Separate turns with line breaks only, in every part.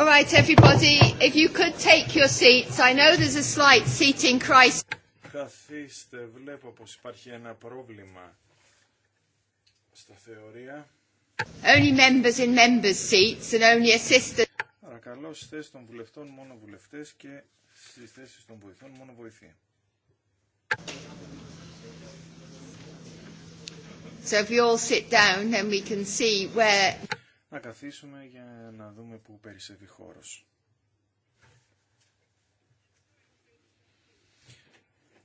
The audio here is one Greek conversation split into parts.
All right, everybody, if you could take your seats. I know there's a slight seating crisis.
Καθίστε, βλέπω πως υπάρχει ένα πρόβλημα στα θεωρία.
Only members in members seats and only assistants.
Παρακαλώ στις θέσεις των βουλευτών μόνο βουλευτές και στις θέσεις των βοηθών μόνο βοηθή.
So if we all sit down, then we can see where
να καθίσουμε για να δούμε πού περισσεύει χώρος.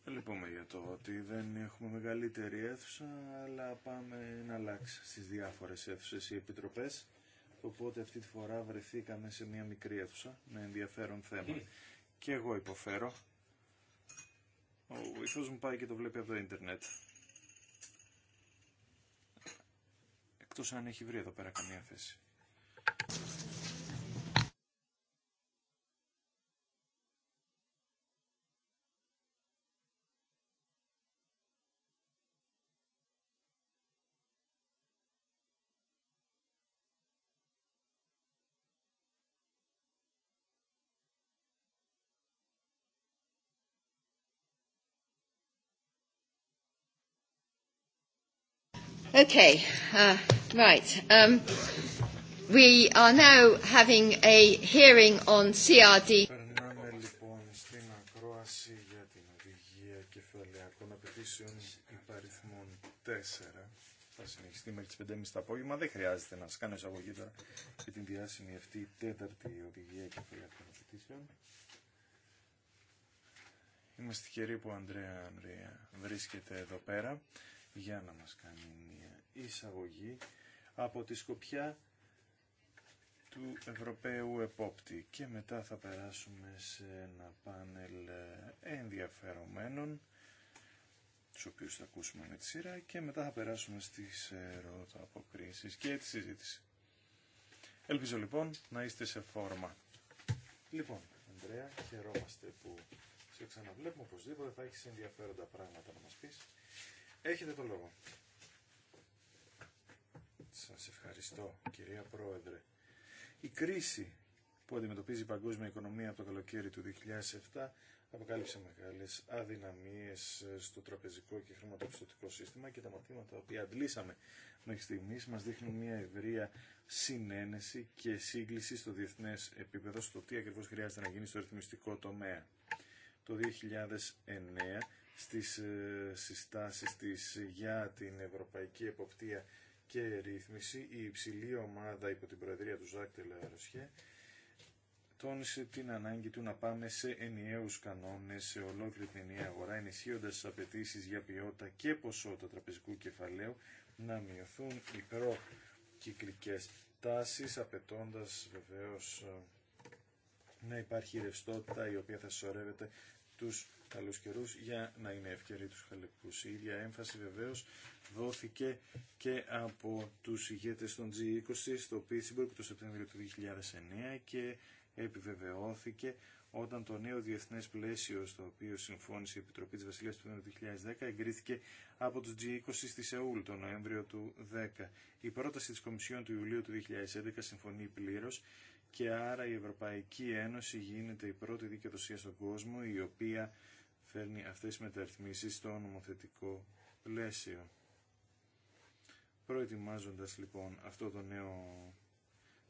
Λυπούμε για το ότι δεν έχουμε μεγαλύτερη αίθουσα, αλλά πάμε να αλλάξει στις διάφορες αίθουσες οι επιτροπές. Οπότε αυτή τη φορά βρεθήκαμε σε μια μικρή αίθουσα με ενδιαφέρον θέμα. Και εγώ υποφέρω. Ο ίσως μου πάει και το βλέπει από το ίντερνετ. Εκτός αν έχει βρει εδώ πέρα καμία θέση.
Okay, uh, right. Um, we are now having a hearing on CRD.
Περνάμε λοιπόν στην ακρόαση για την οδηγία κεφαλαιακών απαιτήσεων υπαριθμών 4. Θα συνεχιστεί μέχρι τι 5.30 το απόγευμα. Δεν χρειάζεται να σα κάνω εισαγωγή τώρα για την διάσημη αυτή τέταρτη οδηγία κεφαλαιακών απαιτήσεων. Είμαστε τυχεροί που ο Ανδρέα Ανδρέα βρίσκεται εδώ πέρα για να μας κάνει μια εισαγωγή από τη σκοπιά του Ευρωπαίου Επόπτη και μετά θα περάσουμε σε ένα πάνελ ενδιαφερομένων τους οποίους θα ακούσουμε με τη σειρά και μετά θα περάσουμε στις ερώτα και τη συζήτηση. Ελπίζω λοιπόν να είστε σε φόρμα. Λοιπόν, Ανδρέα, χαιρόμαστε που σε ξαναβλέπουμε οπωσδήποτε, θα έχεις ενδιαφέροντα πράγματα να μας πεις. Έχετε το λόγο. Σας ευχαριστώ κυρία Πρόεδρε. Η κρίση που αντιμετωπίζει η παγκόσμια οικονομία από το καλοκαίρι του 2007 αποκάλυψε μεγάλες αδυναμίες στο τραπεζικό και χρηματοπιστωτικό σύστημα και τα μαθήματα τα οποία αντλήσαμε μέχρι στιγμής μας δείχνουν μια ευρεία συνένεση και σύγκληση στο διεθνές επίπεδο στο τι ακριβώς χρειάζεται να γίνει στο ρυθμιστικό τομέα. Το 2009 στις ε, συστάσεις της για την Ευρωπαϊκή Εποπτεία και Ρύθμιση, η υψηλή ομάδα υπό την Προεδρία του Ζάκ Τελεαροσχέ τόνισε την ανάγκη του να πάμε σε ενιαίους κανόνες σε ολόκληρη την ενιαία αγορά, ενισχύοντας τις απαιτήσει για ποιότητα και ποσότητα τραπεζικού κεφαλαίου, να μειωθούν οι προκυκλικές τάσεις, απαιτώντας βεβαίως ε, να υπάρχει ρευστότητα η οποία θα σωρεύεται τους καλούς καιρούς για να είναι ευκαιροί τους χαλεπούς. Η ίδια έμφαση βεβαίως δόθηκε και από τους ηγέτες των G20 στο Pittsburgh το Σεπτέμβριο του 2009 και επιβεβαιώθηκε όταν το νέο διεθνές πλαίσιο στο οποίο συμφώνησε η Επιτροπή της Βασιλείας του 2010 εγκρίθηκε από τους G20 στη Σεούλ τον Νοέμβριο του 2010. Η πρόταση της Κομισιόν του Ιουλίου του 2011 συμφωνεί πλήρω και άρα η Ευρωπαϊκή Ένωση γίνεται η πρώτη δικαιοδοσία στον κόσμο η οποία φέρνει αυτές τις μεταρρυθμίσεις στο νομοθετικό πλαίσιο. Προετοιμάζοντας λοιπόν αυτό το νέο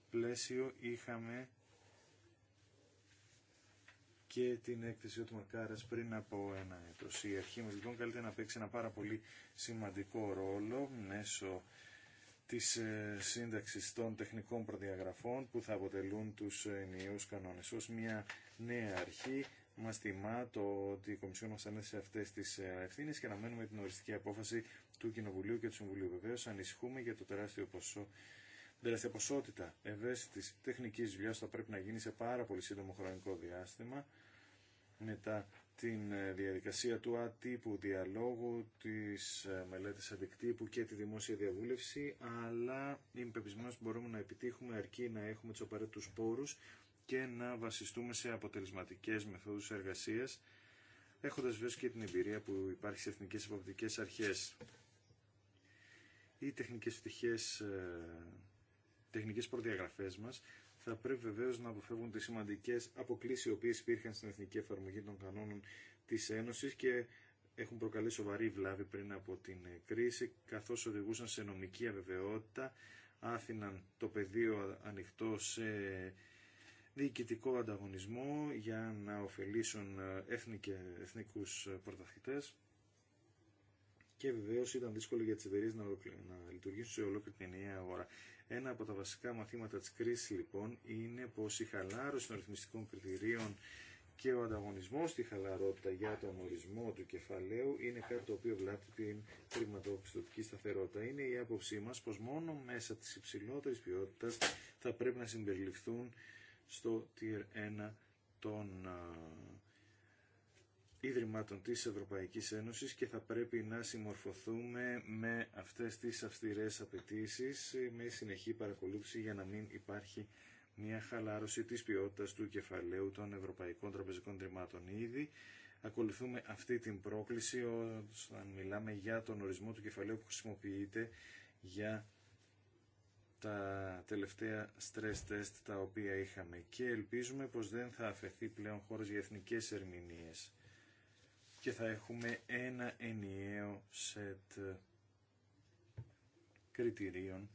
πλαίσιο είχαμε και την έκθεση του Μακάρας πριν από ένα έτος. Η αρχή μας λοιπόν καλείται να παίξει ένα πάρα πολύ σημαντικό ρόλο μέσω της ε, σύνταξης των τεχνικών προδιαγραφών που θα αποτελούν τους ενιαίους κανόνες. Ως μια νέα αρχή μα τιμά το ότι η Κομισιόν μας ανέθεσε αυτέ τι ε, ευθύνε και αναμένουμε την οριστική απόφαση του Κοινοβουλίου και του Συμβουλίου. Βεβαίω, ανησυχούμε για το τεράστιο ποσό Τεράστια ποσότητα ευαίσθητη τεχνική δουλειά θα πρέπει να γίνει σε πάρα πολύ σύντομο χρονικό διάστημα μετά την ε, διαδικασία του ατύπου διαλόγου, της ε, μελέτης αντικτύπου και τη δημόσια διαβούλευση, αλλά είμαι πεπισμένος μπορούμε να επιτύχουμε αρκεί να έχουμε τους απαραίτητους πόρους και να βασιστούμε σε αποτελεσματικές μεθόδους εργασίας, έχοντας βέβαια και την εμπειρία που υπάρχει σε εθνικές εποπτικές αρχές. Οι τεχνικές ε, τεχνικές προδιαγραφές μας θα πρέπει βεβαίω να αποφεύγουν τις σημαντικές αποκλήσεις οι οποίες υπήρχαν στην εθνική εφαρμογή των κανόνων της Ένωσης και έχουν προκαλεί σοβαρή βλάβη πριν από την κρίση, καθώς οδηγούσαν σε νομική αβεβαιότητα, άφηναν το πεδίο ανοιχτό σε διοικητικό ανταγωνισμό για να ωφελήσουν εθνικε, εθνικούς ε, πρωταθλητές και βεβαίως ήταν δύσκολο για τις εταιρείε να, λειτουργήσουν σε ολόκληρη την ενιαία αγορά. Ένα από τα βασικά μαθήματα της κρίσης λοιπόν είναι πως η χαλάρωση των ρυθμιστικών κριτηρίων και ο ανταγωνισμός στη χαλαρότητα για τον ορισμό του κεφαλαίου είναι κάτι το οποίο βλάπτει την χρηματοπιστωτική σταθερότητα. Είναι η άποψή μας πως μόνο μέσα της υψηλότερης ποιότητας θα πρέπει να συμπεριληφθούν στο Tier 1 των Ίδρυματων της Ευρωπαϊκής Ένωσης και θα πρέπει να συμμορφωθούμε με αυτές τις αυστηρές απαιτήσει με συνεχή παρακολούθηση για να μην υπάρχει μια χαλάρωση της ποιότητας του κεφαλαίου των Ευρωπαϊκών Τραπεζικών Ιδρυμάτων ήδη. Ακολουθούμε αυτή την πρόκληση όταν μιλάμε για τον ορισμό του κεφαλαίου που χρησιμοποιείται για τα τελευταία stress test τα οποία είχαμε και ελπίζουμε πως δεν θα αφαιθεί πλέον χώρος για εθνικέ ερμηνείες και θα έχουμε ένα ενιαίο σετ κριτηρίων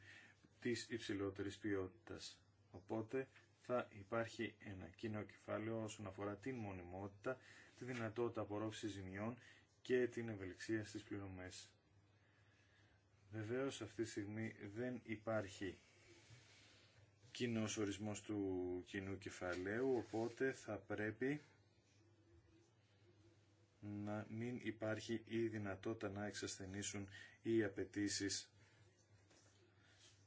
της υψηλότερης ποιότητας. Οπότε θα υπάρχει ένα κοινό κεφάλαιο όσον αφορά την μονιμότητα, τη δυνατότητα απορρόφησης ζημιών και την ευελιξία στις πληρωμές. Βεβαίως αυτή τη στιγμή δεν υπάρχει κοινό ορισμός του κοινού κεφαλαίου, οπότε θα πρέπει να μην υπάρχει η δυνατότητα να εξασθενήσουν οι απαιτήσει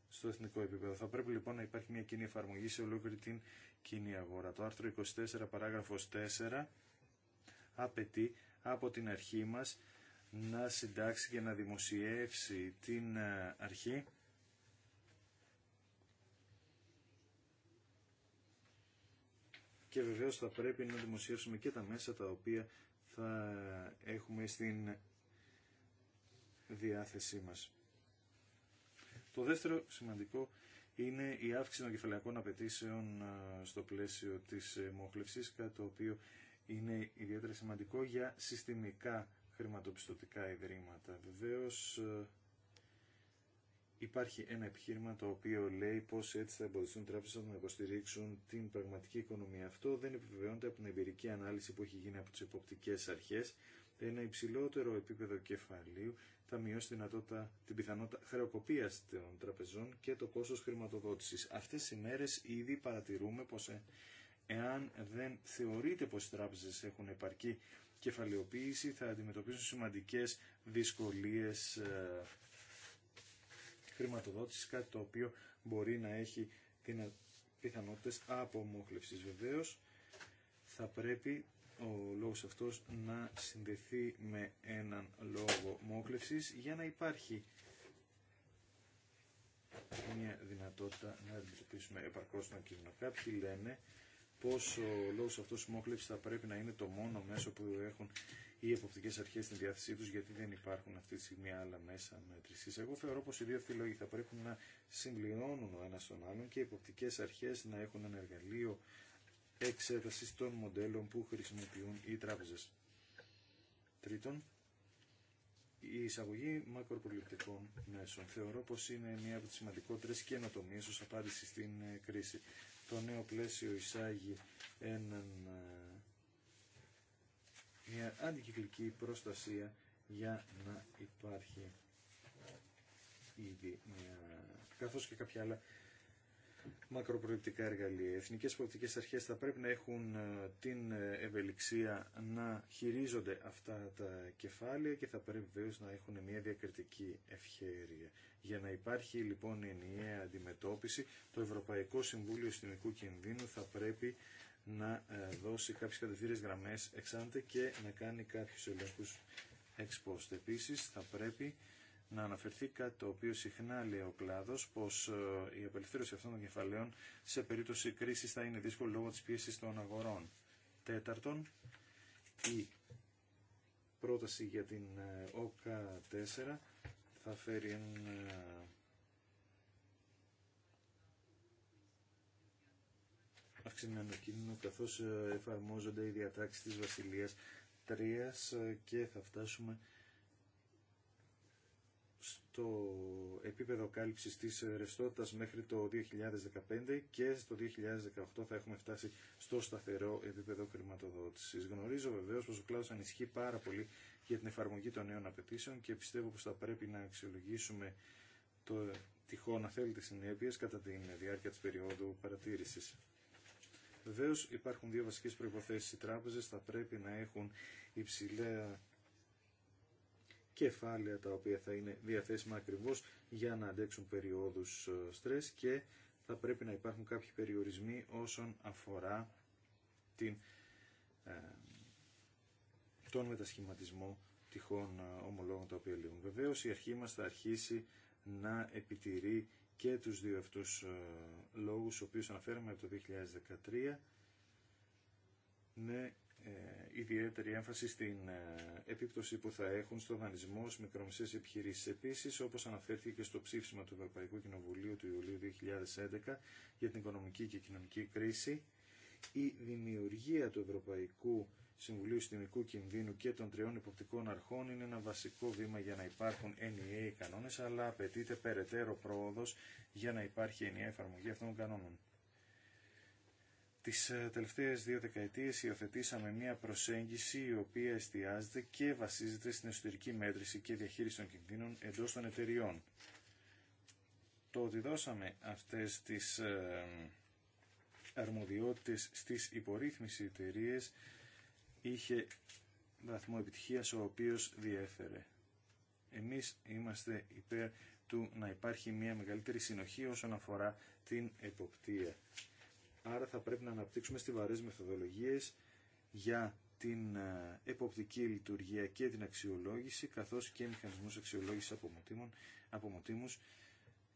στο εθνικό επίπεδο. Θα πρέπει λοιπόν να υπάρχει μια κοινή εφαρμογή σε ολόκληρη την κοινή αγορά. Το άρθρο 24 παράγραφος 4 απαιτεί από την αρχή μας να συντάξει και να δημοσιεύσει την ε, αρχή και βεβαίως θα πρέπει να δημοσιεύσουμε και τα μέσα τα οποία θα έχουμε στην διάθεσή μας. Το δεύτερο σημαντικό είναι η αύξηση των κεφαλαίων απαιτήσεων ε, στο πλαίσιο της ε, μόχλευσης, κάτι το οποίο είναι ιδιαίτερα σημαντικό για συστημικά χρηματοπιστωτικά ιδρύματα. Βεβαίως ε, υπάρχει ένα επιχείρημα το οποίο λέει πως έτσι θα εμποδιστούν τράπεζες να υποστηρίξουν την πραγματική οικονομία. Αυτό δεν επιβεβαιώνεται από την εμπειρική ανάλυση που έχει γίνει από τις εποπτικές αρχές. Ένα υψηλότερο επίπεδο κεφαλίου θα μειώσει την, δυνατότητα, την πιθανότητα χρεοκοπία των τραπεζών και το κόστος χρηματοδότησης. Αυτές οι μέρες ήδη παρατηρούμε πως ε, εάν δεν θεωρείται πως οι τράπεζες έχουν επαρκή κεφαλαιοποίηση θα αντιμετωπίσουν σημαντικές δυσκολίες ε, χρηματοδότησης, κάτι το οποίο μπορεί να έχει πιθανότητες απομόχλευσης βεβαίως. Θα πρέπει ο λόγος αυτός να συνδεθεί με έναν λόγο μόχλευσης για να υπάρχει μια δυνατότητα να αντιμετωπίσουμε επαρκώς τον κίνδυνο. Κάποιοι λένε πως ο λόγος αυτός μόχλευσης θα πρέπει να είναι το μόνο μέσο που έχουν οι εποπτικές αρχές στην διάθεσή τους γιατί δεν υπάρχουν αυτή τη στιγμή άλλα μέσα μέτρησης. Εγώ θεωρώ πως οι δύο αυτοί λόγοι θα πρέπει να συμπληρώνουν ο ένας τον άλλον και οι εποπτικές αρχές να έχουν ένα εργαλείο εξέτασης των μοντέλων που χρησιμοποιούν οι τράπεζες. Τρίτον, η εισαγωγή μακροπροληπτικών μέσων θεωρώ πως είναι μία από τις σημαντικότερες καινοτομίες ως απάντηση στην κρίση το νέο πλαίσιο εισάγει έναν, ε, μια αντικυκλική προστασία για να υπάρχει ήδη μια, καθώς και κάποια άλλα μακροπροληπτικά εργαλεία. Οι εθνικές πολιτικές αρχές θα πρέπει να έχουν ε, την ε, ευελιξία να χειρίζονται αυτά τα κεφάλαια και θα πρέπει βεβαίω να έχουν μια διακριτική ευχέρεια. Για να υπάρχει λοιπόν ενιαία αντιμετώπιση, το Ευρωπαϊκό Συμβούλιο Συστημικού Κινδύνου θα πρέπει να ε, δώσει κάποιες κατευθύνες γραμμές εξάντε και να κάνει κάποιους ελέγχους εξ Επίσης θα πρέπει να αναφερθεί κάτι το οποίο συχνά λέει ο κλάδο, πω ε, η απελευθέρωση αυτών των κεφαλαίων σε περίπτωση κρίση θα είναι δύσκολη λόγω τη πίεση των αγορών. Τέταρτον, η πρόταση για την ε, ΟΚΑ 4 θα φέρει ένα αυξημένο κίνδυνο καθώς ε, εφαρμόζονται οι διατάξεις της Βασιλείας 3 και θα φτάσουμε το επίπεδο κάλυψης της ρευστότητας μέχρι το 2015 και στο 2018 θα έχουμε φτάσει στο σταθερό επίπεδο χρηματοδότησης. Γνωρίζω βεβαίως πως ο κλάδος ανισχύει πάρα πολύ για την εφαρμογή των νέων απαιτήσεων και πιστεύω πως θα πρέπει να αξιολογήσουμε το τυχόν θέλετε συνέπειες κατά τη διάρκεια της περίοδου παρατήρησης. Βεβαίως υπάρχουν δύο βασικές προϋποθέσεις. Οι τράπεζες θα πρέπει να έχουν υψηλά κεφάλαια τα οποία θα είναι διαθέσιμα ακριβώς για να αντέξουν περιόδους ε, στρες και θα πρέπει να υπάρχουν κάποιοι περιορισμοί όσον αφορά την, ε, τον μετασχηματισμό τυχών ε, ομολόγων τα οποία λύγουν. Βεβαίως η αρχή μας θα αρχίσει να επιτηρεί και τους δύο αυτούς λόγους, ο οποίους αναφέραμε από το 2013, ιδιαίτερη έμφαση στην ε, επίπτωση που θα έχουν στο δανεισμό στι μικρομεσαίε επιχειρήσει. Επίση, όπως αναφέρθηκε και στο ψήφισμα του Ευρωπαϊκού Κοινοβουλίου του Ιουλίου 2011 για την οικονομική και κοινωνική κρίση, η δημιουργία του Ευρωπαϊκού Συμβουλίου Συστημικού Κινδύνου και των τριών υποπτικών αρχών είναι ένα βασικό βήμα για να υπάρχουν ενιαίοι κανόνε, αλλά απαιτείται περαιτέρω πρόοδο για να υπάρχει ενιαία εφαρμογή αυτών των κανόνων. Τις ε, τελευταίες δύο δεκαετίες υιοθετήσαμε μια προσέγγιση η οποία εστιάζεται και βασίζεται στην εσωτερική μέτρηση και διαχείριση των κινδύνων εντός των εταιριών. Το ότι δώσαμε αυτές τις ε, αρμοδιότητες στις υπορρύθμιση εταιρείε είχε βαθμό επιτυχίας ο οποίος διέφερε. Εμείς είμαστε υπέρ του να υπάρχει μια μεγαλύτερη συνοχή όσον αφορά την εποπτεία Άρα θα πρέπει να αναπτύξουμε στιβαρές μεθοδολογίες για την ε, εποπτική λειτουργία και την αξιολόγηση, καθώς και μηχανισμούς αξιολόγησης απομοτήμους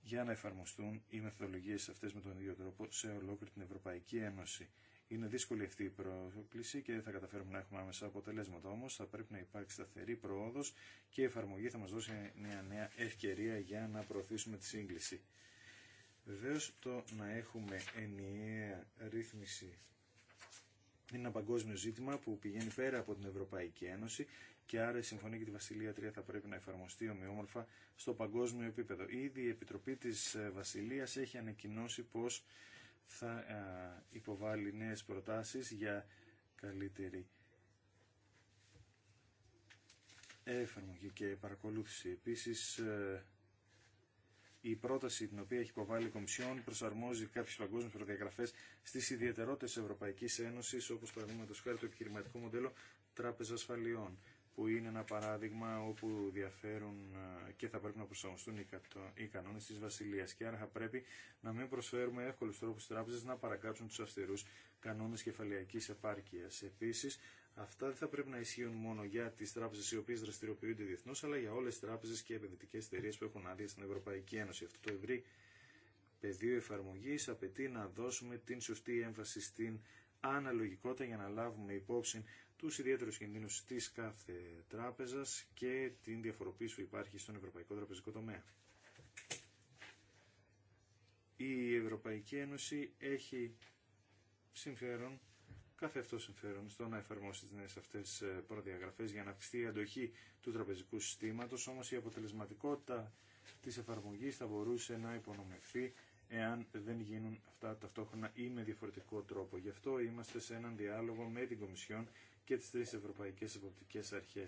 για να εφαρμοστούν οι μεθοδολογίες αυτές με τον ίδιο τρόπο σε ολόκληρη την Ευρωπαϊκή Ένωση. Είναι δύσκολη αυτή η πρόκληση και δεν θα καταφέρουμε να έχουμε άμεσα αποτελέσματα. Όμω θα πρέπει να υπάρξει σταθερή πρόοδο και η εφαρμογή θα μα δώσει μια νέα ευκαιρία για να προωθήσουμε τη σύγκληση. Βεβαίως το να έχουμε ενιαία ρύθμιση είναι ένα παγκόσμιο ζήτημα που πηγαίνει πέρα από την Ευρωπαϊκή Ένωση και άρα η Συμφωνία και τη Βασιλεία 3 θα πρέπει να εφαρμοστεί ομοιόμορφα στο παγκόσμιο επίπεδο. Ήδη η Επιτροπή της ε, Βασιλείας έχει ανακοινώσει πως θα ε, υποβάλει νέες προτάσεις για καλύτερη εφαρμογή και παρακολούθηση. Επίσης ε, η πρόταση την οποία έχει υποβάλει η Κομισιόν προσαρμόζει κάποιε παγκόσμιε προδιαγραφέ στι ιδιαιτερότητε τη Ευρωπαϊκή Ένωση, όπω παραδείγματο χάρη το επιχειρηματικό μοντέλο Τράπεζα Ασφαλιών, που είναι ένα παράδειγμα όπου διαφέρουν ε, και θα πρέπει να προσαρμοστούν οι κανόνε τη Βασιλεία. Και άρα θα πρέπει να μην προσφέρουμε εύκολου τρόπου στι τράπεζε να παρακάψουν του αυστηρού κανόνε κεφαλαιακή επάρκεια. Επίση, Αυτά δεν θα πρέπει να ισχύουν μόνο για τι τράπεζε οι οποίε δραστηριοποιούνται διεθνώ, αλλά για όλε τι τράπεζε και επενδυτικέ εταιρείε που έχουν άδεια στην Ευρωπαϊκή Ένωση. Αυτό το ευρύ πεδίο εφαρμογή απαιτεί να δώσουμε την σωστή έμφαση στην αναλογικότητα για να λάβουμε υπόψη του ιδιαίτερου κινδύνου τη κάθε τράπεζα και την διαφοροποίηση που υπάρχει στον ευρωπαϊκό τραπεζικό τομέα. Η Ευρωπαϊκή Ένωση έχει συμφέρον κάθε αυτό συμφέρον στο να εφαρμόσει τι νέε αυτέ ε, προδιαγραφέ για να αυξηθεί η αντοχή του τραπεζικού συστήματο, όμω η αποτελεσματικότητα τη εφαρμογή θα μπορούσε να υπονομευθεί εάν δεν γίνουν αυτά ταυτόχρονα ή με διαφορετικό τρόπο. Γι' αυτό είμαστε σε έναν διάλογο με την Κομισιόν και τι τρει ευρωπαϊκέ εποπτικέ αρχέ.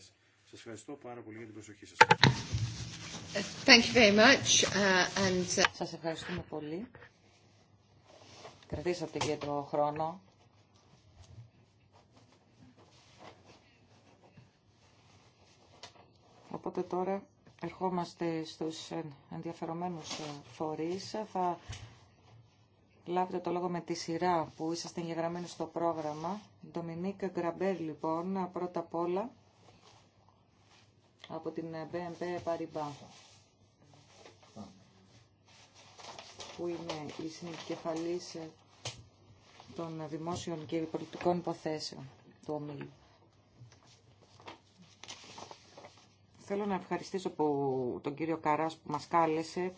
Σα ευχαριστώ πάρα πολύ
για την προσοχή σα. Thank you very much. Uh, uh, σας ευχαριστούμε πολύ. Κρατήσατε και το χρόνο Οπότε τώρα ερχόμαστε στους ενδιαφερομένους ε, φορείς. Θα λάβετε το λόγο με τη σειρά που είσαστε εγγεγραμμένοι στο πρόγραμμα. Ντομινίκ Γκραμπέρ λοιπόν, πρώτα απ' όλα από την BNP ε, Paribas που είναι η συνεκεφαλής ε, των δημόσιων και πολιτικών υποθέσεων του ομίλου. Θέλω να ευχαριστήσω που, τον κύριο Καράς που μας κάλεσε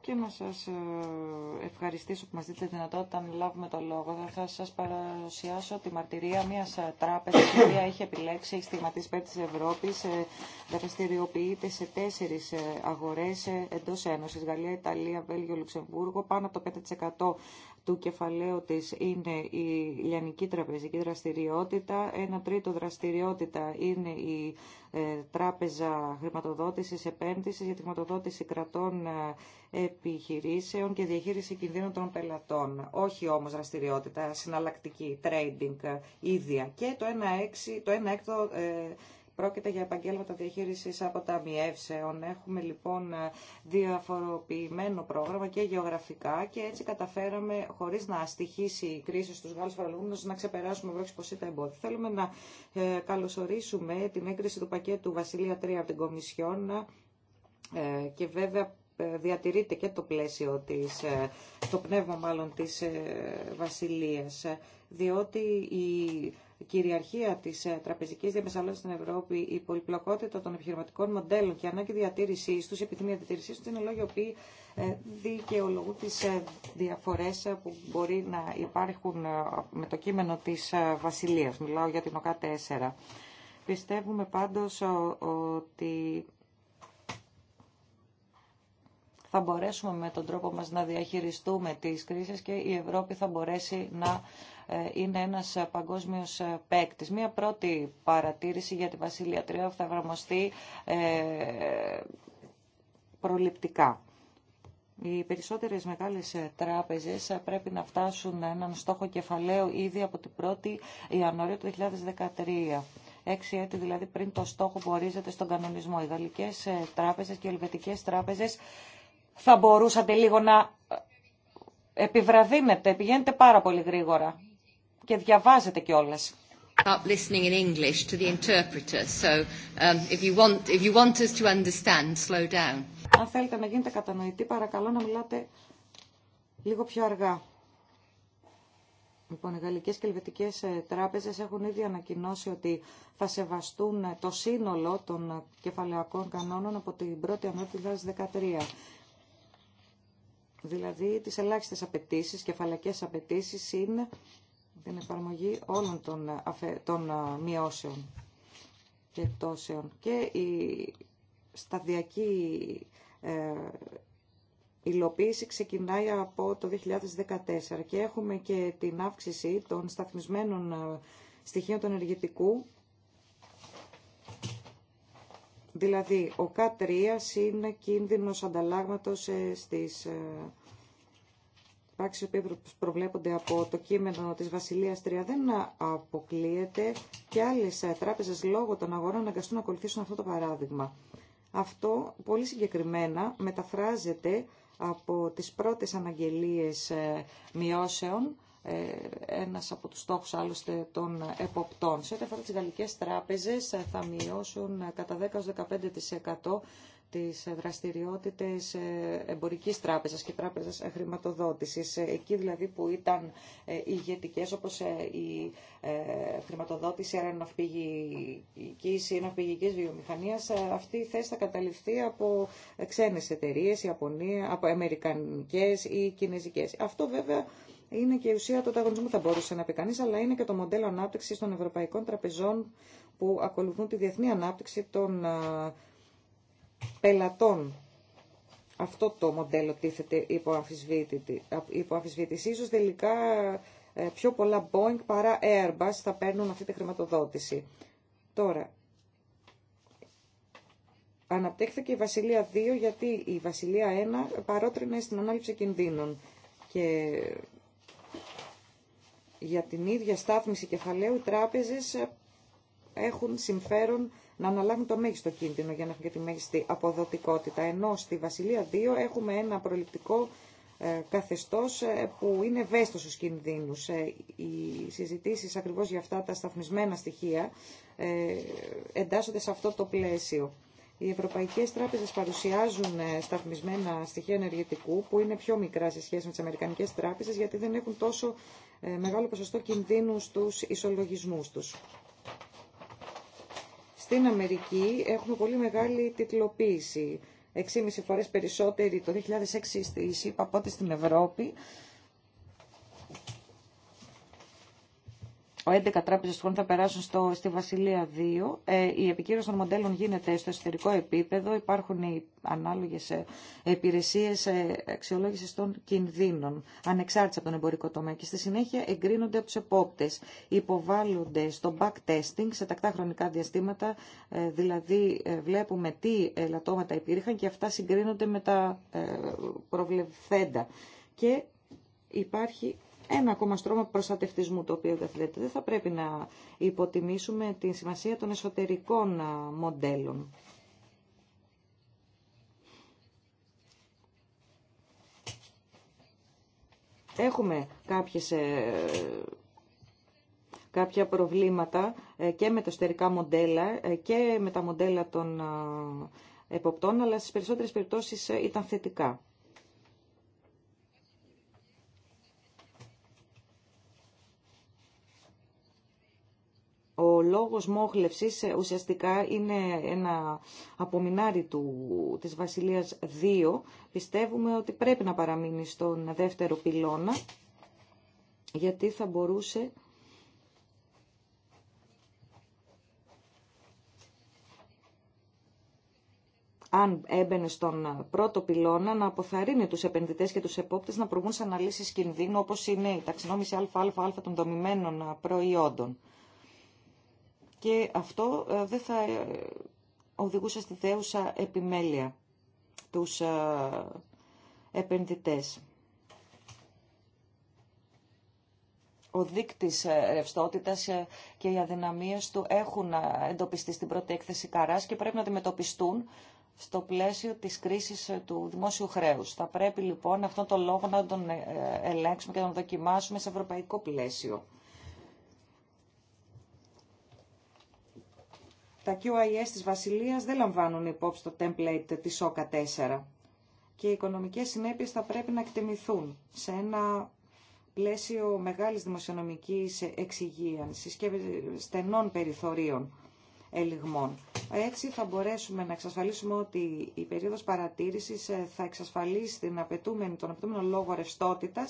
και να σας ε, ευχαριστήσω που μας δείτε τη δυνατότητα να λάβουμε το λόγο. Θα σας παρουσιάσω τη μαρτυρία μιας ε, τράπεζας η οποία έχει επιλέξει, έχει στιγματίσει πέρα της Ευρώπης, ε, δραστηριοποιείται σε τέσσερις αγορές εντός Ένωσης, Γαλλία, Ιταλία, Βέλγιο, Λουξεμβούργο, πάνω από το 5% του κεφαλαίου της είναι η λιανική τραπεζική δραστηριότητα, ένα τρίτο δραστηριότητα είναι η ε, τράπεζα χρηματοδότησης επένδυσης για τη χρηματοδότηση κρατών ε, επιχειρήσεων και διαχείριση κινδύνων των πελατών. Όχι όμως δραστηριότητα συναλλακτική, trading ε, ίδια. Και το ένα έξι, το έκτο Πρόκειται για επαγγέλματα διαχείρισης αποταμιεύσεων. Έχουμε λοιπόν διαφοροποιημένο πρόγραμμα και γεωγραφικά και έτσι καταφέραμε χωρί να αστοιχήσει η κρίση στου Γάλλου φορολογούμενου να ξεπεράσουμε βρόχης πώ τα εμπόδια. Θέλουμε να ε, καλωσορίσουμε την έγκριση του πακέτου Βασιλεία 3 από την Κομισιόν ε, και βέβαια ε, διατηρείται και το πλαίσιο της, το πνεύμα μάλλον της Βασιλείας, διότι η κυριαρχία της ε, τραπεζικής διαμεσολάβηση στην Ευρώπη, η πολυπλοκότητα των επιχειρηματικών μοντέλων και η ανάγκη διατήρηση, του, η επιθυμία διατηρήσή του είναι λόγια που ε, δικαιολογούν τι ε, διαφορές που μπορεί να υπάρχουν με το κείμενο της βασιλεία, Μιλάω για την ΟΚΑ 4. Πιστεύουμε πάντως ότι θα μπορέσουμε με τον τρόπο μας να διαχειριστούμε τις κρίσεις και η Ευρώπη θα μπορέσει να ε, είναι ένας παγκόσμιος ε, παίκτη. Μία πρώτη παρατήρηση για τη Βασιλεία Τρία θα εφαρμοστεί ε, προληπτικά. Οι περισσότερες μεγάλες τράπεζες πρέπει να φτάσουν έναν στόχο κεφαλαίου ήδη από την 1η Ιανουαρίου του 2013 έξι έτη δηλαδή πριν το στόχο που ορίζεται στον κανονισμό. Οι γαλλικές τράπεζες και οι ελβετικές τράπεζες θα μπορούσατε λίγο να ε, επιβραδύνετε, πηγαίνετε πάρα πολύ γρήγορα και διαβάζετε κιόλας. listening in English to the interpreter, so um, if you want if you want us to understand, slow down. Αν θέλετε να γίνετε κατανοητοί, παρακαλώ να μιλάτε λίγο πιο αργά. Λοιπόν, οι γαλλικές και ελβετικές ε, τράπεζες έχουν ήδη ανακοινώσει ότι θα σεβαστούν ε, το σύνολο των κεφαλαιακών κανόνων από την 1η Ιανουαρίου 2013 δηλαδή τις ελάχιστες απαιτήσεις, κεφαλακές απαιτήσεις είναι την εφαρμογή όλων των, αφε, των μειώσεων και εκτόσεων. και η σταδιακή ε, υλοποίηση ξεκινάει από το 2014 και έχουμε και την αύξηση των σταθμισμένων ε, στοιχείων των ενεργητικού Δηλαδή, ο K3 είναι κίνδυνος ανταλλάγματος ε, στις ε, πράξεις που προβλέπονται από το κείμενο της Βασιλείας 3 δεν αποκλείεται και άλλες ε, τράπεζες λόγω των αγορών αναγκαστούν να ακολουθήσουν αυτό το παράδειγμα. Αυτό πολύ συγκεκριμένα μεταφράζεται από τις πρώτες αναγγελίες μειώσεων ε, ένας από τους στόχους άλλωστε των εποπτών. Σε ό,τι αφορά τις γαλλικές τράπεζες ε, θα μειώσουν ε, κατά 10-15% τις δραστηριότητες εμπορικής τράπεζας και τράπεζας χρηματοδότησης. Εκεί δηλαδή που ήταν ηγετικές όπως η χρηματοδότηση αεροναυπηγικής ή αεροναυπηγικής βιομηχανίας, αυτή η θέση θα καταληφθεί από ξένες εταιρείες, Ιαπωνία, από αμερικανικές ή κινέζικες. Αυτό βέβαια είναι και η ουσία του ανταγωνισμού, θα μπορούσε να πει κανεί, αλλά είναι και το μοντέλο ανάπτυξη των ευρωπαϊκών τραπεζών που ακολουθούν τη διεθνή ανάπτυξη των πελατών. Αυτό το μοντέλο τίθεται υπό αμφισβήτηση. Ίσως τελικά ε, πιο πολλά Boeing παρά Airbus θα παίρνουν αυτή τη χρηματοδότηση. Τώρα, αναπτύχθηκε η Βασιλεία 2 γιατί η Βασιλεία 1 παρότρινε στην ανάληψη κινδύνων. Και για την ίδια στάθμιση κεφαλαίου οι τράπεζες έχουν συμφέρον να αναλάβουν το μέγιστο κίνδυνο για να έχουν και τη μέγιστη αποδοτικότητα. Ενώ στη Βασιλεία 2 έχουμε ένα προληπτικό ε, καθεστώς ε, που είναι ευαίσθητο στους κινδύνους. Ε, οι συζητήσεις ακριβώς για αυτά τα σταθμισμένα στοιχεία εντάσσονται σε αυτό το πλαίσιο. Οι ευρωπαϊκές τράπεζες παρουσιάζουν ε, σταθμισμένα στοιχεία ενεργητικού που είναι πιο μικρά σε σχέση με τις αμερικανικές τράπεζες γιατί δεν έχουν τόσο ε, μεγάλο ποσοστό κινδύνου στους ισολογισμούς τους. Στην Αμερική έχουμε πολύ μεγάλη τιτλοποίηση. 6,5 φορές περισσότερη το 2006 στη ΣΥΠΑ από ό,τι στην Ευρώπη 11 τράπεζε του χρόνου λοιπόν θα περάσουν στο, στη Βασιλεία 2. Ε, η επικύρωση των μοντέλων γίνεται στο εσωτερικό επίπεδο. Υπάρχουν οι ανάλογε υπηρεσίε αξιολόγηση των κινδύνων, ανεξάρτητα από τον εμπορικό τομέα. Και στη συνέχεια εγκρίνονται από του επόπτε. Υποβάλλονται στο backtesting σε τακτά χρονικά διαστήματα. Ε, δηλαδή, ε, βλέπουμε τι ελαττώματα υπήρχαν και αυτά συγκρίνονται με τα ε, προβλεφθέντα. Και υπάρχει ένα ακόμα στρώμα προστατευτισμού το οποίο Δεν θα πρέπει να υποτιμήσουμε τη σημασία των εσωτερικών μοντέλων. Έχουμε κάποιες, ε, κάποια προβλήματα ε, και με τα εσωτερικά μοντέλα ε, και με τα μοντέλα των εποπτών, αλλά στις περισσότερες περιπτώσεις ήταν θετικά. λόγος μόχλευσης ε, ουσιαστικά είναι ένα απομεινάρι του, της Βασιλείας 2. Πιστεύουμε ότι πρέπει να παραμείνει στον δεύτερο πυλώνα, γιατί θα μπορούσε αν έμπαινε στον πρώτο πυλώνα, να αποθαρρύνει τους επενδυτές και τους επόπτες να προβούν σε αναλύσεις κινδύνου, όπως είναι η ταξινόμηση ΑΑΑ των δομημένων προϊόντων και αυτό ε, δεν θα ε, οδηγούσε στη θέουσα επιμέλεια τους ε, επενδυτές. ο δείκτης ρευστότητας και οι αδυναμίες του έχουν εντοπιστεί στην πρώτη έκθεση καράς και πρέπει να αντιμετωπιστούν στο πλαίσιο της κρίσης του δημόσιου χρέους. Θα πρέπει λοιπόν αυτόν τον λόγο να τον ελέγξουμε και να τον δοκιμάσουμε σε ευρωπαϊκό πλαίσιο. Τα QIS της Βασιλείας δεν λαμβάνουν υπόψη το template της ΟΚΑ 4 και οι οικονομικές συνέπειες θα πρέπει να εκτιμηθούν σε ένα πλαίσιο μεγάλης δημοσιονομικής εξυγίανσης και στενών περιθωρίων ελιγμών. Έτσι θα μπορέσουμε να εξασφαλίσουμε ότι η περίοδος παρατήρησης ε, θα εξασφαλίσει την απαιτούμενη, τον απαιτούμενο λόγο ρευστότητα,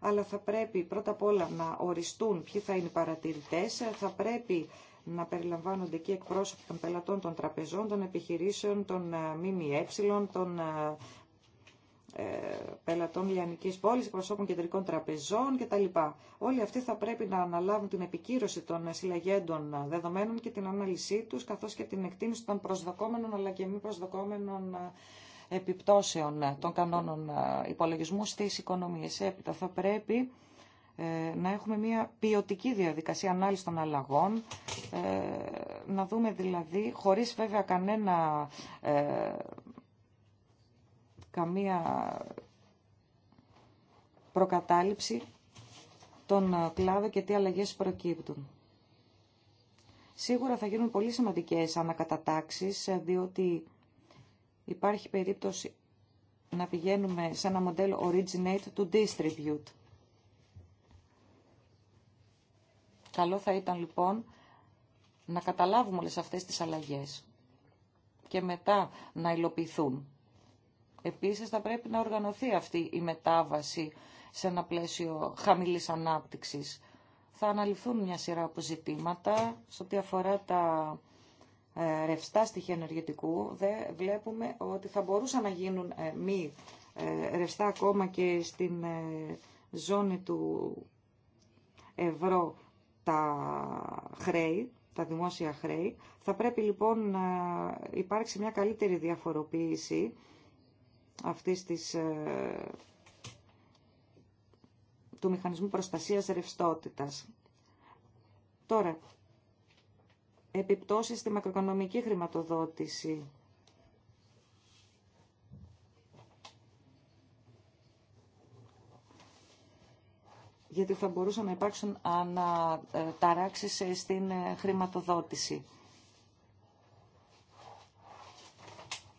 αλλά θα πρέπει πρώτα απ' όλα να οριστούν ποιοι θα είναι οι παρατηρητές, ε, θα πρέπει να περιλαμβάνονται εκεί εκπρόσωποι των πελατών των τραπεζών, των επιχειρήσεων, των ε, ΜΜΕ, των ε, ε, πελατών λιανικής πόλης, εκπροσώπων κεντρικών τραπεζών κτλ. Όλοι αυτοί θα πρέπει να αναλάβουν την επικύρωση των συλλαγέντων δεδομένων και την ανάλυσή τους, καθώς και την εκτίμηση των προσδοκόμενων αλλά και μη προσδοκόμενων επιπτώσεων των κανόνων υπολογισμού στις οικονομίες. Έπειτα θα πρέπει ε, να έχουμε μια ποιοτική διαδικασία ανάλυση των αλλαγών, ε, να δούμε δηλαδή, χωρίς βέβαια κανένα, ε, καμία προκατάληψη, των κλάδο και τι αλλαγές προκύπτουν. Σίγουρα θα γίνουν πολύ σημαντικές ανακατατάξεις, διότι υπάρχει περίπτωση να πηγαίνουμε σε ένα μοντέλο originate to distribute Καλό θα ήταν λοιπόν να καταλάβουμε όλες αυτές τις αλλαγές και μετά να υλοποιηθούν. Επίσης θα πρέπει να οργανωθεί αυτή η μετάβαση σε ένα πλαίσιο χαμηλής ανάπτυξης. Θα αναλυθούν μια σειρά από ζητήματα, σε ό,τι αφορά τα ε, ρευστά στοιχεία ενεργητικού, βλέπουμε ότι θα μπορούσαν να γίνουν ε, μη ε, ρευστά ακόμα και στην ζώνη του ευρώ τα χρέη, τα δημόσια χρέη. Θα πρέπει λοιπόν να υπάρξει μια καλύτερη διαφοροποίηση αυτής της, ε, του μηχανισμού προστασίας ρευστότητας. Τώρα, επιπτώσεις στη μακροοικονομική χρηματοδότηση γιατί θα μπορούσαν να υπάρξουν αναταράξεις στην ε, χρηματοδότηση.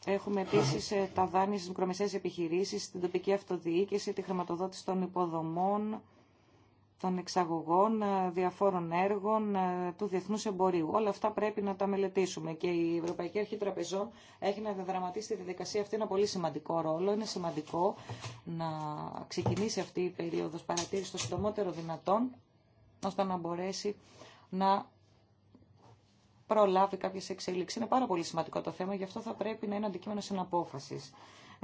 Έχουμε επίση ε, τα δάνεια στι μικρομεσαίε επιχειρήσει, την τοπική αυτοδιοίκηση, τη χρηματοδότηση των υποδομών, των εξαγωγών ε, διαφόρων έργων ε, του διεθνούς εμπορίου. Όλα αυτά πρέπει να τα μελετήσουμε και η Ευρωπαϊκή Αρχή Τραπεζών έχει να διαδραματίσει τη διαδικασία αυτή ένα πολύ σημαντικό ρόλο. Είναι σημαντικό να ξεκινήσει αυτή η περίοδος παρατήρηση το συντομότερο δυνατόν ώστε να μπορέσει να προλάβει κάποιες εξέλιξεις. Είναι πάρα πολύ σημαντικό το θέμα, γι' αυτό θα πρέπει να είναι αντικείμενο συναπόφασης.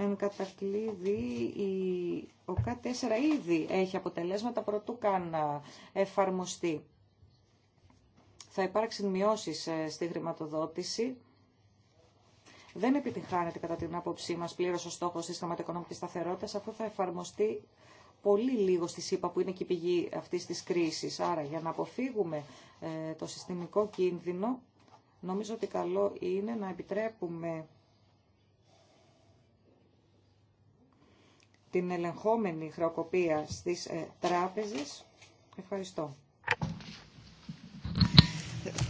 Εν κατακλείδη, ο K4 ήδη έχει αποτελέσματα πρωτού καν εφαρμοστεί. Θα υπάρξουν μειώσεις ε, στη χρηματοδότηση. Δεν επιτυχάνεται κατά την άποψή μας πλήρως ο στόχος της χρηματοοικονομικής σταθερότητας, Αυτό θα εφαρμοστεί πολύ λίγο στη ΣΥΠΑ που είναι και η πηγή αυτής της κρίσης. Άρα για να αποφύγουμε ε, το συστημικό κίνδυνο, νομίζω ότι καλό είναι να επιτρέπουμε την ελεγχόμενη χρεοκοπία στις ε, τράπεζες. Ευχαριστώ.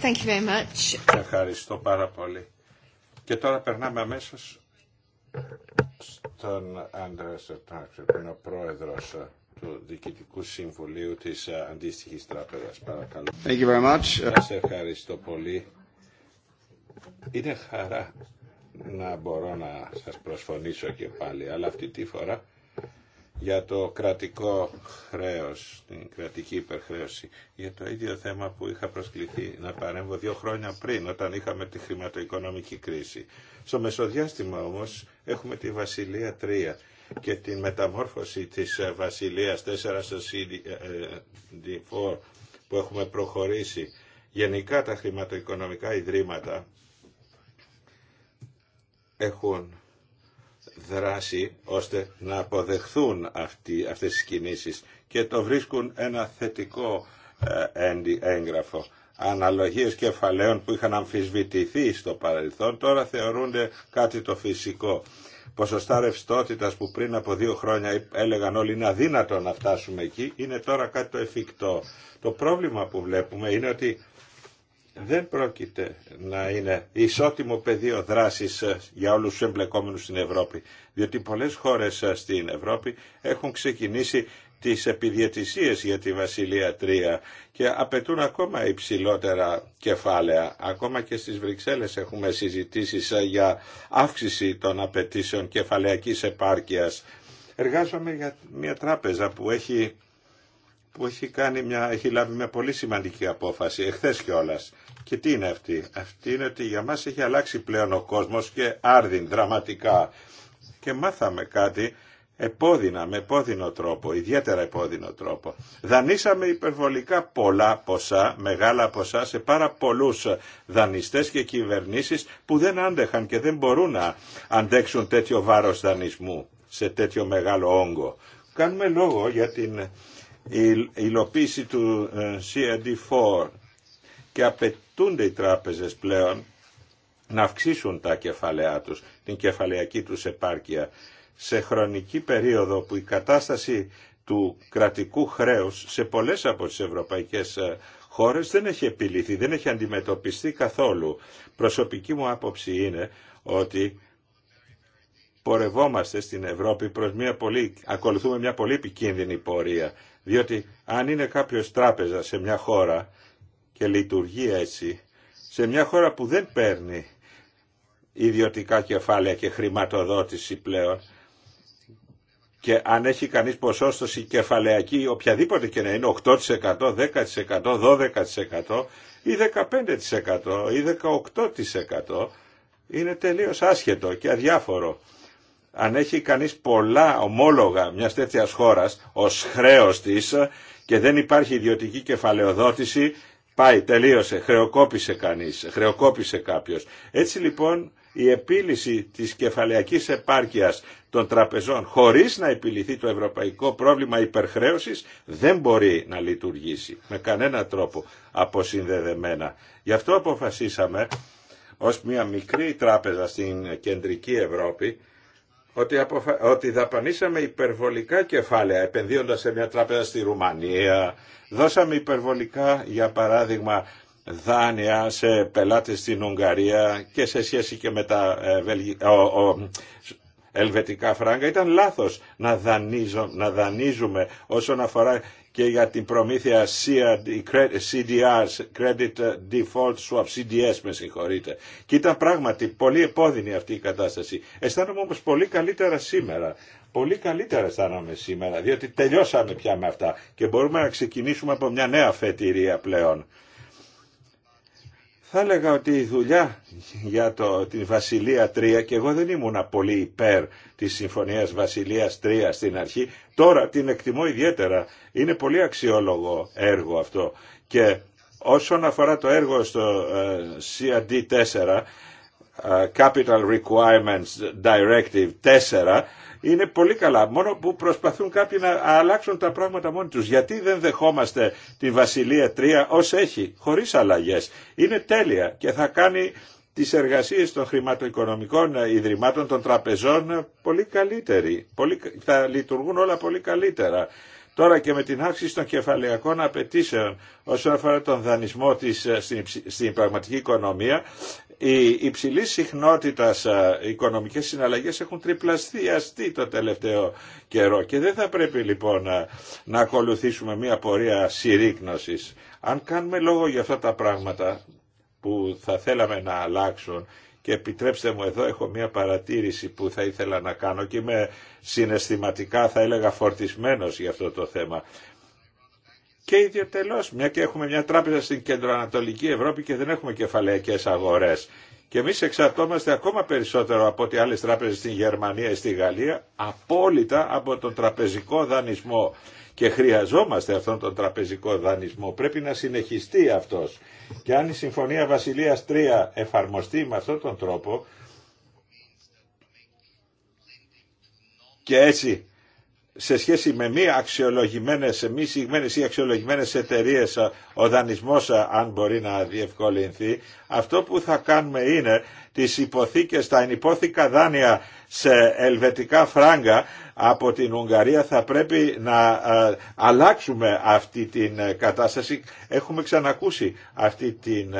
Thank you very much.
Ευχαριστώ πάρα πολύ. Και τώρα περνάμε αμέσως στον Άντρα Σερτάξερ, που είναι ο πρόεδρος του Διοικητικού Συμβουλίου της ε, αντίστοιχης τράπεζας. Παρακαλώ. Thank you very much. Σας ευχαριστώ πολύ. Είναι χαρά να μπορώ να σας προσφωνήσω και πάλι, αλλά αυτή τη φορά για το κρατικό χρέος, την κρατική υπερχρέωση. Για το ίδιο θέμα που είχα προσκληθεί να παρέμβω δύο χρόνια πριν, όταν είχαμε τη χρηματοοικονομική κρίση. Στο μεσοδιάστημα όμως έχουμε τη Βασιλεία 3 και τη μεταμόρφωση της ε, Βασιλείας 4 στο CD4 ε, ε, που έχουμε προχωρήσει. Γενικά τα χρηματοοικονομικά ιδρύματα έχουν δράση ώστε να αποδεχθούν αυτοί, αυτές τις κινήσεις και το βρίσκουν ένα θετικό ε, έγγραφο. Αναλογίες κεφαλαίων που είχαν αμφισβητηθεί στο παρελθόν τώρα θεωρούνται κάτι το φυσικό. Ποσοστά ρευστότητα που πριν από δύο χρόνια έλεγαν όλοι είναι αδύνατο να φτάσουμε εκεί, είναι τώρα κάτι το εφικτό. Το πρόβλημα που βλέπουμε είναι ότι δεν πρόκειται να είναι ισότιμο πεδίο δράσης ε, για όλους τους εμπλεκόμενους στην Ευρώπη. Διότι πολλές χώρες ε, στην Ευρώπη έχουν ξεκινήσει τις επιδιαιτησίες για τη Βασιλεία Τρία και απαιτούν ακόμα υψηλότερα κεφάλαια. Ακόμα και στις Βρυξέλλες έχουμε συζητήσεις ε, για αύξηση των απαιτήσεων κεφαλαιακής επάρκειας. Εργάζομαι για μια τράπεζα που έχει που έχει, κάνει μια, έχει λάβει μια πολύ σημαντική απόφαση, εχθές κιόλα. Και τι είναι αυτή. Αυτή είναι ότι για μας έχει αλλάξει πλέον ο κόσμος και άρδιν δραματικά. Και μάθαμε κάτι επώδυνα, με επώδυνο τρόπο, ιδιαίτερα επώδυνο τρόπο. Δανείσαμε υπερβολικά πολλά ποσά, μεγάλα ποσά, σε πάρα πολλούς δανειστές και κυβερνήσεις που δεν άντεχαν και δεν μπορούν να αντέξουν τέτοιο βάρος δανεισμού σε τέτοιο μεγάλο όγκο. Κάνουμε λόγο για την η υλοποίηση του ε, CRD4 και απαιτούνται οι τράπεζες πλέον να αυξήσουν τα κεφαλαία τους, την κεφαλαιακή τους επάρκεια σε χρονική περίοδο που η κατάσταση του κρατικού χρέους σε πολλές από τις ευρωπαϊκές ε, χώρες δεν έχει επιληθεί, δεν έχει αντιμετωπιστεί καθόλου. Προσωπική μου άποψη είναι ότι πορευόμαστε στην Ευρώπη προς μια ακολουθούμε μια πολύ επικίνδυνη πορεία διότι αν είναι κάποιος τράπεζα σε μια χώρα και λειτουργεί έτσι, σε μια χώρα που δεν παίρνει ιδιωτικά κεφάλαια και χρηματοδότηση πλέον, και αν έχει κανείς ποσόστοση κεφαλαιακή, οποιαδήποτε και να είναι, 8%, 10%, 12% ή 15% ή 18% είναι τελείως άσχετο και αδιάφορο αν έχει κανείς πολλά ομόλογα μια τέτοιας χώρας ως χρέος της και δεν υπάρχει ιδιωτική κεφαλαιοδότηση, πάει, τελείωσε, χρεοκόπησε κανείς, χρεοκόπησε κάποιος. Έτσι λοιπόν η επίλυση της κεφαλαιακής επάρκειας των τραπεζών χωρίς να επιληθεί το ευρωπαϊκό πρόβλημα υπερχρέωσης δεν μπορεί να λειτουργήσει με κανένα τρόπο αποσυνδεδεμένα. Γι' αυτό αποφασίσαμε ως μια μικρή τράπεζα στην κεντρική Ευρώπη ότι, αποφα... ότι δαπανίσαμε υπερβολικά κεφάλαια επενδύοντας σε μια τράπεζα στη Ρουμανία. Δώσαμε υπερβολικά, για παράδειγμα, δάνεια σε πελάτες στην Ουγγαρία και σε σχέση και με τα ε, ελβετικά φράγκα. Ήταν λάθος να, δανείζουμε όσον αφορά και για την προμήθεια CDR, Credit Default Swap, CDS με συγχωρείτε. Και ήταν πράγματι πολύ επώδυνη αυτή η κατάσταση. Αισθάνομαι όμως πολύ καλύτερα σήμερα. Πολύ καλύτερα αισθάνομαι σήμερα, διότι τελειώσαμε πια με αυτά και μπορούμε να ξεκινήσουμε από μια νέα φετηρία πλέον. Θα έλεγα ότι η δουλειά για το, την Βασιλεία 3 και εγώ δεν ήμουν πολύ υπέρ της Συμφωνίας Βασιλείας 3 στην αρχή. Τώρα την εκτιμώ ιδιαίτερα. Είναι πολύ αξιόλογο έργο αυτό. Και όσον αφορά το έργο στο ε, CRD4, ε, Capital Requirements Directive 4, είναι πολύ καλά. Μόνο που προσπαθούν κάποιοι να αλλάξουν τα πράγματα μόνοι τους. Γιατί δεν δεχόμαστε τη Βασιλεία 3 ως έχει, χωρίς αλλαγές. Είναι τέλεια και θα κάνει τις εργασίες των χρηματοοικονομικών ιδρυμάτων των τραπεζών πολύ καλύτερη. Πολύ, θα λειτουργούν όλα πολύ καλύτερα. Τώρα και με την αύξηση των κεφαλαιακών απαιτήσεων όσον αφορά τον δανεισμό της ε, στην πραγματική οικονομία οι υψηλή συχνότητα οικονομικές συναλλαγές έχουν αστεί το τελευταίο καιρό και δεν θα πρέπει λοιπόν να, ακολουθήσουμε μια πορεία συρρήκνωση. Αν κάνουμε λόγο για αυτά τα πράγματα που θα θέλαμε να αλλάξουν και επιτρέψτε μου εδώ έχω μια παρατήρηση που θα ήθελα να κάνω και είμαι συναισθηματικά θα έλεγα φορτισμένος για αυτό το θέμα. Και ιδιωτελώ, μια και έχουμε μια τράπεζα στην κεντροανατολική Ευρώπη και δεν έχουμε κεφαλαϊκέ αγορέ. Και εμεί εξαρτώμαστε ακόμα περισσότερο από ό,τι άλλε τράπεζε στην Γερμανία ή στη Γαλλία, απόλυτα από τον τραπεζικό δανεισμό. Και χρειαζόμαστε αυτόν τον τραπεζικό δανεισμό. Πρέπει να συνεχιστεί αυτό. Και αν η Συμφωνία Βασιλεία 3 εφαρμοστεί με αυτόν τον τρόπο, και έτσι σε σχέση με μη αξιολογημένες, μη συγμένες ή αξιολογημένες εταιρείε ε, ο δανεισμός ε, αν μπορεί να διευκολυνθεί, αυτό που θα κάνουμε είναι τις υποθήκες, τα ενυπόθηκα δάνεια σε ελβετικά φράγκα από την Ουγγαρία θα πρέπει να ε, αλλάξουμε αυτή την κατάσταση. Έχουμε ξανακούσει αυτή την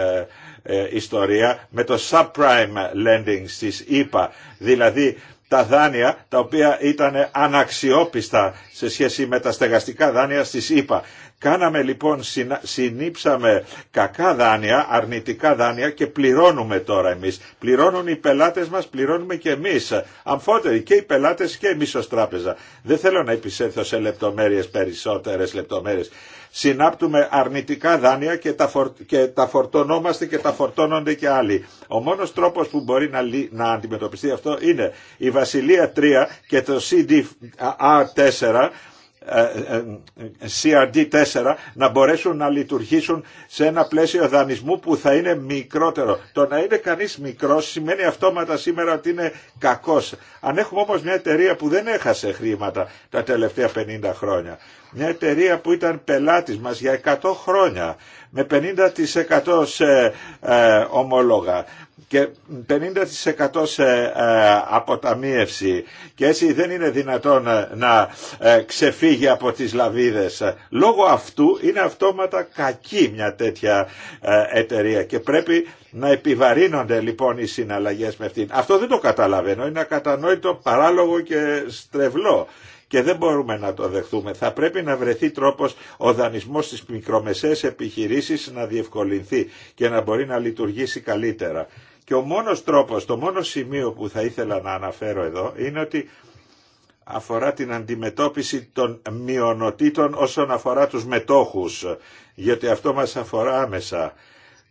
ιστορία με το subprime lending στις ΙΠΑ δηλαδή τα δάνεια τα οποία ήταν αναξιόπιστα σε σχέση με τα στεγαστικά δάνεια στις ΗΠΑ. Κάναμε λοιπόν, συνήψαμε κακά δάνεια, αρνητικά δάνεια και πληρώνουμε τώρα εμείς. Πληρώνουν οι πελάτες μας, πληρώνουμε και εμείς. Αμφότεροι και οι πελάτες και εμείς ως τράπεζα. Δεν θέλω να επισέλθω σε λεπτομέρειες περισσότερες λεπτομέρειες συνάπτουμε αρνητικά δάνεια και τα, και τα φορτωνόμαστε και τα φορτώνονται και άλλοι. Ο μόνος τρόπος που μπορεί να, να αντιμετωπιστεί αυτό είναι η Βασιλεία 3 και το CDA 4 CRD4 να μπορέσουν να λειτουργήσουν σε ένα πλαίσιο δανεισμού που θα είναι μικρότερο. Το να είναι κανείς μικρός σημαίνει αυτόματα σήμερα ότι είναι κακός. Αν έχουμε όμως μια εταιρεία που δεν έχασε χρήματα τα τελευταία 50 χρόνια, μια εταιρεία που ήταν πελάτης μας για 100 χρόνια με 50% σε ομόλογα και 50% σε ε, αποταμίευση και έτσι δεν είναι δυνατόν ε, να ε, ξεφύγει από τις λαβίδες. Λόγω αυτού είναι αυτόματα κακή μια τέτοια εταιρεία και πρέπει να επιβαρύνονται λοιπόν οι συναλλαγές με αυτήν. Αυτό δεν το καταλαβαίνω, είναι ακατανόητο, παράλογο και στρεβλό και δεν μπορούμε να το δεχθούμε. Θα πρέπει να βρεθεί τρόπος ο δανεισμός στις μικρομεσαίες επιχειρήσεις να διευκολυνθεί και να μπορεί να λειτουργήσει καλύτερα. Και ο μόνος τρόπος, το μόνο σημείο που θα ήθελα να αναφέρω εδώ είναι ότι αφορά την αντιμετώπιση των μειονοτήτων όσον αφορά τους μετόχους, γιατί αυτό μας αφορά άμεσα.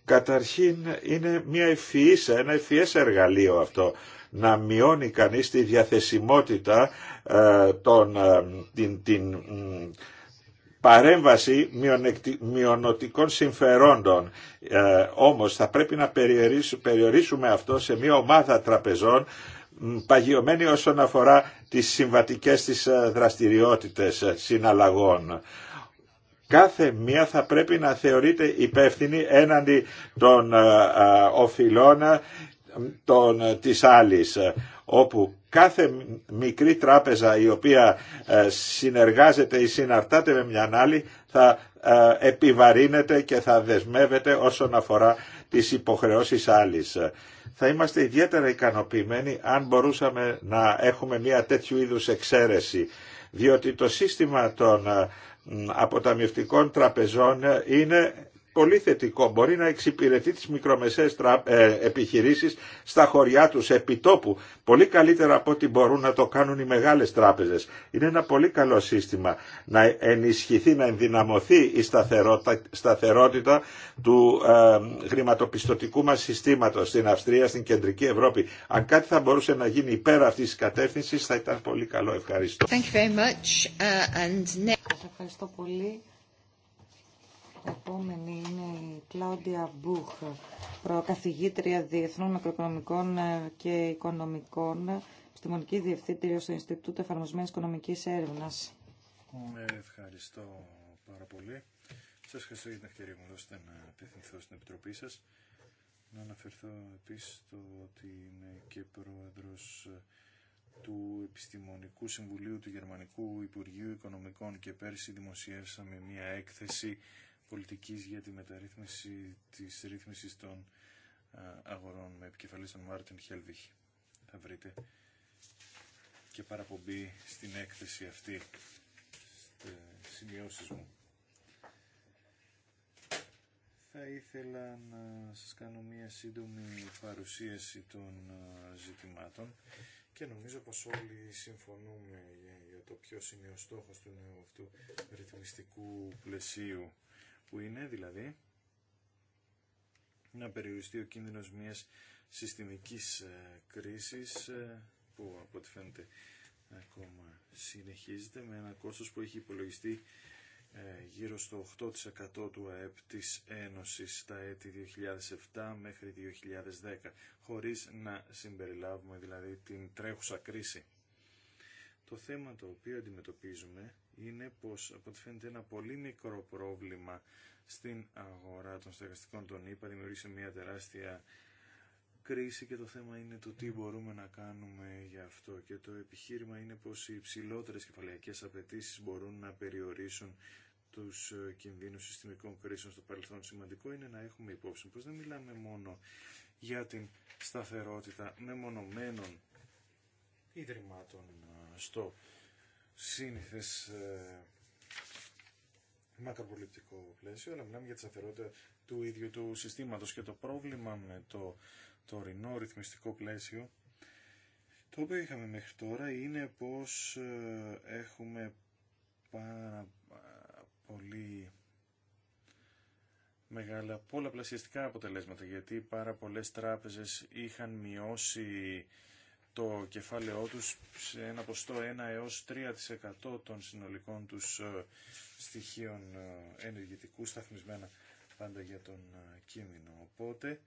Καταρχήν είναι μια ευφυής, ένα ευφυές εργαλείο αυτό να μειώνει κανείς τη διαθεσιμότητα ε, των, ε, την, παρέμβαση μειονοτικών συμφερόντων. Ε, όμως θα πρέπει να περιορίσουμε αυτό σε μια ομάδα τραπεζών παγιωμένη όσον αφορά τις συμβατικές της ε, δραστηριότητες ε, συναλλαγών. Κάθε μία θα πρέπει να θεωρείται υπεύθυνη έναντι των οφειλών των, της άλλης, όπου κάθε μικρή τράπεζα η οποία ε, συνεργάζεται ή συναρτάται με μια άλλη θα ε, επιβαρύνεται και θα δεσμεύεται όσον αφορά τις υποχρεώσεις άλλης. Θα είμαστε ιδιαίτερα ικανοποιημένοι αν μπορούσαμε να έχουμε μια τέτοιου είδους εξαίρεση, διότι το σύστημα των ε, αποταμιευτικών τραπεζών είναι πολύ θετικό. Μπορεί να εξυπηρετεί τις μικρομεσαίες ε, επιχειρήσεις στα χωριά τους, επιτόπου. Πολύ καλύτερα από ό,τι μπορούν να το κάνουν οι μεγάλες τράπεζες. Είναι ένα πολύ καλό σύστημα να ενισχυθεί, να ενδυναμωθεί η σταθερότητα, του ε, χρηματοπιστωτικού μας συστήματος στην Αυστρία, στην Κεντρική Ευρώπη. Αν κάτι θα μπορούσε να γίνει υπέρ αυτής της κατεύθυνσης θα ήταν πολύ καλό. Ευχαριστώ. Thank
you very much. Uh, and... ευχαριστώ πολύ. Επόμενη είναι η Κλάουντια Μπούχ, προκαθηγήτρια διεθνών μακροοικονομικών ε, και οικονομικών, επιστημονική διευθύντρια στο Ινστιτούτο Εφαρμοσμένης Οικονομικής Έρευνα.
Ευχαριστώ πάρα πολύ. Σα ευχαριστώ για την ευκαιρία μου δώσετε να απευθυνθώ στην Επιτροπή σα Να αναφερθώ επίση στο ότι είμαι και πρόεδρο ε, του Επιστημονικού Συμβουλίου του Γερμανικού Υπουργείου Οικονομικών και πέρσι δημοσιεύσαμε μια έκθεση πολιτικής για τη μεταρρύθμιση της ρύθμισης των αγορών με επικεφαλής τον Μάρτιν Χέλβιχ. Θα βρείτε και παραπομπή στην έκθεση αυτή, στις ε, σημειώσεις μου. Θα ήθελα να σας κάνω μία σύντομη παρουσίαση των ζητημάτων και νομίζω πως όλοι συμφωνούμε για το ποιος είναι ο στόχος του νέου αυτού ρυθμιστικού πλαισίου που είναι, δηλαδή να περιοριστεί ο κίνδυνος μιας συστημικής ε, κρίσης ε, που από ό,τι φαίνεται ακόμα συνεχίζεται με ένα κόστος που έχει υπολογιστεί ε, γύρω στο 8% του ΑΕΠ της Ένωσης τα έτη 2007 μέχρι 2010 χωρίς να συμπεριλάβουμε δηλαδή την τρέχουσα κρίση. Το θέμα το οποίο αντιμετωπίζουμε είναι πως από ό,τι φαίνεται ένα πολύ μικρό πρόβλημα στην αγορά των στεγαστικών των ΗΠΑ. δημιουργήσε μια τεράστια κρίση και το θέμα είναι το τι μπορούμε να κάνουμε γι' αυτό και το επιχείρημα είναι πως οι υψηλότερες κεφαλαϊκές απαιτήσει μπορούν να περιορίσουν τους ε, κινδύνους συστημικών κρίσεων στο παρελθόν. Σημαντικό είναι να έχουμε υπόψη πως δεν μιλάμε μόνο για την σταθερότητα μεμονωμένων ιδρυμάτων ε, στο σύνηθες ε, μακροπολιτικό πλαίσιο, αλλά μιλάμε για τη σταθερότητα του ίδιου του συστήματος και το πρόβλημα με το τωρινό ρυθμιστικό πλαίσιο το οποίο είχαμε μέχρι τώρα είναι πως ε, έχουμε πάρα πολύ μεγάλα πολλαπλασιαστικά αποτελέσματα γιατί πάρα πολλές τράπεζες είχαν μειώσει το κεφάλαιό τους σε ένα ποστό 1 έως 3% των συνολικών τους ε, στοιχείων ε, ενεργητικού σταθμισμένα πάντα για τον ε, κίνδυνο. Οπότε,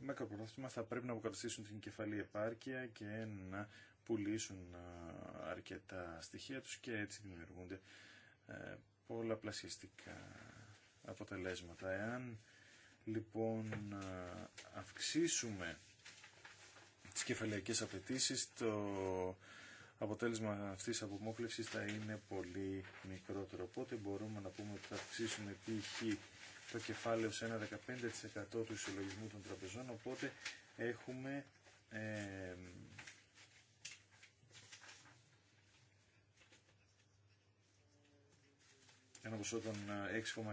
με κακοπρόθεσμα θα πρέπει να αποκαταστήσουν την κεφαλή επάρκεια και να πουλήσουν αρκετά στοιχεία τους και έτσι δημιουργούνται πολλαπλασιαστικά αποτελέσματα. Εάν λοιπόν αυξήσουμε τις κεφαλαϊκές απαιτήσει. το αποτέλεσμα αυτής της απομόχλευσης θα είναι πολύ μικρότερο. Οπότε μπορούμε να πούμε ότι θα αυξήσουμε π.χ. το κεφάλαιο σε ένα 15% του συλλογισμού των τραπεζών, οπότε έχουμε... Ε, ένα ποσό των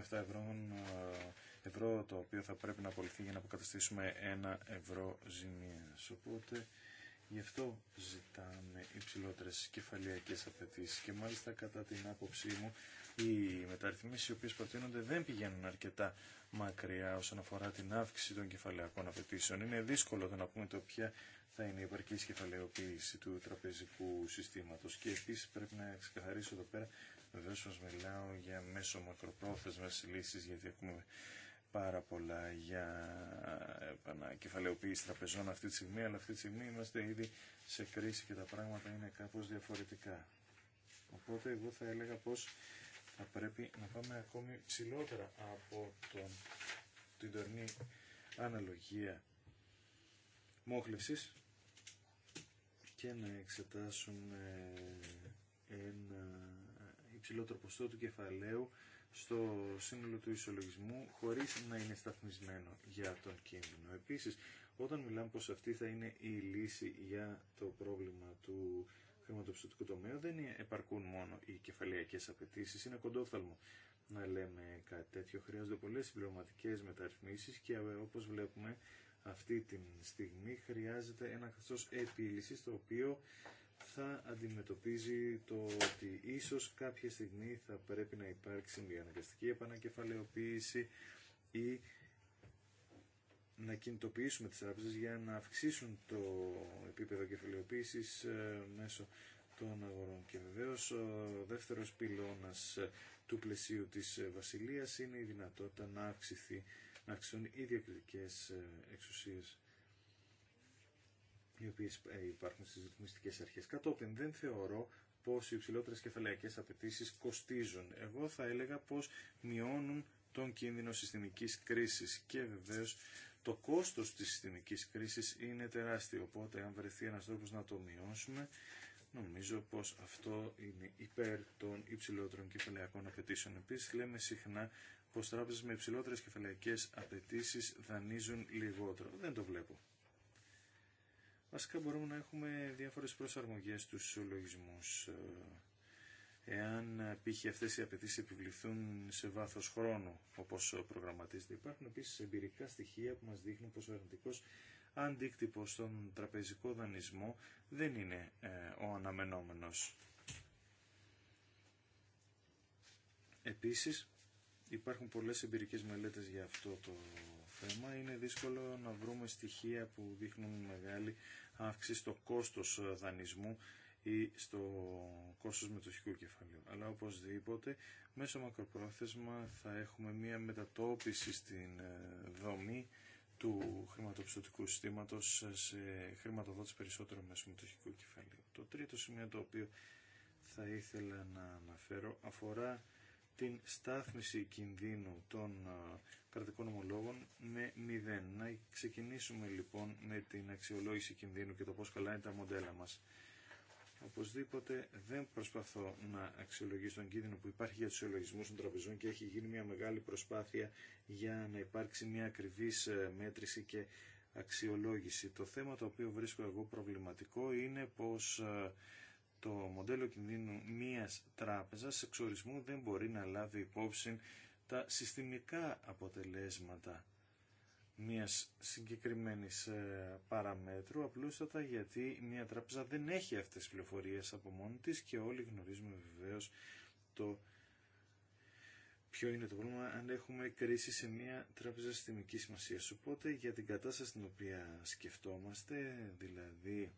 6,7 ε, ευρώ ε, ευρώ το οποίο θα πρέπει να απολυθεί για να αποκαταστήσουμε ένα ευρώ ζημιά. Οπότε γι' αυτό ζητάμε υψηλότερε κεφαλιακές απαιτήσει και μάλιστα κατά την άποψή μου οι μεταρρυθμίσεις οι οποίες προτείνονται δεν πηγαίνουν αρκετά μακριά όσον αφορά την αύξηση των κεφαλαιακών απαιτήσεων. Είναι δύσκολο το να πούμε το ποια θα είναι η επαρκή κεφαλαιοποίηση του τραπεζικού συστήματος και επίσης πρέπει να ξεκαθαρίσω εδώ πέρα Βεβαίω μιλάω για μέσο μακροπρόθεσμε λύσει, γιατί πάρα πολλά για ε, επανακεφαλαιοποίηση τραπεζών αυτή τη στιγμή, αλλά αυτή τη στιγμή είμαστε ήδη σε κρίση και τα πράγματα είναι κάπως διαφορετικά. Οπότε εγώ θα έλεγα πως θα πρέπει να πάμε ακόμη ψηλότερα από τον, την τωρινή αναλογία μόχλευσης και να εξετάσουμε ένα υψηλότερο ποστό του κεφαλαίου στο σύνολο του ισολογισμού χωρίς να είναι σταθμισμένο για τον κίνδυνο. Επίσης, όταν μιλάμε πως αυτή θα είναι η λύση για το πρόβλημα του χρηματοπιστωτικού τομέα, δεν επαρκούν μόνο οι κεφαλαιακές απαιτήσει, είναι κοντόφθαλμο να λέμε κάτι τέτοιο. Χρειάζονται πολλές συμπληρωματικέ μεταρρυθμίσεις και όπως βλέπουμε αυτή τη στιγμή χρειάζεται ένα καθώς επίλυση το οποίο θα αντιμετωπίζει το ότι ίσως κάποια στιγμή θα πρέπει να υπάρξει μια αναγκαστική επανακεφαλαιοποίηση ή να κινητοποιήσουμε τις τράπεζες για να αυξήσουν το επίπεδο κεφαλαιοποίησης ε, μέσω των αγορών. Και βεβαίως ο δεύτερος πυλώνας ε, του πλαισίου της ε, Βασιλείας είναι η δυνατότητα να, αυξηθεί, να αυξηθούν οι διακριτικές εξουσίες οι οποίε ε, υπάρχουν στι ρυθμιστικέ αρχέ. Κατόπιν δεν θεωρώ πω οι υψηλότερε κεφαλαϊκέ απαιτήσει κοστίζουν. Εγώ θα έλεγα πω μειώνουν τον κίνδυνο συστημικής κρίσης και βεβαίως το κόστος της συστημικής κρίσης είναι τεράστιο, οπότε αν βρεθεί ένας τρόπος να το μειώσουμε, νομίζω πως αυτό είναι υπέρ των υψηλότερων κεφαλαϊκών απαιτήσεων. Επίσης λέμε συχνά πως τράπεζες με υψηλότερες κεφαλαϊκές απαιτήσει δανείζουν λιγότερο. Δεν το βλέπω. Βασικά μπορούμε να έχουμε διάφορες προσαρμογές στους λογισμούς. Εάν π.χ. αυτές οι απαιτήσει επιβληθούν σε βάθος χρόνου, όπως προγραμματίζεται, υπάρχουν επίσης εμπειρικά στοιχεία που μας δείχνουν πως ο αρνητικός αντίκτυπος στον τραπεζικό δανεισμό δεν είναι ε, ο αναμενόμενος. Επίσης, υπάρχουν πολλές εμπειρικές μελέτες για αυτό το θέμα. Είναι δύσκολο να βρούμε στοιχεία που δείχνουν μεγάλη αύξηση στο κόστος ε, δανεισμού ή στο κόστος μετοχικού κεφαλαίου. Αλλά οπωσδήποτε μέσω μακροπρόθεσμα θα έχουμε μία μετατόπιση στην ε, δομή του χρηματοπιστωτικού συστήματος σε χρηματοδότηση περισσότερο μέσω μετοχικού κεφαλαίου. Το τρίτο σημείο το οποίο θα ήθελα να αναφέρω αφορά την στάθμιση κινδύνου των κρατικών ομολόγων με μηδέν. Να ξεκινήσουμε λοιπόν με την αξιολόγηση κινδύνου και το πώς καλά είναι τα μοντέλα μας. Οπωσδήποτε δεν προσπαθώ να αξιολογήσω τον κίνδυνο που υπάρχει για τους συλλογισμούς των τραπεζών και έχει γίνει μια μεγάλη προσπάθεια για να υπάρξει μια ακριβής ε, μέτρηση και αξιολόγηση. Το θέμα το οποίο βρίσκω εγώ προβληματικό είναι πως ε, το μοντέλο κινδύνου μίας τράπεζας εξορισμού δεν μπορεί να λάβει υπόψη τα συστημικά αποτελέσματα μιας συγκεκριμένης ε, παραμέτρου απλούστατα γιατί μια τράπεζα δεν έχει αυτές τις πληροφορίες από μόνη της και όλοι γνωρίζουμε βεβαίως το ποιο είναι το πρόβλημα αν έχουμε κρίση σε μια τράπεζα συστημικής σημασία. Οπότε για την κατάσταση την οποία σκεφτόμαστε, δηλαδή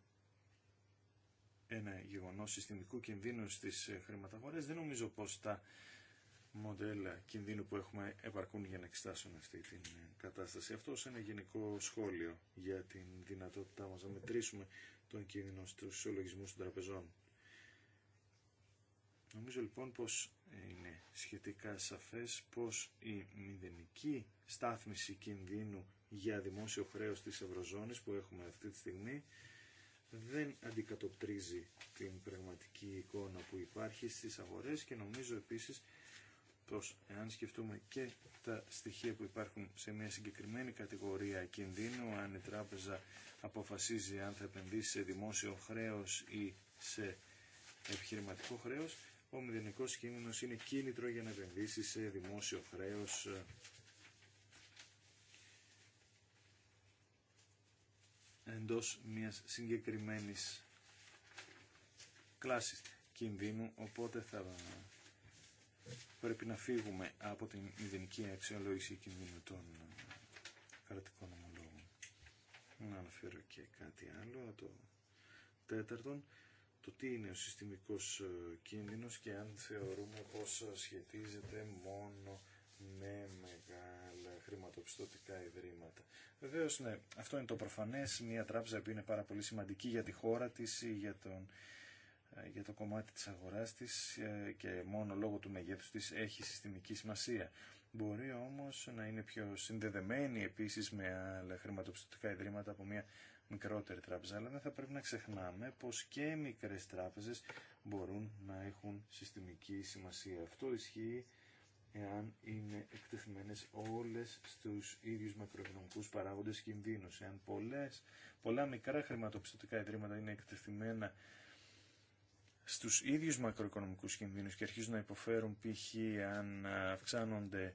ένα γεγονό συστημικού κινδύνου στις ε, χρηματαγορές, δεν νομίζω πως τα μοντέλα κινδύνου που έχουμε επαρκούν για να εξετάσουν αυτή την ε, κατάσταση. Αυτό είναι ένα γενικό σχόλιο για την δυνατότητά μας να μετρήσουμε τον κίνδυνο στους συλλογισμούς των τραπεζών. Νομίζω λοιπόν πως ε, είναι σχετικά σαφές πως η μηδενική στάθμιση κινδύνου για δημόσιο χρέος της Ευρωζώνης που έχουμε αυτή τη στιγμή δεν αντικατοπτρίζει την πραγματική εικόνα που υπάρχει στις αγορές και νομίζω επίσης πως εάν σκεφτούμε και τα στοιχεία που υπάρχουν σε μια συγκεκριμένη κατηγορία κινδύνου, αν η τράπεζα αποφασίζει αν θα επενδύσει σε δημόσιο χρέος ή σε επιχειρηματικό χρέος, ο μηδενικός κίνδυνος είναι κίνητρο για να επενδύσει σε δημόσιο χρέος εντός μιας συγκεκριμένης κλάσης κινδύνου, οπότε θα πρέπει να φύγουμε από την μηδενική αξιολόγηση κινδύνου των ε, κρατικών ομολόγων. Να αναφέρω και κάτι άλλο, το τέταρτον, το τι είναι ο συστημικός ε, κίνδυνος και αν θεωρούμε πως σχετίζεται μόνο με μεγάλα χρηματοπιστωτικά ιδρύματα. Βεβαίω, ναι, αυτό είναι το προφανέ. Μια τράπεζα που είναι πάρα πολύ σημαντική για τη χώρα τη ή για, τον, ε, για το κομμάτι τη αγορά τη ε, και μόνο λόγω του μεγέθου τη έχει συστημική σημασία. Μπορεί όμω να είναι πιο συνδεδεμένη επίση με άλλα χρηματοπιστωτικά ιδρύματα από μια μικρότερη τράπεζα. Αλλά δεν θα πρέπει να ξεχνάμε πω και μικρέ τράπεζε μπορούν να έχουν συστημική σημασία. Αυτό ισχύει εάν είναι εκτεθειμένες όλες στους ίδιους μακροοικονομικούς παράγοντες κινδύνους. Εάν πολλές, πολλά μικρά χρηματοπιστωτικά ιδρύματα είναι εκτεθειμένα στους ίδιους μακροοικονομικούς κινδύνους και αρχίζουν να υποφέρουν π.χ. αν αυξάνονται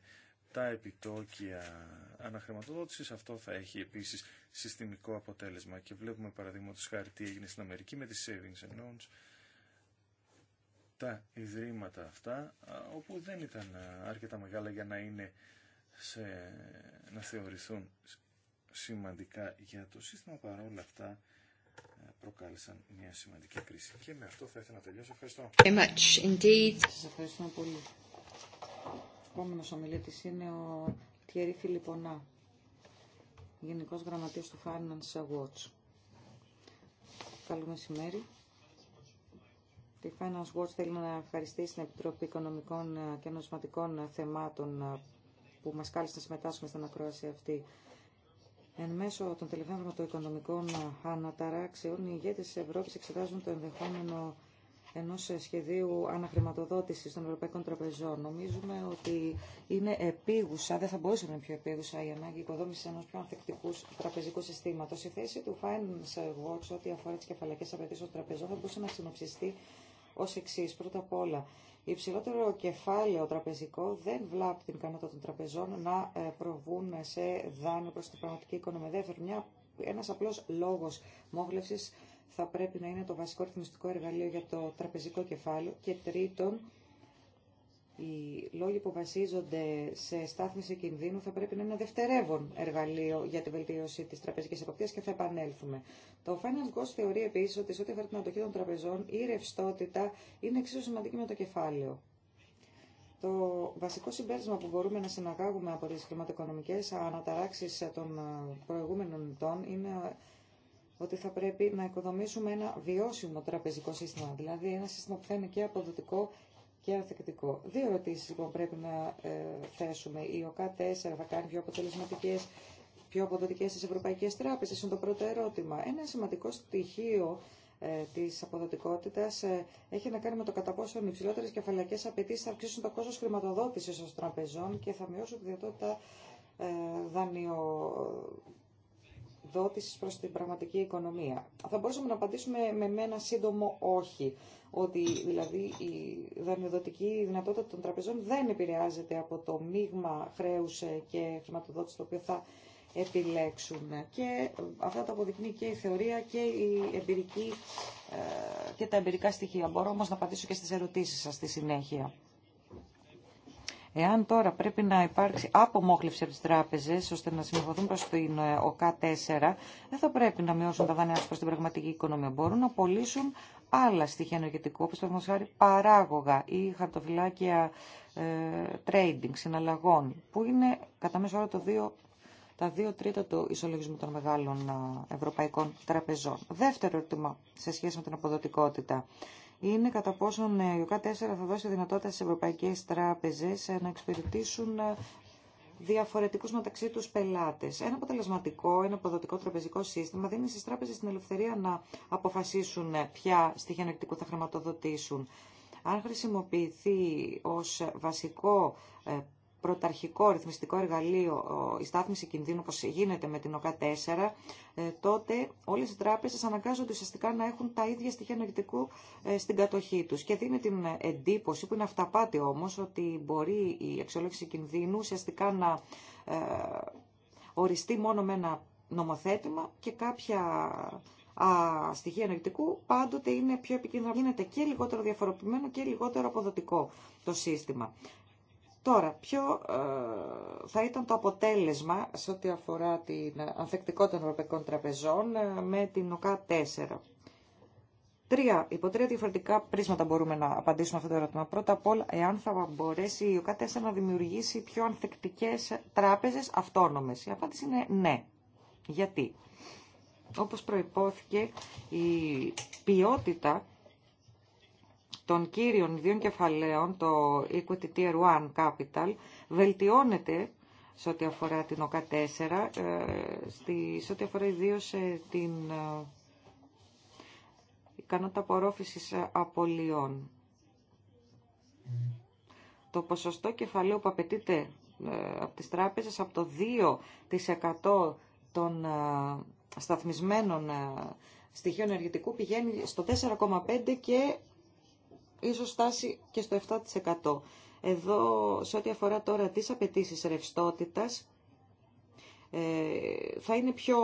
τα επιτόκια αναχρηματοδότησης, αυτό θα έχει επίσης συστημικό αποτέλεσμα. Και βλέπουμε παραδείγματος χάρη τι έγινε στην Αμερική με τις savings and loans, τα ιδρύματα αυτά, όπου δεν ήταν αρκετά μεγάλα για να, είναι σε, να θεωρηθούν σημαντικά για το σύστημα, παρόλα αυτά προκάλεσαν μια σημαντική κρίση. Και με αυτό θα ήθελα να τελειώσω. Ευχαριστώ.
Σας ευχαριστούμε πολύ. Ο επόμενο ομιλητής είναι ο Τιέρη Φιλιππονά, Γενικός Γραμματής του Finance Watch. Καλό μεσημέρι. Τη Finance Watch θέλει να ευχαριστήσει την Επιτροπή Οικονομικών και Νοσηματικών Θεμάτων ε, που μας κάλεσε να συμμετάσχουμε στην ακρόαση αυτή. Εν μέσω των τελευταίων χρηματοοικονομικών αναταράξεων, οι ηγέτες της Ευρώπης εξετάζουν το ενδεχόμενο ενός σχεδίου αναχρηματοδότησης των Ευρωπαϊκών Τραπεζών. Νομίζουμε ότι είναι επίγουσα, δεν θα μπορούσε να είναι πιο επίγουσα η ανάγκη οικοδόμησης ενός πιο ανθεκτικού τραπεζικού συστήματος Η θέση του Finance Watch ό,τι αφορά τι κεφαλαϊκέ απαιτήσει των τραπεζών θα μπορούσε να συνοψιστεί Ω εξή. Πρώτα απ' όλα, υψηλότερο κεφάλαιο τραπεζικό δεν βλάπτει την ικανότητα των τραπεζών να ε, προβούν σε δάνειο προς την πραγματική οικονομία. Δεύτερον, μια, ένας απλός λόγος θα πρέπει να είναι το βασικό ρυθμιστικό εργαλείο για το τραπεζικό κεφάλαιο. Και τρίτον, οι λόγοι που βασίζονται σε στάθμιση κινδύνου θα πρέπει να είναι ένα δευτερεύον εργαλείο για τη βελτίωση τη τραπεζική εποπτεία και θα επανέλθουμε. Το Finance Ghost θεωρεί επίση ότι σε ό,τι αφορά την αντοχή των τραπεζών, η ρευστότητα είναι εξίσου σημαντική με το κεφάλαιο. Το βασικό συμπέρασμα που μπορούμε να συναγάγουμε από τι χρηματοοικονομικέ αναταράξει των προηγούμενων ετών είναι ότι θα πρέπει να οικοδομήσουμε ένα βιώσιμο τραπεζικό σύστημα. Δηλαδή ένα σύστημα που θα είναι και αποδοτικό και ανθεκτικό. Δύο ερωτήσει λοιπόν πρέπει να ε, θέσουμε. Η ΟΚΑ 4 θα κάνει πιο αποτελεσματικέ, πιο αποδοτικέ τι ευρωπαϊκέ τράπεζε, είναι το πρώτο ερώτημα. Ένα σημαντικό στοιχείο ε, τη αποδοτικότητα ε, έχει να κάνει με το κατά πόσο οι υψηλότερε κεφαλαϊκέ απαιτήσει θα αυξήσουν το κόστο χρηματοδότηση των τραπεζών και θα μειώσουν τη δυνατότητα ε, δανειοδότηση προ την πραγματική οικονομία. Θα μπορούσαμε να απαντήσουμε με ένα σύντομο όχι ότι δηλαδή η δανειοδοτική δυνατότητα των τραπεζών δεν επηρεάζεται από το μείγμα χρέους ε, και χρηματοδότηση το οποίο θα επιλέξουν. Και ε, αυτά τα αποδεικνύει και η θεωρία και, η εμπειρική, ε, και τα εμπειρικά στοιχεία. Μπορώ όμως να απαντήσω και στις ερωτήσεις σας στη συνέχεια. Εάν τώρα πρέπει να υπάρξει απομόχλευση από τι τράπεζε ώστε να συμμορφωθούν προ το ΟΚΑ 4, δεν θα πρέπει να μειώσουν τα δάνεια προ την πραγματική οικονομία. Μπορούν να απολύσουν άλλα στοιχεία ενεργητικού, όπως το χάρη παράγωγα ή χαρτοφυλάκια ε, trading, συναλλαγών, που είναι κατά μέσο όρο το δύο, τα δύο τρίτα του ισολογισμού των μεγάλων ε, ευρωπαϊκών τραπεζών. Δεύτερο ερώτημα σε σχέση με την αποδοτικότητα είναι κατά πόσον ε, ο ΟΚΑ 4 θα δώσει δυνατότητα στις ευρωπαϊκές τράπεζες ε, να εξυπηρετήσουν διαφορετικούς μεταξύ του πελάτες. Ένα αποτελεσματικό, ένα αποδοτικό τραπεζικό σύστημα δίνει στις τράπεζες την ελευθερία να αποφασίσουν ποια στοιχεία ενεργητικού θα χρηματοδοτήσουν. Αν χρησιμοποιηθεί ως βασικό ε, πρωταρχικό ρυθμιστικό εργαλείο η στάθμιση κινδύνου, όπως γίνεται με την ΟΚΑ 4, ε, τότε όλες οι τράπεζες αναγκάζονται ουσιαστικά να έχουν τα ίδια στοιχεία ενεργητικού ε, στην κατοχή τους. Και δίνει την εντύπωση, που είναι αυταπάτη όμως, ότι μπορεί η αξιολόγηση κινδύνου ουσιαστικά να ε, οριστεί μόνο με ένα νομοθέτημα και κάποια α, στοιχεία ενεργητικού, πάντοτε είναι πιο επικίνδυνο. Γίνεται και λιγότερο διαφοροποιημένο και λιγότερο αποδοτικό το σύστημα. Τώρα, ποιο ε, θα ήταν το αποτέλεσμα σε ό,τι αφορά την ανθεκτικότητα των Ευρωπαϊκών Τραπεζών ε, με την ΟΚΑ 4. Τρία, υπό τρία διαφορετικά πρίσματα μπορούμε να απαντήσουμε αυτό το ερώτημα. Πρώτα απ' όλα, εάν θα μπορέσει η ΟΚΑ 4 να δημιουργήσει πιο ανθεκτικές τράπεζες αυτόνομες. Η απάντηση είναι ναι. Γιατί. Όπως προϋπόθηκε, η ποιότητα των κύριων δύο κεφαλαίων, το Equity Tier 1 Capital, βελτιώνεται σε ό,τι αφορά την ΟΚΑ 4, ε, σε ό,τι αφορά ιδίω ε, την ε, ικανότητα απορρόφησης απολειών. Το ποσοστό κεφαλαίου που απαιτείται από τις τράπεζες από το 2% των σταθμισμένων στοιχείων ενεργητικού πηγαίνει στο 4,5% και ίσως φτάσει και στο 7%. Εδώ, σε ό,τι αφορά τώρα τις απαιτήσει ρευστότητα, ε, θα είναι, πιο,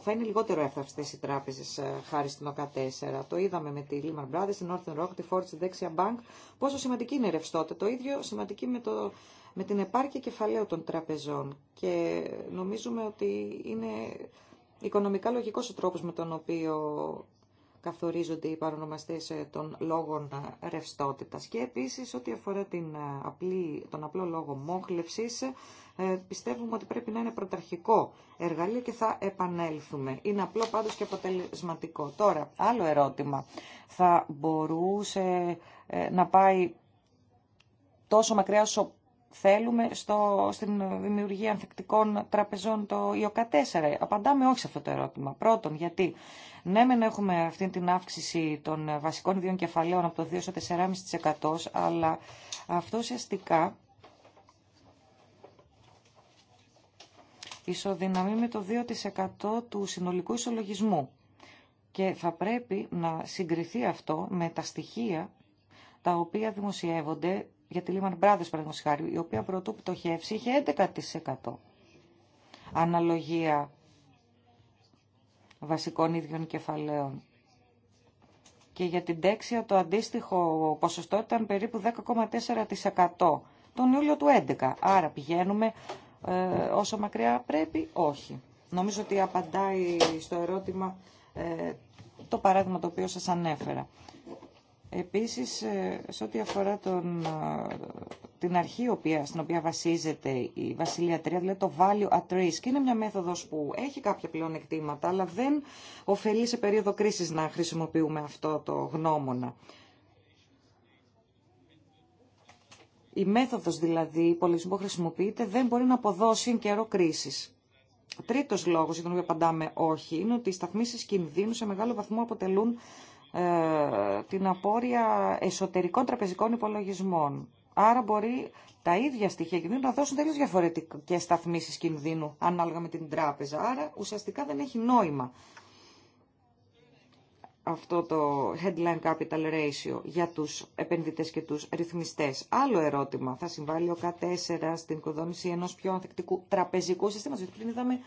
θα είναι λιγότερο έφταυστε οι τράπεζες ε, χάρη στην ΟΚΑ4. Το είδαμε με τη Lehman Brothers, την Northern Rock, τη Ford, τη Dexia Bank, πόσο σημαντική είναι η ρευστότητα. Το ίδιο σημαντική με, το, με την επάρκεια κεφαλαίου των τραπεζών. Και νομίζουμε ότι είναι οικονομικά λογικός ο τρόπος με τον οποίο καθορίζονται οι παρονομαστές ε, των λόγων ε, ρευστότητας. Και επίσης ό,τι αφορά την ε, απλή, τον απλό λόγο μόχλευσης, πιστεύουμε ότι πρέπει να είναι πρωταρχικό εργαλείο και θα επανέλθουμε. Είναι απλό πάντως και αποτελεσματικό. Τώρα, άλλο ερώτημα. Θα μπορούσε να πάει τόσο μακριά όσο Θέλουμε στο, στην δημιουργία ανθεκτικών τραπεζών το ΙΟΚΑ4. Απαντάμε όχι σε αυτό το ερώτημα. Πρώτον, γιατί ναι, μεν έχουμε αυτή την αύξηση των βασικών ιδιών κεφαλαίων από το 2 στο 4,5%, αλλά αυτό ουσιαστικά ισοδυναμεί με το 2% του συνολικού ισολογισμού. Και θα πρέπει να συγκριθεί αυτό με τα στοιχεία τα οποία δημοσιεύονται για τη Lehman Brothers, παραδείγματο χάρη, η οποία πρωτού πτωχεύσει είχε 11% αναλογία βασικών ίδιων κεφαλαίων. Και για την τέξια το αντίστοιχο ποσοστό ήταν περίπου 10,4% τον Ιούλιο του 2011. Άρα πηγαίνουμε ε, όσο μακριά πρέπει, όχι. Νομίζω ότι απαντάει στο ερώτημα ε, το παράδειγμα το οποίο σας ανέφερα. Επίσης, ε, σε ό,τι αφορά τον, ε, την αρχή οποία, στην οποία βασίζεται η Βασιλεία Τρία, δηλαδή το value at risk, είναι μια μέθοδος που έχει κάποια πλέον αλλά δεν ωφελεί σε περίοδο κρίσης να χρησιμοποιούμε αυτό το γνώμονα. Η μέθοδος δηλαδή πολιτισμό που χρησιμοποιείται δεν μπορεί να αποδώσει εν καιρό κρίσης. Τρίτος λόγος για τον οποίο απαντάμε όχι είναι ότι οι σταθμίσεις κινδύνου σε μεγάλο βαθμό αποτελούν ε, την απόρρεια εσωτερικών τραπεζικών υπολογισμών. Άρα μπορεί τα ίδια στοιχεία κινδύνου να δώσουν τελείως διαφορετικές σταθμίσεις κινδύνου ανάλογα με την τράπεζα. Άρα ουσιαστικά δεν έχει νόημα αυτό το headline capital ratio για τους επενδυτές και τους ρυθμιστές. Άλλο ερώτημα, θα συμβάλλει ο K4 στην οικοδόμηση ενός πιο ανθεκτικού τραπεζικού συστήματος, γιατί πριν είδαμε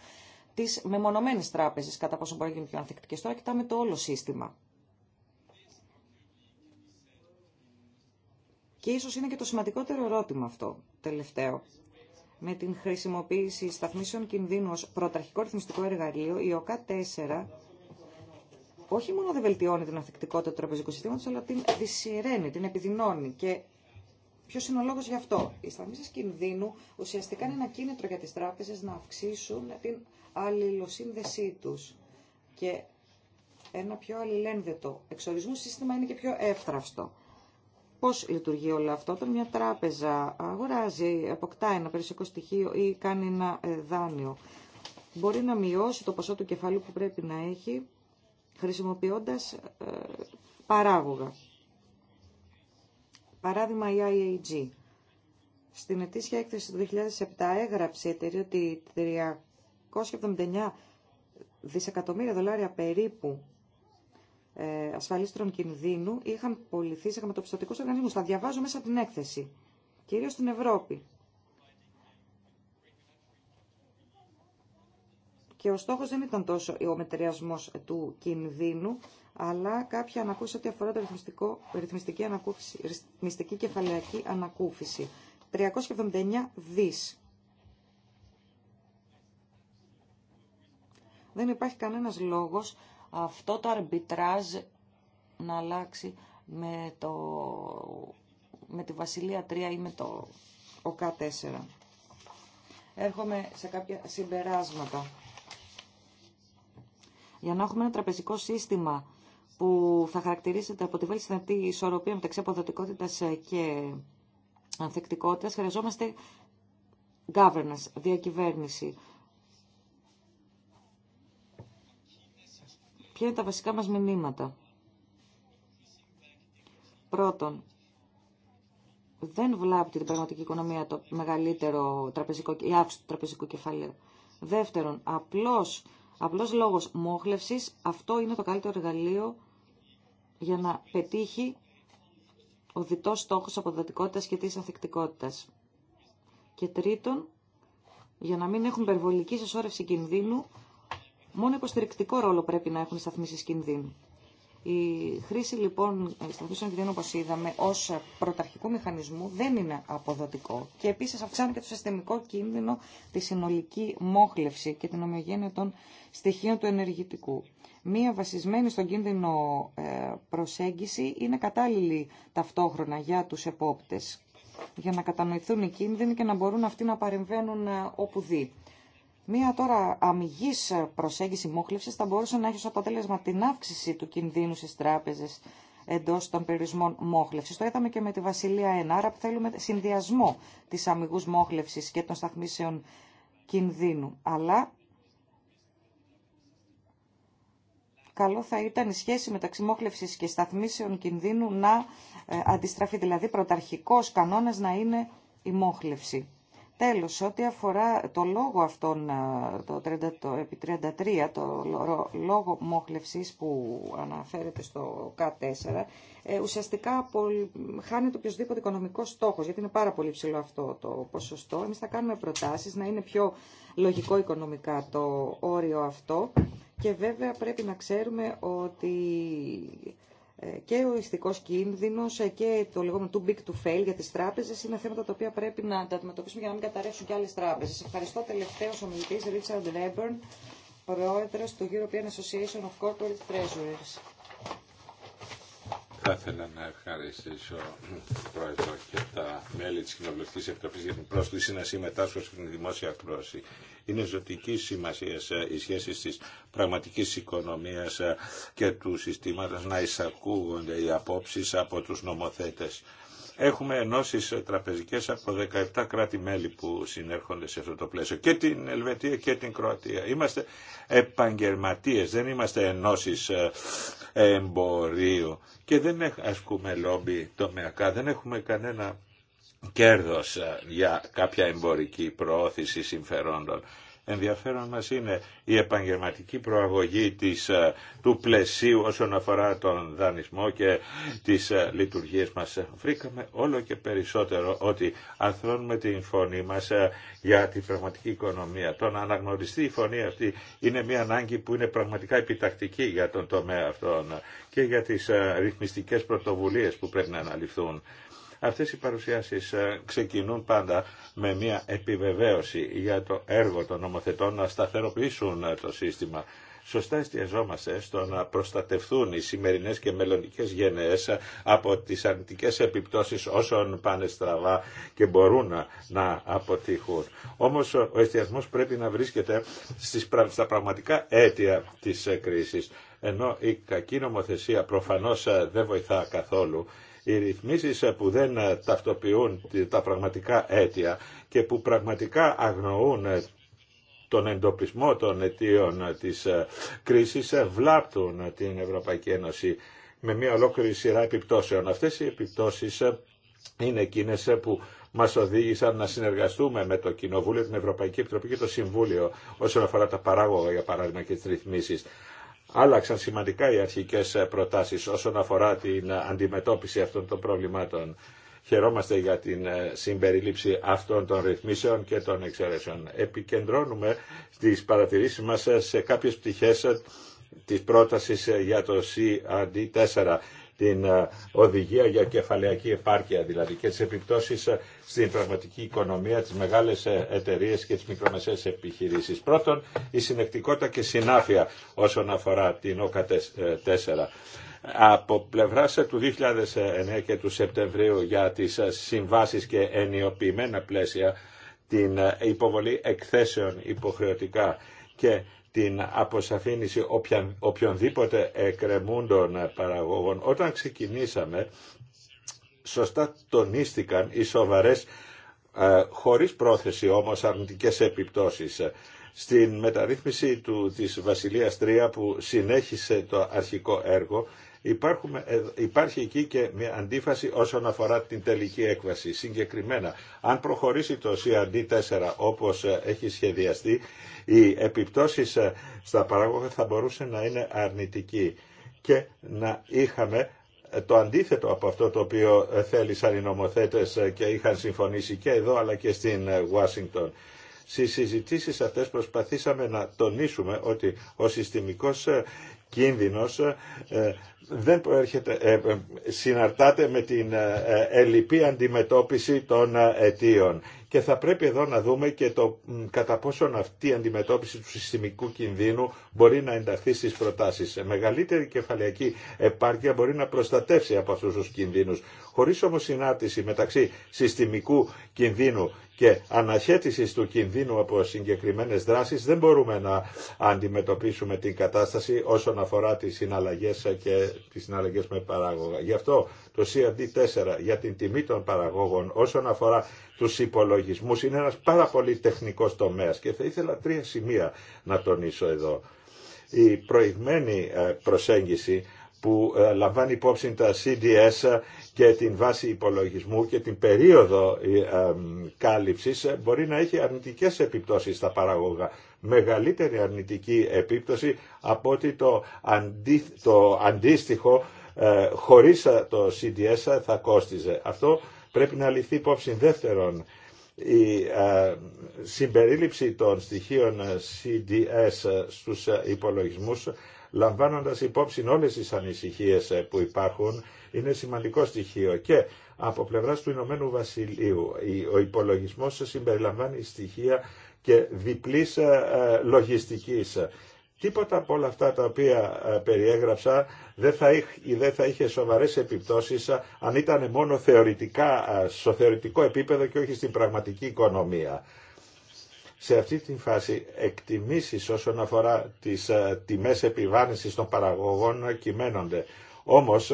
τις μεμονωμένες τράπεζες κατά πόσο μπορεί να γίνουν πιο ανθεκτικές. Τώρα κοιτάμε το όλο σύστημα. Και ίσως είναι και το σημαντικότερο ερώτημα αυτό, τελευταίο. Με την χρησιμοποίηση σταθμίσεων κινδύνου ως πρωταρχικό ρυθμιστικό εργαλείο, η ΟΚΑ 4 όχι μόνο δεν βελτιώνει την ανθεκτικότητα του τραπεζικού συστήματος, αλλά την δυσυραίνει, την επιδεινώνει. Και ποιο είναι ο λόγο γι' αυτό. Οι σταθμίσει κινδύνου ουσιαστικά είναι ένα κίνητρο για τι τράπεζε να αυξήσουν την αλληλοσύνδεσή του. Και ένα πιο αλληλένδετο εξορισμού σύστημα είναι και πιο εύθραυστο. Πώς λειτουργεί όλο αυτό όταν μια τράπεζα αγοράζει, αποκτά ένα περιουσιακό στοιχείο ή κάνει ένα ε, δάνειο. Μπορεί να μειώσει το ποσό του κεφαλού που πρέπει να έχει χρησιμοποιώντας ε, παράγωγα. Παράδειγμα η IAG. Στην ετήσια έκθεση του 2007 έγραψε η εταιρεία ότι 379 δισεκατομμύρια δολάρια περίπου ε, ασφαλίστρων κινδύνου είχαν πολιθεί σε χρηματοπιστωτικού οργανισμού. Θα διαβάζω μέσα από την έκθεση. Κυρίω στην Ευρώπη. Και ο στόχος δεν ήταν τόσο ο μετριασμός του κινδύνου, αλλά κάποια ανακούφιση ότι αφορά το ρυθμιστικό, ρυθμιστική, ανακούφιση, ρυθμιστική κεφαλαϊκή ανακούφιση. 379 δί Δεν υπάρχει κανένας λόγος αυτό το αρμπιτράζ να αλλάξει με, το, με τη Βασιλεία 3 ή με το ΟΚΑ 4. Έρχομαι σε κάποια συμπεράσματα. Για να έχουμε ένα τραπεζικό σύστημα που θα χαρακτηρίζεται από τη βέλτιστη ισορροπία μεταξύ αποδοτικότητα και ανθεκτικότητας χρειαζόμαστε governance, διακυβέρνηση. Ποια είναι τα βασικά μας μηνύματα. Πρώτον, δεν βλάπτει την πραγματική οικονομία το μεγαλύτερο τραπεζικό, η αύξηση του τραπεζικού κεφαλαίου. Δεύτερον, απλώς, απλώς λόγος μόχλευσης, αυτό είναι το καλύτερο εργαλείο για να πετύχει ο διτός στόχος αποδοτικότητας και της ανθεκτικότητας. Και τρίτον, για να μην έχουν περιβολική συσσόρευση κινδύνου Μόνο υποστηρικτικό ρόλο πρέπει να έχουν οι σταθμίσει κινδύνου. Η χρήση λοιπόν ε, σταθμίσεων κινδύνου, όπω είδαμε, ω πρωταρχικού μηχανισμού δεν είναι αποδοτικό και επίση αυξάνει και το συστημικό κίνδυνο, τη συνολική μόχλευση και την ομοιογένεια των στοιχείων του ενεργητικού. Μία βασισμένη στον κίνδυνο ε, προσέγγιση είναι κατάλληλη ταυτόχρονα για του επόπτε για να κατανοηθούν οι κίνδυνοι και να μπορούν αυτοί να παρεμβαίνουν ε, όπου δει. Μία τώρα αμυγής προσέγγιση μόχλευσης θα μπορούσε να έχει ω αποτέλεσμα την αύξηση του κινδύνου στι τράπεζε εντό των περιορισμών μόχλευση. Το είδαμε και με τη Βασιλεία 1. Άρα θέλουμε συνδυασμό τη αμυγού μόχλευση και των σταθμίσεων κινδύνου. Αλλά καλό θα ήταν η σχέση μεταξύ μόχλευση και σταθμίσεων κινδύνου να ε, αντιστραφεί. Δηλαδή πρωταρχικό κανόνα να είναι η μόχλευση. Τέλος, ό,τι αφορά το λόγο αυτόν, ε, το, 30, το επί 33, το λόγο μόχλευσης που αναφέρεται στο K4, ε, ουσιαστικά χάνεται οποιοδήποτε οικονομικό στόχος, γιατί είναι πάρα πολύ ψηλό αυτό το ποσοστό. Εμείς θα κάνουμε προτάσεις να είναι πιο λογικό οικονομικά το όριο αυτό και βέβαια πρέπει να ξέρουμε ότι ε, και ο ιστικός κίνδυνο ε, και το λεγόμενο too big to fail για τις τράπεζε, είναι θέματα τα οποία πρέπει να τα αντιμετωπίσουμε για να μην καταρρεύσουν και άλλε τράπεζε. Ευχαριστώ τελευταίο ομιλητής Richard Reburn, πρόεδρο του European Association of Corporate Treasurers.
Θα ήθελα να ευχαριστήσω τον Πρόεδρο και τα μέλη της Κοινοβουλευτικής Επιτροπής για την πρόσκληση να συμμετάσχω στην δημόσια ακρόαση. Είναι ζωτική σημασία οι σχέση της πραγματική οικονομίας ε, και του συστήματος να εισακούγονται οι απόψει από του νομοθέτες. Έχουμε ενώσει τραπεζικές από 17 κράτη-μέλη που συνέρχονται σε αυτό το πλαίσιο και την Ελβετία και την Κροατία. Είμαστε επαγγελματίε, δεν είμαστε ενώσει ε, εμπορίου και δεν ασκούμε λόμπι τομεακά, δεν έχουμε κανένα κέρδος ε, για κάποια εμπορική προώθηση συμφερόντων. Ενδιαφέρον μας είναι η επαγγελματική προαγωγή της, ε, του πλαισίου όσον αφορά τον δανεισμό και τις ε, λειτουργίες μας. Βρήκαμε όλο και περισσότερο ότι ανθρώνουμε την φωνή μας ε, για την πραγματική οικονομία. Το να αναγνωριστεί η φωνή αυτή είναι μια ανάγκη που είναι πραγματικά επιτακτική για τον τομέα αυτόν και για τις ρυθμιστικές πρωτοβουλίες που πρέπει να αναλυφθούν. Αυτές οι παρουσιάσεις ε, ξεκινούν πάντα με μια επιβεβαίωση για το έργο των νομοθετών να σταθεροποιήσουν ε, το σύστημα σωστά εστιαζόμαστε στο να προστατευτούν οι σημερινές και μελλοντικές γενναίες ε, από τις αρνητικές επιπτώσεις όσων πάνε στραβά και μπορούν να αποτύχουν. Όμως ο εστιασμός πρέπει να βρίσκεται στα πραγματικά αίτια της κρίσης, ενώ η κακή νομοθεσία προφανώς δεν βοηθά καθόλου οι ρυθμίσεις που δεν ταυτοποιούν τα πραγματικά αίτια και που πραγματικά αγνοούν τον εντοπισμό των αιτίων της ε, κρίσης ε, βλάπτουν την Ευρωπαϊκή Ένωση με μια ολόκληρη σειρά επιπτώσεων. Αυτές οι επιπτώσεις ε, είναι εκείνες που μας οδήγησαν να συνεργαστούμε με το Κοινοβούλιο, την Ευρωπαϊκή Επιτροπή και το Συμβούλιο όσον αφορά τα παράγωγα, για παράδειγμα, και τι ρυθμίσει άλλαξαν σημαντικά οι αρχικές ε, προτάσεις όσον αφορά την ε, αντιμετώπιση αυτών των προβλημάτων. Χαιρόμαστε για την ε, συμπερίληψη αυτών των ρυθμίσεων και των εξαιρέσεων. Επικεντρώνουμε στις παρατηρήσεις μας σε κάποιες πτυχές της πρότασης για το CRD4 την ε, οδηγία για κεφαλαιακή επάρκεια δηλαδή και τι επιπτώσεις ε, στην πραγματική οικονομία, τι μεγάλες ε, εταιρείε και τις μικρομεσαίες επιχειρήσεις. Πρώτον, η συνεκτικότητα και συνάφεια όσον αφορά την ΟΚΑ 4 από πλευρά του 2009 και του Σεπτεμβρίου για τι συμβάσει και ενιοποιημένα πλαίσια την υποβολή εκθέσεων υποχρεωτικά και την αποσαφήνιση οποια, οποιονδήποτε εκκρεμούντων παραγωγών. Όταν ξεκινήσαμε, σωστά τονίστηκαν οι σοβαρές, ε, χωρίς πρόθεση όμως αρνητικές επιπτώσεις. Στην μεταρρύθμιση του, της Βασιλείας 3 που συνέχισε το αρχικό έργο, Υπάρχουμε, υπάρχει εκεί και μια αντίφαση όσον αφορά την τελική έκβαση. Συγκεκριμένα, αν προχωρήσει το CRD4 όπως ε, έχει σχεδιαστεί, οι επιπτώσεις ε, στα παράγωγα θα μπορούσε να είναι αρνητική και να είχαμε ε, το αντίθετο από αυτό το οποίο θέλησαν οι νομοθέτες και είχαν συμφωνήσει και εδώ αλλά και στην Ουάσιγκτον. Στις συζητήσεις αυτές προσπαθήσαμε να τονίσουμε ότι ο συστημικός κίνδυνος ε, δεν προέρχεται, ε, ε, συναρτάται με την ελλειπή αντιμετώπιση των αιτίων. Και θα πρέπει εδώ να δούμε και το κατά πόσον αυτή η αντιμετώπιση του συστημικού κινδύνου μπορεί να ενταχθεί στις προτάσεις. Μεγαλύτερη κεφαλιακή επάρκεια μπορεί να προστατεύσει από αυτούς τους κινδύνους χωρίς όμως συνάρτηση μεταξύ συστημικού κινδύνου και αναχέτησης του κινδύνου από συγκεκριμένες δράσεις δεν μπορούμε να αντιμετωπίσουμε την κατάσταση όσον αφορά τις συναλλαγές και τις συναλλαγές με παράγωγα. Γι' αυτό το CRD4 για την τιμή των παραγώγων όσον αφορά τους υπολογισμούς είναι ένας πάρα πολύ τεχνικός τομέας και θα ήθελα τρία σημεία να τονίσω εδώ. Η προηγμένη ε, προσέγγιση που ε, λαμβάνει υπόψη τα CDS και την βάση υπολογισμού και την περίοδο ε, κάλυψης ε, μπορεί να έχει αρνητικές επιπτώσεις στα παραγωγά. Μεγαλύτερη αρνητική επίπτωση από ότι το, το αντίστοιχο ε, χωρίς το CDS θα κόστιζε. Αυτό πρέπει να ληφθεί υπόψη δεύτερον. Η συμπερίληψη των στοιχείων CDS στους υπολογισμούς λαμβάνοντας υπόψη όλες τις ανησυχίες που υπάρχουν είναι σημαντικό στοιχείο και από πλευράς του Ηνωμένου Βασιλείου ο υπολογισμός συμπεριλαμβάνει στοιχεία και διπλής ε, λογιστικής. Τίποτα από όλα αυτά τα οποία ε, περιέγραψα δεν θα, είχε, δεν θα είχε σοβαρές επιπτώσεις ε, αν ήταν μόνο θεωρητικά, στο θεωρητικό επίπεδο και όχι στην πραγματική οικονομία. Σε αυτή τη φάση εκτιμήσεις όσον αφορά τις τιμές επιβάρυνσης των παραγωγών κυμαίνονται. Όμως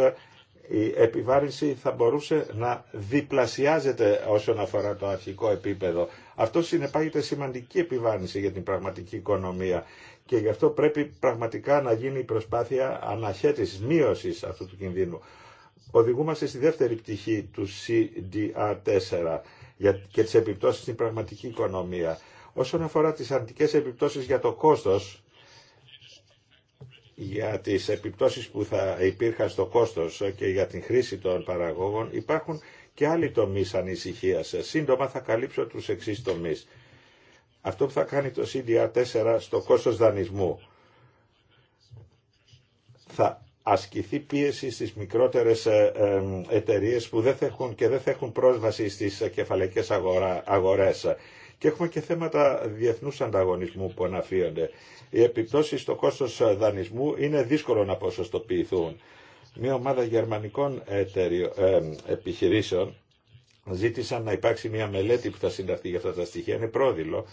η επιβάρυνση θα μπορούσε να διπλασιάζεται όσον αφορά το αρχικό επίπεδο. Αυτό συνεπάγεται σημαντική επιβάρυνση για την πραγματική οικονομία και γι' αυτό πρέπει πραγματικά να γίνει η προσπάθεια αναχέτησης, μείωση αυτού του κινδύνου. Οδηγούμαστε στη δεύτερη πτυχή του CDR4 και τις επιπτώσεις στην πραγματική οικονομία. Όσον αφορά τις αντικές επιπτώσεις για το κόστος, για τις επιπτώσεις που θα υπήρχαν στο κόστος και για την χρήση των παραγόγων υπάρχουν και άλλοι τομείς ανησυχίας. Σύντομα θα καλύψω τους εξής τομείς. Αυτό που θα κάνει το CDR4 στο κόστος δανεισμού θα ασκηθεί πίεση στις μικρότερες ε, ε, εταιρείες που δεν έχουν και δεν θα έχουν πρόσβαση στις κεφαλαϊκές αγορές. Και έχουμε και θέματα διεθνούς ανταγωνισμού που αναφύονται οι επιπτώσει στο κόστος δανεισμού είναι δύσκολο να ποσοστοποιηθούν. Μια ομάδα γερμανικών ε, επιχειρήσεων ζήτησαν να υπάρξει μια μελέτη που θα συνταχθεί για αυτά τα στοιχεία. Είναι πρόδειλο,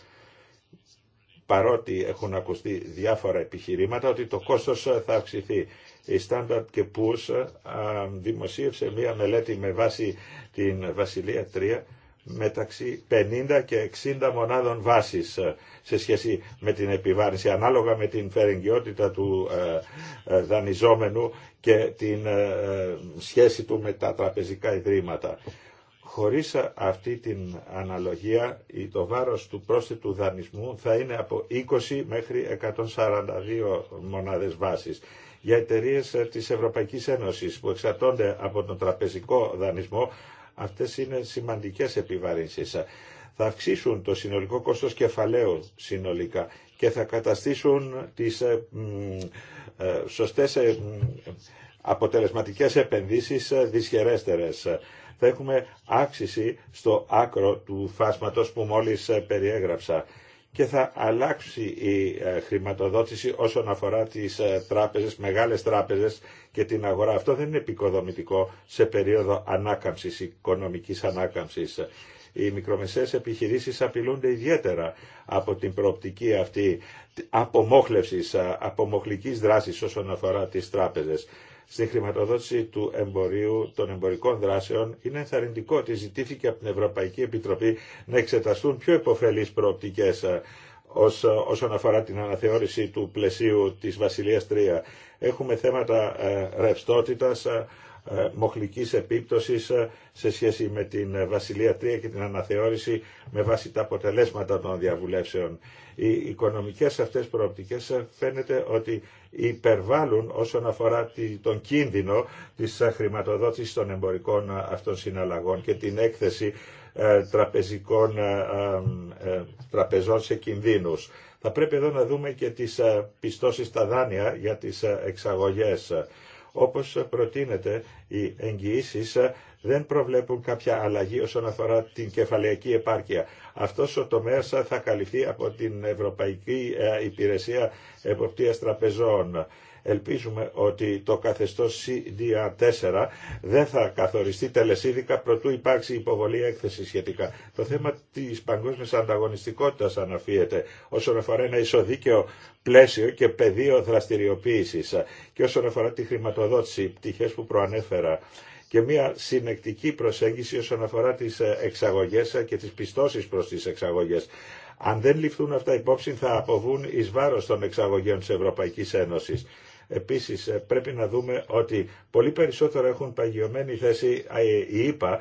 παρότι έχουν ακουστεί διάφορα επιχειρήματα, ότι το κόστος θα αυξηθεί. Η Standard Poor's δημοσίευσε μια μελέτη με βάση την Βασιλεία 3 μεταξύ 50 και 60 μονάδων βάσης ε, σε σχέση με την επιβάρυνση ανάλογα με την φερεγγιότητα του ε, ε, δανειζόμενου και την σχέση του με τα τραπεζικά ιδρύματα. Χωρίς αυτή την αναλογία το βάρος του πρόσθετου δανεισμού θα είναι από 20 μέχρι 142 μονάδες βάσης για εταιρείε της Ευρωπαϊκής Ένωσης που εξαρτώνται από τον τραπεζικό δανεισμό Αυτές είναι σημαντικές επιβαρύνσεις. Θα αυξήσουν το συνολικό κόστος κεφαλαίου συνολικά και θα καταστήσουν τις ε, ε, σωστές ε, αποτελεσματικές επενδύσεις δυσχερέστερες. Θα έχουμε αύξηση στο άκρο του φάσματος που μόλις περιέγραψα και θα αλλάξει η ε, χρηματοδότηση όσον αφορά τις ε, τράπεζες, μεγάλες τράπεζες και την αγορά. Αυτό δεν είναι επικοδομητικό σε περίοδο ανάκαμψης, οικονομικής ανάκαμψης. Οι μικρομεσαίες επιχειρήσεις απειλούνται ιδιαίτερα από την προοπτική αυτή απομόχλευσης, ε, απομοχλικής δράσης όσον αφορά τις τράπεζες στη χρηματοδότηση του εμπορίου, των εμπορικών δράσεων, είναι ενθαρρυντικό ότι ζητήθηκε από την Ευρωπαϊκή Επιτροπή να εξεταστούν πιο υποφελείς προοπτικές ε, ε, όσον αφορά την αναθεώρηση του πλαισίου της Βασιλείας 3. Έχουμε θέματα ε, ρευστότητας, ε, μοχλικής επίπτωσης ε, σε σχέση με την ε, Βασιλεία 3 και την αναθεώρηση με βάση τα αποτελέσματα των διαβουλεύσεων. Οι οικονομικές αυτές προοπτικές φαίνεται ότι υπερβάλλουν όσον αφορά τον κίνδυνο της χρηματοδότησης των εμπορικών αυτών συναλλαγών και την έκθεση τραπεζικών, τραπεζών σε κινδύνους. Θα πρέπει εδώ να δούμε και τις πιστώσεις στα δάνεια για τις εξαγωγές. Όπως προτείνεται, οι εγγυήσει δεν προβλέπουν κάποια αλλαγή όσον αφορά την κεφαλαϊκή επάρκεια. Αυτός ο τομέας θα καλυφθεί από την Ευρωπαϊκή ε, Υπηρεσία Εποπτείας Τραπεζών Ελπίζουμε ότι το καθεστώς CDA4 δεν θα καθοριστεί τελεσίδικα προτού υπάρξει υποβολή έκθεση σχετικά. Το θέμα της παγκόσμιας ανταγωνιστικότητας αναφύεται όσον αφορά ένα ισοδίκαιο πλαίσιο και πεδίο δραστηριοποίησης και όσον αφορά τη χρηματοδότηση, πτυχές που προανέφερα και μια συνεκτική προσέγγιση όσον αφορά τις εξαγωγές και τις πιστώσεις προς τις εξαγωγές. Αν δεν ληφθούν αυτά υπόψη θα αποβούν εις βάρος των εξαγωγέων της Ευρωπαϊκής Ένωσης. Επίσης ε, πρέπει να δούμε ότι πολύ περισσότερο έχουν παγιωμένη θέση ε, η ΕΠΑ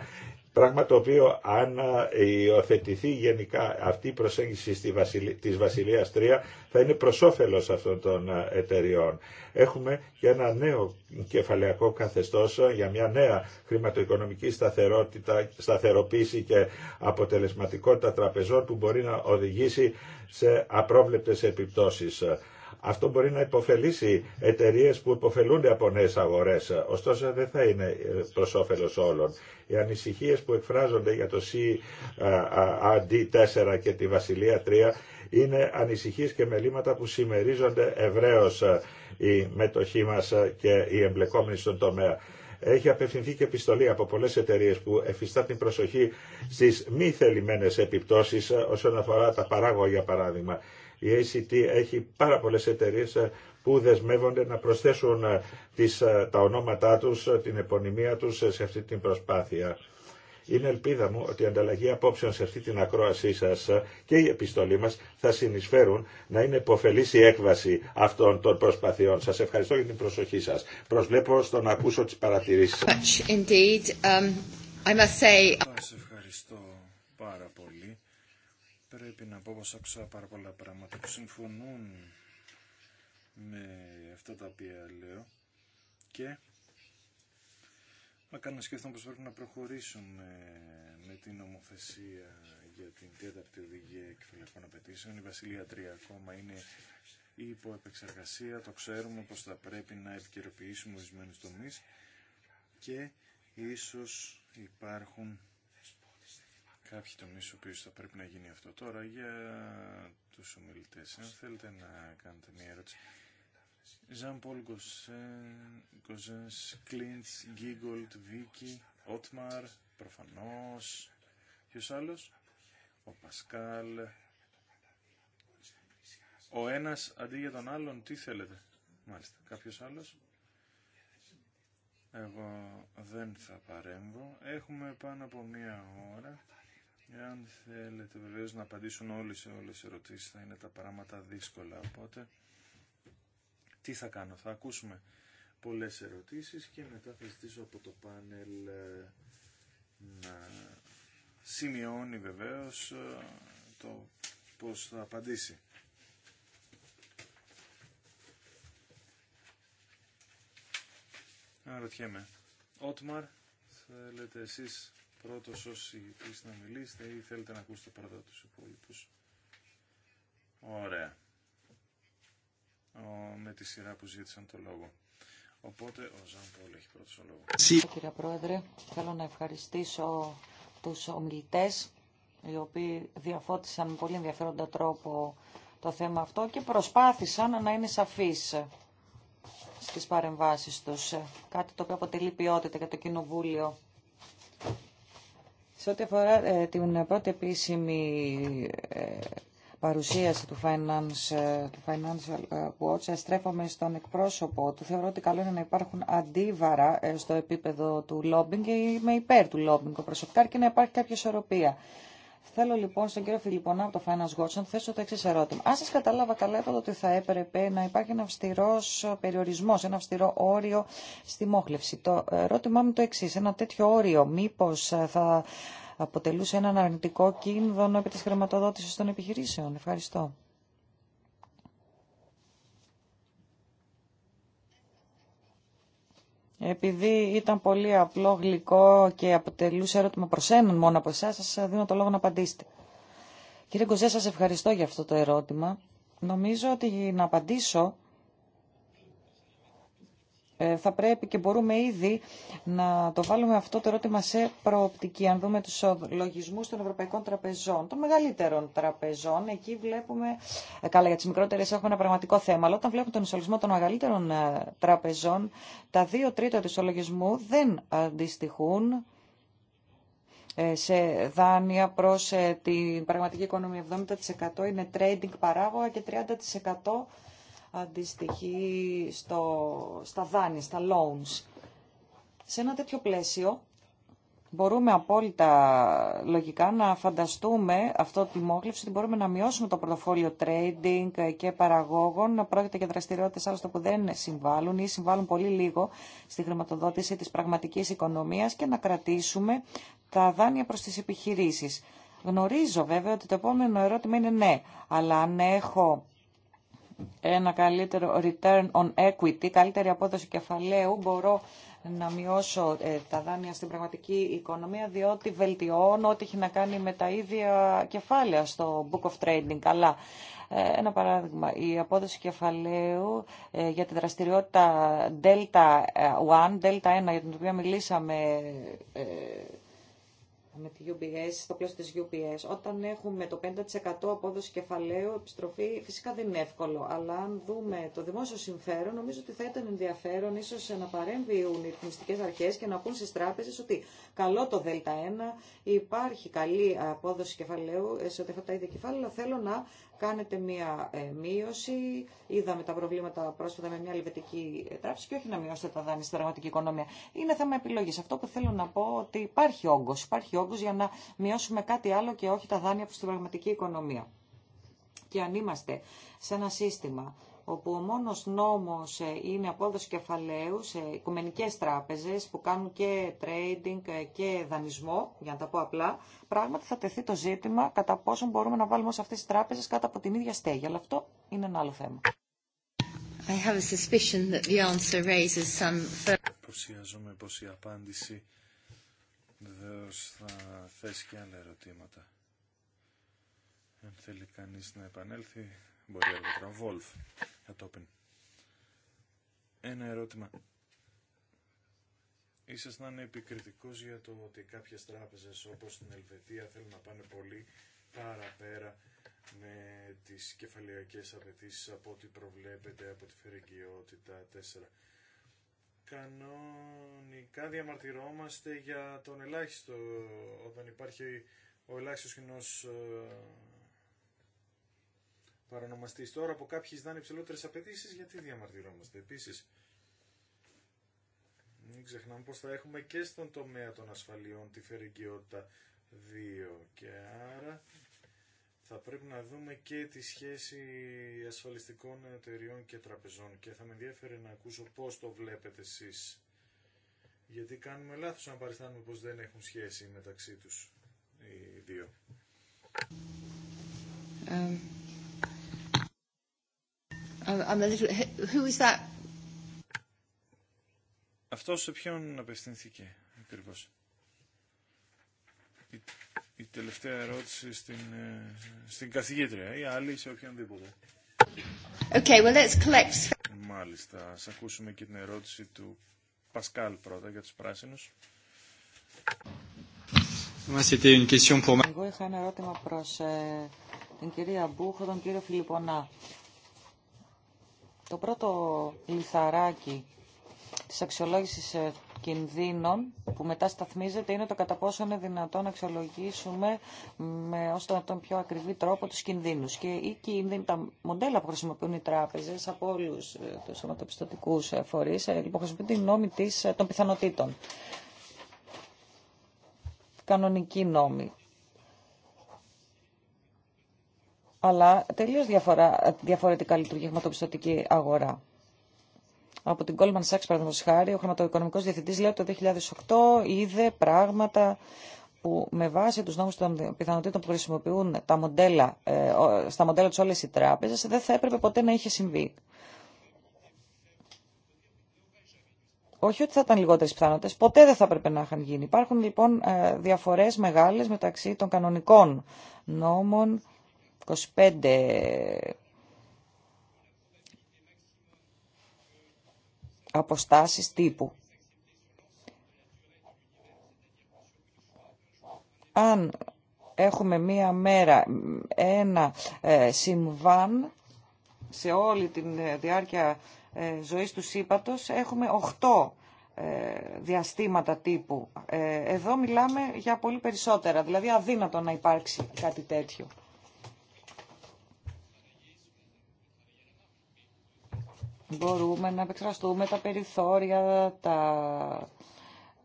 Πράγμα το οποίο αν υιοθετηθεί γενικά αυτή η προσέγγιση της Βασιλείας 3 θα είναι προς όφελος αυτών των ε, εταιριών. Έχουμε και ένα νέο κεφαλαιακό καθεστώς για μια νέα χρηματοοικονομική σταθερότητα, σταθεροποίηση και αποτελεσματικότητα τραπεζών που μπορεί να οδηγήσει σε απρόβλεπτες επιπτώσεις. Αυτό μπορεί να υποφελήσει εταιρείε που υποφελούνται από νέε αγορέ. Ωστόσο δεν θα είναι προ όφελο όλων. Οι ανησυχίε που εκφράζονται για το CAD4 και τη Βασιλεία 3 είναι ανησυχίες και μελήματα που συμμερίζονται ευρέως η μετοχή μα και οι εμπλεκόμενοι στον τομέα. Έχει απευθυνθεί και επιστολή από πολλέ εταιρείε που εφιστά την προσοχή στι μη θελημένε επιπτώσει όσον αφορά τα παράγωγα για παράδειγμα η ACT έχει πάρα πολλές εταιρείες ε, που δεσμεύονται να προσθέσουν ε, τις, ε, τα ονόματά τους, την επωνυμία τους σε αυτή την προσπάθεια. Είναι ελπίδα μου ότι η ανταλλαγή απόψεων σε αυτή την ακρόασή σας και η επιστολή μας θα συνεισφέρουν να είναι υποφελής η έκβαση αυτών των προσπαθειών. Σας ευχαριστώ για την προσοχή σας. Προσβλέπω στο να ακούσω τις παρατηρήσεις σας.
Πρέπει να πω πως άκουσα πάρα πολλά πράγματα που συμφωνούν με αυτά τα οποία λέω και να κάνω σκέφτομαι πως πρέπει να προχωρήσουμε με την νομοθεσία για την τέταρτη οδηγία εκφυλακών απαιτήσεων. Η Βασιλεία 3 ακόμα είναι υπό επεξεργασία. Το ξέρουμε πως θα πρέπει να επικαιροποιήσουμε ορισμένους τομείς και ίσως υπάρχουν κάποιοι τομείς ο θα πρέπει να γίνει αυτό τώρα για τους ομιλητές. Αν θέλετε να κάνετε μια ερώτηση. Ζαν Πολ Κλίντς, Γκίγκολτ, Βίκυ Ότμαρ, προφανώς. Ποιος άλλος? Ο Πασκάλ. Ο ένας αντί για τον άλλον, τι θέλετε. Μάλιστα. Κάποιος άλλος. Εγώ δεν θα παρέμβω. Έχουμε πάνω από μία ώρα. Εάν θέλετε βεβαίως να απαντήσουν όλοι σε όλες οι ερωτήσεις θα είναι τα πράγματα δύσκολα. Οπότε τι θα κάνω. Θα ακούσουμε πολλές ερωτήσεις και μετά θα ζητήσω από το πάνελ ε, να σημειώνει βεβαίως ε, το πώς θα απαντήσει. Αναρωτιέμαι. Ότμαρ, θέλετε εσείς πρώτος όσοι είστε να μιλήσετε ή θέλετε να ακούσετε πρώτα τους υπόλοιπους. Ωραία. Ο, με τη σειρά που ζήτησαν το λόγο. Οπότε ο Ζαν Πολ έχει πρώτος ο λόγο.
Κύριε Πρόεδρε, θέλω να ευχαριστήσω τους ομιλητές οι οποίοι διαφώτισαν με πολύ ενδιαφέροντα τρόπο το θέμα αυτό και προσπάθησαν να είναι σαφείς στις παρεμβάσεις τους. Κάτι το οποίο αποτελεί ποιότητα για το Κοινοβούλιο σε ό,τι αφορά ε, την πρώτη επίσημη ε, παρουσίαση του, Finance, ε, του Financial Watch, στρέφομαι στον εκπρόσωπο του. Θεωρώ ότι καλό είναι να υπάρχουν αντίβαρα στο επίπεδο του lobbying και με υπέρ του lobbying προσωπικά και να υπάρχει κάποια ισορροπία. Θέλω λοιπόν στον κύριο Φιλιππονά από το Finance Watch να θέσω το εξή ερώτημα. Αν σα κατάλαβα καλά, είπατε ότι θα έπρεπε να υπάρχει ένα αυστηρό περιορισμό, ένα αυστηρό όριο στη μόχλευση. Το ερώτημά μου το εξή. Ένα τέτοιο όριο, μήπω ε, θα αποτελούσε έναν αρνητικό κίνδυνο επί τη χρηματοδότηση των επιχειρήσεων. Ευχαριστώ. Επειδή ήταν πολύ απλό, γλυκό και αποτελούσε ερώτημα προς έναν μόνο από εσάς, σας δίνω το λόγο να απαντήσετε. Κύριε Κοζέ, σας ευχαριστώ για αυτό το ερώτημα. Νομίζω ότι να απαντήσω ε, θα πρέπει και μπορούμε ήδη να το βάλουμε αυτό το ερώτημα σε προοπτική. Αν δούμε τους λογισμούς των ευρωπαϊκών τραπεζών, των μεγαλύτερων τραπεζών, εκεί βλέπουμε, ε, καλά για τις μικρότερες έχουμε ένα πραγματικό θέμα, αλλά όταν βλέπουμε τον ισολογισμό των μεγαλύτερων ε, τραπεζών, τα δύο τρίτα του ισολογισμού δεν αντιστοιχούν σε δάνεια προς την πραγματική οικονομία. 70% είναι trading παράγωγα και 30% αντιστοιχεί στο, στα δάνεια, στα loans. Σε ένα τέτοιο πλαίσιο μπορούμε απόλυτα λογικά να φανταστούμε αυτό τη μόχλευση ότι μπορούμε να μειώσουμε το πορτοφόλιο trading και παραγόγων, να πρόκειται για δραστηριότητε άλλωστε που δεν συμβάλλουν ή συμβάλλουν πολύ λίγο στη χρηματοδότηση τη πραγματική οικονομία και να κρατήσουμε τα δάνεια προ τι επιχειρήσει. Γνωρίζω βέβαια ότι το επόμενο ερώτημα είναι ναι, αλλά αν έχω ένα καλύτερο return on equity, καλύτερη απόδοση κεφαλαίου, μπορώ να μειώσω ε, τα δάνεια στην πραγματική οικονομία, διότι βελτιώνω ό,τι έχει να κάνει με τα ίδια κεφάλαια στο Book of Trading. Αλλά ε, ένα παράδειγμα, η απόδοση κεφαλαίου ε, για τη δραστηριότητα Delta 1, Delta 1 για την οποία μιλήσαμε με τη UBS, στο πλαίσιο της UPS. Όταν έχουμε το 50% απόδοση κεφαλαίου, επιστροφή φυσικά δεν είναι εύκολο. Αλλά αν δούμε το δημόσιο συμφέρον, νομίζω ότι θα ήταν ενδιαφέρον ίσως να παρέμβουν οι ρυθμιστικές αρχές και να πούν στις τράπεζες ότι καλό το ΔΕΛΤΑ 1, υπάρχει καλή απόδοση κεφαλαίου σε ό,τι αφορά τα ίδια κεφάλαια, αλλά θέλω να κάνετε μία ε, μείωση. Είδαμε τα προβλήματα πρόσφατα με μια λιβετική ε, τράψη και όχι να μειώσετε τα δάνεια στην πραγματική οικονομία. Είναι θέμα επιλογή. Αυτό που θέλω να πω ότι υπάρχει όγκο. Υπάρχει όγκο για να μειώσουμε κάτι άλλο και όχι τα δάνεια στην την πραγματική οικονομία. Και αν είμαστε σε ένα σύστημα όπου ο μόνος νόμος ε, είναι απόδοση κεφαλαίου σε οικουμενικές τράπεζες που κάνουν και trading ε, και δανεισμό, για να τα πω απλά, πράγματι θα τεθεί το ζήτημα κατά πόσο μπορούμε να βάλουμε σε αυτές τις τράπεζες κάτω από την ίδια στέγη. Αλλά αυτό είναι ένα άλλο θέμα. I have a suspicion that the answer raises some...
πως η απάντηση βεβαίω θα θέσει και άλλα ερωτήματα. Αν θέλει κανείς να επανέλθει, μπορεί αργότερα. Βολφ, κατόπιν. Ένα ερώτημα. να είναι επικριτικός για το ότι κάποιες τράπεζες όπως στην Ελβετία θέλουν να πάνε πολύ παραπέρα με τις κεφαλαιακές απαιτήσει από ό,τι προβλέπεται από τη φερικαιότητα. 4. Κανονικά διαμαρτυρόμαστε για τον ελάχιστο, όταν υπάρχει ο ελάχιστος κοινός ε, παρανομαστής. Τώρα από κάποιοι ζητάνε ψηλότερε απαιτήσει, γιατί διαμαρτυρόμαστε επίσης. Μην ξεχνάμε πως θα έχουμε και στον τομέα των ασφαλιών τη φερικαιότητα 2 και άρα θα πρέπει να δούμε και τη σχέση ασφαλιστικών εταιριών και τραπεζών και θα με ενδιαφέρει να ακούσω πώς το βλέπετε εσεί. Γιατί κάνουμε λάθο αν παριστάνουμε πώ δεν έχουν σχέση μεταξύ του οι δύο.
Ε, I'm a little... Who is that?
Αυτό σε ποιον απευθυνθήκε ακριβώς. Η, η τελευταία ερώτηση στην, ε, στην καθηγήτρια ή άλλη σε οποιονδήποτε.
Okay, well, let's collect...
Μάλιστα, ας ακούσουμε και την ερώτηση του Πασκάλ πρώτα για τους πράσινους.
Εγώ είχα ένα ερώτημα προς ε, την κυρία Μπούχο, τον κύριο Φιλιππονά. Το πρώτο λιθαράκι της αξιολόγησης ε, κινδύνων που μετά σταθμίζεται είναι το κατά πόσο είναι δυνατόν να αξιολογήσουμε με όσο τον πιο ακριβή τρόπο τους κινδύνους. Και οι κινδύνοι, τα μοντέλα που χρησιμοποιούν οι τράπεζες από όλους ε, τους σωματοπιστωτικούς ε, φορείς, λοιπόν, χρησιμοποιούν την νόμη των πιθανοτήτων. Κανονική νόμη αλλά τελείω διαφορετικά λειτουργεί η χρηματοπιστωτική αγορά. Από την Goldman Sachs, παραδείγματο χάρη, ο χρηματοοικονομικός διευθυντής λέει ότι το 2008 είδε πράγματα που με βάση του νόμου των πιθανότητων που χρησιμοποιούν τα μοντέλα, ε, στα μοντέλα του όλε οι τράπεζε, δεν θα έπρεπε ποτέ να είχε συμβεί. Όχι ότι θα ήταν λιγότερε πιθανότητε, ποτέ δεν θα έπρεπε να είχαν γίνει. Υπάρχουν λοιπόν ε, διαφορέ μεγάλε μεταξύ των κανονικών νόμων 25 αποστάσεις τύπου. Αν έχουμε μία μέρα ένα ε, συμβάν σε όλη τη ε, διάρκεια ε, ζωής του σύμπατος, έχουμε 8 διαστήματα τύπου. Εδώ μιλάμε για πολύ περισσότερα, δηλαδή αδύνατο να υπάρξει κάτι τέτοιο. μπορούμε να επεξεργαστούμε τα περιθώρια, τα...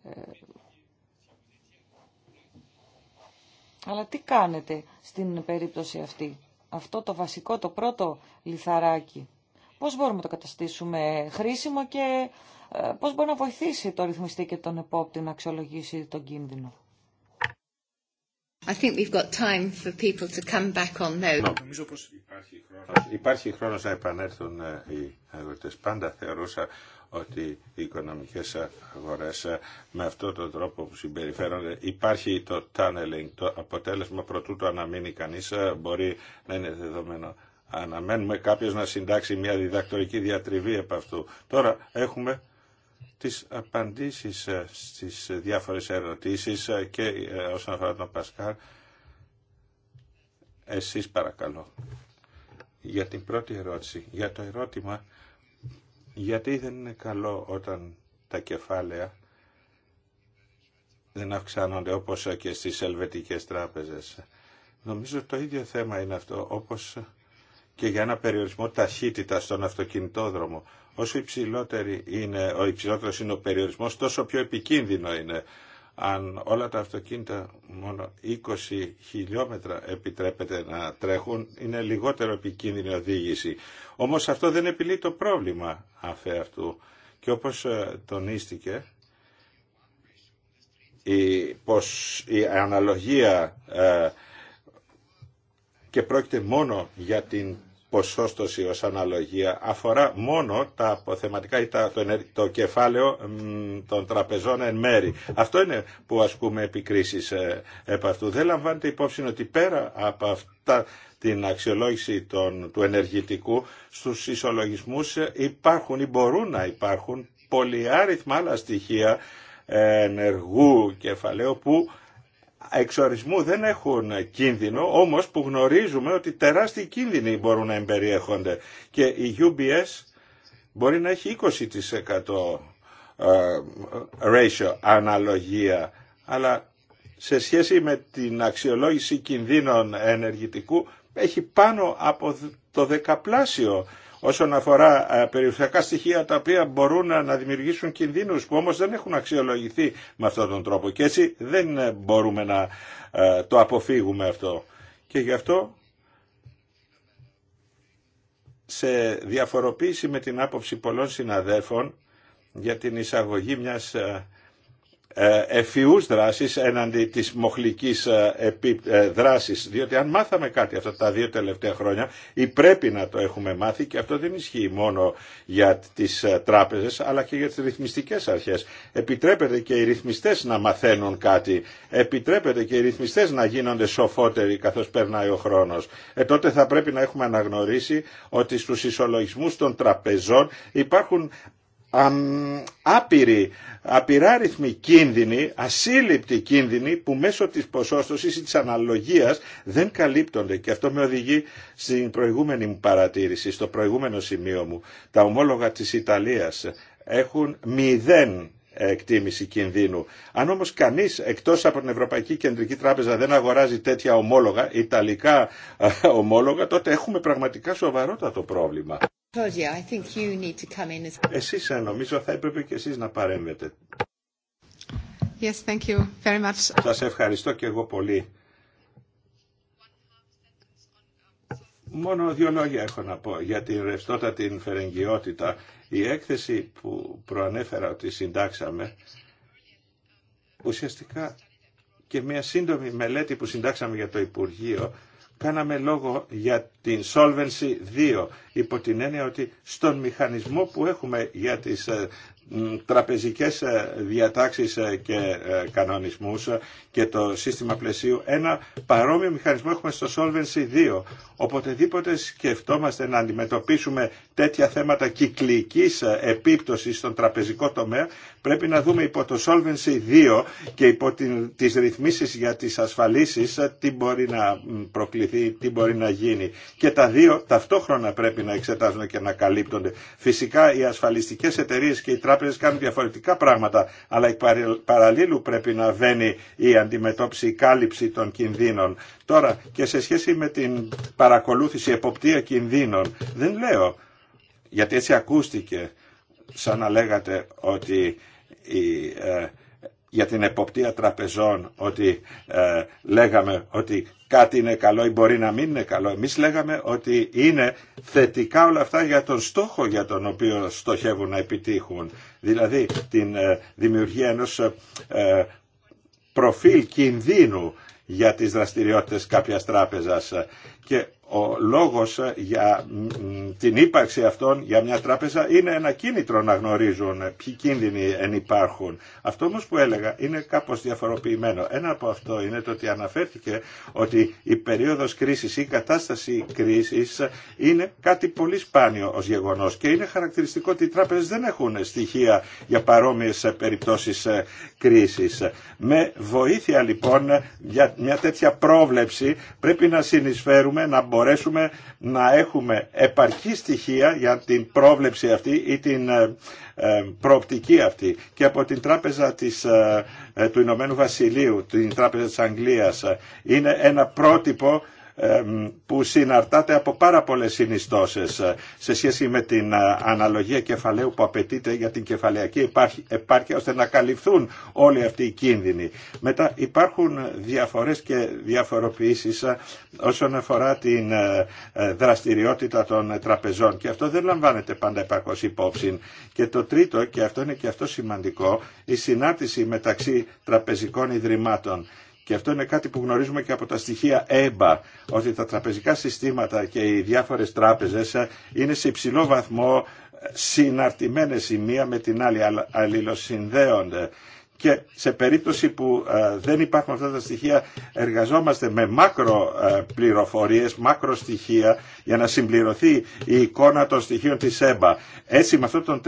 Ε, αλλά τι κάνετε στην περίπτωση αυτή. Αυτό το βασικό, το πρώτο λιθαράκι. Πώς μπορούμε να το καταστήσουμε χρήσιμο και ε, πώς μπορεί να βοηθήσει το ρυθμιστή και τον επόπτη να αξιολογήσει τον κίνδυνο. I think we've got time for people to come back on Νομίζω πως
υπάρχει χρόνος. να επανέλθουν ε, οι αγορές. Πάντα θεωρούσα ότι οι οικονομικές αγορές ε, με αυτόν τον τρόπο που συμπεριφέρονται υπάρχει το tunneling, το αποτέλεσμα προτού το αναμείνει κανείς ε, μπορεί να είναι δεδομένο. Αναμένουμε κάποιος να συντάξει μια διδακτορική διατριβή από αυτού. Τώρα έχουμε τις απαντήσεις ε, στις διάφορες ερωτήσεις ε, και ε, όσον αφορά τον Πασκάρ, Εσείς παρακαλώ. Για την πρώτη ερώτηση, για το ερώτημα γιατί δεν είναι καλό όταν τα κεφάλαια δεν αυξάνονται όπως και στις ελβετικές τράπεζες. Νομίζω το ίδιο θέμα είναι αυτό, όπως και για ένα περιορισμό ταχύτητα στον αυτοκινητόδρομο. Όσο υψηλότερο είναι, ο υψηλότερος είναι ο περιορισμός, τόσο πιο επικίνδυνο είναι. Αν όλα τα αυτοκίνητα μόνο 20 χιλιόμετρα επιτρέπεται να τρέχουν, είναι λιγότερο επικίνδυνη οδήγηση. Όμως αυτό δεν επιλύει το πρόβλημα αφέ αυτού. Και όπως ε, τονίστηκε, η, πως, η αναλογία ε, και πρόκειται μόνο για την ποσόστοση ως αναλογία αφορά μόνο τα αποθεματικά ή τα, το, κεφάλαιο των τραπεζών εν μέρη. Αυτό είναι που ασκούμε επικρίσεις ε, επ' αυτού. Δεν λαμβάνεται υπόψη ότι πέρα από αυτά την αξιολόγηση των, του ενεργητικού στους ισολογισμούς υπάρχουν ή μπορούν να υπάρχουν πολυάριθμα άλλα στοιχεία ενεργού κεφαλαίου που εξορισμού δεν έχουν κίνδυνο, όμως που γνωρίζουμε ότι τεράστιοι κίνδυνοι μπορούν να εμπεριέχονται. Και η UBS μπορεί να έχει 20% ε, ratio, αναλογία, αλλά σε σχέση με την αξιολόγηση κινδύνων ενεργητικού έχει πάνω από το δεκαπλάσιο όσον αφορά ε, περιουσιακά στοιχεία τα οποία μπορούν να δημιουργήσουν κινδύνους που όμως δεν έχουν αξιολογηθεί με αυτόν τον τρόπο και έτσι δεν ε, μπορούμε να ε, το αποφύγουμε αυτό. Και γι' αυτό σε διαφοροποίηση με την άποψη πολλών συναδέλφων για την εισαγωγή μιας ευφυούς δράσεις εναντί της μοχλικής ε, ε, δράσης. Διότι αν μάθαμε κάτι αυτά τα δύο τελευταία χρόνια ή πρέπει να το έχουμε μάθει και αυτό δεν ισχύει μόνο για τις ε, τράπεζες αλλά και για τις ρυθμιστικές αρχές. Επιτρέπεται και οι ρυθμιστές να μαθαίνουν κάτι. Επιτρέπεται και οι ρυθμιστές να γίνονται σοφότεροι καθώς περνάει ο χρόνος. Ε, τότε θα πρέπει να έχουμε αναγνωρίσει ότι στους ισολογισμούς των τραπεζών υπάρχουν άπειροι, απειράριθμοι κίνδυνοι, ασύλληπτοι κίνδυνοι που μέσω της ποσόστοσης ή της αναλογίας δεν καλύπτονται. Και αυτό με οδηγεί στην προηγούμενη μου παρατήρηση, στο προηγούμενο σημείο μου. Τα ομόλογα της Ιταλίας έχουν μηδέν εκτίμηση κινδύνου. Αν όμως κανείς εκτός από την Ευρωπαϊκή Κεντρική Τράπεζα δεν αγοράζει τέτοια ομόλογα, ιταλικά ομόλογα, τότε έχουμε πραγματικά σοβαρότατο πρόβλημα. Εσείς νομίζω θα έπρεπε και εσείς να παρέμβετε.
Yes, thank you very much.
Σας ευχαριστώ και εγώ πολύ. Μόνο δύο λόγια έχω να πω για την ρευστότητα, την φερεγγιότητα η έκθεση που προανέφερα ότι συντάξαμε ουσιαστικά και μια σύντομη μελέτη που συντάξαμε για το Υπουργείο κάναμε λόγο για την Solvency 2 υπό την έννοια ότι στον μηχανισμό που έχουμε για τις ε, τραπεζικές ε, διατάξεις ε, και ε, κανονισμούς και το σύστημα πλαισίου. Ένα παρόμοιο μηχανισμό έχουμε στο Solvency 2. Οποτεδήποτε σκεφτόμαστε να αντιμετωπίσουμε τέτοια θέματα κυκλικής επίπτωσης στον τραπεζικό τομέα, Πρέπει να δούμε υπό το Solvency 2 και υπό την, τις ρυθμίσεις για τις ασφαλίσεις ε, τι μπορεί να προκληθεί, τι μπορεί να γίνει. Και τα δύο ταυτόχρονα πρέπει να εξετάζουν και να καλύπτονται. Φυσικά οι ασφαλιστικές εταιρείε και οι τράπεζες κάνουν διαφορετικά πράγματα, αλλά εκ παραλλήλου πρέπει να βαίνει η αντιμετώπιση, η κάλυψη των κινδύνων. Τώρα και σε σχέση με την παρακολούθηση, εποπτεία κινδύνων, δεν λέω, γιατί έτσι ακούστηκε, σαν να λέγατε ότι η, ε, για την εποπτεία τραπεζών ότι ε, λέγαμε ότι κάτι είναι καλό ή μπορεί να μην είναι καλό. Εμείς λέγαμε ότι είναι θετικά όλα αυτά για τον στόχο για τον οποίο στοχεύουν να επιτύχουν. Δηλαδή την ε, δημιουργία ενός προφίλ κινδύνου για τις δραστηριότητες κάποιας τράπεζας ο λόγος για την ύπαρξη αυτών για μια τράπεζα είναι ένα κίνητρο να γνωρίζουν ποιοι κίνδυνοι υπάρχουν. Αυτό όμως που έλεγα είναι κάπως διαφοροποιημένο. Ένα από αυτό είναι το ότι αναφέρθηκε ότι η περίοδος κρίσης ή η κατάσταση κρίσης είναι κάτι πολύ σπάνιο ως γεγονός και είναι χαρακτηριστικό ότι οι τράπεζες δεν έχουν στοιχεία για παρόμοιες περιπτώσεις κρίσης. Με βοήθεια λοιπόν για μια τέτοια πρόβλεψη πρέπει να συνεισφέρουμε να μπορούμε μπορέσουμε να έχουμε επαρκή στοιχεία για την πρόβλεψη αυτή ή την ε, ε, προοπτική αυτή. Και από την τράπεζα της, ε, του Ηνωμένου Βασιλείου, την τράπεζα της Αγγλίας, είναι ένα πρότυπο που συναρτάται από πάρα πολλές συνιστώσεις ε, σε σχέση με την ε, αναλογία κεφαλαίου που απαιτείται για την κεφαλαιακή επάρκεια ώστε να καλυφθούν όλοι αυτοί οι κίνδυνοι. Μετά υπάρχουν διαφορές και διαφοροποιήσεις ε, όσον αφορά την δραστηριότητα των τραπεζών και αυτό δεν λαμβάνεται πάντα επαρκώς υπόψη. Και το τρίτο, και αυτό είναι και αυτό σημαντικό, η συνάρτηση μεταξύ τραπεζικών ιδρυμάτων και αυτό είναι κάτι που γνωρίζουμε και από τα στοιχεία ΕΜΠΑ, ότι τα τραπεζικά συστήματα και οι διάφορες τράπεζες είναι σε υψηλό βαθμό συναρτημένες η μία με την άλλη, αλληλοσυνδέονται και σε περίπτωση που ε, δεν υπάρχουν αυτά τα στοιχεία εργαζόμαστε με μάκρο ε, πληροφορίες, μάκρο στοιχεία για να συμπληρωθεί η εικόνα των στοιχείων της ΕΜΠΑ. Έτσι με αυτόν τον,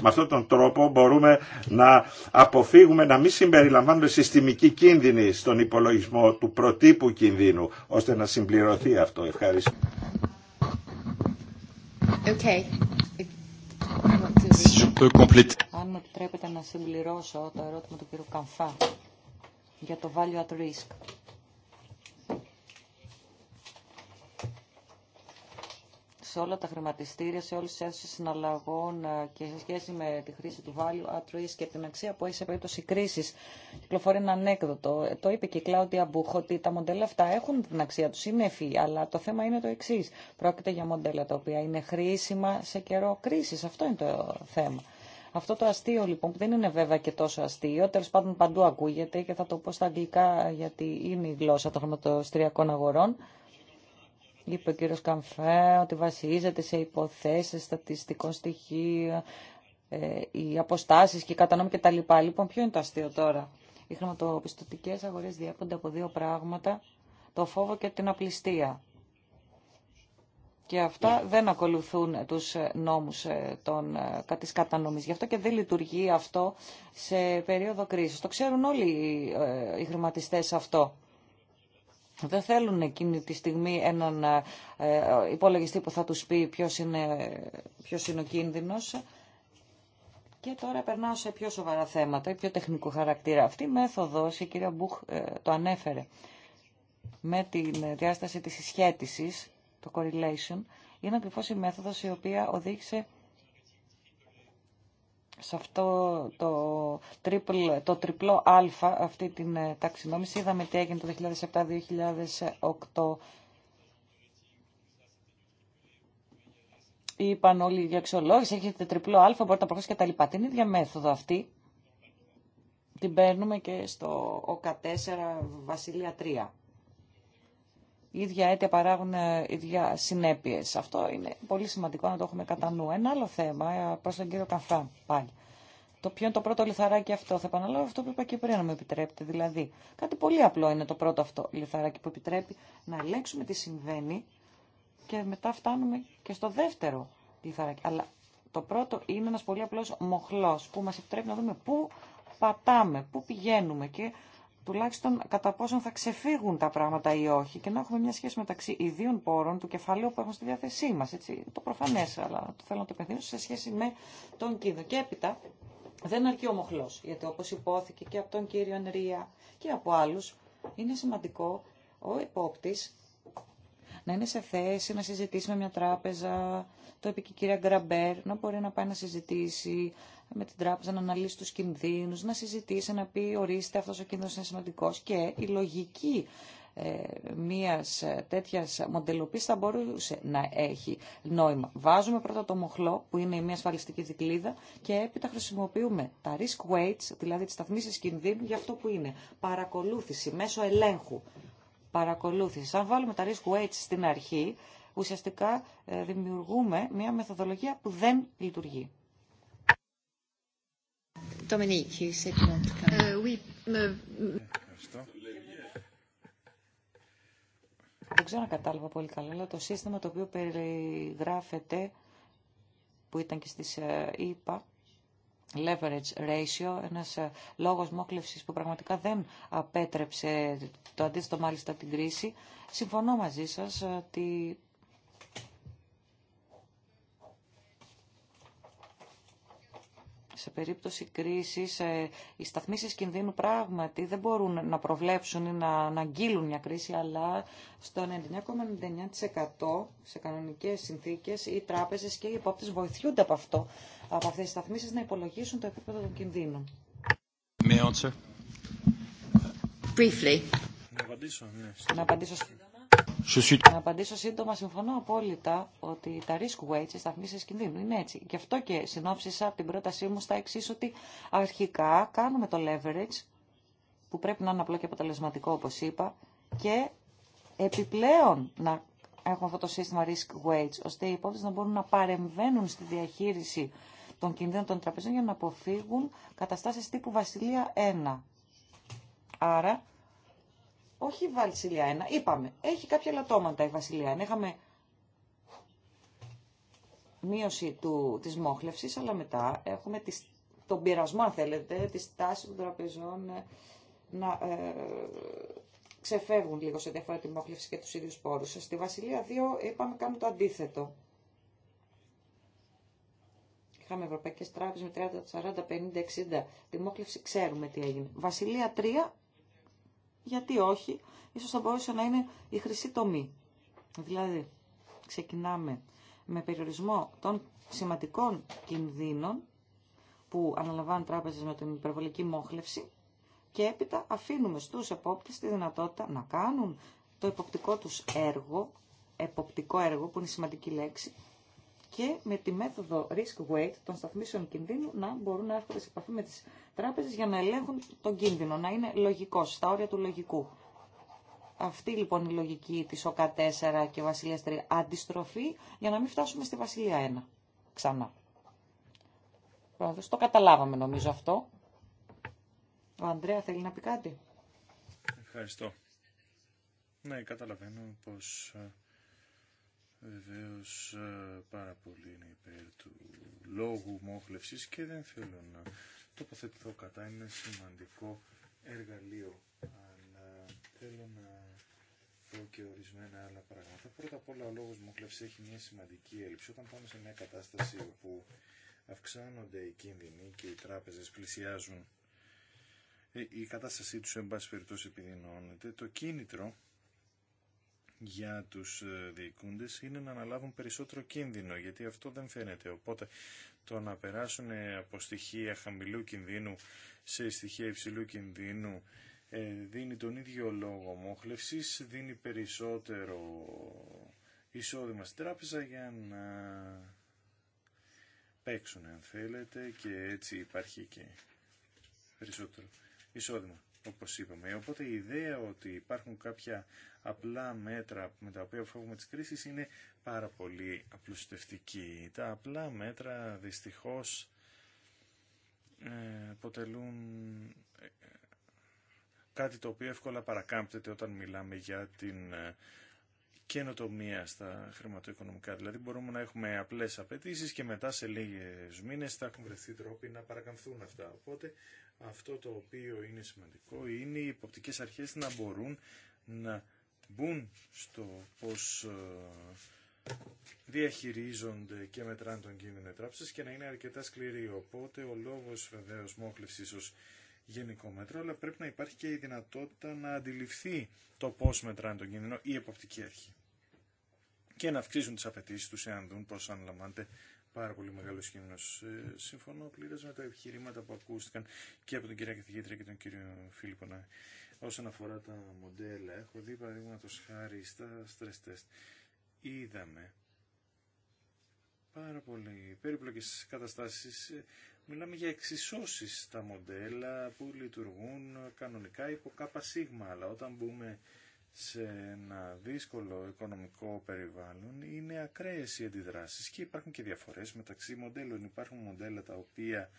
με αυτόν τον τρόπο μπορούμε να αποφύγουμε να μην συμπεριλαμβάνουμε συστημική κίνδυνη στον υπολογισμό του προτύπου κινδύνου ώστε να συμπληρωθεί αυτό. Ευχαριστώ.
Αν με επιτρέπετε να συμπληρώσω το ερώτημα του κ. Καμφά για το value at risk. σε όλα τα χρηματιστήρια, σε όλες τις αίθουσες συναλλαγών ε, και σε σχέση με τη χρήση του value at risk και την αξία που έχει σε περίπτωση κρίσης. Κυκλοφορεί ένα ανέκδοτο. Ε, το είπε και η Κλάουτια Μπούχο ότι τα μοντέλα αυτά έχουν την αξία τους, είναι ευφύ, αλλά το θέμα είναι το εξή. Πρόκειται για μοντέλα τα οποία είναι χρήσιμα σε καιρό κρίσης. Αυτό είναι το θέμα. Αυτό το αστείο λοιπόν, που δεν είναι βέβαια και τόσο αστείο, τέλο πάντων παντού ακούγεται και θα το πω στα αγγλικά γιατί είναι η γλώσσα των χρηματοστριακών αγορών, Είπε ο κύριος Καμφέ ότι βασίζεται σε υποθέσεις, στατιστικών στοιχείων, ε, οι αποστάσεις και η κατανόμη λοιπά. Λοιπόν, ποιο είναι το αστείο τώρα. Οι χρηματοπιστωτικές αγορές διέπονται από δύο πράγματα, το φόβο και την απληστία. Και αυτά ναι. δεν ακολουθούν τους νόμους ε, των, ε, της κατανομής. Γι' αυτό και δεν λειτουργεί αυτό σε περίοδο κρίσης. Το ξέρουν όλοι οι ε, χρηματιστές αυτό δεν θέλουν εκείνη τη στιγμή έναν ε, ε, υπολογιστή που θα τους πει ποιος είναι, ποιος είναι ο κίνδυνος. Και τώρα περνάω σε πιο σοβαρά θέματα ή πιο τεχνικού χαρακτήρα. Αυτή μέθοδος, η κυρία Μπουχ ε, το ανέφερε, με τη διάσταση της συσχέτισης, το correlation, είναι ακριβώ η μέθοδος η οποία οδήγησε σε αυτό το, τριπλό α, αυτή την ε, ταξινόμηση, είδαμε τι έγινε το 2007-2008. Είπαν όλοι οι διαξιολόγοι, έχετε τριπλό α, μπορείτε να προχωρήσετε και τα λοιπά. Την ίδια μέθοδο αυτή την παίρνουμε και στο ΟΚΑ 4 Βασιλεία 3 ίδια αίτια παράγουν ε, ίδια συνέπειε. Αυτό είναι πολύ σημαντικό να το έχουμε κατά νου. Ένα άλλο θέμα ε, προ τον κύριο Καφρά πάλι. Το ποιο είναι το πρώτο λιθαράκι αυτό. Θα επαναλάβω αυτό που είπα και πριν, να μου επιτρέπετε. Δηλαδή, κάτι πολύ απλό είναι το πρώτο αυτό λιθαράκι που επιτρέπει να ελέγξουμε τι συμβαίνει και μετά φτάνουμε και στο δεύτερο λιθαράκι. Αλλά το πρώτο είναι ένα πολύ απλό μοχλό που μα επιτρέπει να δούμε πού πατάμε, πού πηγαίνουμε και τουλάχιστον κατά πόσον θα ξεφύγουν τα πράγματα ή όχι και να έχουμε μια σχέση μεταξύ ιδίων πόρων του κεφαλαίου που έχουμε στη διάθεσή μας. Έτσι. Το προφανές, αλλά το θέλω να το επενδύσω σε σχέση με τον κίνδυνο. Και έπειτα δεν αρκεί ο μοχλός, γιατί όπως υπόθηκε και από τον κύριο Ενρία και από άλλους, είναι σημαντικό ο υπόπτης να είναι σε θέση να συζητήσει με μια τράπεζα, το είπε και η κυρία Γκραμπέρ, να μπορεί να πάει να συζητήσει με την τράπεζα, να αναλύσει τους κινδύνους, να συζητήσει, να πει ορίστε αυτός ο κίνδυνος είναι σημαντικός και η λογική ε, μιας ε, τέτοιας μοντελοποίησης θα μπορούσε να έχει νόημα. Βάζουμε πρώτα το μοχλό που είναι η μια ασφαλιστική δικλίδα και έπειτα χρησιμοποιούμε τα risk weights, δηλαδή τις σταθμίσεις κινδύνου για αυτό που είναι παρακολούθηση μέσω ελέγχου Παρακολούθηση. Αν βάλουμε τα risk weights στην αρχή, ουσιαστικά ε, δημιουργούμε μια μεθοδολογία που δεν λειτουργεί. Ε, δεν ξέρω να κατάλαβα πολύ καλά, αλλά το σύστημα το οποίο περιγράφεται, που ήταν και στις ΕΠΑ, leverage ratio, ένας ε, λόγος μόκλευσης που πραγματικά δεν απέτρεψε το αντίστοιχο μάλιστα την κρίση. Συμφωνώ μαζί σας ε, ότι σε περίπτωση κρίσης ε, οι σταθμίσεις κινδύνου πράγματι δεν μπορούν να προβλέψουν ή να, αναγγείλουν μια κρίση, αλλά στο 99,99% σε κανονικές συνθήκες οι τράπεζες και οι υπόπτε βοηθούνται από αυτό, από αυτές τις σταθμίσεις να υπολογίσουν το επίπεδο των κινδύνων. Με Briefly. Να απαντήσω, ναι. Να απαντήσω σύντομα, συμφωνώ απόλυτα ότι τα risk weights, οι σταθμίσει κινδύνου, είναι έτσι. Γι' αυτό και συνόψισα από την πρότασή μου στα εξή ότι αρχικά κάνουμε το leverage, που πρέπει να είναι απλό και αποτελεσματικό, όπω είπα, και επιπλέον να έχουμε αυτό το σύστημα risk weights, ώστε οι υπόλοιπε να μπορούν να παρεμβαίνουν στη διαχείριση των κινδύνων των τραπεζών για να αποφύγουν καταστάσεις τύπου Βασιλεία 1. Άρα όχι η Βασιλεία 1, είπαμε. Έχει κάποια λατώματα η Βασιλιά. 1. Είχαμε μείωση του, της μόχλευσης, αλλά μετά έχουμε τις, τον πειρασμό, αν θέλετε, τη τάση των τραπεζών ε, να ε, ξεφεύγουν λίγο σε διαφορά τη μόχλευση και τους ίδιους πόρους. Στη Βασιλεία 2 είπαμε κάνουμε το αντίθετο. Είχαμε ευρωπαϊκές τράπεζες με 30, 40, 50, 60. Τη μόχλευση ξέρουμε τι έγινε. Βασιλεία 3 γιατί όχι, ίσως θα μπορούσε να είναι η χρυσή τομή. Δηλαδή, ξεκινάμε με περιορισμό των σημαντικών κινδύνων που αναλαμβάνουν τράπεζες με την υπερβολική μόχλευση και έπειτα αφήνουμε στους επόπτες τη δυνατότητα να κάνουν το εποπτικό τους έργο, εποπτικό έργο που είναι σημαντική λέξη, και με τη μέθοδο risk weight των σταθμίσεων κινδύνου να μπορούν να έρχονται σε επαφή με τις τράπεζες για να ελέγχουν τον κίνδυνο, να είναι λογικός, στα όρια του λογικού. Αυτή λοιπόν η λογική της ΟΚΑ 4 και Βασιλεία 3 αντιστροφή για να μην φτάσουμε στη Βασιλεία 1 ξανά. το καταλάβαμε νομίζω αυτό. Ο Ανδρέα θέλει να πει κάτι.
Ευχαριστώ. Ναι, καταλαβαίνω πως ε, βεβαίως ε, πάρα πολύ είναι υπέρ του λόγου μόχλευσης και δεν θέλω να τοποθετηθώ κατά. Είναι σημαντικό εργαλείο. Αλλά ε, θέλω να πω και ορισμένα άλλα πράγματα. Πρώτα απ' όλα ο λόγος μου έχει μια σημαντική έλλειψη. Όταν πάμε σε μια κατάσταση όπου αυξάνονται οι κίνδυνοι και οι τράπεζες πλησιάζουν ε, η κατάστασή τους εν πάση περιπτώσει επιδεινώνεται, το κίνητρο για τους ε, διοικούντες είναι να αναλάβουν περισσότερο κίνδυνο, γιατί αυτό δεν φαίνεται. Οπότε το να περάσουν από στοιχεία χαμηλού κινδύνου σε στοιχεία υψηλού κινδύνου ε, δίνει τον ίδιο λόγο μόχλευσης, δίνει περισσότερο εισόδημα στην τράπεζα για να παίξουν αν θέλετε και έτσι υπάρχει και περισσότερο εισόδημα όπως είπαμε. Οπότε η ιδέα ότι υπάρχουν κάποια απλά μέτρα με τα οποία φεύγουμε τις κρίσεις είναι πάρα πολύ απλουστευτική. Τα απλά μέτρα δυστυχώς ε, αποτελούν ε, κάτι το οποίο εύκολα παρακάμπτεται όταν μιλάμε για την ε, καινοτομία στα χρηματοοικονομικά. Δηλαδή μπορούμε να έχουμε απλές απαιτήσει και μετά σε λίγες μήνες θα έχουν βρεθεί τρόποι να παρακαμφθούν αυτά. Οπότε αυτό το οποίο είναι σημαντικό είναι οι υποπτικές αρχές να μπορούν να μπουν στο πώς ε, διαχειρίζονται και μετράνε τον κίνδυνο τράψης και να είναι αρκετά σκληροί. Οπότε ο λόγος βεβαίως μόχλευσης ως γενικό μέτρο, αλλά πρέπει να υπάρχει και η δυνατότητα να αντιληφθεί το πώς μετράνε τον κίνδυνο η εποπτική αρχή και να αυξήσουν τις απαιτήσει τους εάν δουν πως αναλαμβάνεται πάρα πολύ μεγάλο Ε, συμφωνώ πλήρως με τα επιχειρήματα που ακούστηκαν και από τον κυρία Καθηγήτρια και τον κύριο Φίλιππονα όσον αφορά τα μοντέλα. Έχω δει παραδείγματο χάρη στα stress test. Είδαμε πάρα πολύ περίπλοκες καταστάσεις. Ε, μιλάμε για εξισώσει στα μοντέλα που λειτουργούν κανονικά υπό ΚΣ, αλλά όταν μπούμε σε ένα δύσκολο οικονομικό περιβάλλον είναι ακραίες οι αντιδράσεις και υπάρχουν και διαφορές μεταξύ μοντέλων. Υπάρχουν μοντέλα τα οποία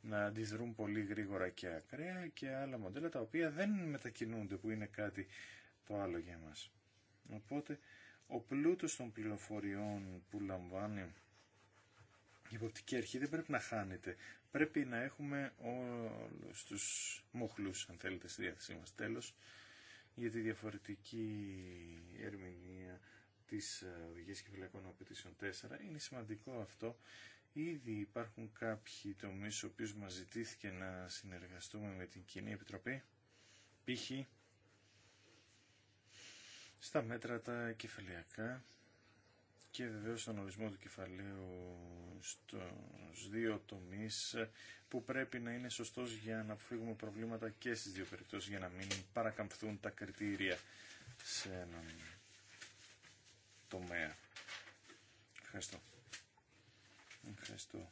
να αντιδρούν πολύ γρήγορα και ακραία και άλλα μοντέλα τα οποία δεν μετακινούνται που είναι κάτι το άλλο για μας. Οπότε ο πλούτος των πληροφοριών που λαμβάνει η υποπτική αρχή δεν πρέπει να χάνεται. Πρέπει να έχουμε όλους τους μοχλούς αν θέλετε στη διάθεσή μας. Τέλος για τη διαφορετική ερμηνεία της ε, Οδηγίας Κεφαλαϊκών Απαιτήσεων 4. Είναι σημαντικό αυτό. Ήδη υπάρχουν κάποιοι τομείς ο οποίους μας ζητήθηκε να συνεργαστούμε με την Κοινή Επιτροπή. Π.χ. στα μέτρα τα κεφαλαιακά και βεβαίως τον ορισμό του κεφαλαίου στους δύο τομείς που πρέπει να είναι σωστός για να αποφύγουμε προβλήματα και στις δύο περιπτώσεις για να μην παρακαμφθούν τα κριτήρια σε έναν τομέα. Ευχαριστώ. Ευχαριστώ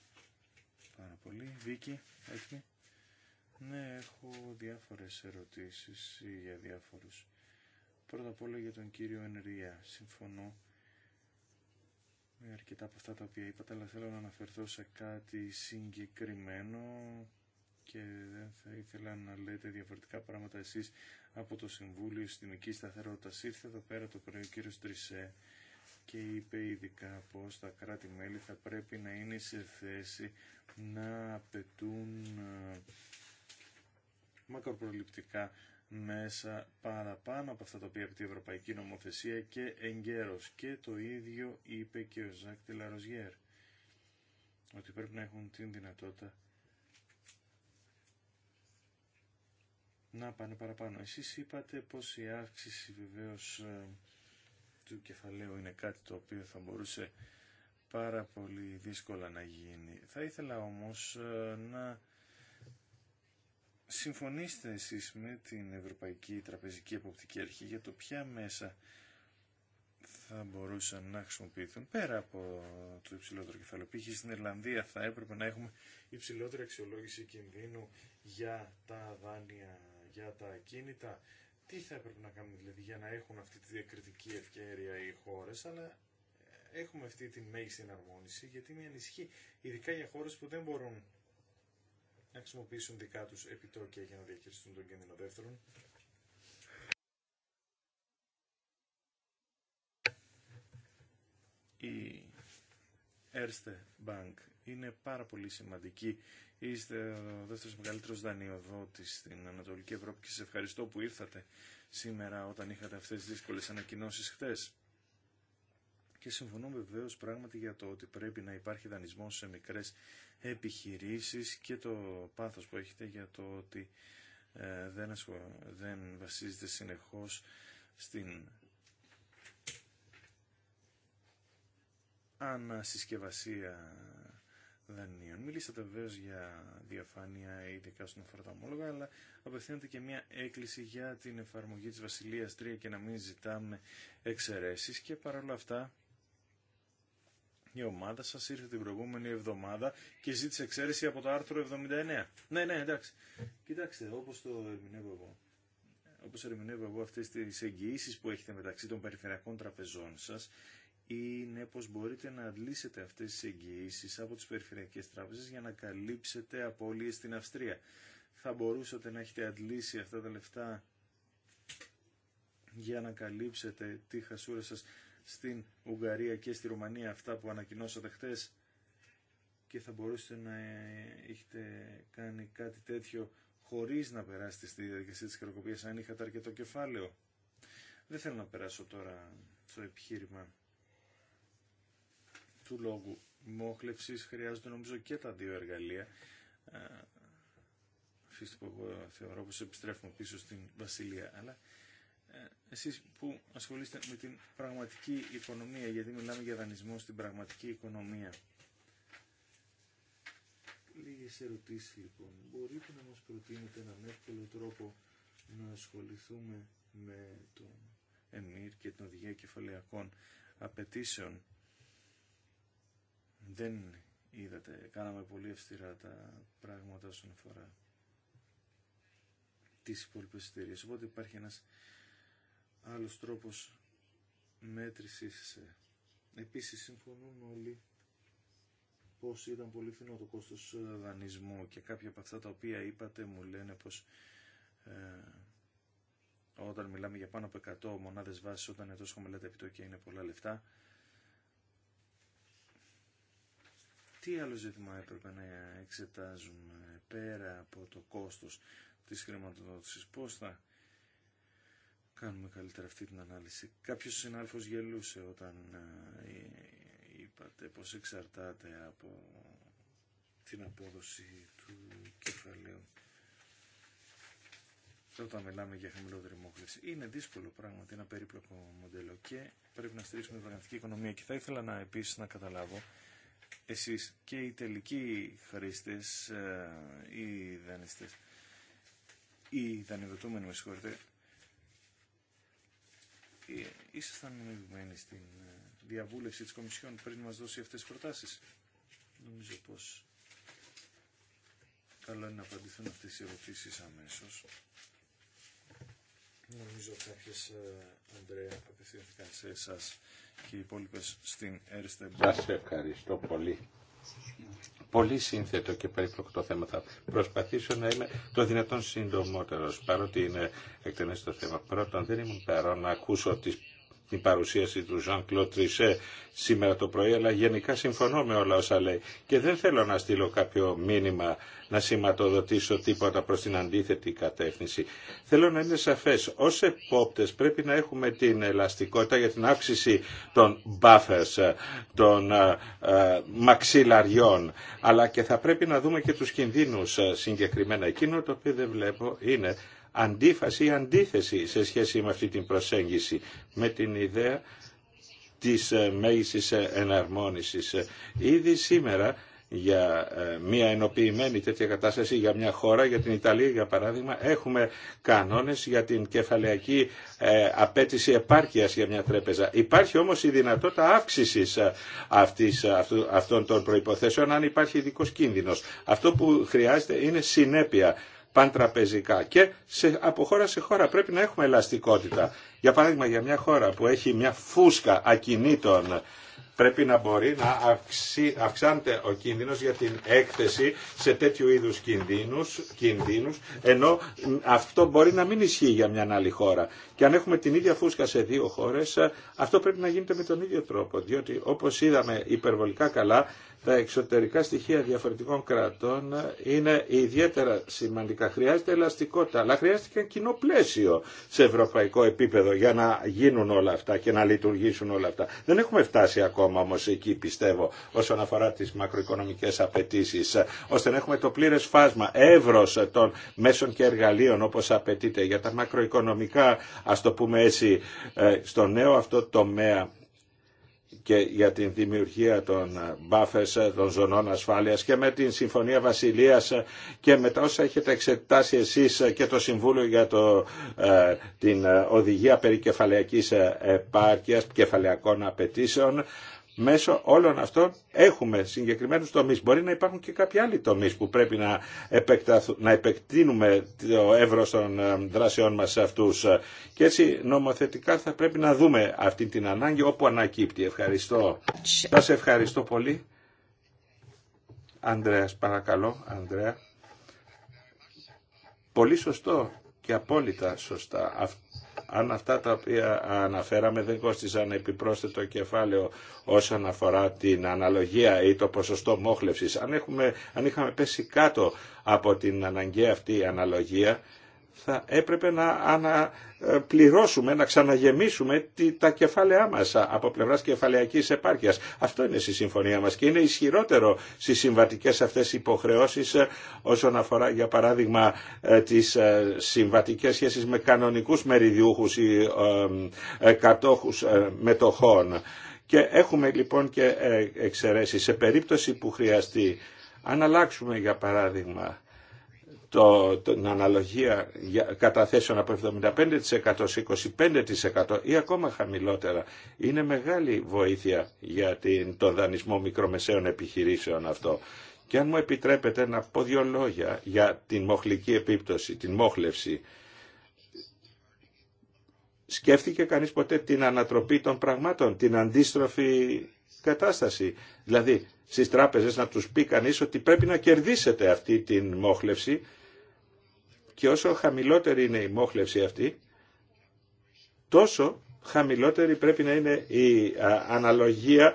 πάρα πολύ. Βίκη, έτσι. Ναι, έχω διάφορες ερωτήσεις για διάφορους. Πρώτα απ' όλα για τον κύριο Ενρία. Συμφωνώ με αρκετά από αυτά τα οποία είπατε, αλλά θέλω να αναφερθώ σε κάτι συγκεκριμένο και δεν θα ήθελα να λέτε διαφορετικά πράγματα εσείς από το Συμβούλιο Συστημική σταθερότητα. Ήρθε εδώ πέρα το πρωί ο κύριος Τρισέ και είπε ειδικά πως τα κράτη-μέλη θα πρέπει να είναι σε θέση να απαιτούν ε, μακροπροληπτικά μέσα παραπάνω από αυτά τα οποία από την Ευρωπαϊκή Νομοθεσία και εγκαίρως. Και το ίδιο είπε και ο Ζακ Τελαροζιέρ, ότι πρέπει να έχουν την δυνατότητα να πάνε παραπάνω. Εσείς είπατε πως η αύξηση βεβαίως ε, του κεφαλαίου είναι κάτι το οποίο θα μπορούσε πάρα πολύ δύσκολα να γίνει. Θα ήθελα όμως ε, να συμφωνήστε εσείς με την Ευρωπαϊκή Τραπεζική Εποπτική Αρχή για το ποια μέσα θα μπορούσαν να χρησιμοποιηθούν πέρα από το υψηλότερο κεφάλαιο. Π.χ. στην Ιρλανδία θα έπρεπε να έχουμε υψηλότερη αξιολόγηση κινδύνου για τα δάνεια, για τα ακίνητα. Τι θα έπρεπε να κάνουμε δηλαδή για να έχουν αυτή τη διακριτική ευκαιρία οι χώρες, αλλά έχουμε αυτή τη μέγιστη εναρμόνιση γιατί είναι ανησυχή ειδικά για χώρες που δεν μπορούν να χρησιμοποιήσουν δικά τους επιτόκια για να διαχειριστούν τον κίνδυνο δεύτερον. Η Erste Bank είναι πάρα πολύ σημαντική. Είστε ο δεύτερος μεγαλύτερος δανειοδότης στην Ανατολική Ευρώπη και σε ευχαριστώ που ήρθατε σήμερα όταν είχατε αυτές τις δύσκολες ανακοινώσεις χτες. Και συμφωνώ βεβαίω πράγματι για το ότι πρέπει να υπάρχει δανεισμό σε μικρές επιχειρήσεις και το πάθος που έχετε για το ότι ε, δεν, δεν βασίζεται συνεχώς στην ανασυσκευασία δανείων. Μιλήσατε βεβαίω για διαφάνεια ειδικά στον αφορά τα ομόλογα, αλλά απευθύνεται και μια έκκληση για την εφαρμογή της Βασιλείας 3 και να μην ζητάμε εξαιρέσεις και παρόλα αυτά η ομάδα σας ήρθε την προηγούμενη εβδομάδα και ζήτησε εξαίρεση από το άρθρο 79. Ναι, ναι, εντάξει. Κοιτάξτε, όπως το ερμηνεύω εγώ, όπως ερμηνεύω εγώ αυτές τις εγγυήσεις που έχετε μεταξύ των περιφερειακών τραπεζών σας, είναι πως μπορείτε να αντλήσετε αυτές τις εγγυήσεις από τις περιφερειακές τράπεζες για να καλύψετε απώλειες στην Αυστρία. Θα μπορούσατε να έχετε αντλήσει αυτά τα λεφτά για να καλύψετε τη χασούρα σας στην Ουγγαρία και στη Ρουμανία αυτά που ανακοινώσατε χτες και θα μπορούσατε να έχετε κάνει κάτι τέτοιο χωρίς να περάσετε στη διαδικασία της χρεοκοπία, αν είχατε αρκετό κεφάλαιο. Δεν θέλω να περάσω τώρα στο επιχείρημα του λόγου μόχλευσης. Χρειάζονται νομίζω και τα δύο εργαλεία. Αφήστε που εγώ θεωρώ πως επιστρέφουμε πίσω στην Βασιλεία, αλλά ε, εσείς που ασχολείστε με την πραγματική οικονομία, γιατί μιλάμε για δανεισμό στην πραγματική οικονομία. Λίγες ερωτήσεις λοιπόν. Μπορείτε να μας προτείνετε έναν εύκολο τρόπο να ασχοληθούμε με τον ΕΜΗΡ και την οδηγία κεφαλαιακών απαιτήσεων. Δεν είδατε, κάναμε πολύ αυστηρά τα πράγματα όσον αφορά τις υπόλοιπες εταιρείε. Οπότε υπάρχει ένας άλλος τρόπος μέτρησης. Ε, επίσης συμφωνούν όλοι πως ήταν πολύ φθηνό το κόστος ε, δανεισμού και κάποια από αυτά τα οποία είπατε μου λένε πως ε, όταν μιλάμε για πάνω από 100 μονάδες βάσης όταν είναι τόσο χαμηλά τα επιτόκια είναι πολλά λεφτά. Τι άλλο ζήτημα έπρεπε να εξετάζουμε πέρα από το κόστος της χρηματοδότησης, πώς θα κάνουμε καλύτερα αυτή την ανάλυση. Κάποιος συνάδελφος γελούσε όταν ε, ε, είπατε πως εξαρτάται από την απόδοση του κεφαλαίου όταν μιλάμε για χαμηλόδρυμόχληση. Είναι δύσκολο πράγματι, ένα περίπλοκο μοντέλο και πρέπει να στηρίξουμε την πραγματική οικονομία. Και θα ήθελα να επίσης να καταλάβω εσείς και οι τελικοί χρήστε, ε, οι δανειστές, οι δανειοδοτούμενοι με συγχωρείτε, ήσασταν ενεργημένοι στην ε, διαβούλευση της Κομισιόν πριν μας δώσει αυτές τις προτάσεις. Νομίζω πως καλό είναι να απαντηθούν αυτές οι ερωτήσεις αμέσως. Νομίζω κάποιες, ε, Αντρέα, απευθύνθηκαν σε εσάς και οι υπόλοιπες στην Έρστε
Σας ευχαριστώ πολύ πολύ σύνθετο και περίπλοκο το θέμα. Θα προσπαθήσω να είμαι το δυνατόν συντομότερο, παρότι είναι εκτενέ το θέμα. Πρώτον, δεν ήμουν παρόν να ακούσω τι την παρουσίαση του Jean-Claude Trichet σήμερα το πρωί, αλλά γενικά συμφωνώ με όλα όσα λέει. Και δεν θέλω να στείλω κάποιο μήνυμα να σηματοδοτήσω τίποτα προς την αντίθετη κατεύθυνση. Θέλω να είναι σαφές, ως επόπτες πρέπει να έχουμε την ελαστικότητα για την αύξηση των buffers, των ε, ε μαξιλαριών, αλλά και θα πρέπει να δούμε και τους κινδύνους ε, συγκεκριμένα. Εκείνο το οποίο δεν βλέπω είναι αντίφαση ή αντίθεση σε σχέση με αυτή την προσέγγιση, με την ιδέα της ε, μέγιστης ε, εναρμόνισης. Ε, ήδη σήμερα για μια ενοποιημένη τέτοια κατάσταση για μια χώρα, για την Ιταλία για παράδειγμα, έχουμε κανόνες για την κεφαλαιακή απέτηση επάρκειας για μια τρέπεζα. Υπάρχει όμως η δυνατότητα αύξησης αυτής, αυτών των προϋποθέσεων αν υπάρχει ειδικό κίνδυνος. Αυτό που χρειάζεται είναι συνέπεια παντραπεζικά και σε, από χώρα σε χώρα πρέπει να έχουμε ελαστικότητα. Για παράδειγμα για μια χώρα που έχει μια φούσκα ακινήτων πρέπει να μπορεί να αυξάνεται ο κίνδυνος για την έκθεση σε τέτοιου είδους κινδύνους, κινδύνους, ενώ αυτό μπορεί να μην ισχύει για μια άλλη χώρα. Και αν έχουμε την ίδια φούσκα σε δύο χώρε, αυτό πρέπει να γίνεται με τον ίδιο τρόπο. Διότι, όπω είδαμε υπερβολικά καλά, τα εξωτερικά στοιχεία διαφορετικών κρατών είναι ιδιαίτερα σημαντικά. Χρειάζεται ελαστικότητα, αλλά χρειάζεται και κοινό πλαίσιο σε ευρωπαϊκό επίπεδο για να γίνουν όλα αυτά και να λειτουργήσουν όλα αυτά. Δεν έχουμε φτάσει ακόμα όμω εκεί, πιστεύω, όσον αφορά τι μακροοικονομικέ απαιτήσει, ώστε να έχουμε το πλήρε φάσμα εύρο των μέσων και εργαλείων όπω απαιτείται για τα μακροοικονομικά ας το πούμε έτσι, ε, στο νέο αυτό τομέα και για την δημιουργία των μπάφες των ζωνών ασφάλειας και με την Συμφωνία Βασιλείας και μετά όσα έχετε εξετάσει εσείς και το Συμβούλιο για ε, την Οδηγία περί κεφαλαιακής επάρκειας, κεφαλαιακών απαιτήσεων, μέσω όλων αυτών έχουμε συγκεκριμένους τομείς. Μπορεί να υπάρχουν και κάποιοι άλλοι τομείς που πρέπει να, να επεκτείνουμε το εύρος των ε, δράσεών μας σε αυτούς. Και έτσι νομοθετικά θα πρέπει να δούμε αυτή την ανάγκη όπου ανακύπτει. Ευχαριστώ. Σα ευχαριστώ πολύ. Ανδρέας, παρακαλώ. Ανδρέα. Πολύ σωστό και απόλυτα σωστά αυτό αν αυτά τα οποία αναφέραμε δεν κόστιζαν επιπρόσθετο κεφάλαιο όσον αφορά την αναλογία ή το ποσοστό μόχλευσης. Αν, έχουμε, αν είχαμε πέσει κάτω από την αναγκαία αυτή αναλογία θα έπρεπε να αναπληρώσουμε, να ξαναγεμίσουμε τα κεφάλαιά μας από πλευράς κεφαλαιακής επάρκειας. Αυτό είναι στη συμφωνία μας και είναι ισχυρότερο στις συμβατικές αυτές υποχρεώσεις ε, όσον αφορά για παράδειγμα ε, τις ε, συμβατικές σχέσεις με κανονικούς μεριδιούχους ή κατόχους μετοχών. Και έχουμε λοιπόν και εξαιρέσεις σε περίπτωση που χρειαστεί. Αν αλλάξουμε για παράδειγμα το, την αναλογία για, καταθέσεων από 75% σε 25% ή ακόμα χαμηλότερα. Είναι μεγάλη βοήθεια για την, τον δανεισμό μικρομεσαίων επιχειρήσεων αυτό. Και αν μου επιτρέπετε να πω δύο λόγια για την μοχλική επίπτωση, την μόχλευση. Σκέφτηκε κανείς ποτέ την ανατροπή των πραγμάτων, την αντίστροφη κατάσταση. Δηλαδή στις τράπεζες να τους πει κανείς ότι πρέπει να κερδίσετε αυτή την μόχλευση και όσο χαμηλότερη είναι η μόχλευση αυτή, τόσο χαμηλότερη πρέπει να είναι η αναλογία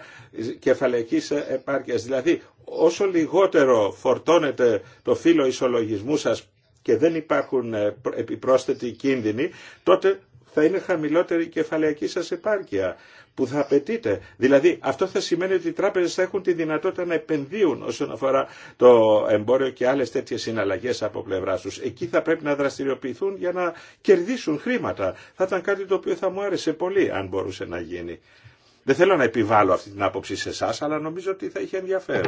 κεφαλαϊκής επάρκειας. Δηλαδή, όσο λιγότερο φορτώνεται το φύλλο ισολογισμού σας και δεν υπάρχουν ε, επιπρόσθετοι κίνδυνοι, τότε θα είναι χαμηλότερη η κεφαλαιακή σας επάρκεια που θα απαιτείτε. Δηλαδή αυτό θα σημαίνει ότι οι τράπεζες θα έχουν τη δυνατότητα να επενδύουν όσον αφορά το εμπόριο και άλλες τέτοιες συναλλαγές από πλευρά τους. Εκεί θα πρέπει να δραστηριοποιηθούν για να κερδίσουν χρήματα. Θα ήταν κάτι το οποίο θα μου άρεσε πολύ αν μπορούσε να γίνει. Δεν θέλω να επιβάλλω αυτή την άποψη σε εσά, αλλά νομίζω ότι θα είχε ενδιαφέρον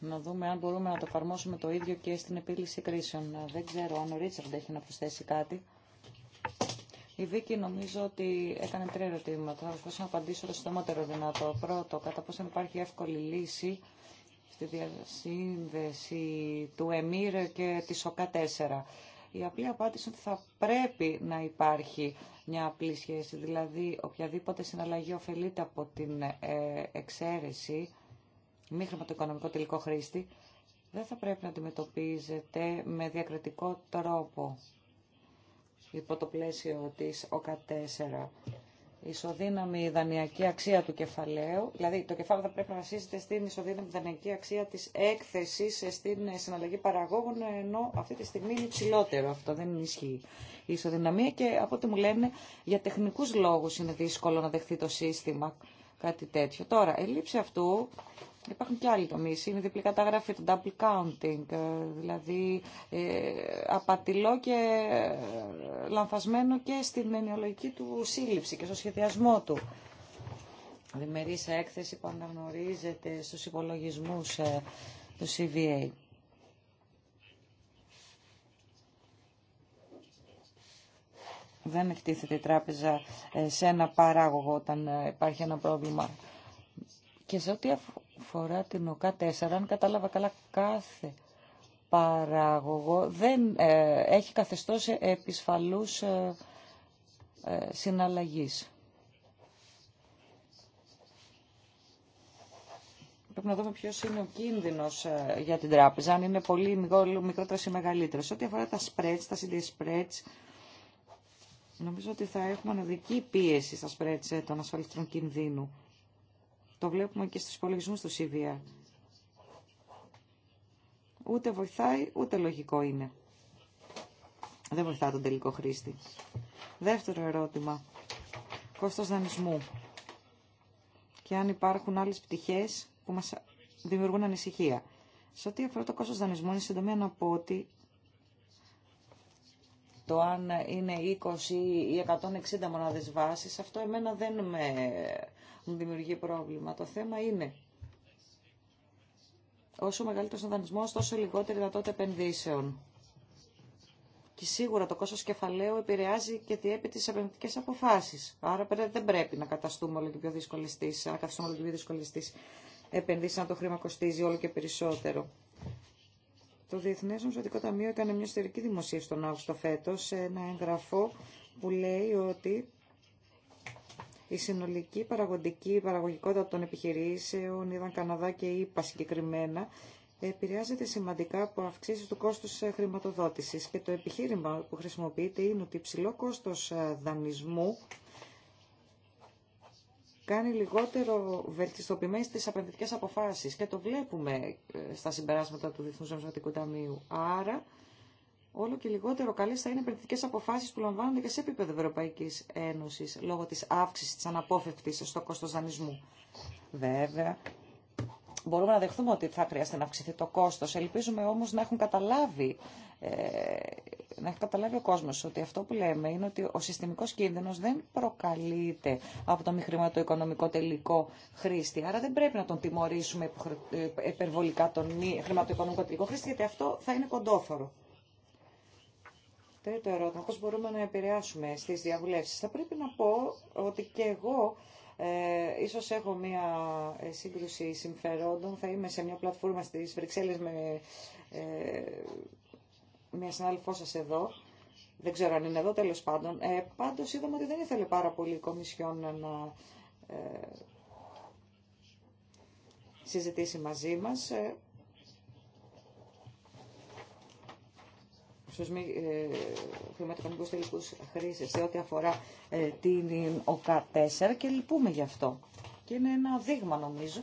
να δούμε αν μπορούμε να το εφαρμόσουμε το ίδιο και στην επίλυση κρίσεων. Δεν ξέρω αν ο Ρίτσαρντ έχει να προσθέσει κάτι. Η Βίκη νομίζω ότι έκανε τρία ερωτήματα. Θα προσπαθήσω να απαντήσω το συντομότερο δυνατό. Πρώτο, κατά πόσο υπάρχει εύκολη λύση στη διασύνδεση του ΕΜΗΡ και τη ΟΚΑ 4. Η απλή απάντηση είναι ότι θα πρέπει να υπάρχει μια απλή σχέση. Δηλαδή, οποιαδήποτε συναλλαγή ωφελείται από την ε, εξαίρεση μη χρηματοοικονομικό τελικό χρήστη, δεν θα πρέπει να αντιμετωπίζεται με διακριτικό τρόπο υπό το πλαίσιο της ΟΚΑ4. Η ισοδύναμη δανειακή αξία του κεφαλαίου, δηλαδή το κεφάλαιο θα πρέπει να βασίζεται στην ισοδύναμη δανειακή αξία της έκθεσης στην συναλλαγή παραγόγων, ενώ αυτή τη στιγμή είναι υψηλότερο αυτό, δεν ισχύει η ισοδυναμία και από ό,τι μου λένε για τεχνικούς λόγους είναι δύσκολο να δεχθεί το σύστημα κάτι τέτοιο. Τώρα, η λήψη αυτού Υπάρχουν και άλλοι τομεί. Είναι διπλή καταγραφή, το double counting, ε, δηλαδή ε, απατηλό και ε, λανθασμένο και στην ενοιολογική του σύλληψη και στο σχεδιασμό του. Διμερής έκθεση που αναγνωρίζεται στους υπολογισμούς του CVA. Δεν εκτίθεται η τράπεζα σε ένα παράγωγο όταν υπάρχει ένα πρόβλημα. Και σε ό,τι Φορά την ΟΚΑ 4, αν κατάλαβα καλά κάθε παράγωγο δεν ε, έχει καθεστώς επισφαλούς ε, ε, συναλλαγής. Πρέπει να δούμε ποιος είναι ο κίνδυνος ε, για την τράπεζα, αν είναι πολύ μικρότερος ή μεγαλύτερος. Ό,τι αφορά τα spreads, τα CD νομίζω ότι θα έχουμε ανεδική πίεση στα spreads ε, των ασφαλιστικών κινδύνου. Το βλέπουμε και στους υπολογισμού του ΣΥΒΙΑ. Ούτε βοηθάει, ούτε λογικό είναι. Δεν βοηθά τον τελικό χρήστη. Δεύτερο ερώτημα. Κόστος δανεισμού. Και αν υπάρχουν άλλες πτυχές που μας δημιουργούν ανησυχία. Σε ό,τι αφορά το κόστος δανεισμού, είναι συντομία να πω ότι το αν είναι 20 ή 160 μονάδες βάσης, αυτό εμένα δεν με δημιουργεί πρόβλημα. Το θέμα είναι όσο μεγαλύτερο ο δανεισμό, τόσο λιγότερη δυνατότητα επενδύσεων. Και σίγουρα το κόστο κεφαλαίου επηρεάζει και διέπει τι επενδυτικέ αποφάσει. Άρα δεν πρέπει να καταστούμε όλο και πιο δύσκολε να τι επενδύσει, να το χρήμα κοστίζει όλο και περισσότερο. Το Διεθνέ Νομισματικό Ταμείο έκανε μια ιστορική δημοσίευση τον Αύγουστο φέτο σε ένα έγγραφο που λέει ότι η συνολική παραγωγική παραγωγικότητα των επιχειρήσεων, είδαν Καναδά και ΙΠΑ συγκεκριμένα, επηρεάζεται σημαντικά από αυξήσει του κόστου ε, χρηματοδότηση. Και το επιχείρημα που χρησιμοποιείται είναι ότι υψηλό κόστο ε, δανεισμού κάνει λιγότερο βελτιστοποιημένε τι επενδυτικέ αποφάσει. Και το βλέπουμε ε, στα συμπεράσματα του Διεθνού Ταμείου. Άρα, όλο και λιγότερο καλέ θα είναι οι επενδυτικέ αποφάσει που λαμβάνονται και σε επίπεδο Ευρωπαϊκή Ένωση λόγω τη αύξηση τη αναπόφευκτη στο κόστο δανεισμού. Βέβαια, μπορούμε να δεχθούμε ότι θα χρειάζεται να αυξηθεί το κόστο. Ελπίζουμε όμω να έχουν καταλάβει. Ε, να έχει καταλάβει ο κόσμο ότι αυτό που λέμε είναι ότι ο συστημικό κίνδυνο δεν προκαλείται από το μη χρηματοοικονομικό τελικό χρήστη. Άρα δεν πρέπει να τον τιμωρήσουμε ε, υπερβολικά τον μη χρηματοοικονομικό τελικό χρήστη, γιατί αυτό θα είναι κοντόφορο. Τρίτο ερώτημα, πώς μπορούμε να επηρεάσουμε στις διαβουλεύσεις. Θα πρέπει να πω ότι και εγώ ε, ίσως έχω μία ε, σύγκρουση συμφερόντων. Θα είμαι σε μια πλατφόρμα στις Βρυξέλλες με ε, μια συνάδελφό σας εδώ. Δεν ξέρω αν είναι εδώ τέλος πάντων. Ε, πάντως είδαμε ότι δεν ήθελε πάρα πολύ η Κομισιόν να ε, συζητήσει μαζί μας. Ε, στους μη ε, χρηματοοικονομικού τελικού χρήστες σε ό,τι αφορά ε, την ΟΚΑ 4 και λυπούμε γι' αυτό. Και είναι ένα δείγμα νομίζω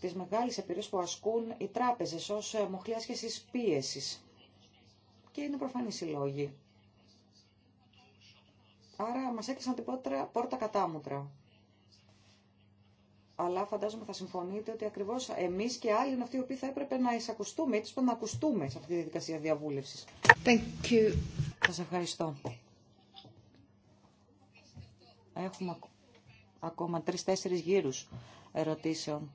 τη μεγάλη επιρροή που ασκούν οι τράπεζες ως ε, μοχλιά σχέση πίεση. Και είναι προφανή η λόγη. Άρα μας έκλεισαν την πόρτα, πόρτα κατάμουτρα αλλά φαντάζομαι θα συμφωνείτε ότι ακριβώ εμεί και άλλοι είναι αυτοί οι οποίοι θα έπρεπε να εισακουστούμε, έτσι να ακουστούμε σε αυτή τη διαδικασία διαβούλευση. Σα ευχαριστώ. Έχουμε ακόμα τρει-τέσσερι γύρου ερωτήσεων.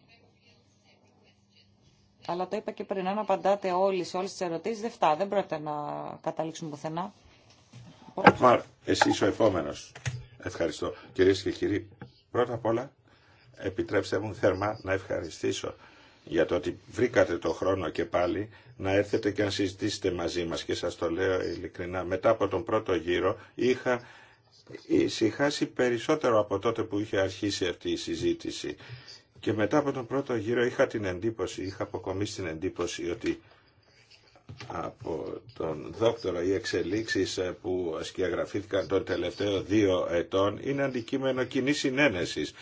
Αλλά το είπα και πριν, αν απαντάτε όλοι σε όλε τι ερωτήσει, δεν φτάνει, δεν πρόκειται να καταλήξουμε πουθενά.
εσύ ο επόμενο. Ευχαριστώ. Κυρίε και κύριοι, πρώτα απ' όλα επιτρέψτε μου θερμά να ευχαριστήσω για το ότι βρήκατε το χρόνο και πάλι να έρθετε και να συζητήσετε μαζί μας και σας το λέω ειλικρινά. Μετά από τον πρώτο γύρο είχα ησυχάσει περισσότερο από τότε που είχε αρχίσει αυτή η συζήτηση. Και μετά από τον πρώτο γύρο είχα την εντύπωση, είχα αποκομίσει την εντύπωση ότι από τον δόκτωρο οι εξελίξεις που σκιαγραφήθηκαν τον τελευταίο δύο ετών είναι αντικείμενο κοινή συνένεσης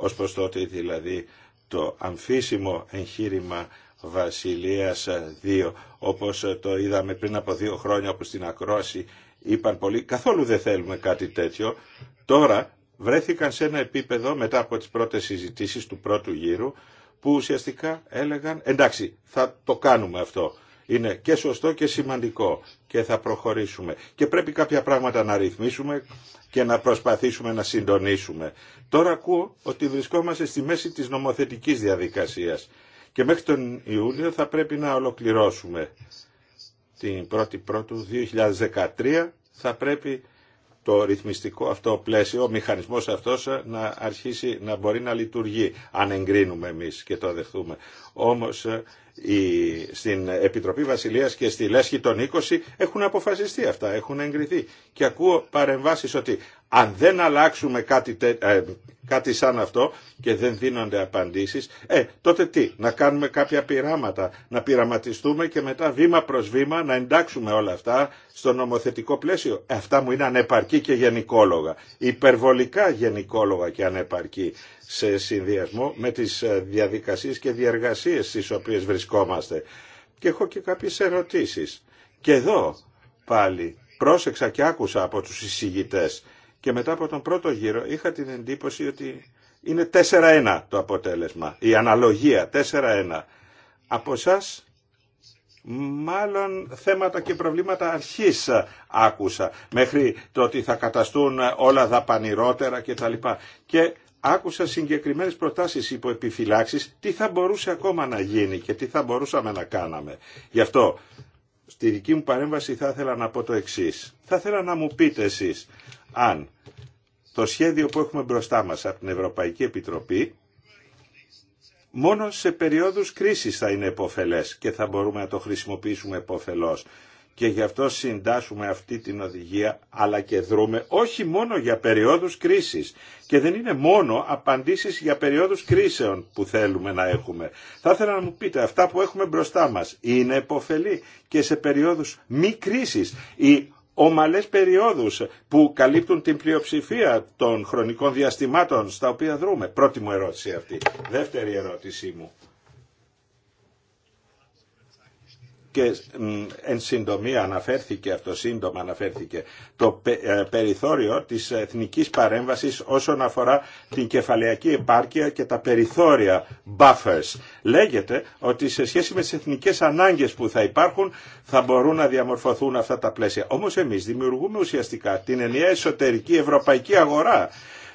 ως προς τότε, δηλαδή το αμφίσιμο εγχείρημα Βασιλείας 2 όπως το είδαμε πριν από δύο χρόνια όπως στην Ακρόαση είπαν πολλοί καθόλου δεν θέλουμε κάτι τέτοιο τώρα βρέθηκαν σε ένα επίπεδο μετά από τις πρώτες συζητήσεις του πρώτου γύρου που ουσιαστικά έλεγαν εντάξει θα το κάνουμε αυτό είναι και σωστό και σημαντικό και θα προχωρήσουμε. Και πρέπει κάποια πράγματα να ρυθμίσουμε και να προσπαθήσουμε να συντονίσουμε. Τώρα ακούω ότι βρισκόμαστε στη μέση της νομοθετικής διαδικασίας και μέχρι τον Ιούλιο θα πρέπει να ολοκληρώσουμε. Την 1η Πρώτου 2013 θα πρέπει το ρυθμιστικό αυτό πλαίσιο, ο μηχανισμός αυτός να αρχίσει να μπορεί να λειτουργεί αν εγκρίνουμε εμείς και το δεχθούμε. Όμως στην Επιτροπή Βασιλείας και στη Λέσχη των 20 έχουν αποφασιστεί αυτά, έχουν εγκριθεί. Και ακούω παρεμβάσεις ότι αν δεν αλλάξουμε ε, κάτι, σαν αυτό και δεν δίνονται απαντήσεις, ε, τότε τι, να κάνουμε κάποια πειράματα, να πειραματιστούμε και μετά βήμα προς βήμα να εντάξουμε όλα αυτά στο νομοθετικό πλαίσιο. Ε, αυτά μου είναι ανεπαρκή και γενικόλογα, υπερβολικά γενικόλογα και ανεπαρκή σε συνδυασμό με τις ε, διαδικασίες και διεργασίες στις οποίες βρισκόμαστε. Και έχω και κάποιες ερωτήσεις. Και εδώ πάλι πρόσεξα και άκουσα από τους εισηγητές και μετά από τον πρώτο γύρο είχα την εντύπωση ότι είναι 4-1 το αποτέλεσμα, η αναλογία 4-1. Από εσά μάλλον θέματα και προβλήματα αρχής άκουσα μέχρι το ότι θα καταστούν όλα δαπανηρότερα κτλ. Και άκουσα συγκεκριμένες προτάσεις υπό επιφυλάξεις τι θα μπορούσε ακόμα να γίνει και τι θα μπορούσαμε να κάναμε. Γι' αυτό στη δική μου παρέμβαση θα ήθελα να πω το εξή. Θα ήθελα να μου πείτε εσείς αν το σχέδιο που έχουμε μπροστά μας από την Ευρωπαϊκή Επιτροπή μόνο σε περιόδους κρίσης θα είναι επωφελές και θα μπορούμε να το χρησιμοποιήσουμε επωφελώς και γι' αυτό συντάσσουμε αυτή την οδηγία αλλά και δρούμε όχι μόνο για περιόδους κρίσης και δεν είναι μόνο απαντήσεις για περιόδους κρίσεων που θέλουμε να έχουμε. Θα ήθελα να μου πείτε αυτά που έχουμε μπροστά μας είναι επωφελή και σε περιόδους μη κρίσης ή ομαλές περιόδους που καλύπτουν την πλειοψηφία των χρονικών διαστημάτων στα οποία δρούμε. Πρώτη μου ερώτηση αυτή. Δεύτερη ερώτησή μου. και εν συντομία αναφέρθηκε αυτό, σύντομα αναφέρθηκε, το ε, περιθώριο της εθνικής παρέμβασης όσον αφορά την κεφαλαιακή επάρκεια και τα περιθώρια buffers. Λέγεται ότι σε σχέση με τις εθνικές ανάγκες που θα υπάρχουν θα μπορούν να διαμορφωθούν αυτά τα πλαίσια. Όμως εμείς δημιουργούμε ουσιαστικά την ενιαία εσωτερική ευρωπαϊκή αγορά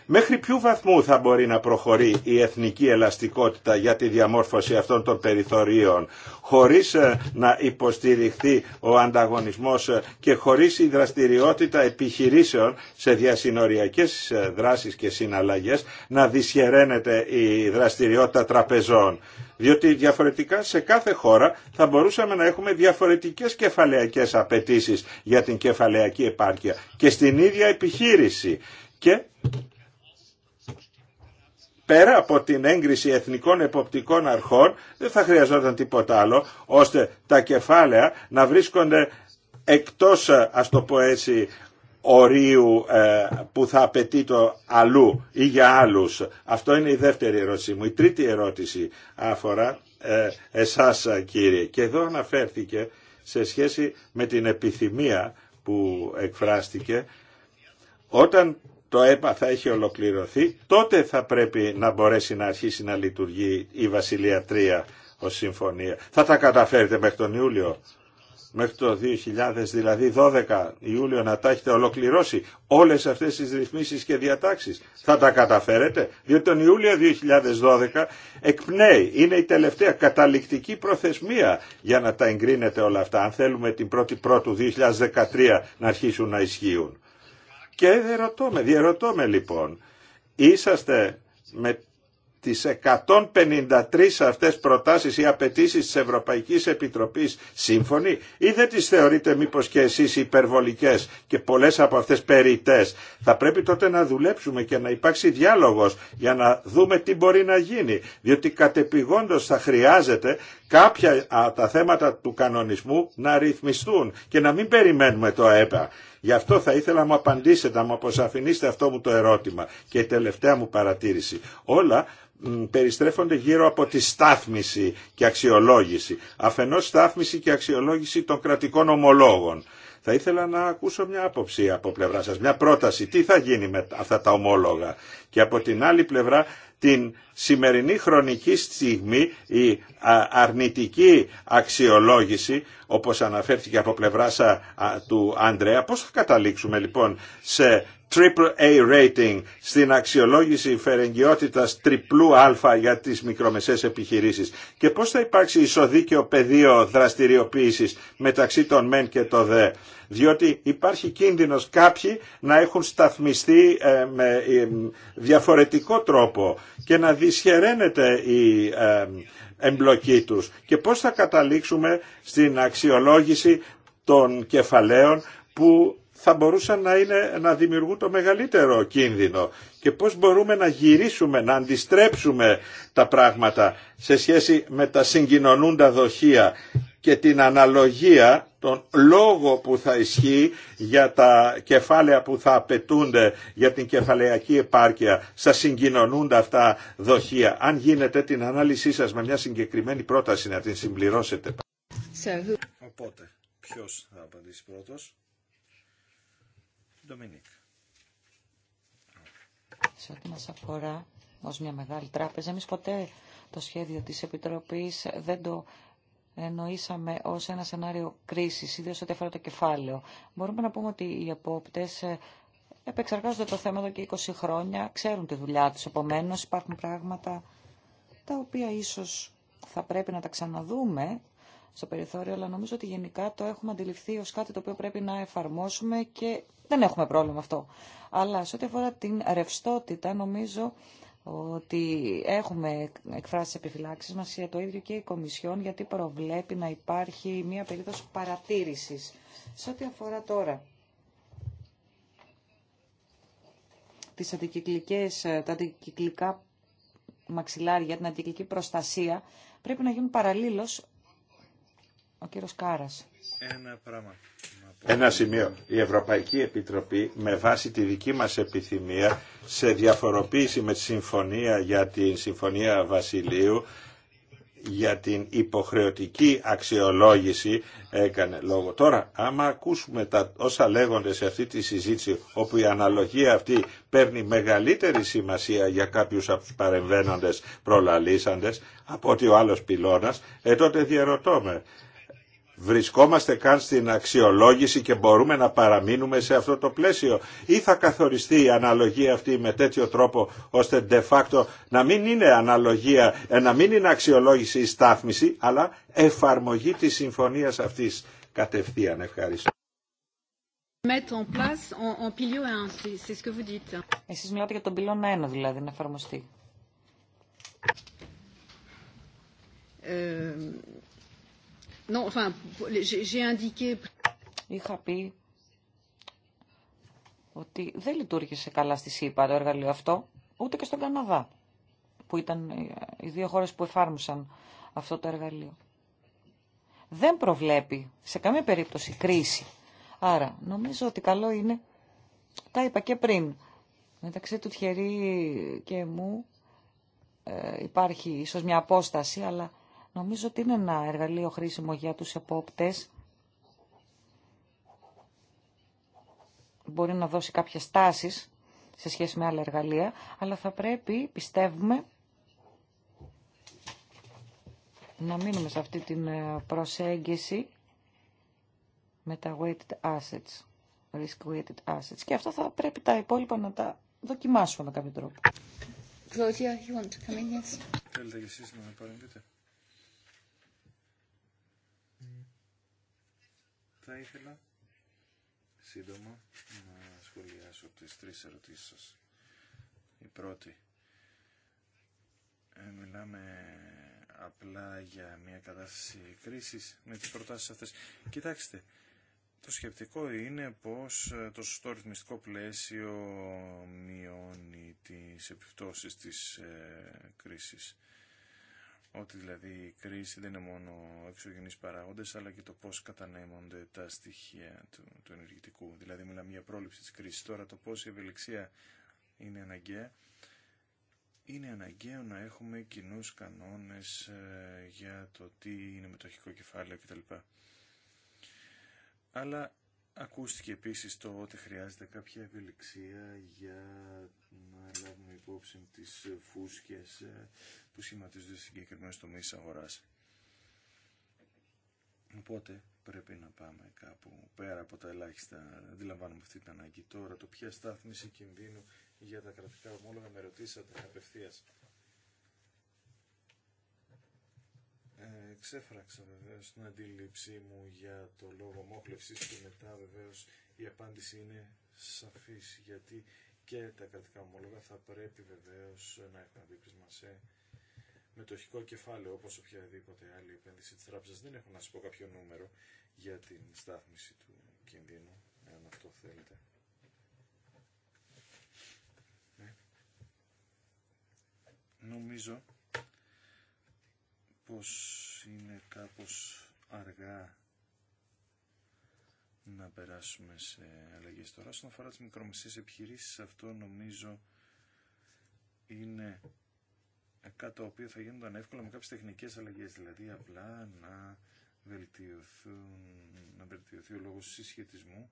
Μέχρι ποιου βαθμού θα μπορεί να προχωρεί η εθνική ελαστικότητα για τη διαμόρφωση αυτών των περιθωρίων χωρίς ε, να υποστηριχθεί ο ανταγωνισμός ε, και χωρίς η δραστηριότητα επιχειρήσεων σε διασυνοριακές ε, δράσεις και συναλλαγές να δυσχεραίνεται η δραστηριότητα τραπεζών. Διότι διαφορετικά σε κάθε χώρα θα μπορούσαμε να έχουμε διαφορετικές κεφαλαιακές απαιτήσεις για την κεφαλαιακή επάρκεια και στην ίδια επιχείρηση. Και πέρα από την έγκριση εθνικών εποπτικών αρχών δεν θα χρειαζόταν τίποτα άλλο ώστε τα κεφάλαια να βρίσκονται εκτός ας το πω έτσι ορίου ε, που θα απαιτεί το αλλού ή για άλλους. Αυτό είναι η δεύτερη ερώτησή μου. Η τρίτη ερώτηση αφορά ε, εσάς κύριε και εδώ αναφέρθηκε σε σχέση με την επιθυμία που εκφράστηκε όταν το ΕΠΑ θα έχει ολοκληρωθεί, τότε θα πρέπει να μπορέσει να αρχίσει να λειτουργεί η Βασιλεία 3 ως συμφωνία. Θα τα καταφέρετε μέχρι τον Ιούλιο, μέχρι το 2000, δηλαδή 12 Ιούλιο να τα έχετε ολοκληρώσει όλες αυτές τις ρυθμίσεις και διατάξεις. Θα τα καταφέρετε, διότι τον Ιούλιο 2012 εκπνέει, είναι η τελευταία καταληκτική προθεσμία για να τα εγκρίνετε όλα αυτά, αν θέλουμε την 1η Πρώτου 2013 να αρχίσουν να ισχύουν. Και ρωτώ με, διερωτώ με λοιπόν, είσαστε με τις 153 αυτές προτάσεις ή απαιτήσει της Ευρωπαϊκής Επιτροπής σύμφωνοι ή δεν τις θεωρείτε μήπως και εσείς υπερβολικές και πολλές από αυτές περιτές. Θα πρέπει τότε να δουλέψουμε και να υπάρξει διάλογος για να δούμε τι μπορεί να γίνει. Διότι κατεπηγόντως θα χρειάζεται κάποια τα θέματα του κανονισμού να ρυθμιστούν και να μην περιμένουμε το ΑΕΠΑ. Γι' αυτό θα ήθελα να μου απαντήσετε, να μου αποσαφηνίσετε αυτό μου το ερώτημα και η τελευταία μου παρατήρηση. Όλα περιστρέφονται γύρω από τη στάθμιση και αξιολόγηση. Αφενός στάθμιση και αξιολόγηση των κρατικών ομολόγων. Θα ήθελα να ακούσω μια άποψη από πλευρά σας, μια πρόταση. Τι θα γίνει με αυτά τα ομόλογα. Και από την άλλη πλευρά την σημερινή χρονική στιγμή η αρνητική αξιολόγηση όπως αναφέρθηκε από πλευράς του Αντρέα πώς θα καταλήξουμε λοιπόν σε triple A rating στην αξιολόγηση φερεγγιότητας τριπλού α για τις μικρομεσαίες επιχειρήσεις και πώς θα υπάρξει ισοδίκαιο πεδίο δραστηριοποίησης μεταξύ των μεν και των δε διότι υπάρχει κίνδυνος κάποιοι να έχουν σταθμιστεί ε, με ε, διαφορετικό τρόπο και να δυσχεραίνεται η ε, εμπλοκή τους και πώς θα καταλήξουμε στην αξιολόγηση των κεφαλαίων που θα μπορούσαν να, είναι, να δημιουργούν το μεγαλύτερο κίνδυνο και πώς μπορούμε να γυρίσουμε, να αντιστρέψουμε τα πράγματα σε σχέση με τα συγκοινωνούντα δοχεία και την αναλογία, τον λόγο που θα ισχύει για τα κεφάλαια που θα απαιτούνται για την κεφαλαιακή επάρκεια στα συγκοινωνούντα αυτά δοχεία. Αν γίνεται την ανάλυση σας με μια συγκεκριμένη πρόταση να την συμπληρώσετε.
Οπότε, ποιος θα απαντήσει πρώτος.
Ντομινίκ.
Σε ό,τι μας αφορά ως μια μεγάλη τράπεζα, εμείς ποτέ το σχέδιο της Επιτροπής δεν το εννοήσαμε ως ένα σενάριο κρίσης, ιδίως ό,τι αφορά το κεφάλαιο. Μπορούμε να πούμε ότι οι επόπτες ε, επεξεργάζονται το θέμα εδώ και 20 χρόνια, ξέρουν τη δουλειά τους, επομένως υπάρχουν πράγματα τα οποία ίσως θα πρέπει να τα ξαναδούμε στο περιθώριο, αλλά νομίζω ότι γενικά το έχουμε αντιληφθεί ως κάτι το οποίο πρέπει να εφαρμόσουμε και δεν έχουμε πρόβλημα αυτό. Αλλά σε ό,τι αφορά την ρευστότητα, νομίζω ότι έχουμε εκφράσει επιφυλάξεις μας για το ίδιο και η Κομισιόν, γιατί προβλέπει να υπάρχει μία περίοδο παρατήρησης. Σε ό,τι αφορά τώρα τις αντικυκλικές, τα αντικυκλικά μαξιλάρια, την αντικυκλική προστασία, πρέπει να γίνουν παραλλήλως ο κύριο Κάρας.
Ένα πράγμα.
Ένα σημείο. Η Ευρωπαϊκή Επιτροπή με βάση τη δική μας επιθυμία σε διαφοροποίηση με τη συμφωνία για την Συμφωνία Βασιλείου για την υποχρεωτική αξιολόγηση έκανε λόγο. Τώρα, άμα ακούσουμε τα όσα λέγονται σε αυτή τη συζήτηση, όπου η αναλογία αυτή παίρνει μεγαλύτερη σημασία για κάποιους από τους παρεμβαίνοντες προλαλήσαντες, από ότι ο άλλος πυλώνας, ε, τότε διαρωτώ βρισκόμαστε καν στην αξιολόγηση και μπορούμε να παραμείνουμε σε αυτό το πλαίσιο ή θα καθοριστεί η αναλογία αυτή με τέτοιο τρόπο ώστε de facto να μην είναι αναλογία, ε, να μην είναι αξιολόγηση ή στάθμιση αλλά εφαρμογή της συμφωνίας αυτής κατευθείαν. Ευχαριστώ.
Εσείς μιλάτε για τον πυλώνα 1 δηλαδή να εφαρμοστεί. Ε, Είχα πει ότι δεν λειτουργήσε καλά στη ΣΥΠΑ το εργαλείο αυτό, ούτε και στον Καναδά, που ήταν ε, οι δύο χώρες που εφάρμοσαν αυτό το εργαλείο. Δεν προβλέπει σε καμία περίπτωση κρίση. Άρα, νομίζω ότι καλό είναι, τα είπα και πριν, μεταξύ του Τιερή και μου ε, υπάρχει ίσως μια απόσταση, αλλά Νομίζω ότι είναι ένα εργαλείο χρήσιμο για τους επόπτες. Μπορεί να δώσει κάποιες τάσεις σε σχέση με άλλα εργαλεία, αλλά θα πρέπει, πιστεύουμε, να μείνουμε σε αυτή την ε, προσέγγιση με τα weighted assets, risk weighted assets. Και αυτό θα πρέπει τα υπόλοιπα να τα δοκιμάσουμε με κάποιο τρόπο. Claudia, you want to come in, yes.
Θέλετε εσείς να με Θα ήθελα σύντομα να σχολιάσω τις τρεις ερωτήσεις σας. Η πρώτη. Ε, μιλάμε απλά για μια κατάσταση κρίσης με τις προτάσεις αυτές. Κοιτάξτε, το σκεπτικό είναι πως ε, το σωστό ρυθμιστικό πλαίσιο μειώνει τις επιπτώσεις της ε, κρίσης. Ότι δηλαδή η κρίση δεν είναι μόνο εξωγενείς παράγοντες, αλλά και το πώς κατανέμονται τα στοιχεία του, του ενεργητικού. Δηλαδή μιλάμε για πρόληψη της κρίσης. Τώρα το πώς η ευελιξία είναι αναγκαία. Είναι αναγκαίο να έχουμε κοινούς κανόνες ε, για το τι είναι μετοχικό κεφάλαιο κτλ. Αλλά Ακούστηκε επίσης το ότι χρειάζεται κάποια ευελιξία για να λάβουμε υπόψη τις φούσκες ε, που σχηματίζονται σε συγκεκριμένες τομείς αγοράς. Οπότε πρέπει να πάμε κάπου πέρα από τα ελάχιστα. Αντιλαμβάνομαι αυτή την ανάγκη τώρα. Το ποια στάθμιση κινδύνου για τα κρατικά ομόλογα με ρωτήσατε απευθείας. εξέφραξα βεβαίως την αντίληψή μου για το λόγο μόχλευσης και μετά βεβαίως η απάντηση είναι σαφής γιατί και τα κρατικά ομόλογα θα πρέπει βεβαίως να έχουν αντίκρισμα σε μετοχικό κεφάλαιο όπως οποιαδήποτε άλλη επένδυση της τράπεζας. Δεν έχω να σας πω κάποιο νούμερο για την στάθμιση του κινδύνου, αν αυτό θέλετε. Ναι. Νομίζω πως είναι κάπως αργά να περάσουμε σε αλλαγές τώρα. Στον αφορά τις μικρομεσαίες επιχειρήσεις, αυτό νομίζω είναι κάτι το οποίο θα γίνονταν εύκολα με κάποιες τεχνικές αλλαγές, δηλαδή απλά να, βελτιωθούν, να βελτιωθεί ο λόγος συσχετισμού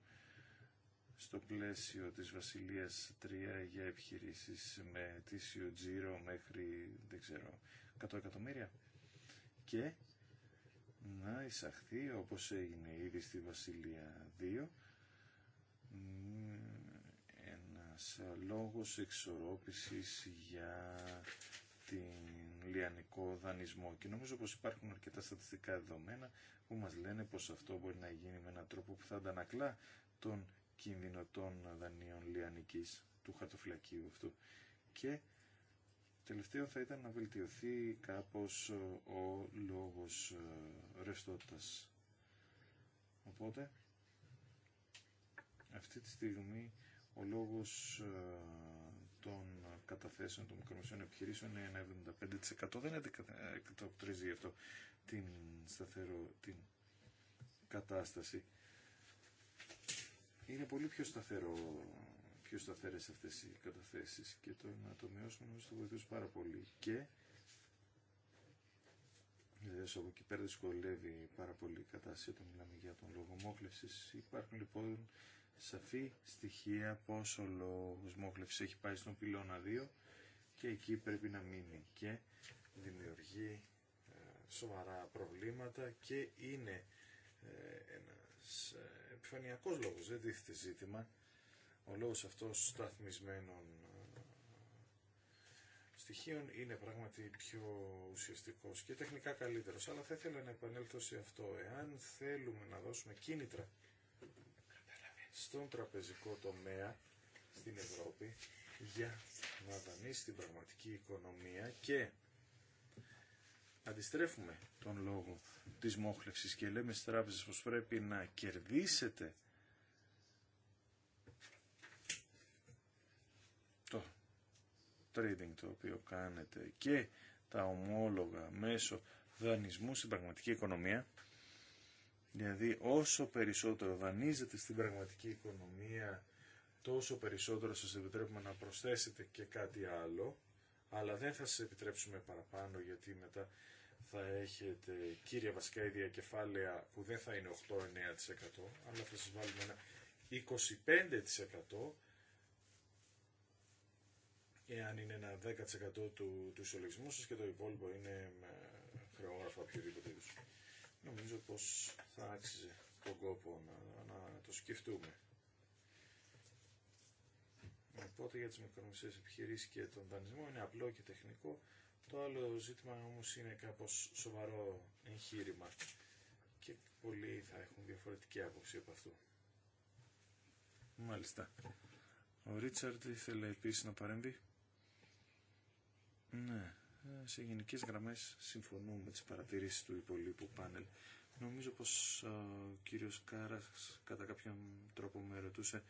στο πλαίσιο της Βασιλείας 3 για επιχειρήσεις με τίσιο τζίρο μέχρι, δεν ξέρω, 100 εκατομμύρια και να εισαχθεί όπως έγινε ήδη στη Βασιλεία 2 ένας λόγος εξορρόπησης για την λιανικό δανεισμό και νομίζω πως υπάρχουν αρκετά στατιστικά δεδομένα που μας λένε πως αυτό μπορεί να γίνει με έναν τρόπο που θα αντανακλά τον κίνδυνο των δανείων λιανικής του χαρτοφυλακίου αυτού και Τελευταίο θα ήταν να βελτιωθεί κάπως ο λόγος ε, ρευστότητας. Οπότε, αυτή τη στιγμή ο λόγος ε, των καταθέσεων των μικρομεσαίων επιχειρήσεων είναι ένα 75%. Δεν ε, εκτοπτρίζει αυτό την σταθερό, την κατάσταση. Είναι πολύ πιο σταθερό πιο σταθερές αυτέ οι καταθέσεις και το να το μειώσουμε νομίζω το βοηθούσε πάρα πολύ και Βεβαίω από εκεί πέρα δυσκολεύει πάρα πολύ η κατάσταση όταν μιλάμε για τον λόγο μόχλευση. Υπάρχουν λοιπόν σαφή στοιχεία πόσο λόγο μόχλευση έχει πάει στον πυλώνα 2 και εκεί πρέπει να μείνει και δημιουργεί ε, σοβαρά προβλήματα και είναι ε, ένας ε, επιφανειακός λόγος, δεν τίθεται ζήτημα ο λόγος αυτός σταθμισμένων ε, στοιχείων είναι πράγματι πιο ουσιαστικός και τεχνικά καλύτερος. Αλλά θα ήθελα να επανέλθω σε αυτό. Εάν θέλουμε να δώσουμε κίνητρα στον τραπεζικό τομέα στην Ευρώπη για να δανείσει την πραγματική οικονομία και αντιστρέφουμε τον λόγο της μόχλευσης και λέμε στις τράπεζες πως πρέπει να κερδίσετε trading το οποίο κάνετε και τα ομόλογα μέσω δανεισμού στην πραγματική οικονομία, δηλαδή όσο περισσότερο δανείζετε στην πραγματική οικονομία, τόσο περισσότερο σας επιτρέπουμε να προσθέσετε και κάτι άλλο, αλλά δεν θα σας επιτρέψουμε παραπάνω γιατί μετά θα έχετε κύρια βασικά ίδια κεφάλαια που δεν θα είναι 8-9% αλλά θα σας βάλουμε ένα 25% εάν είναι ένα 10% του, του συλλογισμού σας και το υπόλοιπο είναι με χρεόγραφα οποιοδήποτε είδους. Νομίζω πως θα άξιζε τον κόπο να, να το σκεφτούμε. Οπότε για τις μικρομεσαίες επιχειρήσεις και τον δανεισμό είναι απλό και τεχνικό. Το άλλο ζήτημα όμως είναι κάπως σοβαρό εγχείρημα και πολλοί θα έχουν διαφορετική άποψη από αυτού. Μάλιστα. Ο Ρίτσαρντ ήθελε επίσης να παρέμβει. Ναι, σε γενικέ γραμμέ συμφωνούμε με τι παρατηρήσει του υπολείπου πάνελ. Νομίζω πω ο κύριο Κάρα κατά κάποιον τρόπο με ρωτούσε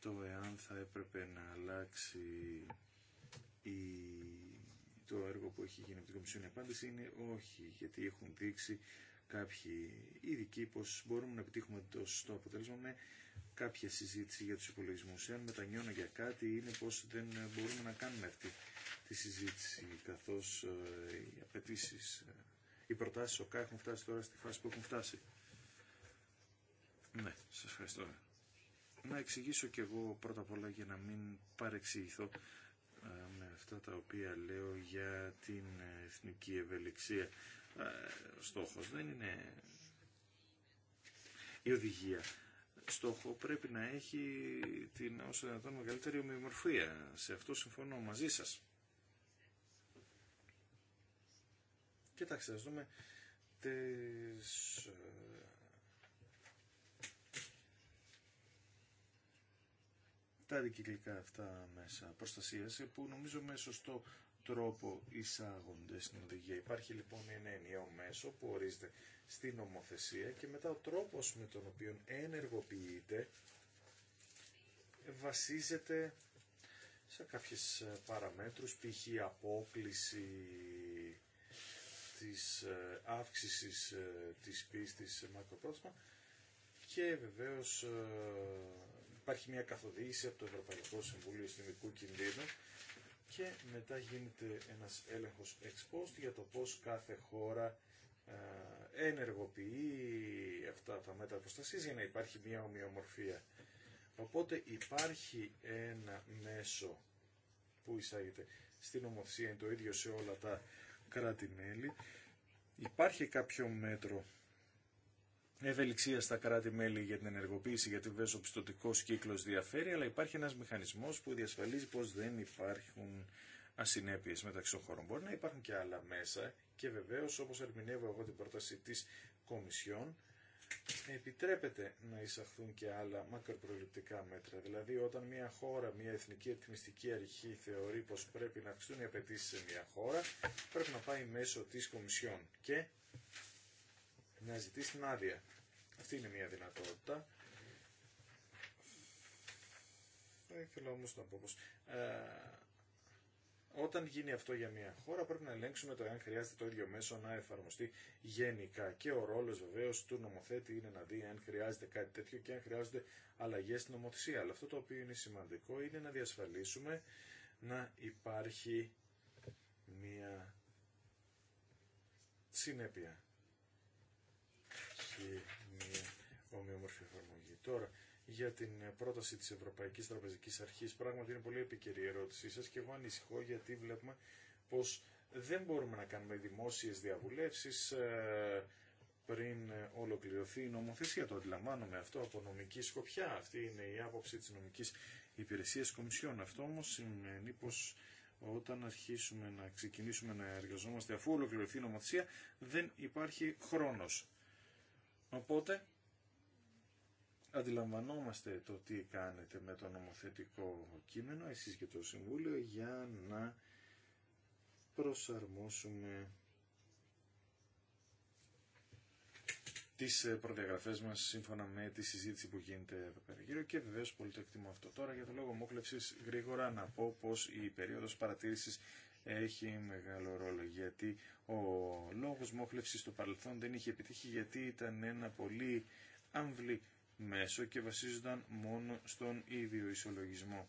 το εάν θα έπρεπε να αλλάξει η... το έργο που έχει γίνει από την Κομισιόν. Η απάντηση είναι όχι, γιατί έχουν δείξει κάποιοι ειδικοί πως μπορούμε να επιτύχουμε το σωστό αποτέλεσμα με κάποια συζήτηση για τους υπολογισμούς. Εάν μετανιώνω για κάτι είναι πως δεν μπορούμε να κάνουμε αυτή τη συζήτηση καθώς ε, οι απαιτήσει, ε, οι προτάσεις ΟΚΑ έχουν φτάσει τώρα στη φάση που έχουν φτάσει. Ναι, σας ευχαριστώ. Να εξηγήσω κι εγώ πρώτα απ' όλα για να μην παρεξηγηθώ ε, με αυτά τα οποία λέω για την εθνική ευελιξία. Ο στόχος δεν είναι η οδηγία στόχο πρέπει να έχει την όσο δυνατόν μεγαλύτερη ομοιομορφία. Σε αυτό συμφωνώ μαζί σας. Κοιτάξτε, ας δούμε τις... Ε, τα δικυκλικά αυτά μέσα προστασίας που νομίζω με σωστό τρόπο εισάγονται στην οδηγία. Υπάρχει λοιπόν ένα ενιαίο μέσο που ορίζεται στην νομοθεσία και μετά ο τρόπος με τον οποίο ενεργοποιείται βασίζεται σε κάποιες παραμέτρους, π.χ. απόκληση της ε, αύξησης ε, της πίστης μακροπρόθεσμα και βεβαίως ε, υπάρχει μια καθοδήγηση από το Ευρωπαϊκό Συμβούλιο Συνδικού Κινδύνου και μετά γίνεται ένας έλεγχος ex για το πώς κάθε χώρα ενεργοποιεί αυτά τα μέτρα προστασίας για να υπάρχει μια ομοιομορφία. Οπότε υπάρχει ένα μέσο που εισάγεται στην ομοθεσία, είναι το ίδιο σε όλα τα κράτη-μέλη. Υπάρχει κάποιο μέτρο ευελιξία στα κράτη-μέλη για την ενεργοποίηση, γιατί βέβαια ο πιστοτικό κύκλο διαφέρει, αλλά υπάρχει ένα μηχανισμό που διασφαλίζει πω δεν υπάρχουν ασυνέπειε μεταξύ των χωρών. Μπορεί να υπάρχουν και άλλα μέσα και βεβαίω, όπω ερμηνεύω εγώ την πρόταση τη Κομισιόν, επιτρέπεται να εισαχθούν και άλλα μακροπροληπτικά μέτρα. Δηλαδή, όταν μια χώρα, μια εθνική εκτιμιστική αρχή θεωρεί πω πρέπει να αυξηθούν οι απαιτήσει σε μια χώρα, πρέπει να πάει μέσω τη Κομισιόν. Και να ζητήσει την άδεια. Αυτή είναι μια δυνατότητα. Θα ήθελα όμως να πω ε, όταν γίνει αυτό για μια χώρα πρέπει να ελέγξουμε το εάν χρειάζεται το ίδιο μέσο να εφαρμοστεί γενικά. Και ο ρόλος βεβαίως του νομοθέτη είναι να δει αν χρειάζεται κάτι τέτοιο και αν χρειάζονται αλλαγές στην νομοθεσία. Αλλά αυτό το οποίο είναι σημαντικό είναι να διασφαλίσουμε να υπάρχει μια συνέπεια. Υπάρχει μια ομοιόμορφη εφαρμογή. Τώρα, για την πρόταση της Ευρωπαϊκής Τραπεζικής Αρχής, πράγματι είναι πολύ επίκαιρη η ερώτησή σας και εγώ ανησυχώ γιατί βλέπουμε πως δεν μπορούμε να κάνουμε δημόσιες διαβουλεύσεις ε, πριν ολοκληρωθεί η νομοθεσία. Το αντιλαμβάνομαι αυτό από νομική σκοπιά. Αυτή είναι η άποψη της νομικής υπηρεσίας κομισιών. Αυτό όμως σημαίνει πως όταν αρχίσουμε να ξεκινήσουμε να εργαζόμαστε αφού ολοκληρωθεί η νομοθεσία δεν υπάρχει χρόνος. Οπότε αντιλαμβανόμαστε το τι κάνετε με το νομοθετικό κείμενο, εσείς και το Συμβούλιο, για να προσαρμόσουμε τις ε, προδιαγραφές μας σύμφωνα με τη συζήτηση που γίνεται εδώ πέρα γύρω και βεβαίως πολύ το εκτιμώ αυτό. Τώρα για το λόγο μόχλευσης γρήγορα να πω πως η περίοδος παρατήρησης έχει μεγάλο ρόλο γιατί ο λόγος μόχλευσης στο παρελθόν δεν είχε επιτύχει γιατί ήταν ένα πολύ άμβλη μέσο και βασίζονταν μόνο στον ίδιο ισολογισμό.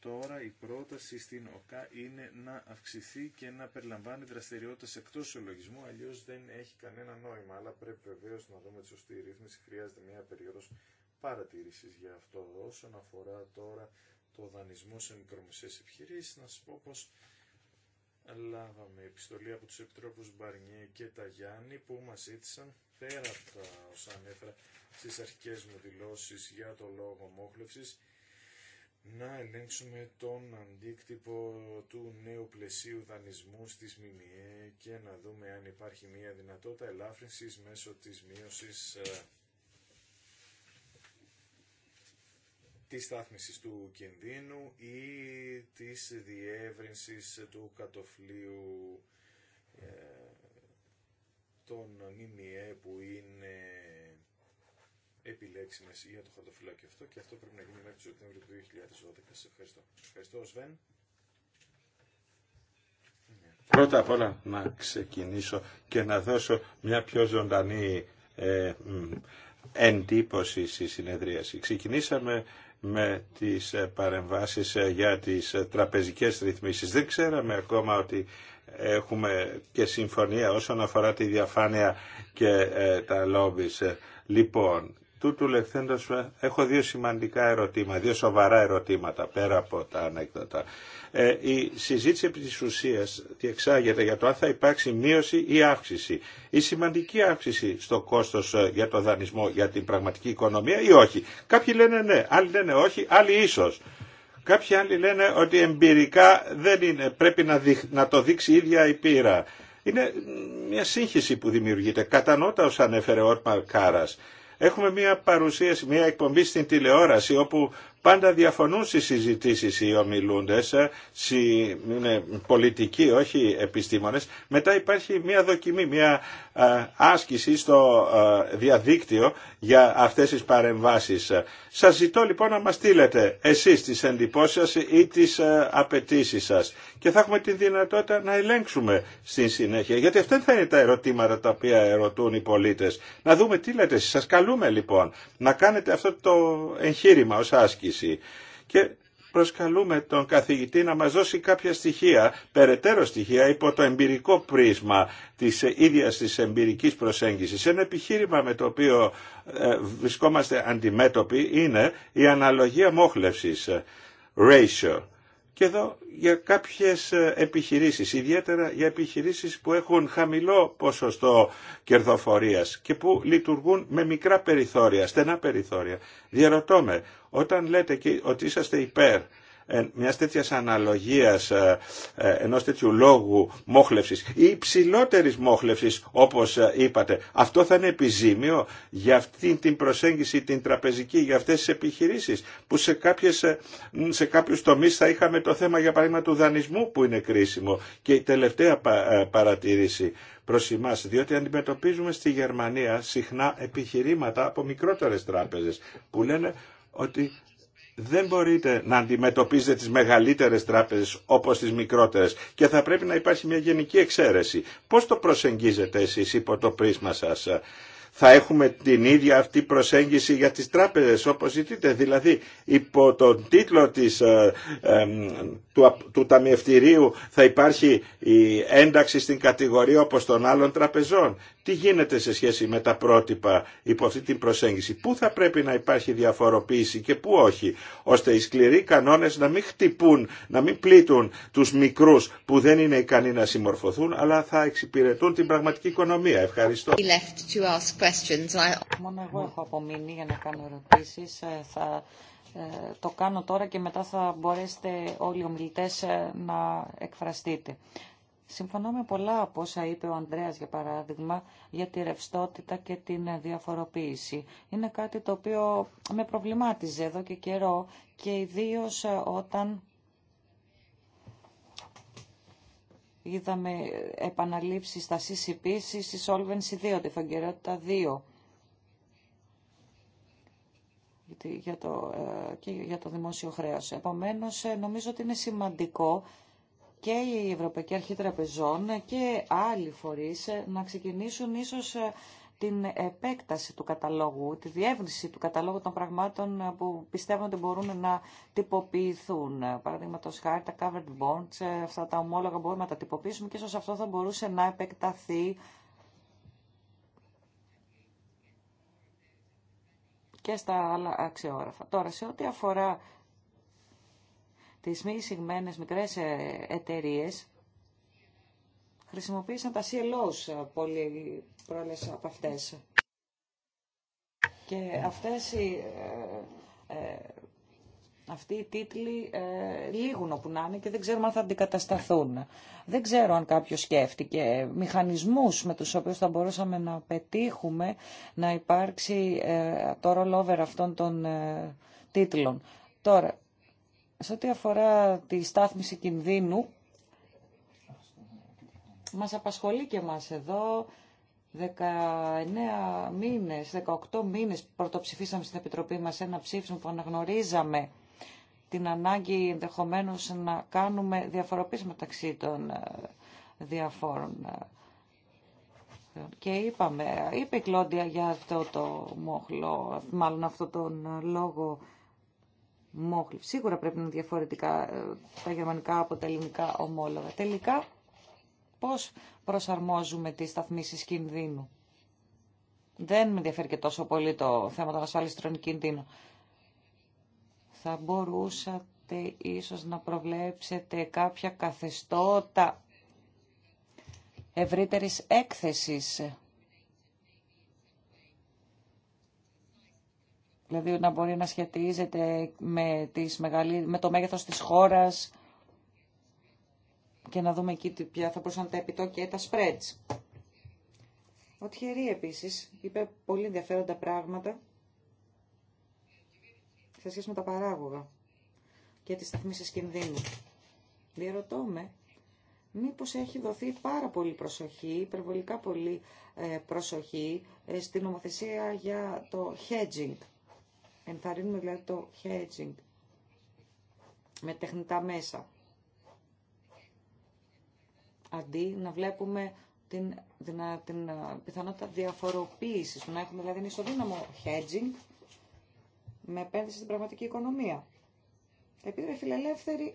Τώρα η πρόταση στην ΟΚΑ είναι να αυξηθεί και να περιλαμβάνει δραστηριότητα εκτός ισολογισμού, αλλιώς δεν έχει κανένα νόημα, αλλά πρέπει βεβαίως να δούμε τη σωστή ρύθμιση, χρειάζεται μια περίοδος παρατήρησης για αυτό. Όσον αφορά τώρα το δανεισμό σε μικρομεσαίες επιχειρήσει. να σα πω πως λάβαμε επιστολή από τους επιτρόπους Μπαρνιέ και Ταγιάννη που μας ζήτησαν πέρα από τα όσα ανέφερα στις αρχικές μου δηλώσεις για το λόγο μόχλευσης να ελέγξουμε τον αντίκτυπο του νέου πλαισίου δανεισμού στις ΜΜΕ και να δούμε αν υπάρχει μια δυνατότητα ελάφρυνσης μέσω της μείωσης ε, της στάθμισης του κινδύνου ή της διεύρυνσης του κατοφλίου ε, των ΜΜΕ που είναι επιλέξιμες για το χαρτοφυλάκι αυτό και αυτό πρέπει να γίνει μέχρι το Σεπτέμβριο του 2012. ευχαριστώ. Ευχαριστώ, Σβέν.
Πρώτα απ' όλα να ξεκινήσω και να δώσω μια πιο ζωντανή ε, εντύπωση στη συνεδρίαση. Ξεκινήσαμε με τις ε, παρεμβάσεις ε, για τις ε, τραπεζικές ρυθμίσεις. Δεν ξέραμε ακόμα ότι έχουμε και συμφωνία όσον αφορά τη διαφάνεια και τα λόμπις. Λοιπόν, τούτου λεχθέντος ε, έχω δύο σημαντικά ερωτήματα, δύο σοβαρά ερωτήματα πέρα από τα ανέκδοτα. Ε, η συζήτηση επί της ουσίας διεξάγεται για το αν θα υπάρξει μείωση ή αύξηση. Η σημαντική αύξηση στο κόστος ε, για το δανεισμό για την πραγματική οικονομία ή όχι. Κάποιοι λένε ναι, άλλοι λένε όχι, άλλοι ίσως. Κάποιοι άλλοι λένε ότι εμπειρικά δεν είναι, πρέπει να, να το δείξει η ίδια η πείρα. Είναι μια σύγχυση που δημιουργείται. Κατανότα ως ανέφερε ο Όρμαρ Κάρας Έχουμε μια παρουσίαση, μια εκπομπή στην τηλεόραση όπου Πάντα διαφωνούν στις συζητήσεις οι ομιλούντες, ε, είναι πολιτικοί όχι επιστήμονες. Μετά υπάρχει μια δοκιμή, μια ε, άσκηση στο ε, διαδίκτυο για αυτές τις παρεμβάσεις. Σας ζητώ λοιπόν να μας στείλετε εσείς τις εντυπώσεις σας ή τις απαιτήσει σας και θα έχουμε την δυνατότητα να ελέγξουμε στην συνέχεια. Γιατί αυτά θα είναι τα ερωτήματα τα οποία ερωτούν οι πολίτες. Να δούμε τι λέτε εσείς. Σας καλούμε λοιπόν να κάνετε αυτό το εγχείρημα ως άσκηση και προσκαλούμε τον καθηγητή να μας δώσει κάποια στοιχεία, περαιτέρω στοιχεία, υπό το εμπειρικό πρίσμα της ε, ίδιας της εμπειρικής προσέγγισης. Ένα επιχείρημα με το οποίο ε, βρισκόμαστε αντιμέτωποι είναι η αναλογία μόχλευσης, ε, ratio. Και εδώ για κάποιες επιχειρήσεις, ιδιαίτερα για επιχειρήσεις που έχουν χαμηλό ποσοστό κερδοφορίας και που λειτουργούν με μικρά περιθώρια, στενά περιθώρια. Διαρωτώ με, όταν λέτε ότι είσαστε υπέρ ε, μια τέτοια αναλογία ε, ε, ενό τέτοιου λόγου μόχλευση ή υψηλότερη μόχλευση όπω είπατε, αυτό θα είναι επιζήμιο για αυτή την προσέγγιση την τραπεζική για αυτέ τι επιχειρήσει που σε, σε κάποιου τομεί θα είχαμε το θέμα για παράδειγμα του δανεισμού που είναι κρίσιμο. Και η τελευταία παρατήρηση προς εμάς, διότι αντιμετωπίζουμε στη Γερμανία συχνά επιχειρήματα από μικρότερες τράπεζες που λένε ότι δεν μπορείτε να αντιμετωπίζετε τις μεγαλύτερες τράπεζες όπως τις μικρότερες και θα πρέπει να υπάρχει μια γενική εξαίρεση. Πώς το προσεγγίζετε εσείς υπό το πρίσμα σας. Θα έχουμε την ίδια αυτή προσέγγιση για τις τράπεζες όπως ζητείτε. Δηλαδή υπό τον τίτλο της, ε, του, ταμιευτηρίου θα υπάρχει η ένταξη στην κατηγορία όπως των άλλων τραπεζών τι γίνεται σε σχέση με τα πρότυπα υπό αυτή την προσέγγιση. Πού θα πρέπει να υπάρχει διαφοροποίηση και πού όχι. Ώστε οι σκληροί κανόνες να μην χτυπούν, να μην πλήττουν τους μικρούς που δεν είναι ικανοί να συμμορφωθούν αλλά θα εξυπηρετούν την πραγματική οικονομία. Ευχαριστώ.
Μόνο εγώ έχω απομείνει για να κάνω ερωτήσεις. Ε, θα ε, το κάνω τώρα και μετά θα μπορέσετε όλοι οι ομιλητές ε, να εκφραστείτε. Συμφωνώ με πολλά από όσα είπε ο Ανδρέας, για παράδειγμα, για τη ρευστότητα και την διαφοροποίηση. Είναι κάτι το οποίο με προβλημάτιζε εδώ και καιρό και ιδίως όταν είδαμε επαναλήψεις στα CCP, στη Solvency 2, τη Φαγκαιρότητα 2. Για το, ε, και για το δημόσιο χρέος. Επομένως, ε, νομίζω ότι είναι σημαντικό και η Ευρωπαϊκή Αρχή Τραπεζών και άλλοι φορείς να ξεκινήσουν ίσως την επέκταση του καταλόγου, τη διεύρυνση του καταλόγου των πραγμάτων που πιστεύουν ότι μπορούν να τυποποιηθούν. Παραδείγματο χάρη τα covered bonds, αυτά τα ομόλογα μπορούμε να τα τυποποιήσουμε και ίσως αυτό θα μπορούσε να επεκταθεί και στα άλλα αξιόγραφα. Τώρα, σε ό,τι αφορά τις μη εισηγμένες μικρές ε, εταιρείε χρησιμοποίησαν τα CLOs ε, πολύ πρόλες από αυτές. Και αυτές οι, ε, αυτοί οι τίτλοι ε, λίγουν όπου να είναι και δεν ξέρουμε αν θα αντικατασταθούν. Δεν ξέρω αν κάποιο σκέφτηκε μηχανισμούς με τους οποίους θα μπορούσαμε να πετύχουμε να υπάρξει το rollover αυτών των τίτλων. Τώρα, σε ό,τι αφορά τη στάθμιση κινδύνου, μας απασχολεί και μας εδώ 19 μήνες, 18 μήνες πρωτοψηφίσαμε στην Επιτροπή μας ένα ψήφισμα που αναγνωρίζαμε την ανάγκη ενδεχομένως να κάνουμε διαφοροποίηση μεταξύ των ε, διαφόρων. Ε, και είπαμε, είπε η Κλόντια για αυτό το μόχλο, μάλλον αυτό τον ε, λόγο μόχλι, Σίγουρα πρέπει να είναι διαφορετικά ε, τα γερμανικά από τα ελληνικά ομόλογα. Τελικά, πώς προσαρμόζουμε τις σταθμίσεις κινδύνου. Δεν με ενδιαφέρει και τόσο πολύ το θέμα των ασφαλιστρών κινδύνων. Θα μπορούσατε ίσως να προβλέψετε κάποια καθεστώτα ευρύτερης έκθεσης δηλαδή να μπορεί να σχετίζεται με, τις με το μέγεθος της χώρας και να δούμε εκεί ποια θα μπορούσαν τα επιτόκια και τα spreads. Ο Τιερή επίσης είπε πολύ ενδιαφέροντα πράγματα σε σχέση με τα παράγωγα και τις σταθμίσεις κινδύνου. Διερωτώ με, μήπως έχει δοθεί πάρα πολύ προσοχή, υπερβολικά πολύ ε, προσοχή ε, στην νομοθεσία για το hedging Ενθαρρύνουμε δηλαδή το hedging με τεχνητά μέσα. Αντί να βλέπουμε την, την, την πιθανότητα διαφοροποίησης, να έχουμε δηλαδή ένα ισοδύναμο hedging με επένδυση στην πραγματική οικονομία. Επειδή φιλελεύθερη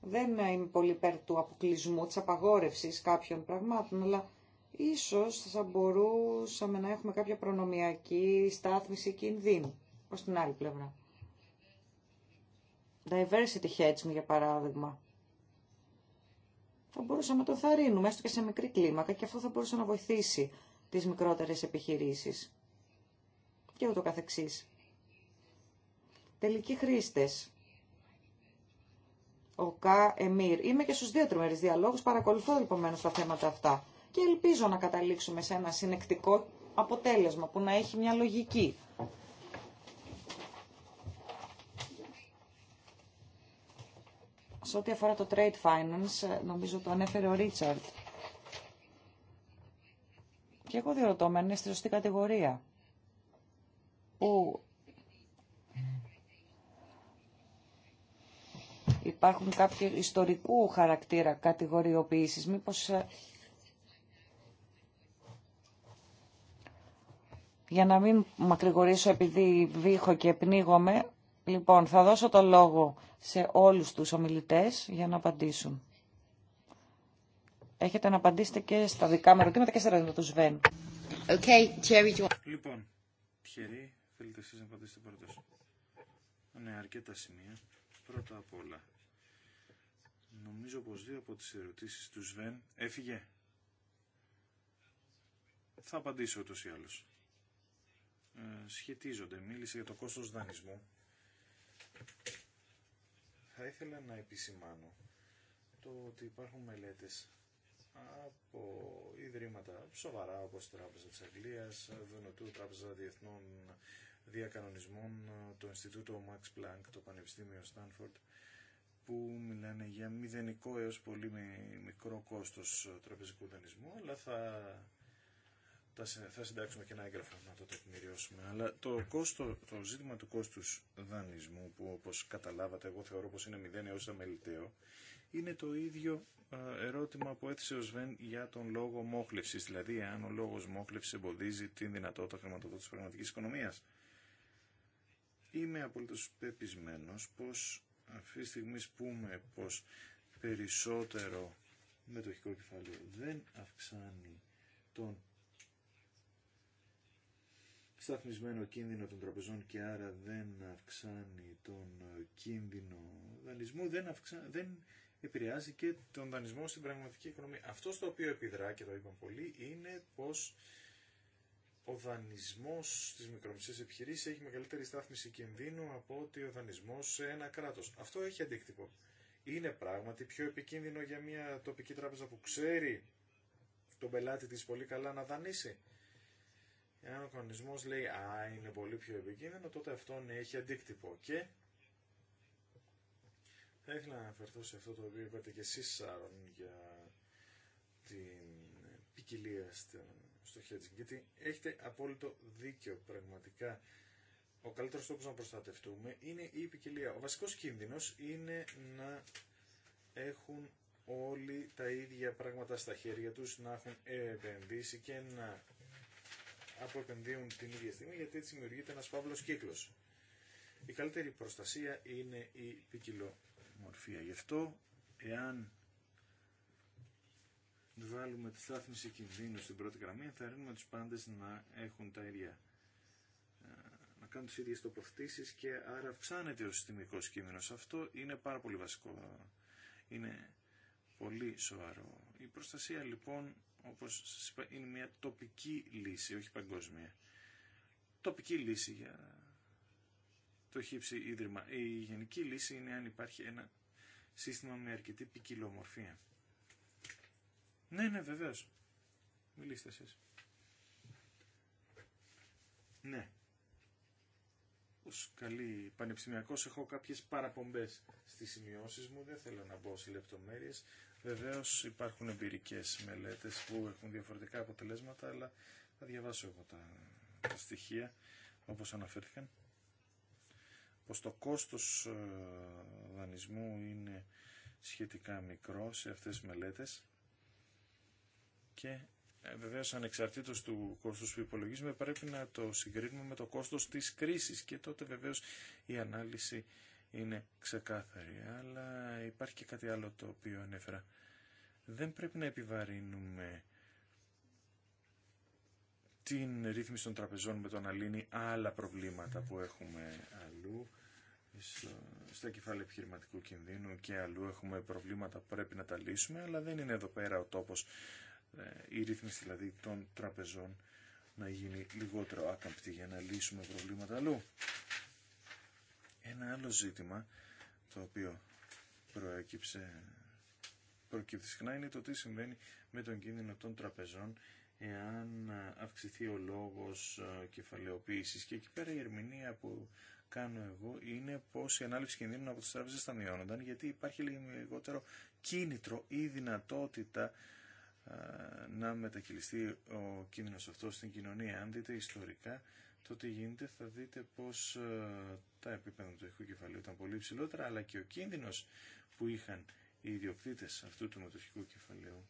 δεν είμαι πολύ υπέρ του αποκλεισμού, της απαγόρευσης κάποιων πραγμάτων, αλλά ίσως θα μπορούσαμε να έχουμε κάποια προνομιακή στάθμιση κινδύνου προς την άλλη πλευρά. Diversity μου για παράδειγμα. Θα μπορούσαμε να το θαρρύνουμε, έστω και σε μικρή κλίμακα, και αυτό θα μπορούσε να βοηθήσει τις μικρότερες επιχειρήσεις. Και ούτω καθεξής. Τελικοί χρήστες. Ο Κα Εμίρ. Είμαι και στους δύο τριμερείς διαλόγους, παρακολουθώ λοιπόν τα θέματα αυτά. Και ελπίζω να καταλήξουμε σε ένα συνεκτικό αποτέλεσμα που να έχει μια λογική. Σε ό,τι αφορά το trade finance, ε, νομίζω το ανέφερε ο Ρίτσαρτ. Και εγώ διερωτώ με αν είναι στη σωστή κατηγορία. Που υπάρχουν κάποιοι ιστορικού χαρακτήρα κατηγοριοποιήσεις. Μήπως ε, για να μην μακρηγορήσω επειδή βήχω και πνίγομαι, Λοιπόν, θα δώσω το λόγο σε όλους τους ομιλητές για να απαντήσουν. Έχετε να απαντήσετε και στα δικά μου ερωτήματα και στα ερωτήματα του Σβέν. Okay, Jerry,
Λοιπόν, Τιερή, θέλετε εσείς να απαντήσετε πρώτα. Ναι, αρκετά σημεία. Πρώτα απ' όλα. Νομίζω πως δύο από τις ερωτήσεις του Σβέν έφυγε. Θα απαντήσω ούτως ή άλλως. Ε, σχετίζονται. Μίλησε για το κόστος δανεισμού θα ήθελα να επισημάνω το ότι υπάρχουν μελέτες από ιδρύματα σοβαρά όπως η Τράπεζα της Αγγλίας, Δουνοτού, Τράπεζα Διεθνών Διακανονισμών, το Ινστιτούτο Max Planck, το Πανεπιστήμιο Στάνφορντ, που μιλάνε για μηδενικό έως πολύ μικρό κόστος τραπεζικού δανεισμού, αλλά θα θα συντάξουμε και ένα έγγραφο να το τεκμηριώσουμε. Αλλά το, κόστο, το ζήτημα του κόστου δανεισμού, που όπω καταλάβατε εγώ θεωρώ πω είναι μηδέν έω αμεληταίο, είναι το ίδιο ε, ερώτημα που έθεσε ο Σβέν για τον λόγο μόχλευση. Δηλαδή, αν ο λόγο μόχλευση εμποδίζει την δυνατότητα χρηματοδότηση τη πραγματικής οικονομίας. Είμαι απολύτω πεπισμένο πω αυτή τη στιγμή πούμε πω περισσότερο μετοχικό κεφάλαιο δεν αυξάνει τον σταθμισμένο κίνδυνο των τραπεζών και άρα δεν αυξάνει τον κίνδυνο δανεισμού, δεν, αυξα... δεν επηρεάζει και τον δανεισμό στην πραγματική οικονομία. Αυτό στο οποίο επιδρά και το είπαν πολλοί είναι πως ο δανεισμός στις μικρομεσαίες επιχειρήσεις έχει μεγαλύτερη στάθμιση κινδύνου από ότι ο δανεισμός σε ένα κράτος. Αυτό έχει αντίκτυπο. Είναι πράγματι πιο επικίνδυνο για μια τοπική τράπεζα που ξέρει τον πελάτη της πολύ καλά να δανείσει Εάν ο κανονισμό λέει «Α, είναι πολύ πιο επικίνδυνο», τότε αυτόν έχει αντίκτυπο. Και θα ήθελα να αναφερθώ σε αυτό το οποίο είπατε και εσείς, Σάρων, για την ποικιλία στο hedging. Γιατί έχετε απόλυτο δίκιο πραγματικά. Ο καλύτερος τρόπος να προστατευτούμε είναι η ποικιλία. Ο βασικός κίνδυνος είναι να έχουν όλοι τα ίδια πράγματα στα χέρια τους, να έχουν επενδύσει και να αποεπενδύουν την ίδια στιγμή γιατί έτσι δημιουργείται ένας παύλος κύκλος. Η καλύτερη προστασία είναι η ποικιλομορφία. Γι' αυτό εάν βάλουμε τη στάθμιση κινδύνου στην πρώτη γραμμή θα αρνούμε τους πάντες να έχουν τα ίδια να κάνουν τις ίδιες τοποθετήσεις και άρα αυξάνεται ο συστημικός κίνδυνος. Αυτό είναι πάρα πολύ βασικό. Είναι πολύ σοβαρό. Η προστασία λοιπόν όπως σας είπα, είναι μια τοπική λύση, όχι παγκόσμια. Τοπική λύση για το χύψη ίδρυμα. Η γενική λύση είναι αν υπάρχει ένα σύστημα με αρκετή ποικιλομορφία. Ναι, ναι, βεβαίω. Μιλήστε εσείς. Ναι. Ως καλή πανεπιστημιακός έχω κάποιες παραπομπές στις σημειώσεις μου, δεν θέλω να μπω σε λεπτομέρειες, Βεβαίως υπάρχουν εμπειρικέ μελέτες που έχουν διαφορετικά αποτελέσματα, αλλά θα διαβάσω εγώ τα, στοιχεία όπως αναφέρθηκαν. Πως το κόστος ε, δανεισμού είναι σχετικά μικρό σε αυτές τις μελέτες και ε, βεβαίω ανεξαρτήτως του κόστους που υπολογίζουμε πρέπει να το συγκρίνουμε με το κόστος της κρίσης και τότε βεβαίω η ανάλυση είναι ξεκάθαρη. Αλλά υπάρχει και κάτι άλλο το οποίο ανέφερα. Δεν πρέπει να επιβαρύνουμε την ρύθμιση των τραπεζών με το να λύνει άλλα προβλήματα που έχουμε αλλού στα κεφάλαια επιχειρηματικού κινδύνου και αλλού έχουμε προβλήματα που πρέπει να τα λύσουμε αλλά δεν είναι εδώ πέρα ο τόπος ε, η ρύθμιση δηλαδή των τραπεζών να γίνει λιγότερο άκαμπτη για να λύσουμε προβλήματα αλλού. Ένα άλλο ζήτημα το οποίο προέκυψε, προκύπτει συχνά είναι το τι συμβαίνει με τον κίνδυνο των τραπεζών εάν αυξηθεί ο λόγος ε, κεφαλαιοποίησης. Και εκεί πέρα η ερμηνεία που κάνω εγώ είναι πως η ανάληψη κινδύνων από τις τράπεζες θα μειώνονταν γιατί υπάρχει λιγότερο κίνητρο ή δυνατότητα να μετακυλιστεί ο κίνδυνος αυτό στην κοινωνία. Αν δείτε ιστορικά το τι γίνεται θα δείτε πως τα επίπεδα του μετοχικού κεφαλαίου ήταν πολύ υψηλότερα αλλά και ο κίνδυνος που είχαν οι ιδιοκτήτες αυτού του μετοχικού κεφαλαίου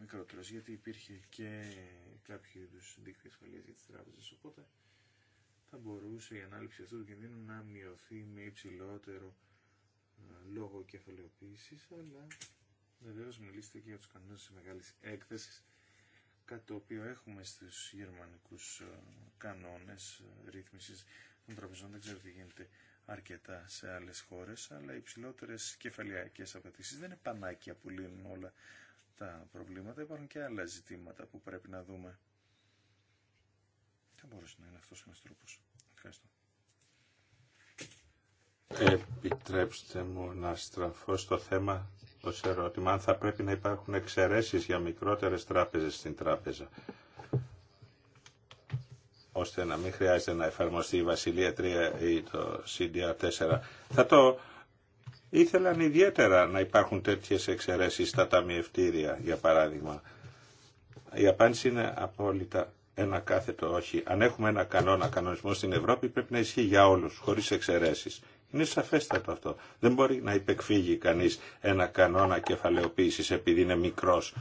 μικρότερος γιατί υπήρχε και κάποιο είδου δίκτυο ασφαλείας για τις τράπεζες οπότε θα μπορούσε η ανάληψη αυτού του κινδύνου να μειωθεί με υψηλότερο λόγω κεφαλαιοποίησης, αλλά βεβαίω μιλήσετε και για τους κανόνες της μεγάλης έκθεσης, κάτι το οποίο έχουμε στους γερμανικούς ε, κανόνες ε, ρύθμισης των τραπεζών, δεν ξέρω τι γίνεται αρκετά σε άλλες χώρες, αλλά οι υψηλότερε κεφαλιακές απαιτήσει δεν είναι πανάκια που λύνουν όλα τα προβλήματα, υπάρχουν και άλλα ζητήματα που πρέπει να δούμε. Δεν μπορούσε να είναι αυτός ένας τρόπο. Ευχαριστώ.
Επιτρέψτε μου να στραφώ στο θέμα ως ερώτημα αν θα πρέπει να υπάρχουν εξαιρέσεις για μικρότερες τράπεζες στην τράπεζα ώστε να μην χρειάζεται να εφαρμοστεί η Βασιλεία 3 ή το CDR 4. Θα το ήθελαν ιδιαίτερα να υπάρχουν τέτοιες εξαιρέσεις στα ταμιευτήρια, για παράδειγμα. Η απάντηση είναι απόλυτα ένα κάθετο όχι. Αν έχουμε ένα κανόνα κανονισμό στην Ευρώπη πρέπει να ισχύει για όλους, χωρίς εξαιρέσεις. Είναι σαφέστατο αυτό. Δεν μπορεί να υπεκφύγει κανείς ένα κανόνα κεφαλαιοποίησης επειδή είναι μικρός.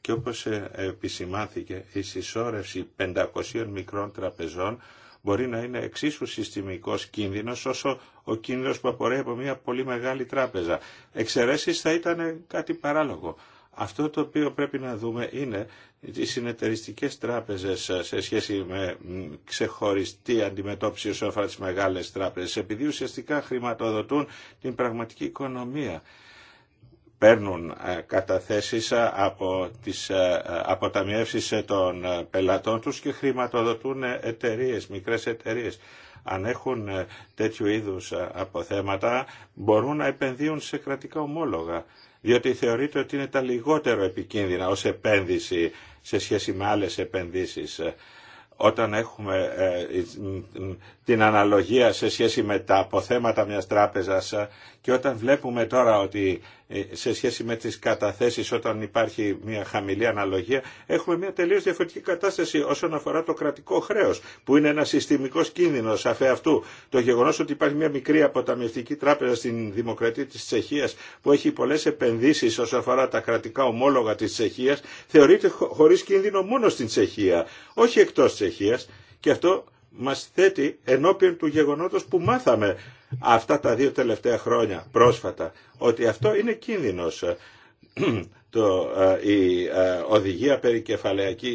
Και όπως ε, επισημάθηκε, η συσσόρευση 500 μικρών τραπεζών μπορεί να είναι εξίσου συστημικός κίνδυνος όσο ο κίνδυνος που απορρέει από μια πολύ μεγάλη τράπεζα. Εξαιρέσεις θα ήταν κάτι παράλογο. Αυτό το οποίο πρέπει να δούμε είναι οι συνεταιριστικές τράπεζες ε, σε σχέση με ξεχωριστή αντιμετώπιση όσο αφορά τις μεγάλες τράπεζες επειδή ουσιαστικά χρηματοδοτούν την πραγματική οικονομία παίρνουν ε, καταθέσεις ε, από τις αποταμιεύσεις των πελατών τους και χρηματοδοτούν εταιρείες, μικρές εταιρείες. Αν έχουν τέτοιου είδους αποθέματα μπορούν να επενδύουν σε κρατικά ομόλογα διότι θεωρείται ότι είναι τα λιγότερο επικίνδυνα ως επένδυση σε σχέση με άλλες επενδύσεις όταν έχουμε ε, ε, την αναλογία σε σχέση με τα αποθέματα μιας τράπεζας ε, και όταν βλέπουμε τώρα ότι ε, σε σχέση με τις καταθέσεις όταν υπάρχει μια χαμηλή αναλογία, έχουμε μια τελείως διαφορετική κατάσταση όσον αφορά το κρατικό χρέος, που είναι ένα συστημικός κίνδυνος αφέ αυτού. Το γεγονός ότι υπάρχει μια μικρή αποταμιευτική τράπεζα στην Δημοκρατία της Τσεχίας, που έχει πολλές επενδύσεις όσον αφορά τα κρατικά ομόλογα της Τσεχίας, θεωρείται χωρίς κίνδυνο μόνο στην Τσεχία, όχι εκτός Τσεχίας. Και αυτό μας θέτει ενώπιον του γεγονότος που μάθαμε αυτά τα δύο τελευταία χρόνια πρόσφατα ότι αυτό είναι κίνδυνος. Το, ε, η ε, οδηγία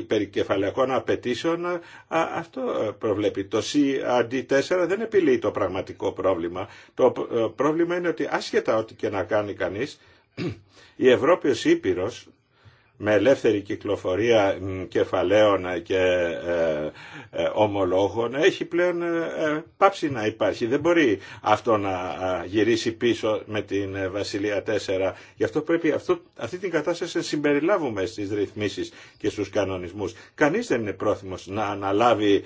περικεφαλαιακών απαιτήσεων ε, αυτό προβλέπει. Το CRD4 δεν επιλύει το πραγματικό πρόβλημα. Το πρόβλημα είναι ότι άσχετα ό,τι και να κάνει κανείς, η Ευρώπη ως Ήπειρος με ελεύθερη κυκλοφορία κεφαλαίων και ε, ε, ομολόγων έχει πλέον ε, πάψει να υπάρχει. Δεν μπορεί αυτό να γυρίσει πίσω με την Βασιλεία 4. Γι' αυτό πρέπει αυτό, αυτή την κατάσταση να συμπεριλάβουμε στις ρυθμίσεις και στους κανονισμούς. Κανείς δεν είναι πρόθυμος να αναλάβει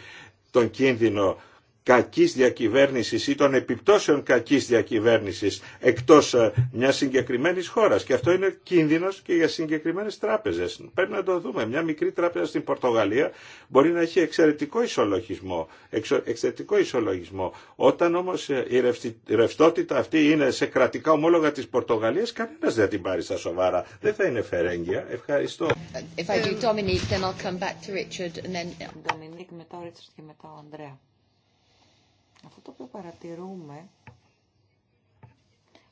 τον κίνδυνο κακής διακυβέρνησης ή των επιπτώσεων κακής διακυβέρνησης εκτός ε, μιας συγκεκριμένης χώρας. Και αυτό είναι κίνδυνος και για συγκεκριμένες τράπεζες. Πρέπει να το δούμε. Μια μικρή τράπεζα στην Πορτογαλία μπορεί να έχει εξαιρετικό ισολογισμό. Εξαιρετικό ισολογισμό. Όταν όμως ε, η ρευστότητα αυτή είναι σε κρατικά ομόλογα της Πορτογαλίας, κανένας δεν την πάρει στα σοβαρά. Δεν θα είναι φερέγγια. Ευχαριστώ.
then I'll come back to Richard and then... και μετά αυτό το παρατηρούμε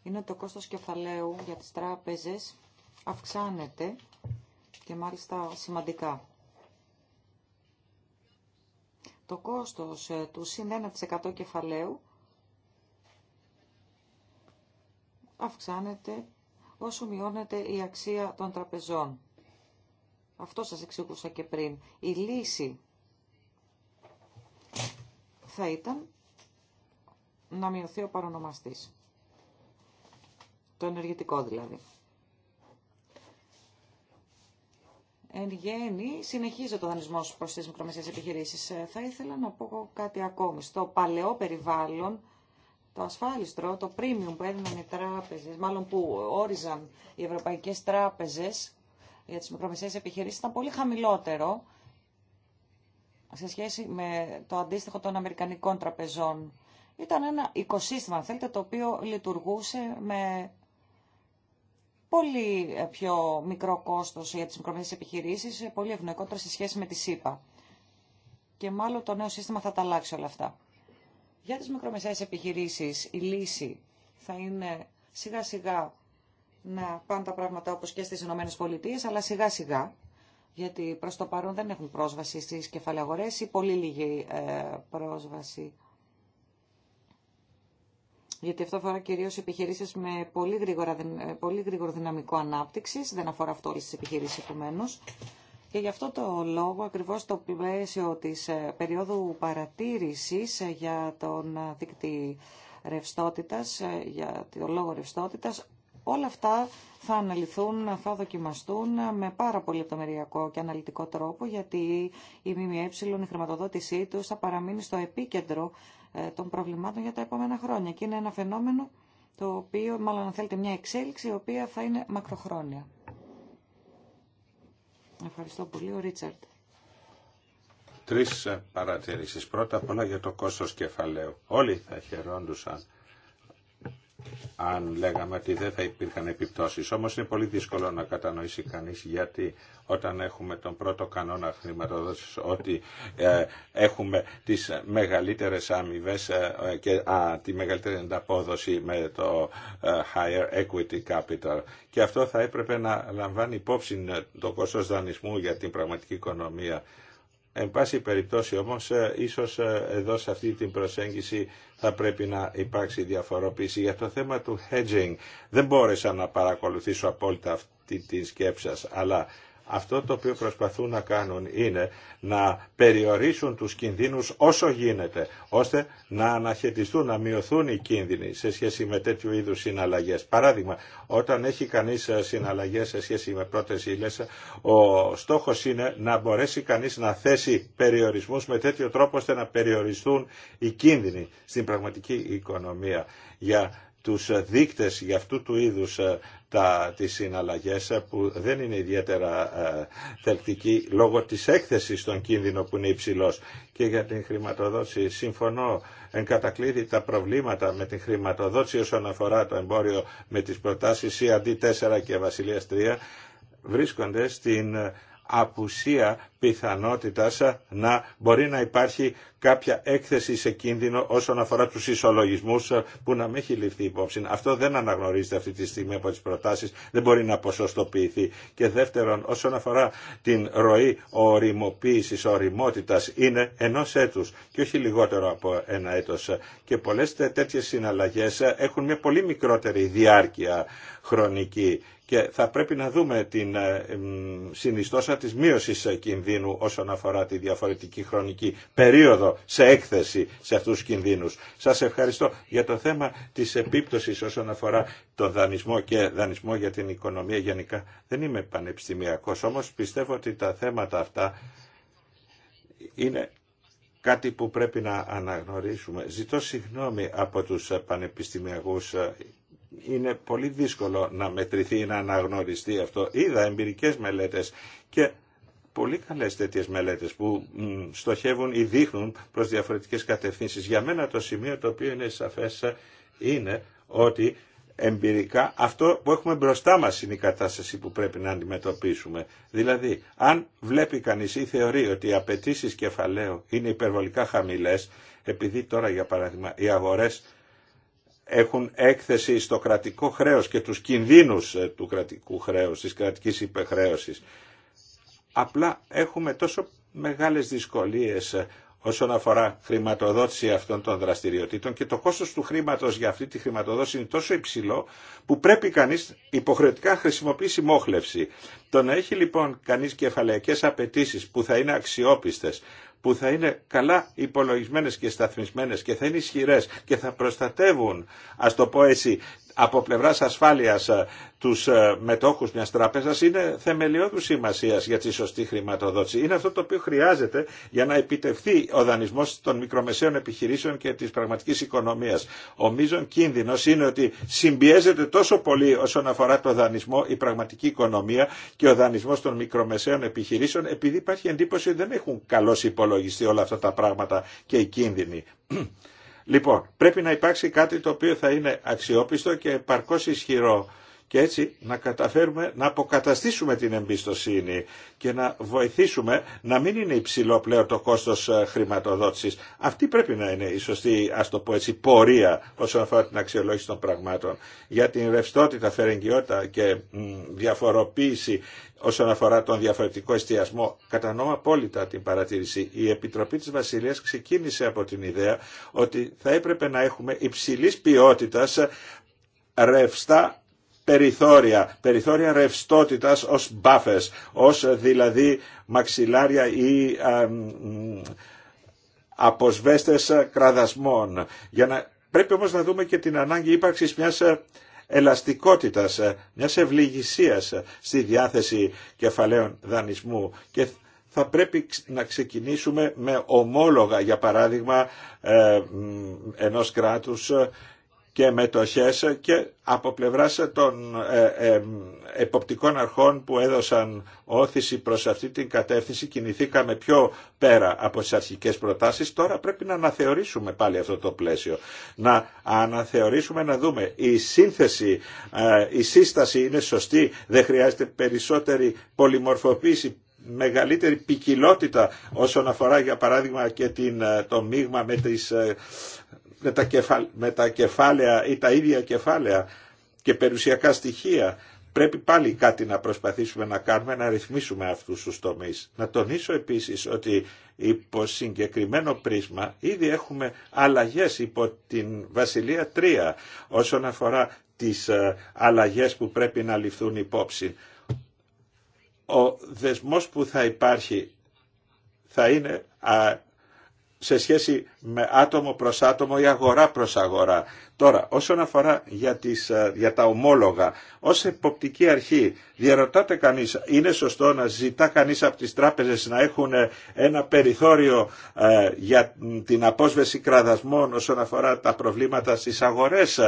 είναι ότι το κόστος κεφαλαίου για τις τράπεζες αυξάνεται και μάλιστα σημαντικά. Το κόστος ε, του συν 1% κεφαλαίου αυξάνεται όσο μειώνεται η αξία των τραπεζών. Αυτό σας εξηγούσα και πριν. Η λύση θα ήταν να μειωθεί ο παρονομαστής. Το ενεργητικό δηλαδή. Εν γέννη, συνεχίζει το δανεισμό προ τι μικρομεσαίε επιχειρήσει. Ε, θα ήθελα να πω κάτι ακόμη. Στο παλαιό περιβάλλον, το ασφάλιστρο, το premium που έδιναν οι τράπεζε, μάλλον που όριζαν οι ευρωπαϊκέ τράπεζε για τι μικρομεσαίε επιχειρήσει, ήταν πολύ χαμηλότερο σε σχέση με το αντίστοιχο των αμερικανικών τραπεζών. Ήταν ένα οικοσύστημα, αν θέλετε, το οποίο λειτουργούσε με πολύ ε, πιο μικρό κόστος για τις μικρομεσαίες επιχειρήσεις, ε, πολύ ευνοϊκότερο σε σχέση με τη ΣΥΠΑ. Και μάλλον το νέο σύστημα θα τα αλλάξει όλα αυτά. Για τις μικρομεσαίες επιχειρήσεις η λύση θα είναι σιγά σιγά να πάνε τα πράγματα όπως και στις ΗΠΑ, αλλά σιγά σιγά, γιατί προς το παρόν δεν έχουν πρόσβαση στις κεφαλαγορές ή πολύ λίγη ε, πρόσβαση γιατί αυτό αφορά κυρίως επιχειρήσεις με πολύ, γρήγορα, ε, πολύ γρήγορο δυναμικό ανάπτυξης, δεν αφορά αυτό όλες τις επιχειρήσεις επομένω. Και γι' αυτό το λόγο, ακριβώς το πλαίσιο της ε, περίοδου παρατήρησης ε, για τον δίκτυ ρευστότητας, για το λόγο ρευστότητας, όλα αυτά θα αναλυθούν, θα δοκιμαστούν με πάρα πολύ λεπτομεριακό και αναλυτικό τρόπο, γιατί η ΜΜΕ, η χρηματοδότησή τους θα παραμείνει στο επίκεντρο ε, των προβλημάτων για τα επόμενα χρόνια. Και είναι ένα φαινόμενο το οποίο, μάλλον αν θέλετε, μια εξέλιξη η οποία θα είναι μακροχρόνια. Ευχαριστώ πολύ, ο Ρίτσαρντ.
Τρεις παρατηρήσεις. Πρώτα απ' όλα για το κόστος κεφαλαίου. Όλοι θα χαιρόντουσαν αν λέγαμε ότι δεν θα υπήρχαν επιπτώσεις. Όμως είναι πολύ δύσκολο να κατανοήσει κανείς γιατί όταν έχουμε τον πρώτο κανόνα χρηματοδότησης ότι ε, έχουμε τις μεγαλύτερες αμοιβέ ε, και α, τη μεγαλύτερη ανταπόδοση με το ε, higher equity capital και αυτό θα έπρεπε να λαμβάνει υπόψη το κόστος δανεισμού για την πραγματική οικονομία Εν πάση περιπτώσει όμως, ε, ίσως ε, εδώ σε αυτή την προσέγγιση θα πρέπει να υπάρξει διαφοροποίηση. Για το θέμα του hedging δεν μπόρεσα να παρακολουθήσω απόλυτα αυτή τη σκέψη σας, αλλά αυτό το οποίο προσπαθούν να κάνουν είναι να περιορίσουν τους κινδύνους όσο γίνεται, ώστε να αναχαιτιστούν, να μειωθούν οι κίνδυνοι σε σχέση με τέτοιου είδους συναλλαγές. Παράδειγμα, όταν έχει κανείς ε, συναλλαγές σε σχέση με πρώτες ύλες, ε, ο στόχος είναι να μπορέσει κανείς να θέσει περιορισμούς με τέτοιο τρόπο ώστε να περιοριστούν οι κίνδυνοι στην πραγματική οικονομία για τους δείκτες για αυτού του είδους ε, τα, τις συναλλαγές ε, που δεν είναι ιδιαίτερα ε, θελκτικοί λόγω της έκθεσης στον κίνδυνο που είναι υψηλός και για την χρηματοδότηση. Συμφωνώ εν τα προβλήματα με την χρηματοδότηση όσον αφορά το εμπόριο με τις προτάσεις CRD4 και Βασιλείας 3 βρίσκονται στην απουσία πιθανότητας ε, να μπορεί να υπάρχει κάποια έκθεση σε κίνδυνο όσον αφορά τους ισολογισμούς ε, που να μην έχει ληφθεί υπόψη. Αυτό δεν αναγνωρίζεται αυτή τη στιγμή από τις προτάσεις, δεν μπορεί να ποσοστοποιηθεί. Και δεύτερον, όσον αφορά την ροή οριμοποίησης, οριμότητας, είναι ενός έτους και όχι λιγότερο από ένα έτος. Και πολλές τέτοιες συναλλαγές ε, έχουν μια πολύ μικρότερη διάρκεια χρονική και θα πρέπει να δούμε την ε, συνιστόσα της μείωσης ε, κινδύνου όσον αφορά τη διαφορετική χρονική περίοδο σε έκθεση σε αυτούς τους κινδύνους. Σας ευχαριστώ για το θέμα της επίπτωσης όσον αφορά τον δανεισμό και δανεισμό για την οικονομία γενικά. Δεν είμαι πανεπιστημιακός, όμως πιστεύω ότι τα θέματα αυτά είναι κάτι που πρέπει να αναγνωρίσουμε. Ζητώ συγγνώμη από τους ε, πανεπιστημιακούς είναι πολύ δύσκολο να μετρηθεί ή να αναγνωριστεί αυτό. Είδα εμπειρικές μελέτες και πολύ καλές τέτοιες μελέτες που στοχεύουν ή δείχνουν προς διαφορετικές κατευθύνσεις. Για μένα το σημείο το οποίο είναι σαφές είναι ότι εμπειρικά αυτό που έχουμε μπροστά μας είναι η κατάσταση που πρέπει να αντιμετωπίσουμε. Δηλαδή, αν βλέπει κανείς ή θεωρεί ότι οι απαιτήσει κεφαλαίου είναι υπερβολικά χαμηλές, επειδή τώρα για παράδειγμα οι αγορές έχουν έκθεση στο κρατικό χρέος και τους κινδύνους ε, του κρατικού χρέους, της κρατικής υπεχρέωσης. Απλά έχουμε τόσο μεγάλες δυσκολίες ε, όσον αφορά χρηματοδότηση αυτών των δραστηριοτήτων και το κόστος του χρήματος για αυτή τη χρηματοδότηση είναι τόσο υψηλό που πρέπει κανείς υποχρεωτικά χρησιμοποιήσει μόχλευση. Το να έχει λοιπόν κανείς κεφαλαϊκές απαιτήσεις που θα είναι αξιόπιστες, που θα είναι καλά υπολογισμένες και σταθμισμένες και θα είναι ισχυρές και θα προστατεύουν, ας το πω έτσι, από πλευρά ασφάλεια ε, του ε, μετόχου μια τράπεζα είναι θεμελιώδου σημασία για τη σωστή χρηματοδότηση. Είναι αυτό το οποίο χρειάζεται για να επιτευχθεί ο δανεισμό των μικρομεσαίων επιχειρήσεων και τη πραγματική οικονομία. Ο μείζον κίνδυνο είναι ότι συμπιέζεται τόσο πολύ όσον αφορά το δανεισμό η πραγματική οικονομία και ο δανεισμό των μικρομεσαίων επιχειρήσεων επειδή υπάρχει εντύπωση ότι δεν έχουν καλώ υπολογιστεί όλα αυτά τα πράγματα και οι κίνδυνοι. Λοιπόν, πρέπει να υπάρξει κάτι το οποίο θα είναι αξιόπιστο και επαρκώς ισχυρό και έτσι να καταφέρουμε να αποκαταστήσουμε την εμπιστοσύνη και να βοηθήσουμε να μην είναι υψηλό πλέον το κόστος ε, χρηματοδότησης. Αυτή πρέπει να είναι η σωστή, α το πω έτσι, πορεία όσον αφορά την αξιολόγηση των πραγμάτων. Για την ρευστότητα, φερεγγιότητα και διαφοροποίηση όσον αφορά τον διαφορετικό εστιασμό, κατανοώ απόλυτα την παρατήρηση. Η Επιτροπή της Βασιλείας ξεκίνησε από την ιδέα ότι θα έπρεπε να έχουμε υψηλής ποιότητας ρευστά περιθώρια, περιθώρια ρευστότητας ως buffers, ως ε, δηλαδή μαξιλάρια ή αποσβέστες ε, κραδασμών. Για να... Πρέπει όμως να δούμε και την ανάγκη ύπαρξης μιας ε, ελαστικότητας, μιας ευληγησίας στη διάθεση κεφαλαίων δανεισμού και θα πρέπει να ξεκινήσουμε με ομόλογα, για παράδειγμα, ενός κράτους και μετοχές και από πλευράς των ε, ε, εποπτικών αρχών που έδωσαν όθηση προς αυτή την κατεύθυνση κινηθήκαμε πιο πέρα από τις αρχικές προτάσεις. Τώρα πρέπει να αναθεωρήσουμε πάλι αυτό το πλαίσιο. Να αναθεωρήσουμε να δούμε η σύνθεση, ε, η σύσταση είναι σωστή, δεν χρειάζεται περισσότερη πολυμορφοποίηση μεγαλύτερη ποικιλότητα όσον αφορά για παράδειγμα και την, το μείγμα με τις με τα, κεφαλ, κεφάλαια ή τα ίδια κεφάλαια και περιουσιακά στοιχεία. Πρέπει πάλι κάτι να προσπαθήσουμε να κάνουμε, να ρυθμίσουμε αυτούς τους τομείς. Να τονίσω επίσης ότι υπό συγκεκριμένο πρίσμα ήδη έχουμε αλλαγές υπό την Βασιλεία 3 όσον αφορά τις ε, αλλαγές που πρέπει να ληφθούν υπόψη. Ο δεσμός που θα υπάρχει θα είναι σε σχέση με άτομο προς άτομο ή αγορά προς αγορά. Τώρα, όσον αφορά για, τις, ε, για τα ομόλογα, ως εποπτική αρχή διαρωτάται κανείς, είναι σωστό να ζητά κανείς από τις τράπεζες να έχουν ε, ένα περιθώριο ε, για την απόσβεση κραδασμών όσον αφορά τα προβλήματα στις αγορές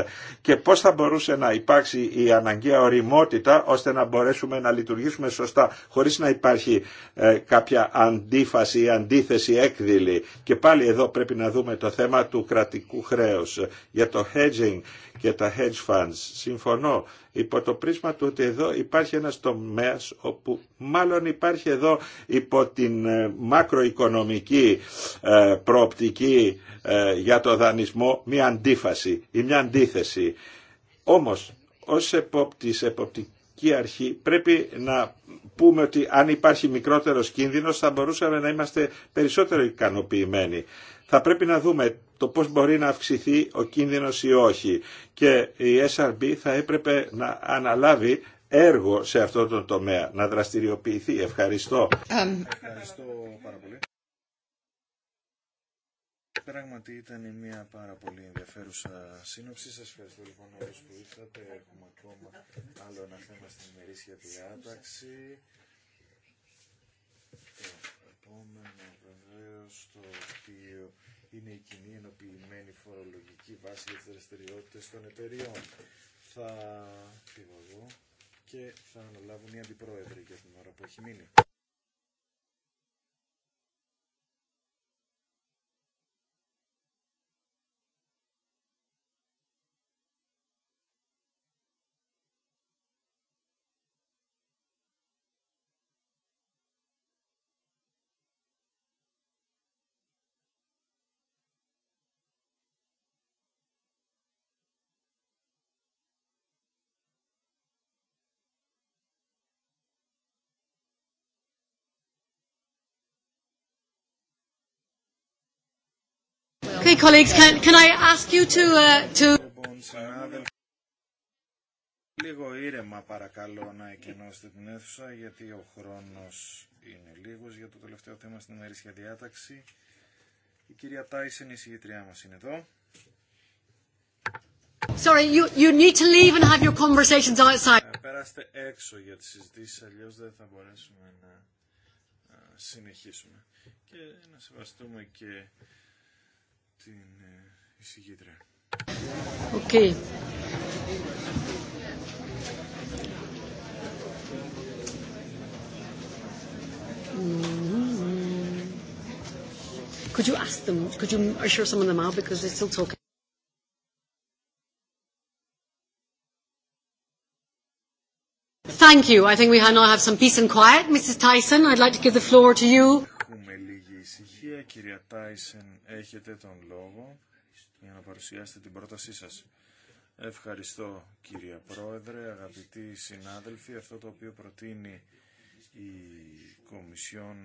και πώς θα μπορούσε να υπάρξει η αναγκαία οριμότητα ώστε να μπορέσουμε να λειτουργήσουμε σωστά χωρίς να υπάρχει ε, κάποια αντίφαση ή αντίθεση έκδηλη. Και πάλι εδώ πρέπει να δούμε το θέμα του κρατικού χρέους, για το hedging και τα hedge funds. Συμφωνώ υπό το πρίσμα του ότι εδώ υπάρχει ένας τομέας όπου μάλλον υπάρχει εδώ υπό την ε, μακροοικονομική ε, προοπτική ε, για το δανεισμό μια αντίφαση ή μια αντίθεση. Όμως ως επόπτης, εποπτική αρχή πρέπει να πούμε ότι αν υπάρχει μικρότερος κίνδυνος θα μπορούσαμε να είμαστε περισσότερο ικανοποιημένοι θα πρέπει να δούμε το πώς μπορεί να αυξηθεί ο κίνδυνος ή όχι. Και η SRB θα έπρεπε να αναλάβει έργο σε αυτό το τομέα, να δραστηριοποιηθεί. Ευχαριστώ.
Ευχαριστώ πάρα πολύ. Πράγματι ήταν μια πάρα πολύ ενδιαφέρουσα σύνοψη. Σας ευχαριστώ λοιπόν όλους που ήρθατε. Έχουμε ακόμα άλλο ένα θέμα στην ημερήσια διάταξη το στο οποίο είναι η κοινή ενοποιημένη φορολογική βάση για τις δραστηριότητες των εταιριών. Θα φύγω εγώ και θα αναλάβουν μια αντιπρόεδροι για την ώρα που έχει μείνει. colleagues, can, can I ask you to... Uh, to... Λίγο ήρεμα παρακαλώ να εκενώσετε την αίθουσα γιατί ο χρόνος είναι λίγος για το τελευταίο θέμα στην ημερήσια διάταξη. Η κυρία Τάισεν, η συγγητριά μας είναι εδώ.
Sorry, you, you need to leave and have your conversations
outside. Ε, Περάστε έξω για τις συζητήσεις, αλλιώ δεν θα μπορέσουμε να συνεχίσουμε. Και να σεβαστούμε και την εισηγήτρια. Okay. Could you ask them? Could you assure some of them out because they're
still talking? Thank you. I think we now have some peace and quiet. Mrs. Tyson, I'd like to give the floor to you.
Κύριε Κυρία Τάισεν, έχετε τον λόγο για να παρουσιάσετε την πρότασή σας. Ευχαριστώ κυρία Πρόεδρε, αγαπητοί συνάδελφοι. Αυτό το οποίο προτείνει η Κομισιόν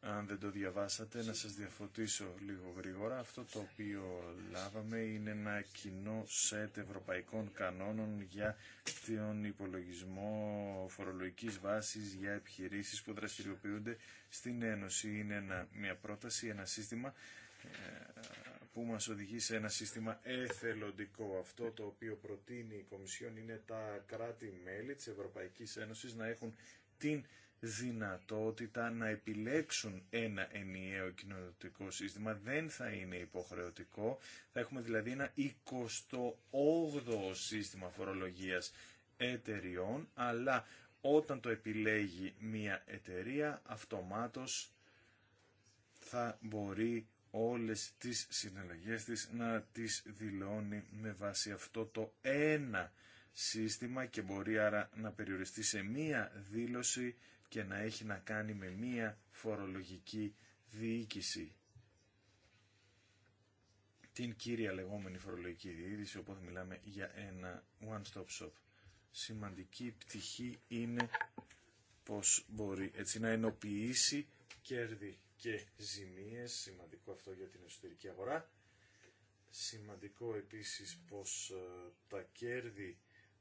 αν δεν το διαβάσατε, να σας διαφωτίσω λίγο γρήγορα. Αυτό το οποίο λάβαμε είναι ένα κοινό σετ ευρωπαϊκών κανόνων για τον υπολογισμό φορολογικής βάσης για επιχειρήσεις που δραστηριοποιούνται στην Ένωση. Είναι μια πρόταση, ένα σύστημα ε, που μας οδηγεί σε ένα σύστημα εθελοντικό. Αυτό το οποίο προτείνει η Κομισιόν είναι τα κράτη-μέλη της Ευρωπαϊκής Ένωσης να έχουν την δυνατότητα να επιλέξουν ένα ενιαίο κοινωνικό σύστημα. Δεν θα είναι υποχρεωτικό. Θα έχουμε δηλαδή ένα 28ο σύστημα φορολογίας εταιριών, αλλά όταν το επιλέγει μία εταιρεία, αυτομάτως θα μπορεί όλες τις συναλλαγές της να τις δηλώνει με βάση αυτό το ένα σύστημα και μπορεί άρα να περιοριστεί σε μία δήλωση και να έχει να κάνει με μία φορολογική διοίκηση. Την κύρια λεγόμενη φορολογική διοίκηση, οπότε μιλάμε για ένα one-stop shop. Σημαντική πτυχή είναι πως μπορεί έτσι να ενοποιήσει κέρδη και ζημίες, σημαντικό αυτό για την εσωτερική αγορά. Σημαντικό επίσης πως ε, τα κέρδη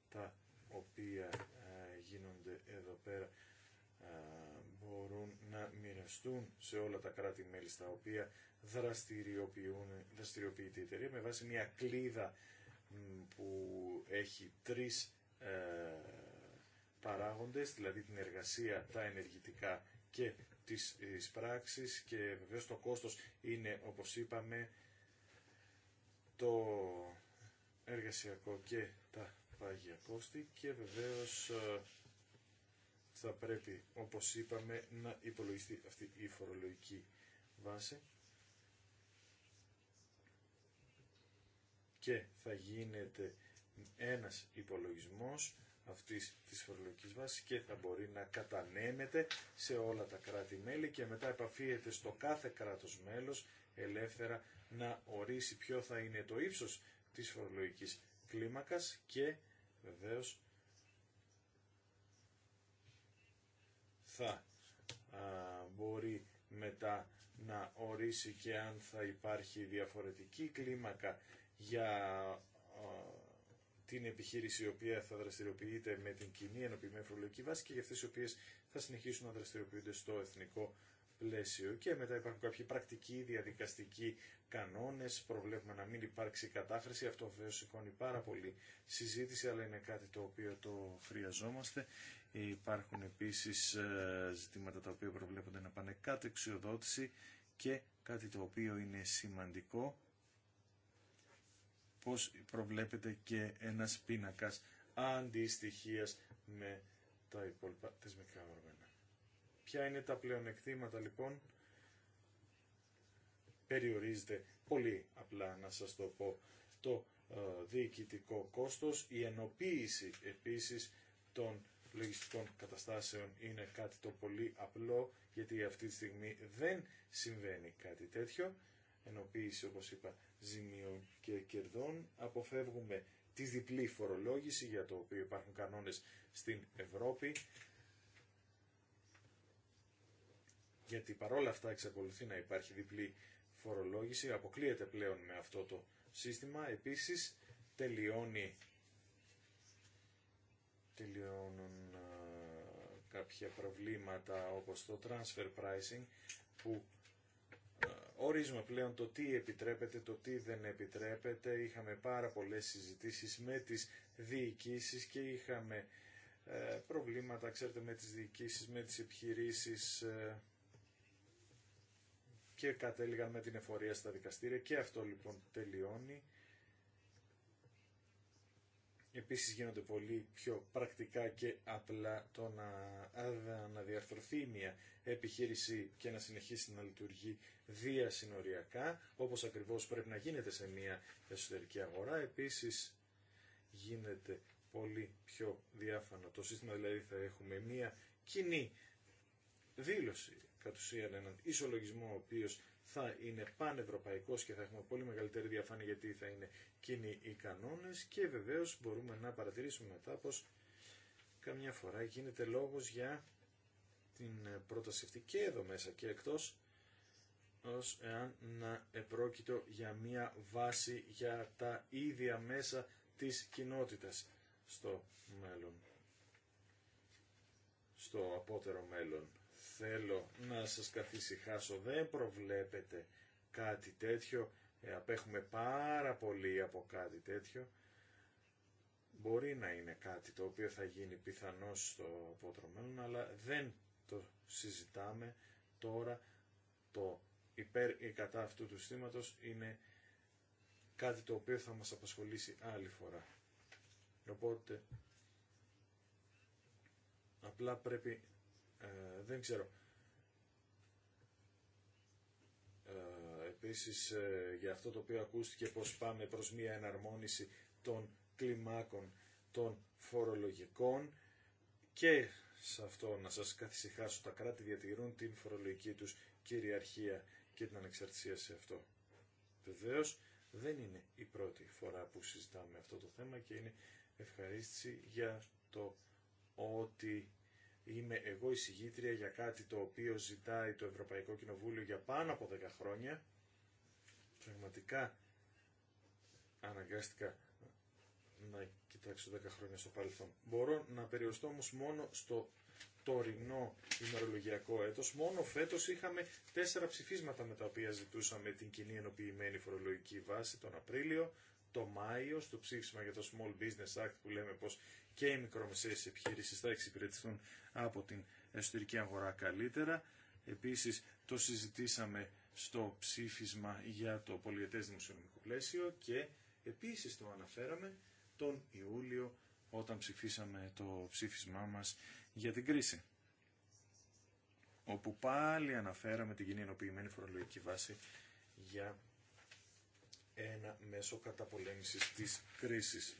τα οποία ε, γίνονται εδώ πέρα να μοιραστούν σε όλα τα κράτη-μέλη στα οποία δραστηριοποιείται η εταιρεία με βάση μια κλίδα που έχει τρεις ε, παράγοντες, δηλαδή την εργασία, τα ενεργητικά και τις, πράξεις και βεβαίως το κόστος είναι όπως είπαμε το εργασιακό και τα παγιακόστη και βεβαίως ε, θα πρέπει, όπως είπαμε, να υπολογιστεί αυτή η φορολογική βάση και θα γίνεται ένας υπολογισμός αυτής της φορολογικής βάσης και θα μπορεί να κατανέμεται σε όλα τα κράτη-μέλη και μετά επαφίεται στο κάθε κράτος μέλος ελεύθερα να ορίσει ποιο θα είναι το ύψος της φορολογικής κλίμακας και βεβαίως θα μπορεί μετά να ορίσει και αν θα υπάρχει διαφορετική κλίμακα για την επιχείρηση η οποία θα δραστηριοποιείται με την κοινή ενωπημένη φορολογική βάση και για αυτές οι οποίες θα συνεχίσουν να δραστηριοποιούνται στο εθνικό πλαίσιο. Και μετά υπάρχουν κάποιοι πρακτικοί, διαδικαστικοί κανόνες, προβλέπουμε να μην υπάρξει κατάχρηση, αυτό βέβαια σηκώνει πάρα πολύ συζήτηση, αλλά είναι κάτι το οποίο το χρειαζόμαστε Υπάρχουν επίσης ε, ζητήματα τα οποία προβλέπονται να πάνε κάτω εξοδότηση και κάτι το οποίο είναι σημαντικό πως προβλέπεται και ένας πίνακας αντιστοιχίας με τα υπόλοιπα θεσμικά όργανα. Ποια είναι τα πλεονεκτήματα λοιπόν περιορίζεται πολύ απλά να σας το πω το ε, διοικητικό κόστος, η ενοποίηση επίσης των λογιστικών καταστάσεων είναι κάτι το πολύ απλό, γιατί αυτή τη στιγμή δεν συμβαίνει κάτι τέτοιο. Ενοποίηση, όπως είπα, ζημιών και κερδών. Αποφεύγουμε τη διπλή φορολόγηση, για το οποίο υπάρχουν κανόνες στην Ευρώπη. Γιατί παρόλα αυτά εξακολουθεί να υπάρχει διπλή φορολόγηση, αποκλείεται πλέον με αυτό το σύστημα. Επίσης, τελειώνει τελειώνουν ε, κάποια προβλήματα όπως το transfer pricing που ε, ορίζουμε πλέον το τι επιτρέπεται, το τι δεν επιτρέπεται. Είχαμε πάρα πολλές συζητήσεις με τις διοικήσεις και είχαμε ε, προβλήματα, ξέρετε, με τις διοικήσεις, με τις επιχειρήσεις και κατέληγαν με την εφορία στα δικαστήρια και αυτό λοιπόν τελειώνει. Επίσης γίνονται πολύ πιο πρακτικά και απλά το να διαρθρωθεί μια επιχείρηση και να συνεχίσει να λειτουργεί διασυνοριακά, όπως ακριβώς πρέπει να γίνεται σε μια εσωτερική αγορά. Επίσης γίνεται πολύ πιο διάφανο το σύστημα, δηλαδή θα έχουμε μια κοινή δήλωση κατ' ουσίαν έναν ισολογισμό ο οποίος θα είναι πανευρωπαϊκός και θα έχουμε πολύ μεγαλύτερη διαφάνεια γιατί θα είναι κοινοί οι κανόνες και βεβαίως μπορούμε να παρατηρήσουμε μετά πως καμιά φορά γίνεται λόγος για την πρόταση αυτή και εδώ μέσα και εκτός ως εάν να επρόκειτο για μια βάση για τα ίδια μέσα της κοινότητας στο μέλλον, στο απότερο μέλλον θέλω να σας καθησυχάσω, δεν προβλέπετε κάτι τέτοιο, ε, απέχουμε πάρα πολύ από κάτι τέτοιο. Μπορεί να είναι κάτι το οποίο θα γίνει πιθανώς στο απότερο μέλλον, αλλά δεν το συζητάμε τώρα το υπέρ ή κατά αυτού του στήματος είναι κάτι το οποίο θα μας απασχολήσει άλλη φορά. Οπότε, απλά πρέπει ε, δεν ξέρω. Ε, επίσης ε, για αυτό το οποίο ακούστηκε πως πάμε προς μια εναρμόνιση των κλιμάκων των φορολογικών και σε αυτό να σας καθησυχάσω τα κράτη διατηρούν την φορολογική τους κυριαρχία και την ανεξαρτησία σε αυτό. Βεβαίω δεν είναι η πρώτη φορά που συζητάμε αυτό το θέμα και είναι ευχαρίστηση για το ότι είμαι εγώ εισηγήτρια για κάτι το οποίο ζητάει το Ευρωπαϊκό Κοινοβούλιο για πάνω από 10 χρόνια. Πραγματικά αναγκάστηκα να κοιτάξω 10 χρόνια στο παρελθόν. Μπορώ να περιοριστώ όμως μόνο στο τωρινό ημερολογιακό έτος. Μόνο φέτος είχαμε τέσσερα ψηφίσματα με τα οποία ζητούσαμε την κοινή ενοποιημένη φορολογική βάση τον Απρίλιο, το Μάιο στο ψήφισμα για το Small Business Act που λέμε πως και οι μικρομεσαίες επιχειρήσεις θα εξυπηρετηθούν από την εσωτερική αγορά καλύτερα. Επίσης το συζητήσαμε στο ψήφισμα για το πολιετές δημοσιονομικό πλαίσιο και επίσης το αναφέραμε τον Ιούλιο όταν ψηφίσαμε το ψήφισμά μας για την κρίση όπου πάλι αναφέραμε την κοινή ενοποιημένη φορολογική βάση για ένα μέσο καταπολέμησης της κρίσης.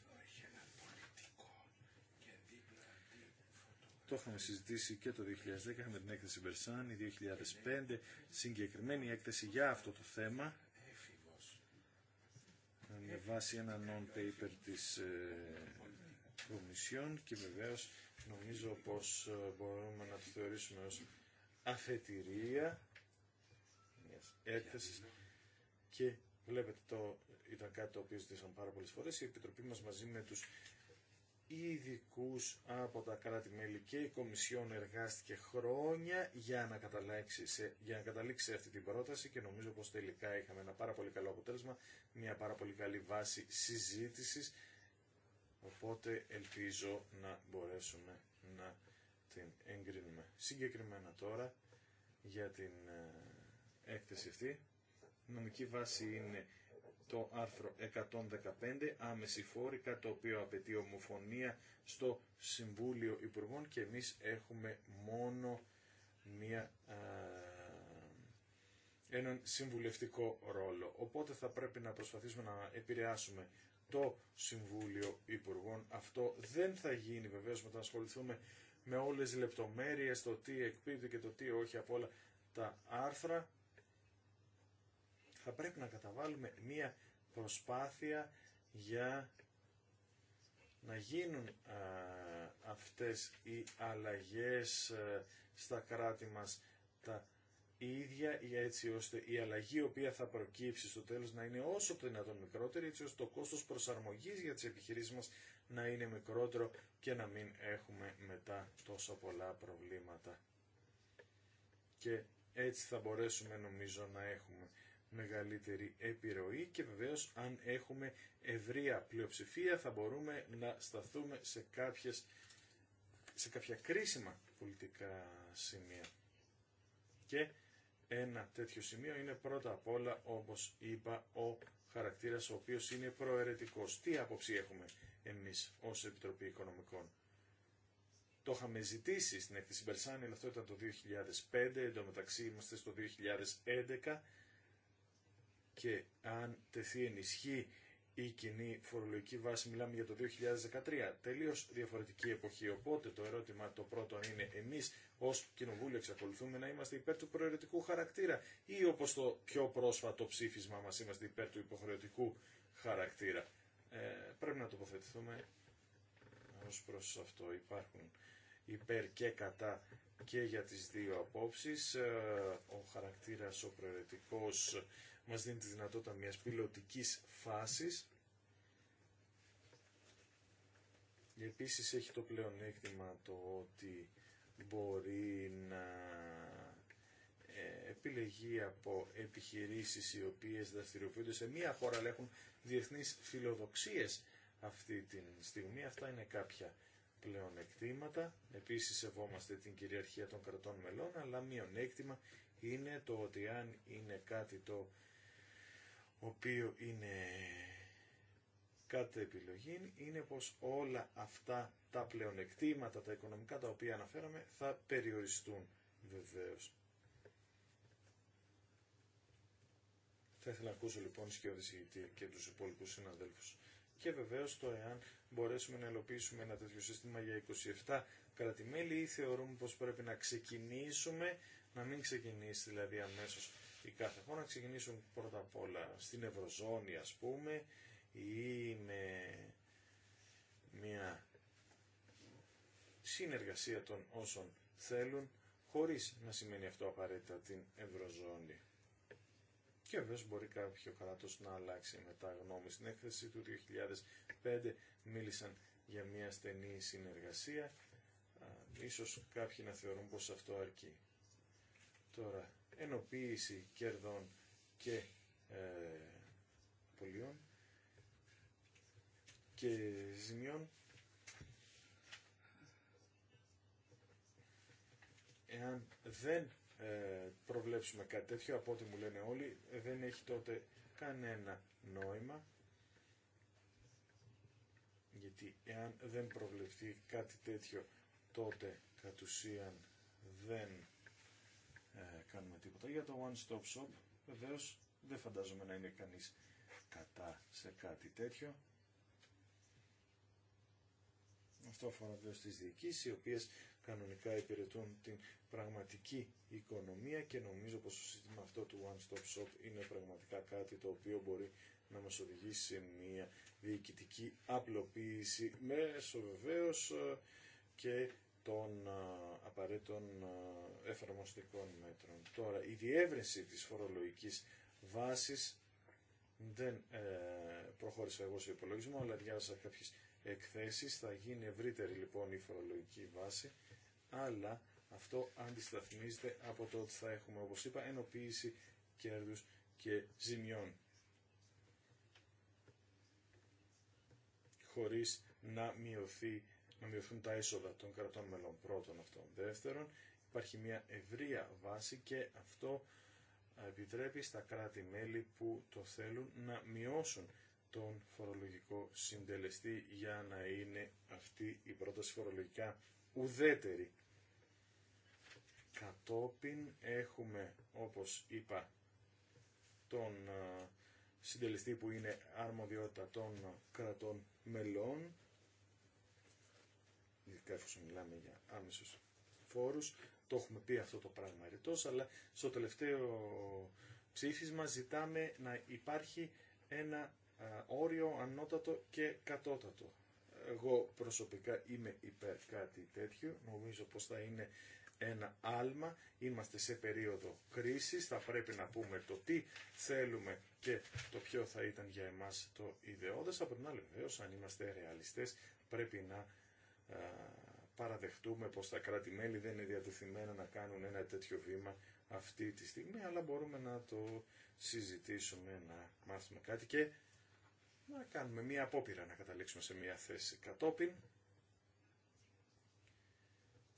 Το είχαμε συζητήσει και το 2010, με την έκθεση Μπερσάνη, 2005, συγκεκριμένη έκθεση για αυτό το θέμα, με βάση ένα non-paper της ε, Κομισιόν και βεβαίως νομίζω πως ε, μπορούμε να το θεωρήσουμε ως αφετηρία μιας έκθεσης και Βλέπετε, το ήταν κάτι το οποίο ζητήσαμε πάρα πολλές φορές. Η Επιτροπή μας μαζί με τους ειδικού από τα κράτη-μέλη και η Κομισιόν εργάστηκε χρόνια για να, καταλήξει σε, για να καταλήξει σε αυτή την πρόταση και νομίζω πως τελικά είχαμε ένα πάρα πολύ καλό αποτέλεσμα, μια πάρα πολύ καλή βάση συζήτησης, οπότε ελπίζω να μπορέσουμε να την εγκρίνουμε. Συγκεκριμένα τώρα για την ε, έκθεση αυτή νομική βάση είναι το άρθρο 115, άμεση φόρη, το οποίο απαιτεί ομοφωνία στο Συμβούλιο Υπουργών και εμείς έχουμε μόνο μία, έναν συμβουλευτικό ρόλο. Οπότε θα πρέπει να προσπαθήσουμε να επηρεάσουμε το Συμβούλιο Υπουργών. Αυτό δεν θα γίνει βεβαίως να ασχοληθούμε με όλες τις λεπτομέρειες, το τι εκπίπτει και το τι όχι από όλα τα άρθρα θα πρέπει να καταβάλουμε μία προσπάθεια για να γίνουν α, αυτές οι αλλαγές ε, στα κράτη μας τα ίδια έτσι ώστε η αλλαγή η οποία θα προκύψει στο τέλος να είναι όσο το δυνατόν μικρότερη έτσι ώστε το κόστος προσαρμογής για τις επιχειρήσεις μας να είναι μικρότερο και να μην έχουμε μετά τόσο πολλά προβλήματα. Και έτσι θα μπορέσουμε νομίζω να έχουμε μεγαλύτερη επιρροή και βεβαίως αν έχουμε ευρεία πλειοψηφία θα μπορούμε να σταθούμε σε, κάποιες, σε κάποια κρίσιμα πολιτικά σημεία. Και ένα τέτοιο σημείο είναι πρώτα απ' όλα όπως είπα ο χαρακτήρας ο οποίος είναι προαιρετικός. Τι άποψη έχουμε εμείς ως Επιτροπή Οικονομικών. Το είχαμε ζητήσει στην έκθεση αυτό ήταν το 2005, εντωμεταξύ είμαστε στο 2011 και αν τεθεί ενισχύ η κοινή φορολογική βάση, μιλάμε για το 2013, Τελείω διαφορετική εποχή. Οπότε το ερώτημα το πρώτο είναι εμείς ως Κοινοβούλιο εξακολουθούμε να είμαστε υπέρ του προαιρετικού χαρακτήρα ή όπως το πιο πρόσφατο ψήφισμα μας είμαστε υπέρ του υποχρεωτικού χαρακτήρα. Ε, πρέπει να τοποθετηθούμε ω προς αυτό. Υπάρχουν υπέρ και κατά και για τις δύο απόψεις. Ε, ο χαρακτήρας ο προαιρετικός μας δίνει τη δυνατότητα μιας πιλωτικής φάσης. Επίσης έχει το πλεονέκτημα το ότι μπορεί να ε, επιλεγεί από επιχειρήσεις οι οποίες δραστηριοποιούνται σε μία χώρα αλλά έχουν διεθνείς φιλοδοξίες αυτή τη στιγμή. Αυτά είναι κάποια πλεονεκτήματα. Επίσης σεβόμαστε την κυριαρχία των κρατών μελών αλλά μειονέκτημα είναι το ότι αν είναι κάτι το οποίο είναι κάτω επιλογή είναι πως όλα αυτά τα πλεονεκτήματα, τα οικονομικά τα οποία αναφέραμε θα περιοριστούν βεβαίως. Θα ήθελα να ακούσω λοιπόν σκιώδη και τους υπόλοιπους συναδέλφους. Και βεβαίως το εάν μπορέσουμε να ελοπίσουμε ένα τέτοιο σύστημα για 27 κρατημέλη ή θεωρούμε πως πρέπει να ξεκινήσουμε, να μην ξεκινήσει δηλαδή αμέσως η κάθε χώρα να ξεκινήσουν πρώτα απ' όλα στην Ευρωζώνη ας πούμε ή με μια συνεργασία των όσων θέλουν χωρίς να σημαίνει αυτό απαραίτητα την Ευρωζώνη. Και βέβαια μπορεί κάποιο κράτος να αλλάξει μετά γνώμη. Στην έκθεση του 2005 μίλησαν για μια στενή συνεργασία. Ίσως κάποιοι να θεωρούν πως αυτό αρκεί. Τώρα, ενοποίηση κερδών και ε, πολιών και ζημιών εάν δεν ε, προβλέψουμε κάτι τέτοιο από ό,τι μου λένε όλοι δεν έχει τότε κανένα νόημα γιατί εάν δεν προβλεφθεί κάτι τέτοιο τότε κατ' ουσίαν δεν ε, κάνουμε τίποτα. Για το One Stop Shop βεβαίως δεν φαντάζομαι να είναι κανείς κατά σε κάτι τέτοιο. Αυτό αφορά βέβαια στις διοικήσεις, οι οποίες κανονικά υπηρετούν την πραγματική οικονομία και νομίζω πως το σύστημα αυτό του One Stop Shop είναι πραγματικά κάτι το οποίο μπορεί να μας οδηγήσει σε μια διοικητική απλοποίηση μέσω βεβαίως ε, και των απαραίτητων εφαρμοστικών μέτρων. Τώρα, η διεύρυνση της φορολογικής βάσης δεν ε, προχώρησα εγώ σε υπολογισμό, αλλά διάβασα κάποιες εκθέσεις. Θα γίνει ευρύτερη λοιπόν η φορολογική βάση, αλλά αυτό αντισταθμίζεται από το ότι θα έχουμε, όπως είπα, ενοποίηση κέρδους και ζημιών. Χωρίς να μειωθεί να μειωθούν τα έσοδα των κρατών μελών πρώτων αυτών. Δεύτερον, υπάρχει μια ευρεία βάση και αυτό επιτρέπει στα κράτη-μέλη που το θέλουν να μειώσουν τον φορολογικό συντελεστή για να είναι αυτή η πρόταση φορολογικά ουδέτερη. Κατόπιν έχουμε, όπως είπα, τον συντελεστή που είναι αρμοδιότητα των κρατών μελών ειδικά εφόσον μιλάμε για άμεσους φόρους, το έχουμε πει αυτό το πράγμα ερετός, αλλά στο τελευταίο ψήφισμα ζητάμε να υπάρχει ένα όριο ανώτατο και κατώτατο. Εγώ προσωπικά είμαι υπέρ κάτι τέτοιο, νομίζω πως θα είναι ένα άλμα, είμαστε σε περίοδο κρίσης, θα πρέπει να πούμε το τι θέλουμε και το ποιο θα ήταν για εμάς το ιδεώδες, από την άλλη βεβαίως αν είμαστε ρεαλιστές πρέπει να παραδεχτούμε πως τα κράτη-μέλη δεν είναι διατεθειμένα να κάνουν ένα τέτοιο βήμα αυτή τη στιγμή, αλλά μπορούμε να το συζητήσουμε, να μάθουμε κάτι και να κάνουμε μία απόπειρα να καταλήξουμε σε μία θέση κατόπιν.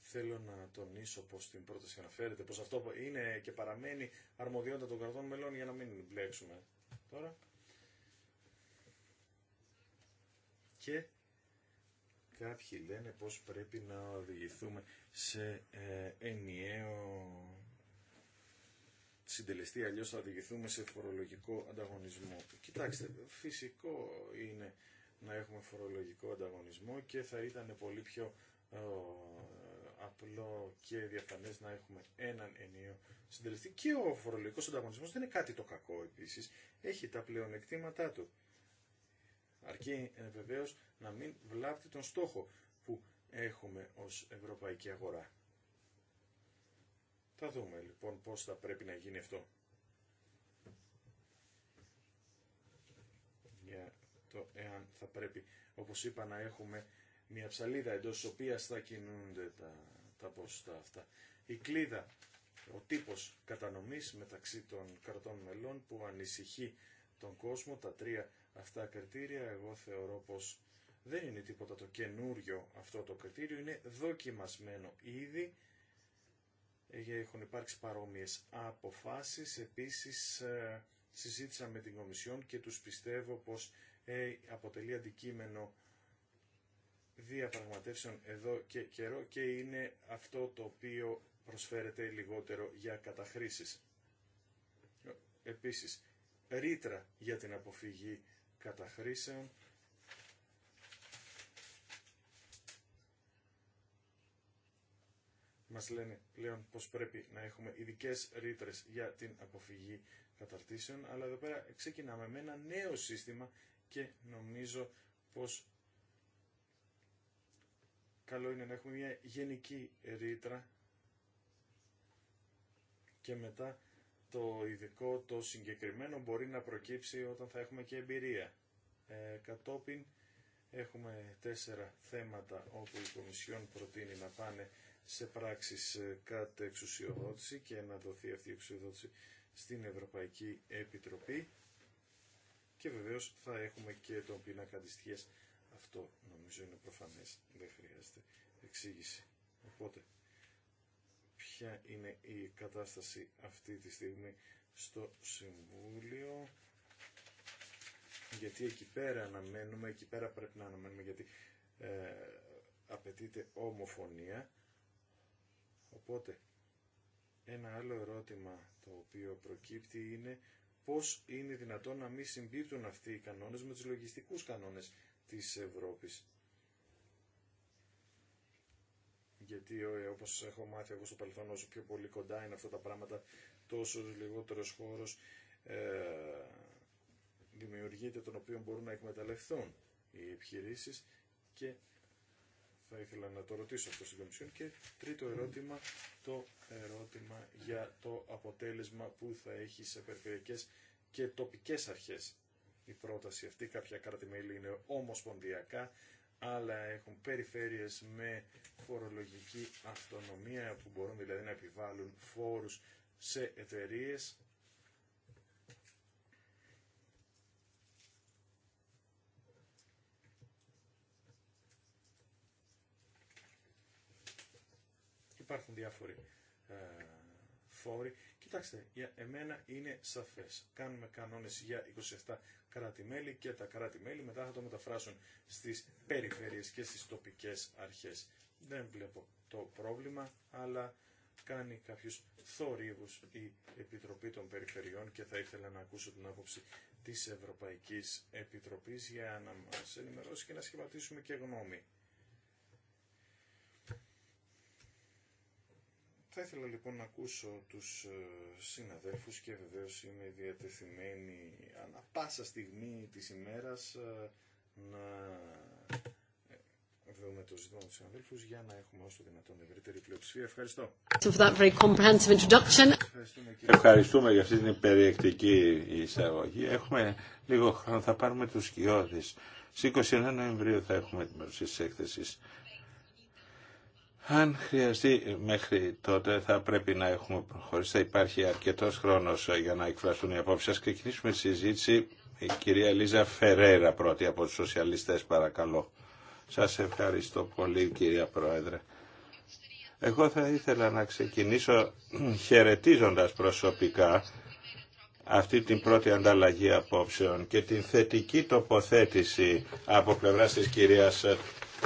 Θέλω να τονίσω πως την πρόταση αναφέρεται, πως αυτό είναι και παραμένει αρμοδιότητα των κρατών μελών για να μην μπλέξουμε τώρα. Και Κάποιοι λένε πως πρέπει να οδηγηθούμε σε ε, ενιαίο συντελεστή, αλλιώς θα οδηγηθούμε σε φορολογικό ανταγωνισμό. Κοιτάξτε, φυσικό είναι να έχουμε φορολογικό ανταγωνισμό και θα ήταν πολύ πιο απλό και διαφανές να έχουμε έναν ενιαίο συντελεστή. Και ο φορολογικός ανταγωνισμός δεν είναι κάτι το κακό επίσης, έχει τα πλεονεκτήματά του. Αρκεί ε, βεβαίω να μην βλάπτει τον στόχο που έχουμε ως ευρωπαϊκή αγορά. Θα δούμε λοιπόν πώς θα πρέπει να γίνει αυτό. Για το εάν θα πρέπει, όπως είπα, να έχουμε μια ψαλίδα εντός της οποίας θα κινούνται τα, τα αυτά. Η κλίδα, ο τύπος κατανομής μεταξύ των κρατών μελών που ανησυχεί τον κόσμο, τα τρία αυτά κριτήρια. Εγώ θεωρώ πως δεν είναι τίποτα το καινούριο αυτό το κριτήριο, είναι δοκιμασμένο ήδη. Ε, έχουν υπάρξει παρόμοιες αποφάσεις. Επίσης ε, συζήτησα με την Κομισιόν και τους πιστεύω πως ε, αποτελεί αντικείμενο διαπραγματεύσεων εδώ και καιρό και είναι αυτό το οποίο προσφέρεται λιγότερο για καταχρήσεις. Επίσης, ρήτρα για την αποφυγή καταχρήσεων μας λένε πλέον πως πρέπει να έχουμε ειδικέ ρήτρε για την αποφυγή καταρτήσεων, αλλά εδώ πέρα ξεκινάμε με ένα νέο σύστημα και νομίζω πως καλό είναι να έχουμε μια γενική ρήτρα και μετά το ειδικό, το συγκεκριμένο μπορεί να προκύψει όταν θα έχουμε και εμπειρία. Ε, κατόπιν έχουμε τέσσερα θέματα όπου η Κομισιόν προτείνει να πάνε σε πράξεις ε, κάτω εξουσιοδότηση και να δοθεί αυτή η εξουσιοδότηση στην Ευρωπαϊκή Επιτροπή και βεβαίως θα έχουμε και τον πίνακα αντιστοιχίας. Αυτό νομίζω είναι προφανές, δεν χρειάζεται εξήγηση. Οπότε ποια είναι η κατάσταση αυτή τη στιγμή στο Συμβούλιο. Γιατί εκεί πέρα αναμένουμε, εκεί πέρα πρέπει να αναμένουμε γιατί ε, απαιτείται ομοφωνία. Οπότε, ένα άλλο ερώτημα το οποίο προκύπτει είναι πώς είναι δυνατόν να μην συμπίπτουν αυτοί οι κανόνες με τους λογιστικούς κανόνες της Ευρώπης. γιατί ε, όπως έχω μάθει εγώ στο παρελθόν όσο πιο πολύ κοντά είναι αυτά τα πράγματα τόσο λιγότερος χώρος ε, δημιουργείται τον οποίο μπορούν να εκμεταλλευτούν οι επιχειρήσεις και θα ήθελα να το ρωτήσω αυτό στην Κομισιόν και τρίτο ερώτημα το ερώτημα για το αποτέλεσμα που θα έχει σε περιφερειακές και τοπικές αρχές η πρόταση αυτή κάποια κράτη-μέλη είναι ομοσπονδιακά αλλά έχουν περιφέρειες με φορολογική αυτονομία που μπορούν δηλαδή να επιβάλλουν φόρους σε εταιρείε. Υπάρχουν διάφοροι ε, φόροι Κοιτάξτε, για εμένα είναι σαφές. Κάνουμε κανόνες για 27 κράτη-μέλη και τα κράτη-μέλη μετά θα το μεταφράσουν στις περιφέρειες και στις τοπικές αρχές. Δεν βλέπω το πρόβλημα, αλλά κάνει κάποιους θορύβους η Επιτροπή των Περιφερειών και θα ήθελα να ακούσω την άποψη της Ευρωπαϊκής Επιτροπής για να μας ενημερώσει και να σχηματίσουμε και γνώμη. Θα ήθελα λοιπόν να ακούσω τους ε, συναδέλφους και βεβαίως είμαι διατεθειμένη ανά πάσα στιγμή της ημέρας ε, να δούμε ε, το ζητήμα του συναδέλφου για να έχουμε όσο δυνατόν ευρύτερη πλειοψηφία. Ευχαριστώ.
Ευχαριστούμε για αυτή την περιεκτική εισαγωγή. Έχουμε λίγο χρόνο, θα πάρουμε τους κοιόδη. Στις 29 Νοεμβρίου θα έχουμε την παρουσία τη έκθεση. Αν χρειαστεί μέχρι τότε θα πρέπει να έχουμε προχωρήσει. Θα υπάρχει αρκετός χρόνος ε, για να εκφραστούν οι απόψεις. και ξεκινήσουμε τη συζήτηση. Η κυρία Λίζα Φερέρα πρώτη από τους σοσιαλιστές παρακαλώ. Σας ευχαριστώ πολύ κυρία Πρόεδρε. Εγώ θα ήθελα να ξεκινήσω ε, χαιρετίζοντα προσωπικά αυτή την πρώτη ανταλλαγή απόψεων και την θετική τοποθέτηση από πλευράς της κυρίας ε,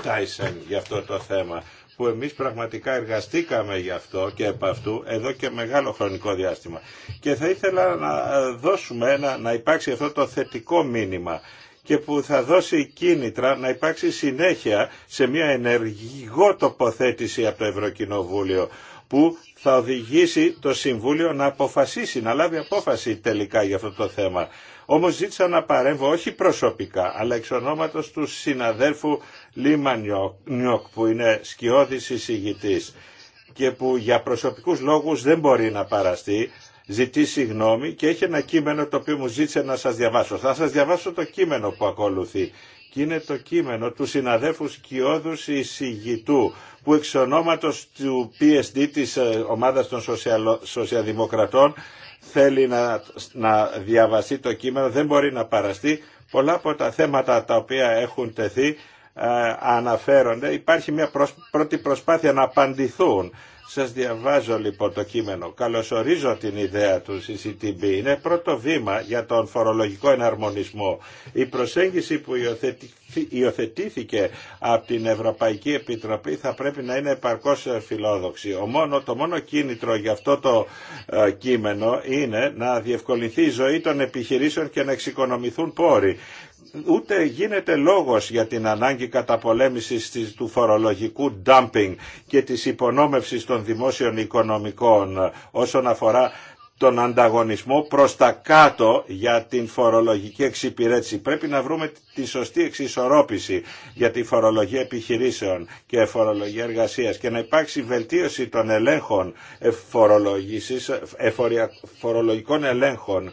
Τάισεν για αυτό το θέμα που εμείς πραγματικά εργαστήκαμε γι' αυτό και επ' αυτού εδώ και μεγάλο χρονικό διάστημα. Και θα ήθελα να δώσουμε ένα, να υπάρξει αυτό το θετικό μήνυμα και που θα δώσει κίνητρα να υπάρξει συνέχεια σε μια ενεργηγό τοποθέτηση από το Ευρωκοινοβούλιο που θα οδηγήσει το Συμβούλιο να αποφασίσει, να λάβει απόφαση τελικά για αυτό το θέμα. Όμως ζήτησα να παρέμβω όχι προσωπικά, αλλά εξ του συναδέλφου Λίμα Νιόκ που είναι σκιώδης εισηγητής και που για προσωπικούς λόγους δεν μπορεί να παραστεί ζητεί συγγνώμη και έχει ένα κείμενο το οποίο μου ζήτησε να σας διαβάσω. Θα σας διαβάσω το κείμενο που ακολουθεί και είναι το κείμενο του συναδέφου Σκιώδου εισηγητού που εξ ονόματος του PSD της ε, ομάδας των Σοσιαδημοκρατών θέλει να, να διαβαστεί το κείμενο, δεν μπορεί να παραστεί. Πολλά από τα θέματα τα οποία έχουν τεθεί ε, αναφέρονται υπάρχει μια πρώτη προσπάθεια να απαντηθούν. Σας διαβάζω λοιπόν το κείμενο. Καλωσορίζω την ιδέα του CCTB. Είναι πρώτο βήμα για τον φορολογικό εναρμονισμό. Η προσέγγιση που υιοθετήθηκε από την Ευρωπαϊκή Επιτροπή θα πρέπει να είναι επαρκώς φιλόδοξη. Ο μόνο, το μόνο κίνητρο για αυτό το ε, κείμενο είναι να διευκολυνθεί η ζωή των επιχειρήσεων και να εξοικονομηθούν πόροι ούτε γίνεται λόγος για την ανάγκη καταπολέμησης του φορολογικού dumping και της υπονόμευσης των δημόσιων οικονομικών όσον αφορά τον ανταγωνισμό προς τα κάτω για την φορολογική εξυπηρέτηση. Πρέπει να βρούμε τη σωστή εξισορρόπηση για τη φορολογία επιχειρήσεων και φορολογία εργασίας και να υπάρξει βελτίωση των ελέγχων ε, ε, φορολογικών ελέγχων